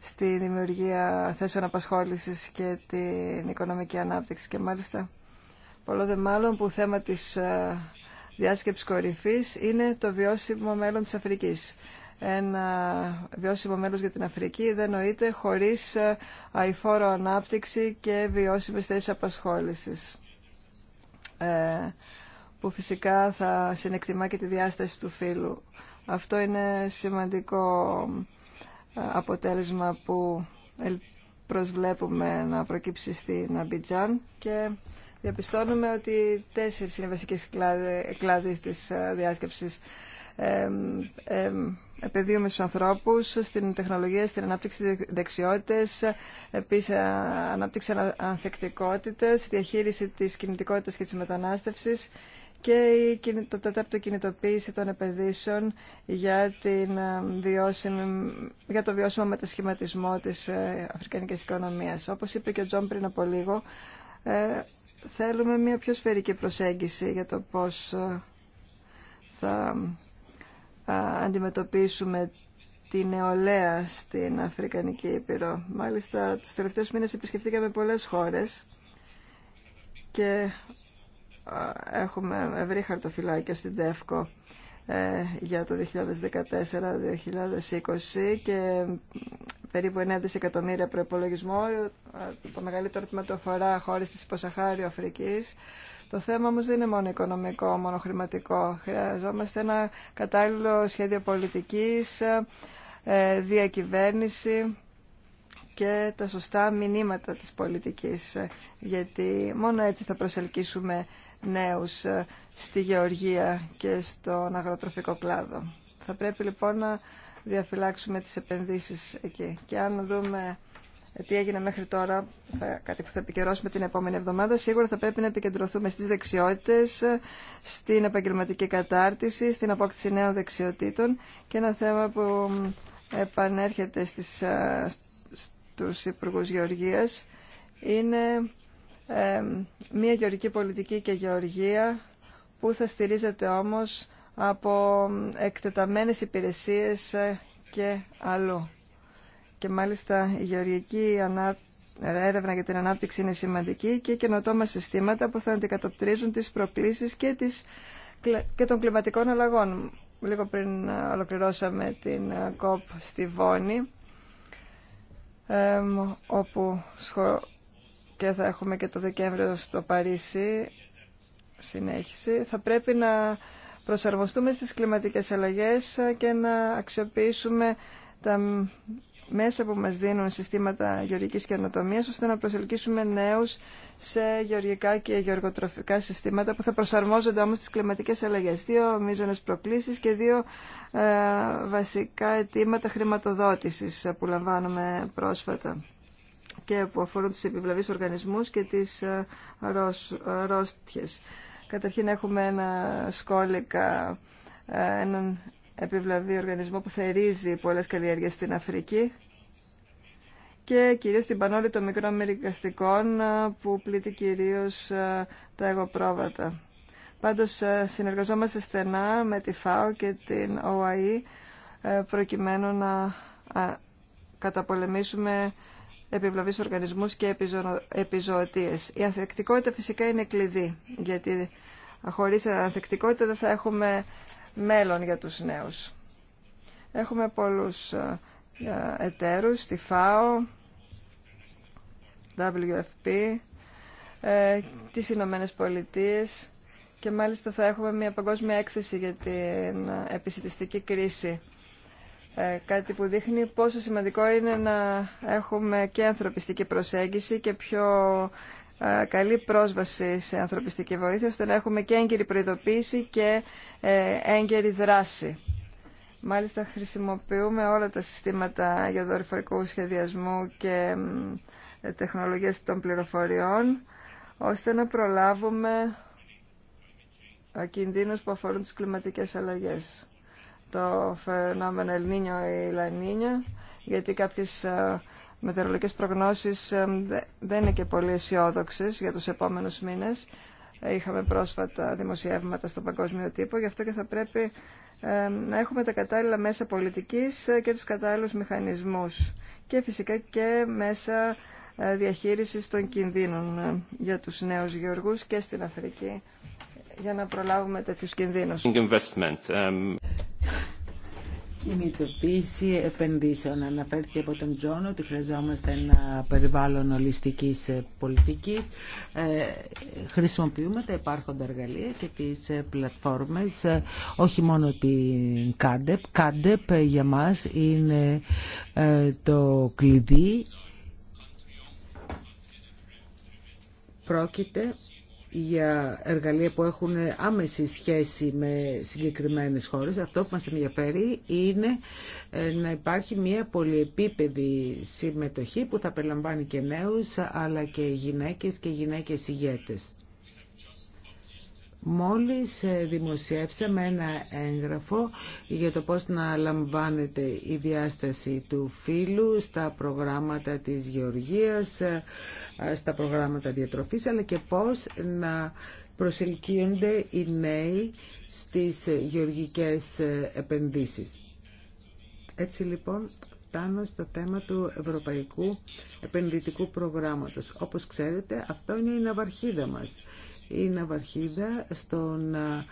στη δημιουργία θέσεων απασχόλησης και την οικονομική ανάπτυξη και μάλιστα πολλό δε μάλλον που θέμα της ε, διάσκεψης κορυφής είναι το βιώσιμο μέλλον της Αφρικής. Ένα βιώσιμο μέλος για την Αφρική δεν νοείται χωρίς ε, αηφόρο ανάπτυξη και βιώσιμες θέσεις απασχόλησης. Ε, που φυσικά θα συνεκτιμά και τη διάσταση του φύλου. Αυτό είναι σημαντικό ε, αποτέλεσμα που προσβλέπουμε να προκύψει στην Αμπιτζάν και διαπιστώνουμε ότι τέσσερις είναι βασικές κλάδες της ε, διάσκεψης. Ε, ε, επαιδείουμε στους ανθρώπους στην τεχνολογία, στην ανάπτυξη δεξιότητες, επίσης ε, ανάπτυξη ανθεκτικότητες, διαχείριση της κινητικότητας και της μετανάστευσης και το τέταρτο κινητοποίηση των επενδύσεων για, την ε, για το βιώσιμο μετασχηματισμό της ε, αφρικανικής οικονομίας. Όπως είπε και ο Τζον πριν από λίγο, ε, θέλουμε μια πιο σφαιρική προσέγγιση για το πώς θα αντιμετωπίσουμε τη νεολαία στην Αφρικανική Ήπειρο. Μάλιστα, τους τελευταίους μήνες επισκεφτήκαμε πολλές χώρες και έχουμε ευρύ χαρτοφυλάκιο στην ΤΕΦΚΟ ε, για το 2014-2020 και περίπου 9 δισεκατομμύρια προπολογισμό. Ε, το μεγαλύτερο τμήμα το αφορά χώρε τη υποσαχάριου Αφρική. Το θέμα όμω δεν είναι μόνο οικονομικό, μόνο χρηματικό. Χρειαζόμαστε ένα κατάλληλο σχέδιο πολιτική, ε, διακυβέρνηση και τα σωστά μηνύματα της πολιτικής, γιατί μόνο έτσι θα προσελκύσουμε νέους ε, στη γεωργία και στον αγροτροφικό κλάδο. Θα πρέπει λοιπόν να διαφυλάξουμε τις επενδύσεις εκεί. Και αν δούμε ε, τι έγινε μέχρι τώρα, θα, κάτι που θα επικαιρώσουμε την επόμενη εβδομάδα, σίγουρα θα πρέπει να επικεντρωθούμε στις δεξιότητες, στην επαγγελματική κατάρτιση, στην απόκτηση νέων δεξιοτήτων και ένα θέμα που επανέρχεται στις, ε, στους Υπουργούς Γεωργίας είναι ε, μια γεωργική πολιτική και γεωργία που θα στηρίζεται όμως από εκτεταμένες υπηρεσίες ε, και αλλού. Και μάλιστα η γεωργική έρευνα για την ανάπτυξη είναι σημαντική και καινοτόμα συστήματα που θα αντικατοπτρίζουν τις προκλήσεις και, τις, και των κλιματικών αλλαγών. Λίγο πριν ε, ολοκληρώσαμε την ΚΟΠ στη Βόνη, όπου και θα έχουμε και το Δεκέμβριο στο Παρίσι συνέχιση, θα πρέπει να προσαρμοστούμε στις κλιματικές αλλαγές και να αξιοποιήσουμε τα μέσα που μας δίνουν συστήματα γεωργικής και ανατομίας, ώστε να προσελκύσουμε νέους σε γεωργικά και γεωργοτροφικά συστήματα που θα προσαρμόζονται όμως στις κλιματικές αλλαγές. Δύο μείζονες προκλήσεις και δύο ε, βασικά αιτήματα χρηματοδότησης που λαμβάνουμε πρόσφατα και που αφορούν τους επιβλαβείς οργανισμούς και τις αρρώστιες. Ε, ε, Καταρχήν έχουμε ένα σκόλικα, ε, έναν επιβλαβή οργανισμό που θερίζει πολλές καλλιέργειες στην Αφρική και κυρίως την πανόλη των μικρών μερικαστικών που πλήττει κυρίως τα εγωπρόβατα. Πάντως συνεργαζόμαστε στενά με τη ΦΑΟ και την ΟΑΗ προκειμένου να καταπολεμήσουμε επιβλαβείς οργανισμούς και επιζωνο, Η ανθεκτικότητα φυσικά είναι κλειδί, γιατί χωρίς ανθεκτικότητα δεν θα έχουμε μέλλον για τους νέους. Έχουμε πολλούς ε, ε, εταίρους, τη ΦΑΟ, WFP, ε, τις Ηνωμένε Πολιτείες και μάλιστα θα έχουμε μια παγκόσμια έκθεση για την επισητιστική κρίση ε, κάτι που δείχνει πόσο σημαντικό είναι να έχουμε και ανθρωπιστική προσέγγιση και πιο ε, καλή πρόσβαση σε ανθρωπιστική βοήθεια, ώστε να έχουμε και έγκαιρη προειδοποίηση και ε, έγκαιρη δράση. Μάλιστα χρησιμοποιούμε όλα τα συστήματα για δορυφορικού σχεδιασμού και τεχνολογίες των πληροφοριών, ώστε να προλάβουμε κινδύνους που αφορούν τις κλιματικές αλλαγές το φαινόμενο Ελνίνιο ή Λανίνιο, γιατί κάποιες ε, μετεωρολογικές προγνώσεις ε, δεν είναι και πολύ αισιόδοξε για τους επόμενους μήνες. Ε, είχαμε πρόσφατα δημοσιεύματα στον παγκόσμιο τύπο, γι' αυτό και θα πρέπει να έχουμε τα κατάλληλα μέσα πολιτικής και τους κατάλληλους μηχανισμούς και φυσικά και μέσα διαχείρισης των κινδύνων για τους νέου γεωργού και στην Αφρική για να προλάβουμε τέτοιου κινδύνου. Κινητοποίηση επενδύσεων. Αναφέρθηκε από τον Τζόνο ότι χρειαζόμαστε ένα περιβάλλον ολιστικής ε, πολιτικής. Ε, χρησιμοποιούμε τα υπάρχοντα εργαλεία και τις ε, πλατφόρμες, όχι μόνο την Κάντεπ. Κάντεπ για μας είναι το κλειδί. Πρόκειται για εργαλεία που έχουν άμεση σχέση με συγκεκριμένες χώρες. Αυτό που μας ενδιαφέρει είναι ε, να υπάρχει μια πολυεπίπεδη συμμετοχή που θα περιλαμβάνει και νέους αλλά και γυναίκες και γυναίκες ηγέτες. Μόλις ε, δημοσιεύσαμε ένα έγγραφο για το πώς να λαμβάνεται η διάσταση του φύλου στα προγράμματα της γεωργίας, ε, στα προγράμματα διατροφής, αλλά και πώς να προσελκύονται οι νέοι στις γεωργικές ε, επενδύσεις. Έτσι λοιπόν φτάνω στο θέμα του Ευρωπαϊκού Επενδυτικού Προγράμματος. Όπως ξέρετε αυτό είναι η ναυαρχίδα μας η ναυαρχίδα στο να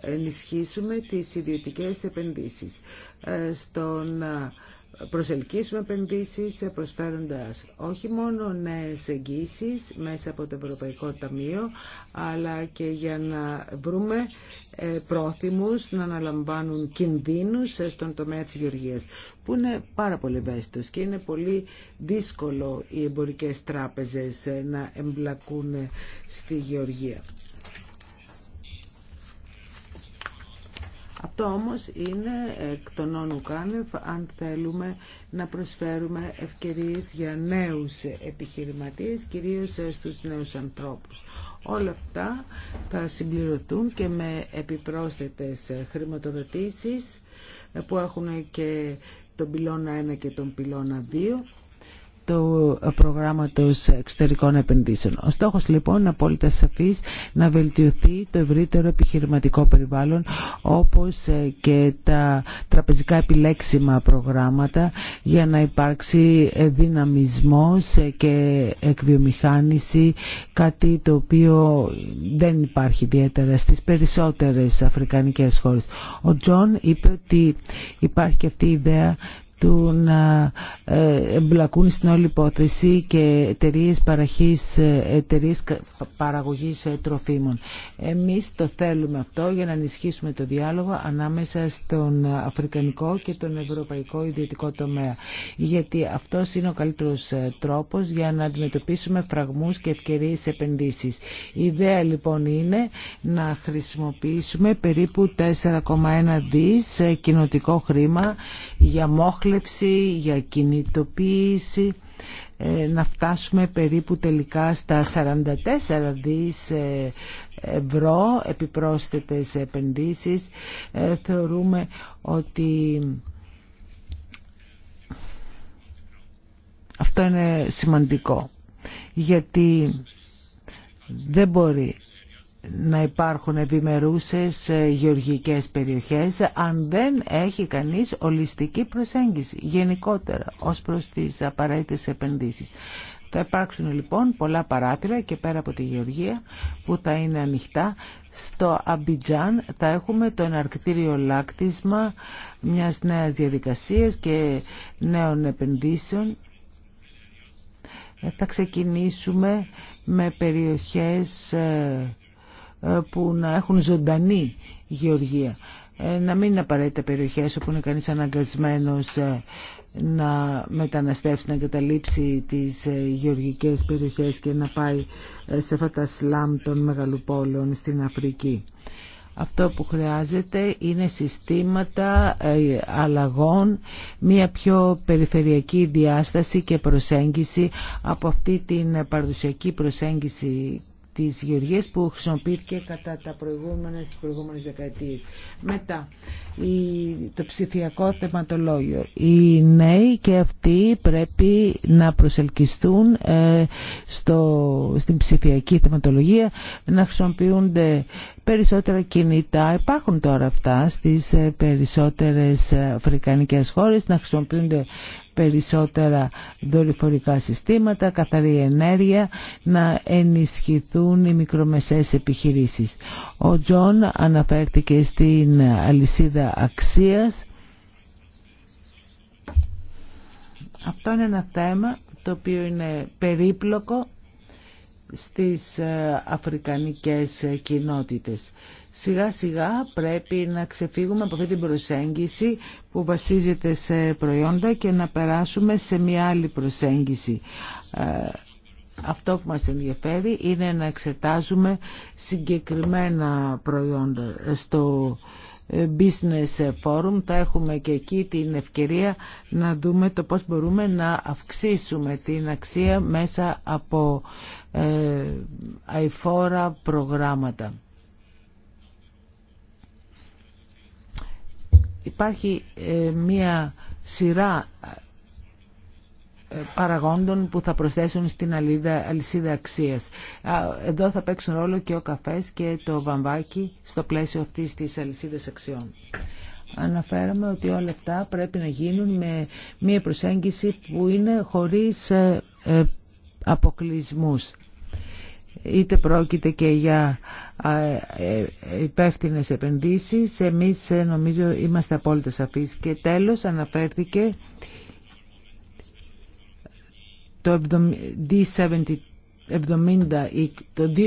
ε, ενισχύσουμε τις ιδιωτικές επενδύσεις, ε, στο ε, προσελκύσουμε επενδύσει, προσφέροντα όχι μόνο νέε εγγύσει μέσα από το Ευρωπαϊκό Ταμείο αλλά και για να βρούμε ε, πρόθυμους να αναλαμβάνουν κινδύνους στον τομέα της γεωργίας που είναι πάρα πολύ ευαίσθητο και είναι πολύ δύσκολο οι εμπορικές τράπεζες ε, να εμπλακούν στη γεωργία. Αυτό όμως είναι εκ των όνων αν θέλουμε να προσφέρουμε ευκαιρίες για νέους επιχειρηματίες, κυρίως στους νέους ανθρώπους. Όλα αυτά θα συμπληρωθούν και με επιπρόσθετες χρηματοδοτήσεις που έχουν και τον πυλώνα 1 και τον πυλώνα 2 του προγράμματος εξωτερικών επενδύσεων. Ο στόχος λοιπόν είναι απόλυτα να βελτιωθεί το ευρύτερο επιχειρηματικό περιβάλλον όπως ε, και τα τραπεζικά επιλέξιμα προγράμματα για να υπάρξει ε, δυναμισμός ε, και εκβιομηχάνηση κάτι το οποίο δεν υπάρχει ιδιαίτερα στις περισσότερες αφρικανικές χώρες. Ο Τζον είπε ότι υπάρχει και αυτή η ιδέα του να ε, εμπλακούν στην όλη υπόθεση και εταιρείε εταιρείες ε, παραγωγής ε, τροφίμων. Εμείς το θέλουμε αυτό για να ενισχύσουμε το διάλογο ανάμεσα στον αφρικανικό και τον ευρωπαϊκό ιδιωτικό τομέα. Γιατί αυτό είναι ο καλύτερος τρόπος για να αντιμετωπίσουμε φραγμούς και ευκαιρίες επενδύσεις. Η ιδέα λοιπόν είναι να χρησιμοποιήσουμε περίπου 4,1 δις κοινοτικό χρήμα για μόχλη για κινητοποίηση, ε, να φτάσουμε περίπου τελικά στα 44 δις ε, ευρώ επιπρόσθετες επενδύσεις. Ε, θεωρούμε ότι αυτό είναι σημαντικό γιατί δεν μπορεί να υπάρχουν ευημερούσες ε, γεωργικές περιοχές αν δεν έχει κανείς ολιστική προσέγγιση γενικότερα ως προς τις απαραίτητες επενδύσεις. Θα υπάρξουν λοιπόν πολλά παράθυρα και πέρα από τη γεωργία που θα είναι ανοιχτά. Στο Αμπιτζάν θα έχουμε το εναρκτήριο λάκτισμα μιας νέας διαδικασίας και νέων επενδύσεων. Θα ξεκινήσουμε με περιοχές ε, ε, που να έχουν ζωντανή γεωργία. Ε, να μην είναι απαραίτητα περιοχές όπου είναι κανείς αναγκασμένος ε, να μεταναστεύσει, να εγκαταλείψει τις γεωργικές περιοχές και να πάει σε αυτά τα σλάμ των μεγαλοπόλεων στην Αφρική. Αυτό που χρειάζεται είναι συστήματα αλλαγών, μια πιο περιφερειακή διάσταση και προσέγγιση από αυτή την παραδοσιακή προσέγγιση τις γεωργίες που χρησιμοποιήθηκε κατά τα προηγούμενα στις προηγούμενες δεκαετίες. Μετά, το ψηφιακό θεματολόγιο. Οι νέοι και αυτοί πρέπει να προσελκυστούν ε, στο, στην ψηφιακή θεματολογία, να χρησιμοποιούνται περισσότερα κινητά. Υπάρχουν τώρα αυτά στις ε, περισσότερες ε, αφρικανικές χώρες, να χρησιμοποιούνται περισσότερα δορυφορικά συστήματα, καθαρή ενέργεια, να ενισχυθούν οι μικρομεσαίες επιχειρήσεις. Ο Τζον αναφέρθηκε στην αλυσίδα αξίας. Αυτό είναι ένα θέμα το οποίο είναι περίπλοκο στις ε, αφρικανικές ε, κοινότητες. Σιγά σιγά πρέπει να ξεφύγουμε από αυτή την προσέγγιση που βασίζεται σε προϊόντα και να περάσουμε σε μια άλλη προσέγγιση. Ε, αυτό που μας ενδιαφέρει είναι να εξετάζουμε συγκεκριμένα προϊόντα στο Business Forum θα έχουμε και εκεί την ευκαιρία να δούμε το πώς μπορούμε να αυξήσουμε την αξία μέσα από ε, αηφόρα προγράμματα. Υπάρχει ε, μία σειρά ε, παραγόντων που θα προσθέσουν στην αλίδα, αλυσίδα αξίας. Εδώ θα παίξουν ρόλο και ο καφές και το βαμβάκι στο πλαίσιο αυτής της αλυσίδας αξιών. Αναφέραμε ότι όλα αυτά πρέπει να γίνουν με μία προσέγγιση που είναι χωρίς ε, αποκλεισμούς είτε πρόκειται και για ε, ε, υπεύθυνε επενδύσεις. Εμείς ε, νομίζω είμαστε απόλυτα σαφείς. Και τέλος αναφέρθηκε το D72 70 το 2070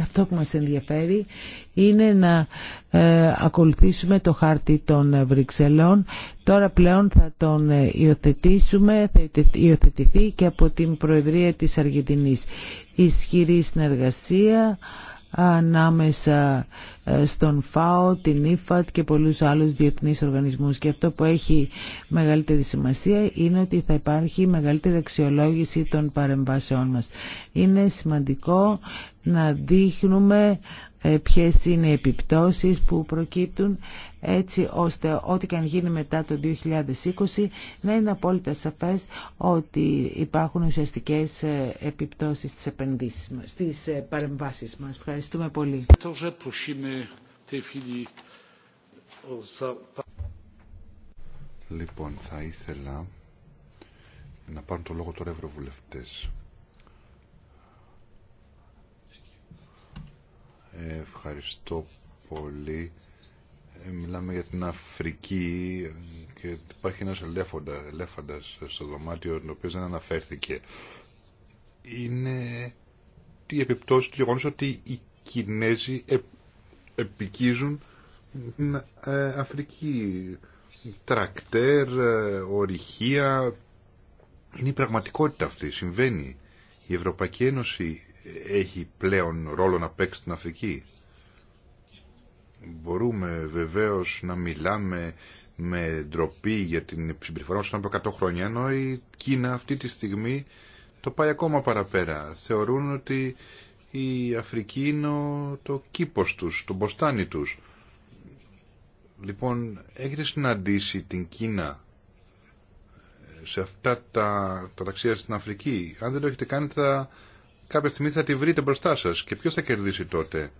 αυτό που μας ενδιαφέρει είναι να ε, ακολουθήσουμε το χάρτη των Βρυξελών. Τώρα πλέον θα τον ε, υιοθετήσουμε, θα υιοθετηθεί και από την Προεδρία της Αργεντινής. Ισχυρή συνεργασία, ανάμεσα ε, στον ΦΑΟ, την ΙΦΑΤ και πολλούς άλλους διεθνείς οργανισμούς. Και αυτό που έχει μεγαλύτερη σημασία είναι ότι θα υπάρχει μεγαλύτερη αξιολόγηση των παρεμβάσεών μας. Είναι σημαντικό να δείχνουμε ε, ποιες είναι οι επιπτώσεις που προκύπτουν έτσι ώστε ό,τι και αν γίνει μετά το 2020 να είναι απόλυτα σαφές ότι υπάρχουν ουσιαστικές ε, επιπτώσεις στις επενδύσεις μας, στις ε, παρεμβάσεις μας. Ευχαριστούμε πολύ. Λοιπόν, θα ήθελα να πάρουν το λόγο τώρα ευρωβουλευτές. Ευχαριστώ πολύ μιλάμε για την Αφρική και υπάρχει ένας ελέφοντα, ελέφαντας στο δωμάτιο, ο οποίος δεν αναφέρθηκε. Είναι η επιπτώση του γεγονός ότι οι Κινέζοι ε, επικίζουν την ε, Αφρική. Τρακτέρ, ε, ορυχεία, είναι η πραγματικότητα αυτή, συμβαίνει. Η Ευρωπαϊκή Ένωση έχει πλέον ρόλο να παίξει στην Αφρική. Μπορούμε βεβαίως να μιλάμε με ντροπή για την συμπεριφορά μας από 100 χρόνια, ενώ η Κίνα αυτή τη στιγμή το πάει ακόμα παραπέρα. Θεωρούν ότι η Αφρική είναι το κήπος τους, το μποστάνι τους. Λοιπόν, έχετε συναντήσει την Κίνα ε, σε αυτά τα, τα ταξίδια στην Αφρική. Αν δεν το έχετε κάνει, θα, κάποια στιγμή θα τη βρείτε μπροστά σας. Και ποιος θα κερδίσει τότε.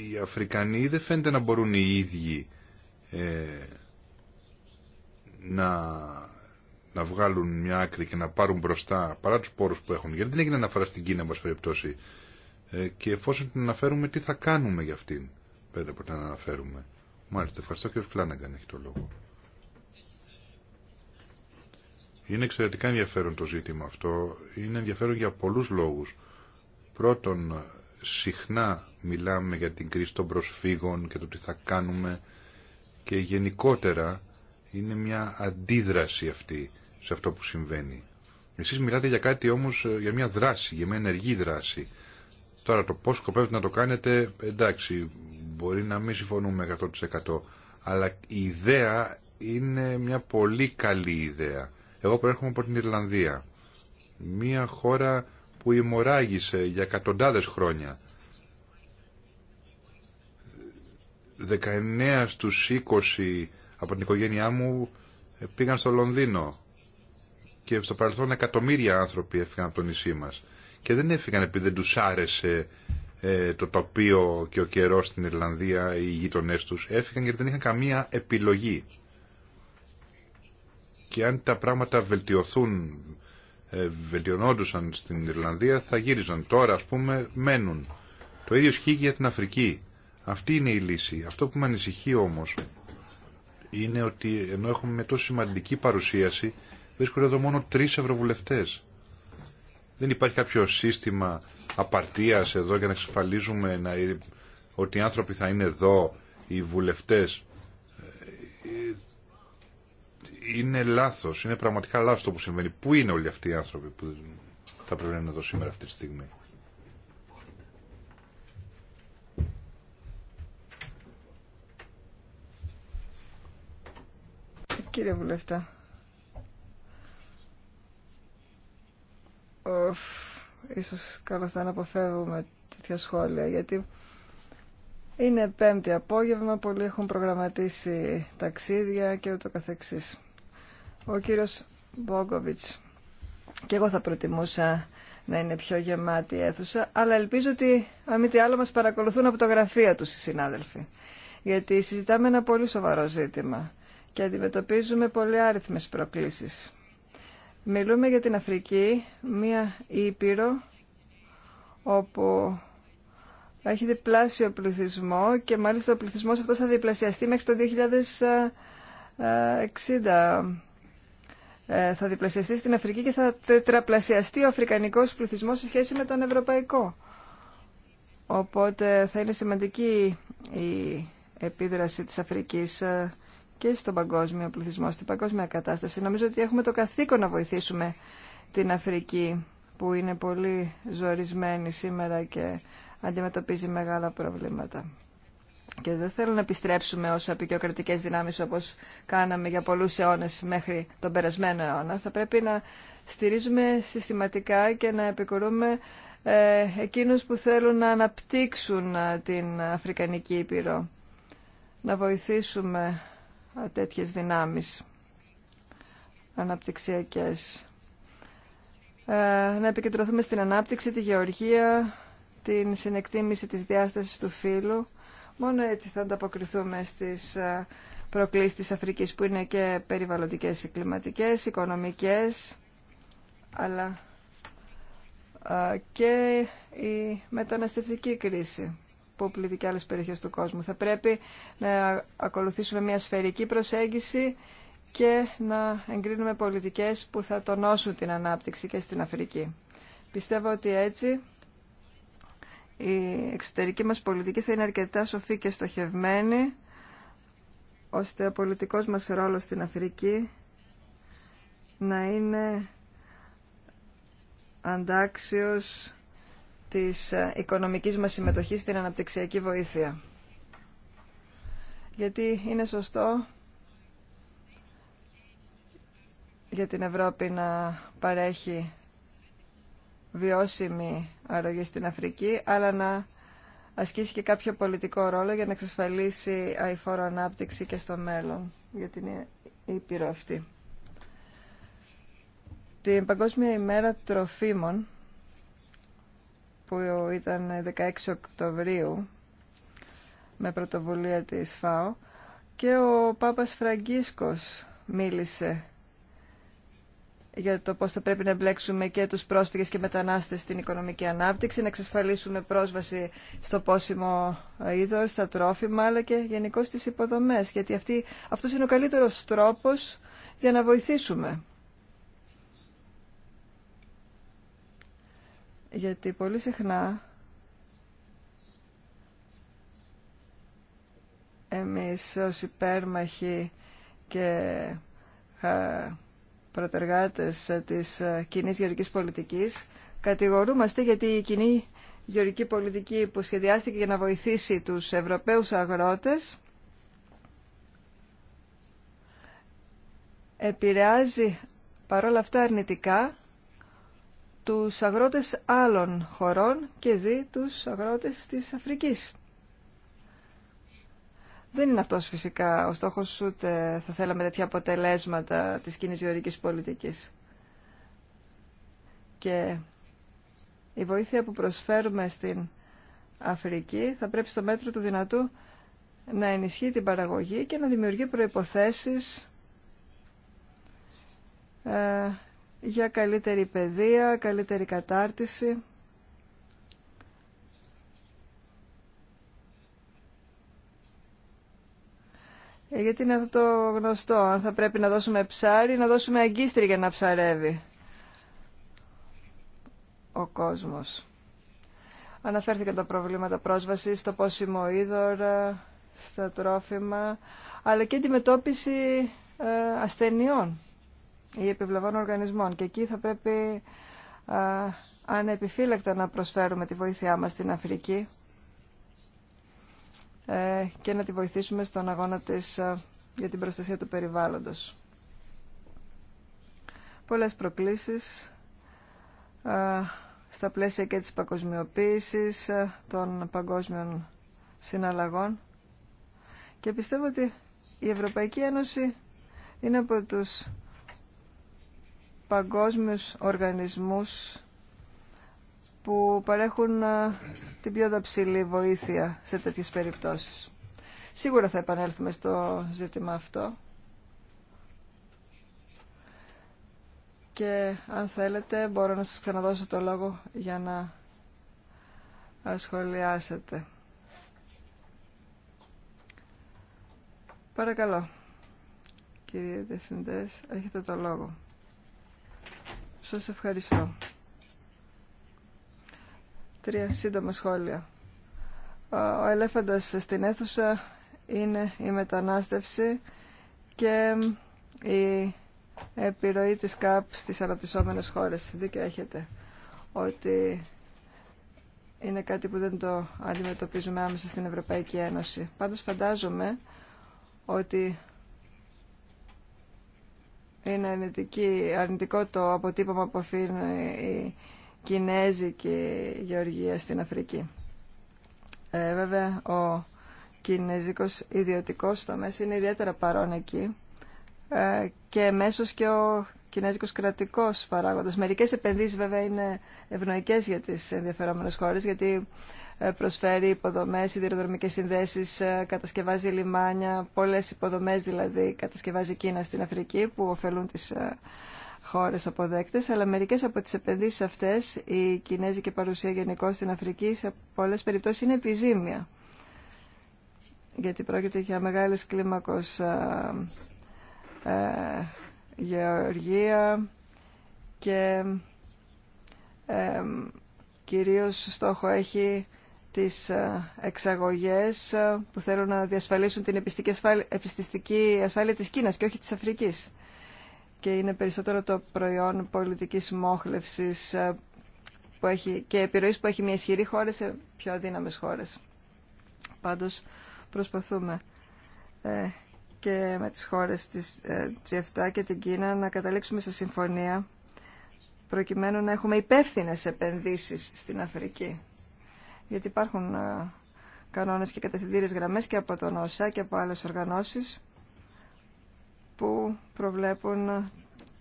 οι Αφρικανοί δεν φαίνεται να μπορούν οι ίδιοι ε, να, να βγάλουν μια άκρη και να πάρουν μπροστά παρά τους πόρους που έχουν. Γιατί δεν έγινε αναφορά στην Κίνα, μας περιπτώσει. Ε, και εφόσον την αναφέρουμε, τι θα κάνουμε για αυτήν, πέρα από την αναφέρουμε. Μάλιστα, ευχαριστώ και ο αν έχει το λόγο. Είναι εξαιρετικά ενδιαφέρον το ζήτημα αυτό. Είναι ενδιαφέρον για πολλούς λόγους. Πρώτον, συχνά μιλάμε για την κρίση των προσφύγων και το τι θα κάνουμε και γενικότερα είναι μια αντίδραση αυτή σε αυτό που συμβαίνει. Εσείς μιλάτε για κάτι όμως, ε, για μια δράση, για μια ενεργή δράση. Τώρα το πώς σκοπεύετε να το κάνετε, εντάξει, μπορεί να μην συμφωνούμε 100%. Αλλά η ιδέα είναι μια πολύ καλή ιδέα. Εγώ προέρχομαι από την Ιρλανδία. Μια χώρα που ημωράγησε για εκατοντάδες χρόνια. 19 στους 20 από την οικογένειά μου πήγαν στο Λονδίνο και στο παρελθόν εκατομμύρια άνθρωποι έφυγαν από το νησί μας και δεν έφυγαν επειδή δεν τους άρεσε ε, το τοπίο και ο καιρός στην Ιρλανδία οι γείτονές τους έφυγαν γιατί δεν είχαν καμία επιλογή και αν τα πράγματα βελτιωθούν ε, βελτιωνόντουσαν στην Ιρλανδία θα γύριζαν. Τώρα ας πούμε μένουν. Το ίδιο ισχύει για την Αφρική. Αυτή είναι η λύση. Αυτό που με ανησυχεί όμως είναι ότι ενώ έχουμε με τόσο σημαντική παρουσίαση βρίσκονται εδώ μόνο τρεις ευρωβουλευτές. Δεν υπάρχει κάποιο σύστημα απαρτίας εδώ για να εξασφαλίζουμε να... Ε, ότι οι άνθρωποι θα είναι εδώ, οι βουλευτές. Ε, είναι λάθο. είναι πραγματικά λάθος το που συμβαίνει. Πού είναι όλοι αυτοί οι άνθρωποι που θα πρέπει να είναι εδώ σήμερα αυτή τη στιγμή. Κύριε Βουλευτά. Οφ, ίσως καλό θα είναι αποφεύγουμε τέτοια σχόλια, γιατί είναι πέμπτη απόγευμα, πολλοί έχουν προγραμματίσει ταξίδια και ούτω καθεξής. Ο κύριος Μπόγκοβιτς. Και εγώ θα προτιμούσα να είναι πιο γεμάτη η αίθουσα, αλλά ελπίζω ότι, αν μη τι άλλο, μας παρακολουθούν από το γραφείο τους οι συνάδελφοι. Γιατί συζητάμε ένα πολύ σοβαρό ζήτημα και αντιμετωπίζουμε πολλοί άριθμες προκλήσεις. Μιλούμε για την Αφρική, μία ήπειρο, όπου έχει διπλάσιο πληθυσμό και μάλιστα ο πληθυσμός αυτός θα διπλασιαστεί μέχρι το 2060 ε, θα διπλασιαστεί στην Αφρική και θα τετραπλασιαστεί ο αφρικανικός πληθυσμός σε σχέση με τον ευρωπαϊκό. Οπότε θα είναι σημαντική η επίδραση της Αφρικής ε, και στον παγκόσμιο πληθυσμό, στην παγκόσμια κατάσταση. Νομίζω ότι έχουμε το καθήκον να βοηθήσουμε την Αφρική που είναι πολύ ζορισμένη σήμερα και αντιμετωπίζει μεγάλα προβλήματα. Και δεν θέλω να επιστρέψουμε ως απεικιοκρατικές δυνάμεις όπως κάναμε για πολλούς αιώνες μέχρι τον περασμένο αιώνα. Θα πρέπει να στηρίζουμε συστηματικά και να επικορούμε ε, εκείνους που θέλουν να αναπτύξουν ε, την Αφρικανική Ήπειρο. Να βοηθήσουμε ε, τέτοιες δυνάμεις αναπτυξιακές. Ε, να επικεντρωθούμε στην ανάπτυξη, τη γεωργία, την συνεκτίμηση της διάστασης του φύλου Μόνο έτσι θα ανταποκριθούμε στις ε, προκλήσεις της Αφρικής που είναι και περιβαλλοντικές, κλιματικές, οικονομικές, αλλά ε, και η μεταναστευτική κρίση που πλήττει και άλλες περιοχές του κόσμου. Θα πρέπει να ακολουθήσουμε μια σφαιρική προσέγγιση και να εγκρίνουμε πολιτικές που θα τονώσουν την ανάπτυξη και στην Αφρική. Πιστεύω ότι έτσι η εξωτερική μας πολιτική θα είναι αρκετά σοφή και στοχευμένη ώστε ο πολιτικός μας ρόλος στην Αφρική να είναι αντάξιος της οικονομικής μας συμμετοχής στην αναπτυξιακή βοήθεια. Γιατί είναι σωστό για την Ευρώπη να παρέχει βιώσιμη αρρωγή στην Αφρική, αλλά να ασκήσει και κάποιο πολιτικό ρόλο για να εξασφαλίσει αηφόρο ανάπτυξη και στο μέλλον για την Ήπειρο αυτή. Την Παγκόσμια ημέρα τροφίμων, που ήταν 16 Οκτωβρίου, με πρωτοβουλία της ΦΑΟ, και ο Πάπας Φραγκίσκος μίλησε για το πώς θα πρέπει να εμπλέξουμε και τους πρόσφυγες και μετανάστες στην οικονομική ανάπτυξη, να εξασφαλίσουμε πρόσβαση στο πόσιμο ε, είδος, στα τρόφιμα, αλλά και γενικώ στις υποδομές, γιατί αυτό αυτός είναι ο καλύτερος τρόπος για να βοηθήσουμε. Γιατί πολύ συχνά εμείς ως υπέρμαχοι και ε, πρωτεργάτες της ε, κοινή γεωργικής πολιτικής. Κατηγορούμαστε γιατί η κοινή γεωρική πολιτική που σχεδιάστηκε για να βοηθήσει τους Ευρωπαίους αγρότες επηρεάζει παρόλα αυτά αρνητικά τους αγρότες άλλων χωρών και δι τους αγρότες της Αφρικής. Δεν είναι αυτός φυσικά ο στόχος ούτε θα θέλαμε τέτοια αποτελέσματα της κοινής γεωρικής πολιτικής. Και η βοήθεια που προσφέρουμε στην Αφρική θα πρέπει στο μέτρο του δυνατού να ενισχύει την παραγωγή και να δημιουργεί προϋποθέσεις ε, για καλύτερη παιδεία, καλύτερη κατάρτιση. Ε, γιατί είναι αυτό το γνωστό, αν θα πρέπει να δώσουμε ψάρι, να δώσουμε αγκίστρι για να ψαρεύει ο κόσμος. Αναφέρθηκαν τα προβλήματα πρόσβασης το πόσιμο είδωρα, ε, στα τρόφιμα, αλλά και αντιμετώπιση ε, ασθενειών ή επιβλαβών οργανισμών. Και εκεί θα πρέπει ανεπιφύλακτα να προσφέρουμε τη βοήθειά μας στην Αφρική ε, και να τη βοηθήσουμε στον αγώνα της ε, για την προστασία του περιβάλλοντος. Πολλές προκλήσεις ε, στα πλαίσια και της παγκοσμιοποίησης των παγκόσμιων συναλλαγών και πιστεύω ότι η Ευρωπαϊκή Ένωση είναι από τους παγκόσμιους οργανισμούς που παρέχουν ε, την πιο δαψιλή βοήθεια σε τέτοιες περιπτώσεις. Σίγουρα θα επανέλθουμε στο ζήτημα αυτό. Και αν θέλετε μπορώ να σας ξαναδώσω το λόγο για να ασχολιάσετε. Ε, Παρακαλώ, κύριε Δευθυντές, έχετε το λόγο. Σας ευχαριστώ. Τρία σύντομα σχόλια. Ο ελέφαντας στην αίθουσα είναι η μετανάστευση και η επιρροή της ΚΑΠ στις αναπτυσσόμενες χώρες. Δίκαιο έχετε ότι είναι κάτι που δεν το αντιμετωπίζουμε άμεσα στην Ευρωπαϊκή Ένωση. Πάντως φαντάζομαι ότι είναι αρνητικό το αποτύπωμα που αφήνει η κινέζικη γεωργία στην Αφρική. Ε, βέβαια, ο κινέζικος ιδιωτικός τομέας είναι ιδιαίτερα παρόν εκεί ε, και μέσως και ο κινέζικος κρατικός παράγοντας. Μερικές επενδύσεις βέβαια είναι ευνοϊκές για τις ενδιαφερόμενες χώρες γιατί ε, προσφέρει υποδομές, σιδηροδρομικές συνδέσεις, ε, κατασκευάζει λιμάνια, πολλές υποδομές δηλαδή κατασκευάζει Κίνα στην Αφρική που ωφελούν τις ε, χώρες αποδέκτες, αλλά μερικές από τις επενδύσεις αυτές, η κινέζικη παρουσία γενικώ στην Αφρική, σε πολλές περιπτώσεις είναι επιζήμια. Γιατί πρόκειται για μεγάλες κλίμακος α, ε, γεωργία και κυρίω ε, κυρίως στόχο έχει τις ε, εξαγωγές που θέλουν να διασφαλίσουν την επιστηστική ασφάλεια της Κίνας και όχι της Αφρικής και είναι περισσότερο το προϊόν πολιτικής μόχλευσης ε, και επιρροής που έχει μια ισχυρή χώρα σε πιο δύναμες χώρες. Πάντως προσπαθούμε ε, και με τις χώρες της ε, G7 και την Κίνα να καταλήξουμε σε συμφωνία προκειμένου να έχουμε υπεύθυνε επενδύσεις στην Αφρική. Γιατί υπάρχουν κανόνες και κατευθυντήριες γραμμές και από τον ΩΣΑ και από άλλες οργανώσεις που προβλέπουν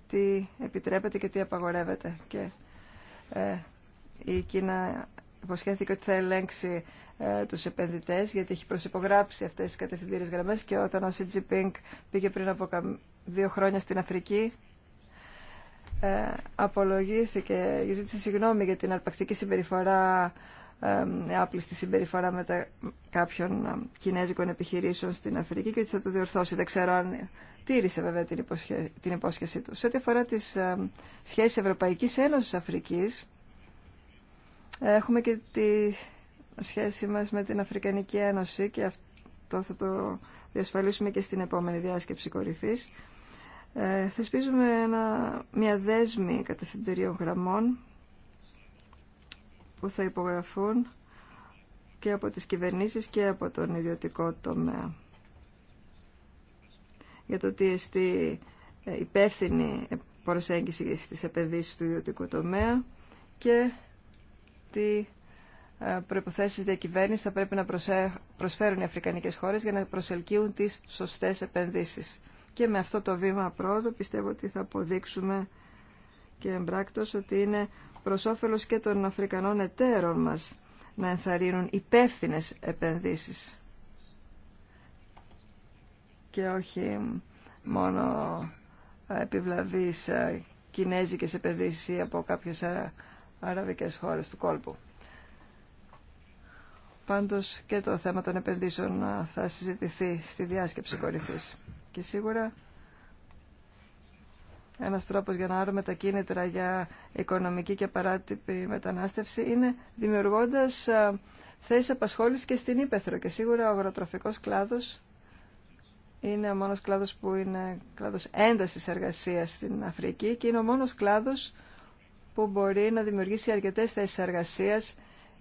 τι επιτρέπεται και τι απαγορεύεται. Και ε, η Κίνα υποσχέθηκε ότι θα ελέγξει ε, τους επενδυτές γιατί έχει προσυπογράψει αυτές τις κατευθυντήρες γραμμές και όταν ο Σιτζιπίνκ πήγε πριν από δύο χρόνια στην Αφρική ε, απολογήθηκε, ζήτησε συγγνώμη για την αρπακτική συμπεριφορά ε, άπληστη συμπεριφορά τα κάποιων ε, κινέζικων επιχειρήσεων στην Αφρική και ότι θα το διορθώσει. Δεν ξέρω αν τήρησε βέβαια την, την υπόσχεσή του. Σε ό,τι αφορά τις ε, σχέσεις Ευρωπαϊκής Ένωσης Αφρικής, έχουμε και τη σχέση μας με την Αφρικανική Ένωση και αυτό θα το διασφαλίσουμε και στην επόμενη διάσκεψη κορυφής. Ε, θεσπίζουμε ένα, μια δέσμη κατευθυντηρίων γραμμών που θα υπογραφούν και από τις κυβερνήσεις και από τον ιδιωτικό τομέα. Για το τι εστί ε, υπεύθυνη προσέγγιση στις επενδύσεις του ιδιωτικού τομέα και τι ε, προϋποθέσεις διακυβέρνηση θα πρέπει να προσφέρουν οι αφρικανικές χώρες για να προσελκύουν τις σωστές επενδύσεις. Και με αυτό το βήμα πρόοδο πιστεύω ότι θα αποδείξουμε και εμπράκτος ότι είναι προς όφελος και των Αφρικανών εταίρων μας να ενθαρρύνουν υπεύθυνε επενδύσεις και όχι μόνο ε, επιβλαβείς ε, κινέζικες επενδύσεις από κάποιες αραβικές χώρες του κόλπου. Πάντως και το θέμα των επενδύσεων ε, θα συζητηθεί στη διάσκεψη κορυφής. Και σίγουρα ένα τρόπο για να άρουμε τα κίνητρα για οικονομική και παράτυπη μετανάστευση είναι δημιουργώντας θέσει απασχόλησης και στην ύπεθρο. Και σίγουρα ο αγροτροφικός κλάδος είναι ο μόνος κλάδος που είναι κλάδος έντασης εργασία στην Αφρική και είναι ο μόνος κλάδος που μπορεί να δημιουργήσει αρκετές θέσεις εργασία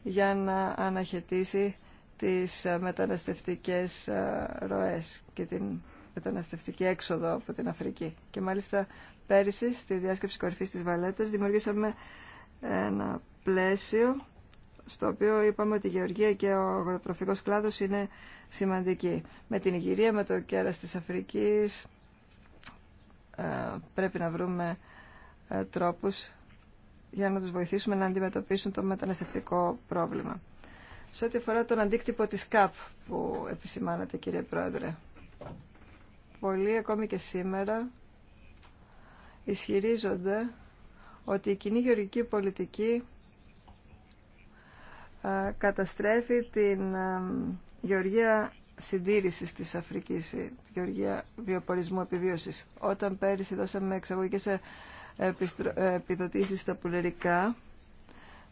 για να αναχαιτήσει τις μεταναστευτικές ροές και την μεταναστευτική έξοδο από την Αφρική. Και μάλιστα πέρυσι στη διάσκεψη κορυφής της Βαλέτας δημιουργήσαμε ένα πλαίσιο στο οποίο είπαμε ότι η γεωργία και ο αγροτροφικός κλάδος είναι σημαντική Με την Ιγυρία, με το κέρας της Αφρικής ε, πρέπει να βρούμε ε, τρόπους για να τους βοηθήσουμε να αντιμετωπίσουν το μεταναστευτικό πρόβλημα. Σε ό,τι αφορά τον αντίκτυπο της ΚΑΠ που επισημάνατε κύριε Πρόεδρε, πολλοί ακόμη και σήμερα ισχυρίζονται ότι η κοινή γεωργική πολιτική ε, καταστρέφει την ε, γεωργία συντήρησης της Αφρικής, η γεωργία βιοπορισμού επιβίωσης. Όταν πέρυσι δώσαμε εξαγωγικές ε, επιδοτήσεις στα πουλερικά,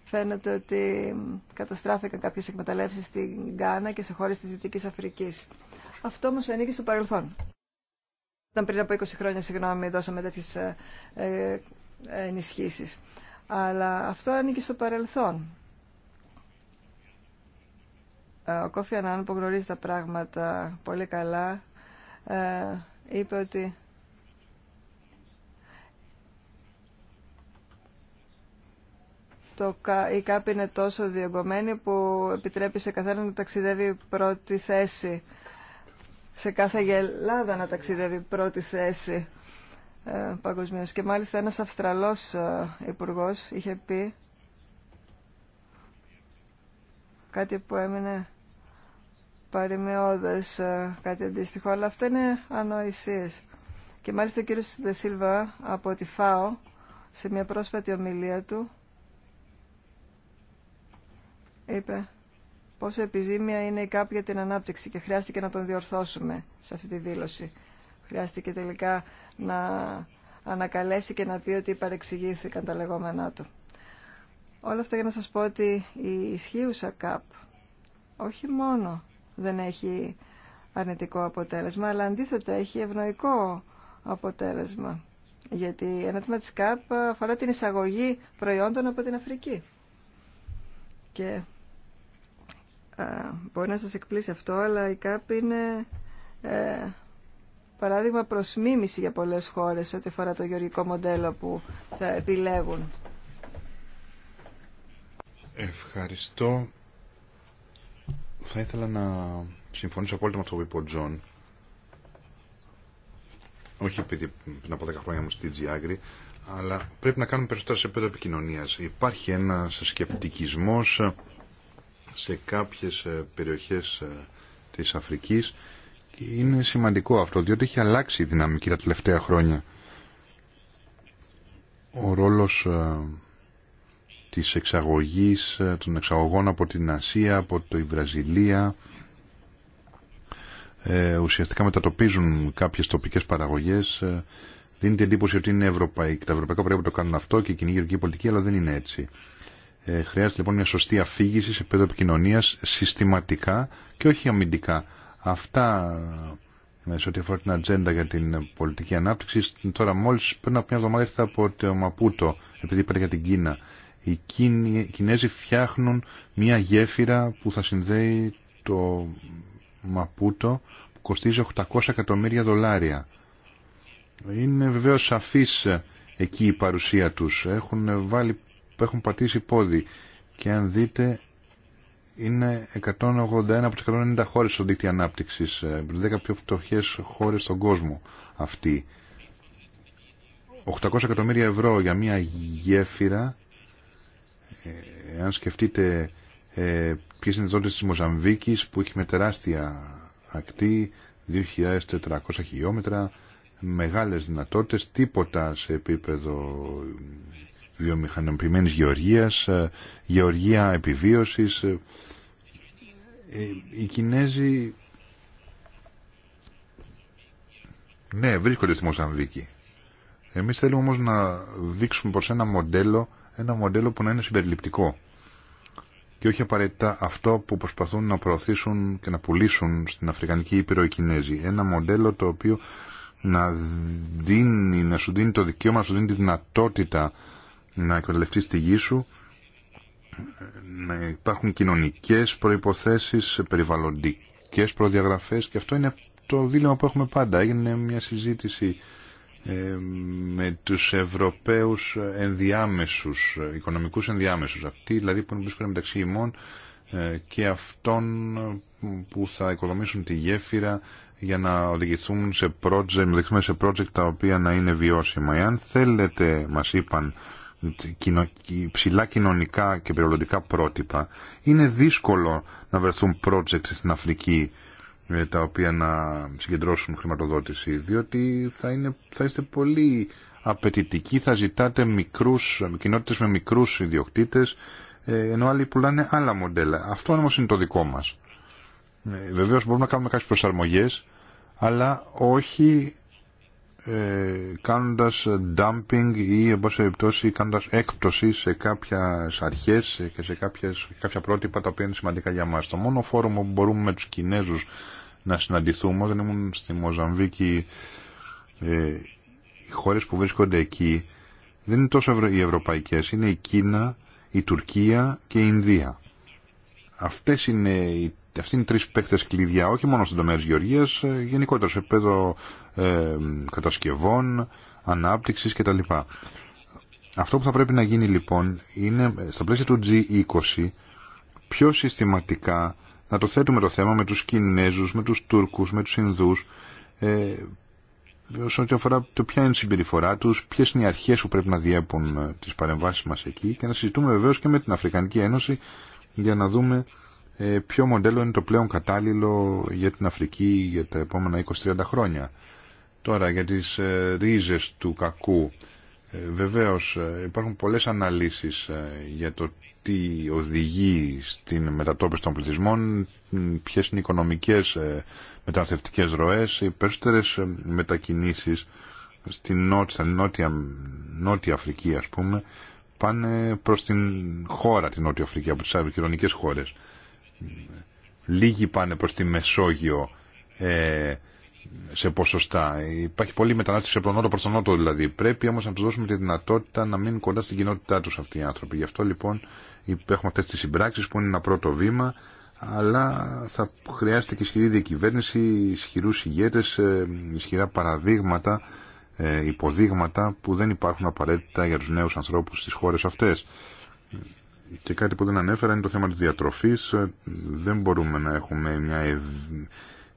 φαίνεται ότι καταστράφηκαν κάποιες εκμεταλλεύσεις στην Γκάνα και σε χώρες της Δυτικής Αφρικής. Αυτό όμως ανήκει στο παρελθόν. Ήταν πριν από 20 χρόνια, συγγνώμη, δώσαμε τέτοιε ε, ενισχύσει. Αλλά αυτό ανήκει στο παρελθόν. Ε, ο Κόφι Ανάν που γνωρίζει τα πράγματα πολύ καλά ε, είπε ότι το, η ΚΑΠ είναι τόσο διαγκωμένη που επιτρέπει σε καθέναν να ταξιδεύει πρώτη θέση σε κάθε γελάδα να ταξιδεύει πρώτη θέση ε, παγκοσμίω. Και μάλιστα ένας Αυστραλός ε, υπουργό είχε πει κάτι που έμεινε παρημεώδες, ε, κάτι αντίστοιχο, αλλά αυτό είναι ανοησίες. Και μάλιστα ο κύριος Δεσίλβα από τη ΦΑΟ σε μια πρόσφατη ομιλία του είπε πόσο επιζήμια είναι η ΚΑΠ για την ανάπτυξη και χρειάστηκε να τον διορθώσουμε σε αυτή τη δήλωση. Χρειάστηκε τελικά να ανακαλέσει και να πει ότι παρεξηγήθηκαν τα λεγόμενά του. Όλα αυτά για να σας πω ότι η ισχύουσα ΚΑΠ όχι μόνο δεν έχει αρνητικό αποτέλεσμα, αλλά αντίθετα έχει ευνοϊκό αποτέλεσμα. Γιατί ένα τμήμα της ΚΑΠ αφορά την εισαγωγή προϊόντων από την Αφρική. Και μπορεί να σας εκπλήσει αυτό, αλλά η ΚΑΠ είναι ε, παράδειγμα προς μίμηση για πολλές χώρες ό,τι αφορά το γεωργικό μοντέλο που θα επιλέγουν. Ευχαριστώ. Θα ήθελα να συμφωνήσω απόλυτα με αυτό που είπε ο Τζον. Όχι επειδή πριν από 10 χρόνια μου στη Τζιάγκρη, αλλά πρέπει να κάνουμε περισσότερα σε επίπεδο επικοινωνία. Υπάρχει ένα σκεπτικισμό σε κάποιες ε, περιοχές ε, της Αφρικής είναι σημαντικό αυτό διότι έχει αλλάξει η δυναμική τα τελευταία χρόνια ο ρόλος ε, της εξαγωγής των εξαγωγών από την Ασία από τη Βραζιλία ουσιαστικά μετατοπίζουν κάποιες τοπικές παραγωγές δίνει την εντύπωση ότι είναι Ευρωπαϊκή. τα ευρωπαϊκά πρέπει να το κάνουν αυτό και η κοινή πολιτική αλλά δεν είναι έτσι ε, χρειάζεται λοιπόν μια σωστή αφήγηση σε επίπεδο επικοινωνία συστηματικά και όχι αμυντικά. Αυτά ε, σε ό,τι αφορά την ατζέντα για την πολιτική ανάπτυξη. Τώρα, μόλι πριν από μια εβδομάδα ήρθα από το Μαπούτο, επειδή είπατε για την Κίνα. Οι, Κίνοι, Κινέζοι φτιάχνουν μια γέφυρα που θα συνδέει το Μαπούτο που κοστίζει 800 εκατομμύρια δολάρια. Είναι βεβαίω σαφής ε, εκεί η παρουσία τους. Έχουν βάλει που έχουν πατήσει πόδι. Και αν δείτε, είναι 181 από τις 190 χώρες στο δίκτυο ανάπτυξης, 10 ε, πιο φτωχές χώρες στον κόσμο αυτοί 800 εκατομμύρια ευρώ για μια γέφυρα, ε, αν σκεφτείτε ε, ποιες είναι οι της Μοζαμβίκης που έχει με τεράστια ακτή, 2.400 χιλιόμετρα, μεγάλες δυνατότητες, τίποτα σε επίπεδο βιομηχανοποιημένης γεωργίας, ε, γεωργία επιβίωσης. Ε, οι Κινέζοι, ναι, βρίσκονται στη Μοσαμβίκη. Εμείς θέλουμε όμως να δείξουμε προς ένα μοντέλο, ένα μοντέλο που να είναι συμπεριληπτικό και όχι απαραίτητα αυτό που προσπαθούν να προωθήσουν και να πουλήσουν στην Αφρικανική Ήπειρο οι Κινέζοι. Ένα μοντέλο το οποίο να, δίνει, να σου δίνει το δικαίωμα, να σου δίνει τη δυνατότητα να εκμεταλλευτείς τη γη σου, να υπάρχουν κοινωνικές προϋποθέσεις, περιβαλλοντικές προδιαγραφές και αυτό είναι το δίλημα που έχουμε πάντα. Έγινε μια συζήτηση ε, με τους Ευρωπαίους ενδιάμεσους, οικονομικούς ενδιάμεσους, αυτοί δηλαδή που βρίσκονται μεταξύ ημών ε, και αυτών που θα οικοδομήσουν τη γέφυρα για να οδηγηθούν σε project, σε project τα οποία να είναι βιώσιμα. Εάν θέλετε, μας είπαν, ψηλά κοινωνικά και περιβαλλοντικά πρότυπα, είναι δύσκολο να βρεθούν projects στην Αφρική ε, τα οποία να συγκεντρώσουν χρηματοδότηση, διότι θα, είναι, θα είστε πολύ απαιτητικοί, θα ζητάτε μικρούς, κοινότητες με μικρούς ιδιοκτήτες, ε, ενώ άλλοι πουλάνε άλλα μοντέλα. Αυτό όμως είναι το δικό μας. Ε, βεβαίως μπορούμε να κάνουμε κάποιες προσαρμογές, αλλά όχι ε, κάνοντας dumping ή εν πάση περιπτώσει κάνοντας έκπτωση σε κάποιες αρχές και σε κάποιες, κάποια πρότυπα τα οποία είναι σημαντικά για μας. Το μόνο φόρουμ που μπορούμε με τους Κινέζους να συναντηθούμε όταν ήμουν στη Μοζαμβίκη ε, οι χώρες που βρίσκονται εκεί δεν είναι τόσο οι ευρωπαϊκές, είναι η Κίνα, η Τουρκία και η Ινδία. Αυτές είναι οι αυτοί είναι τρεις πέκτες κλειδιά, όχι μόνο στον τομέα της γεωργίας, ε, γενικότερα σε επίπεδο ε, κατασκευών, ανάπτυξης κτλ. Αυτό που θα πρέπει να γίνει λοιπόν είναι ε, στα πλαίσια του G20 πιο συστηματικά να το θέτουμε το θέμα με τους Κινέζους, με τους Τούρκους, με τους Ινδούς, ε, όσον αφορά το ποια είναι η συμπεριφορά τους, ποιες είναι οι αρχές που πρέπει να διέπουν ε, τις παρεμβάσεις μας εκεί και να συζητούμε βεβαίως και με την Αφρικανική Ένωση για να δούμε ε, ποιο μοντέλο είναι το πλέον κατάλληλο για την Αφρική για τα επόμενα 20-30 χρόνια. Τώρα για τις ε, ρίζες του κακού. Ε, βεβαίως υπάρχουν πολλές αναλύσεις για το τι οδηγεί στην μετατόπιση των πληθυσμών, ποιες είναι οι οικονομικές μεταναστευτικές ροές, οι περισσότερες μετακινήσεις στην νότια, Αφρική ας πούμε, πάνε προς την χώρα την Νότια Αφρική από τις αγροκοινωνικές χώρες. Λίγοι πάνε προς τη Μεσόγειο ε, σε ποσοστά. Υπάρχει πολλή μετανάστευση από τον νότο προς τον νότο δηλαδή. Πρέπει όμως να τους δώσουμε τη δυνατότητα να μείνουν κοντά στην κοινότητά τους αυτοί οι άνθρωποι. Γι' αυτό λοιπόν έχουμε αυτές τις συμπράξεις που είναι ένα πρώτο βήμα αλλά θα χρειάζεται και ισχυρή διακυβέρνηση, ισχυρούς ηγέτες, ε, ισχυρά παραδείγματα, ε, υποδείγματα που δεν υπάρχουν απαραίτητα για τους νέους ανθρώπους στις χώρες αυτές. Και κάτι που δεν ανέφερα είναι το θέμα της διατροφής. Δεν μπορούμε να έχουμε μια,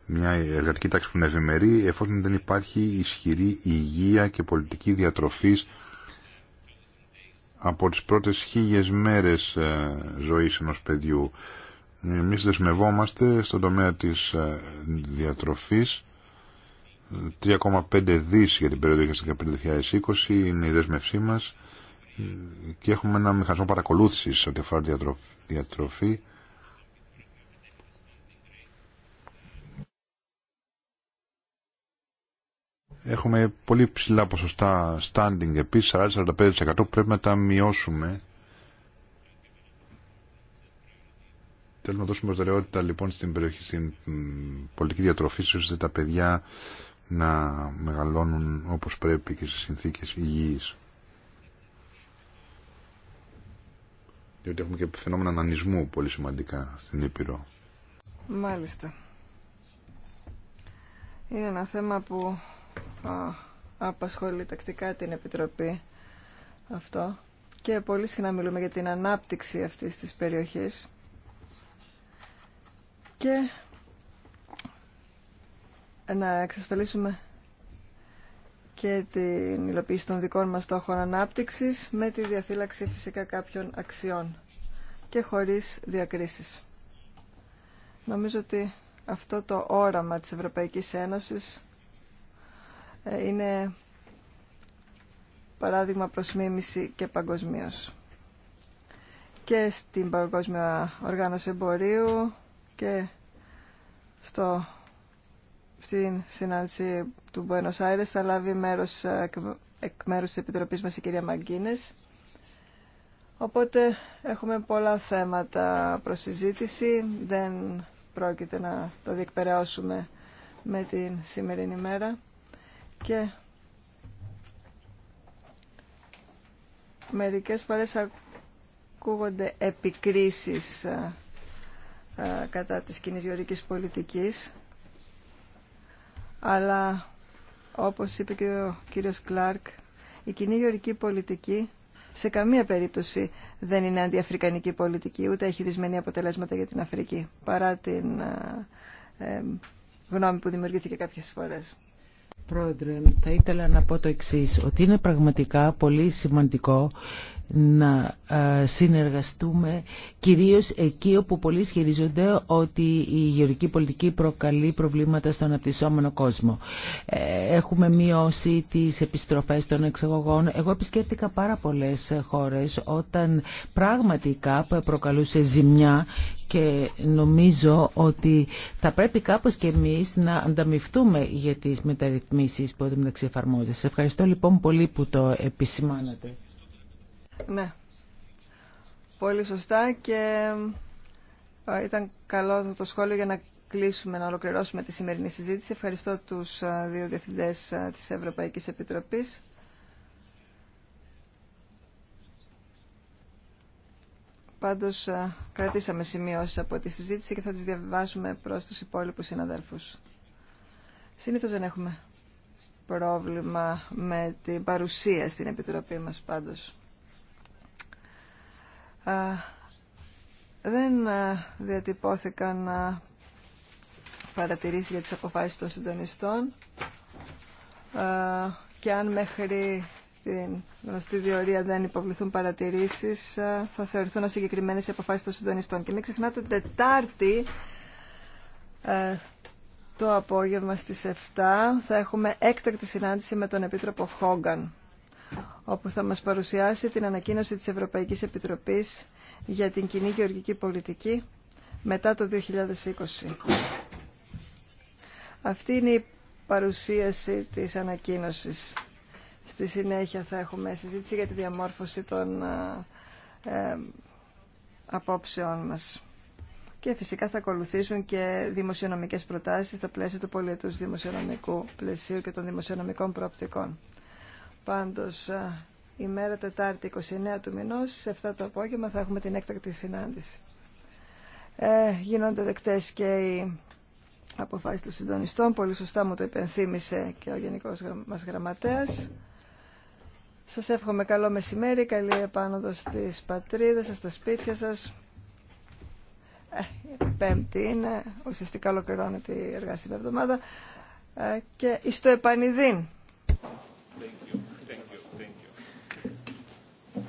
μια εργατική τάξη που είναι ευημερή εφόσον δεν υπάρχει ισχυρή υγεία και πολιτική διατροφής από τις πρώτες χίλιες μέρες ε, ζωής ενός παιδιού. Εμείς δεσμευόμαστε στον τομέα της ε, διατροφής 3,5 ε, δις για την περίοδο 2015-2020 είναι η δέσμευσή μας και έχουμε ένα μηχανισμό παρακολούθησης ό,τι αφορά διατροφή. Έχουμε πολύ ψηλά ποσοστά standing επίσης, 40-45% πρέπει να τα μειώσουμε. Θέλουμε να δώσουμε προτεραιότητα λοιπόν στην περιοχή, στην πολιτική διατροφή, ώστε τα παιδιά να μεγαλώνουν όπως πρέπει και σε συνθήκες υγιής. διότι έχουμε και φαινόμενα ανανισμού πολύ σημαντικά στην Ήπειρο. Μάλιστα. Είναι ένα θέμα που απασχολεί τακτικά την Επιτροπή αυτό και πολύ συχνά μιλούμε για την ανάπτυξη αυτής της περιοχής και να εξασφαλίσουμε και την υλοποίηση των δικών μας στόχων ανάπτυξης με τη διαφύλαξη φυσικά κάποιων αξιών και χωρίς διακρίσεις. Νομίζω ότι αυτό το όραμα της Ευρωπαϊκής Ένωσης ε, είναι παράδειγμα προς και παγκοσμίω. Και στην Παγκόσμια Οργάνωση Εμπορίου και στο στην συνάντηση του Buenos Aires θα λάβει μέρος, ε, εκ μέρους της Επιτροπής μας η κυρία Μαγκίνες. Οπότε έχουμε πολλά θέματα προς συζήτηση. Δεν πρόκειται να τα διεκπαιρεώσουμε με την σημερινή μέρα. Και μερικές φορές ακούγονται επικρίσεις ε, ε, κατά της κοινής γεωρικής πολιτικής αλλά όπως είπε και ο κύριος Κλάρκ, η κοινή γεωρική πολιτική σε καμία περίπτωση δεν είναι αντιαφρικανική πολιτική, ούτε έχει δυσμενή αποτελέσματα για την Αφρική, παρά την ε, ε, γνώμη που δημιουργήθηκε κάποιες φορές. Πρόεδρε, θα ήθελα να πω το εξής, ότι είναι πραγματικά πολύ σημαντικό να ε, συνεργαστούμε κυρίως εκεί όπου πολλοί ισχυρίζονται ότι η γεωρική πολιτική προκαλεί προβλήματα στον αναπτυσσόμενο κόσμο. Ε, έχουμε μειώσει τις επιστροφές των εξαγωγών. Εγώ επισκέπτηκα πάρα πολλές χώρες όταν πραγματικά προκαλούσε ζημιά και νομίζω ότι θα πρέπει κάπως και εμείς να ανταμυφθούμε για τις μεταρρυθμίσεις που μεταξύ εφαρμόζονται. ευχαριστώ λοιπόν πολύ που το επισημάνατε. Ναι. Πολύ σωστά και ήταν καλό το σχόλιο για να κλείσουμε, να ολοκληρώσουμε τη σημερινή συζήτηση. Ευχαριστώ τους δύο διευθυντές της Ευρωπαϊκής Επιτροπής. Πάντως κρατήσαμε σημειώσεις από τη συζήτηση και θα τις διαβάσουμε προς τους υπόλοιπους συναδέλφους. Συνήθως δεν έχουμε πρόβλημα με την παρουσία στην Επιτροπή μας πάντως δεν διατυπώθηκαν παρατηρήσει για τις αποφάσεις των συντονιστών και αν μέχρι την γνωστή διορία δεν υποβληθούν παρατηρήσεις θα θεωρηθούν ως συγκεκριμένες οι αποφάσεις των συντονιστών. Και μην ξεχνάτε ότι Τετάρτη το απόγευμα στις 7 θα έχουμε έκτακτη συνάντηση με τον Επίτροπο Χόγκαν όπου θα μας παρουσιάσει την ανακοίνωση της Ευρωπαϊκής Επιτροπής για την κοινή γεωργική πολιτική μετά το 2020. Αυτή είναι η παρουσίαση της ανακοίνωσης. Στη συνέχεια θα έχουμε συζήτηση για τη διαμόρφωση των ε, ε, απόψεών μας. Και φυσικά θα ακολουθήσουν και δημοσιονομικές προτάσεις στα πλαίσια του πολιετούς δημοσιονομικού πλαισίου και των δημοσιονομικών προοπτικών. Πάντως, η μέρα Τετάρτη 29 του μηνός, σε 7 το απόγευμα, θα έχουμε την έκτακτη συνάντηση. Ε, γίνονται δεκτές και οι αποφάσεις των συντονιστών. Πολύ σωστά μου το υπενθύμησε και ο Γενικός μας Γραμματέας. Σας εύχομαι καλό μεσημέρι, καλή επάνωδο στις πατρίδες σας, στα σπίτια σας. Ε, πέμπτη είναι, ουσιαστικά ολοκληρώνεται η εργάσιμη εβδομάδα. Ε, και εις το επανειδήν.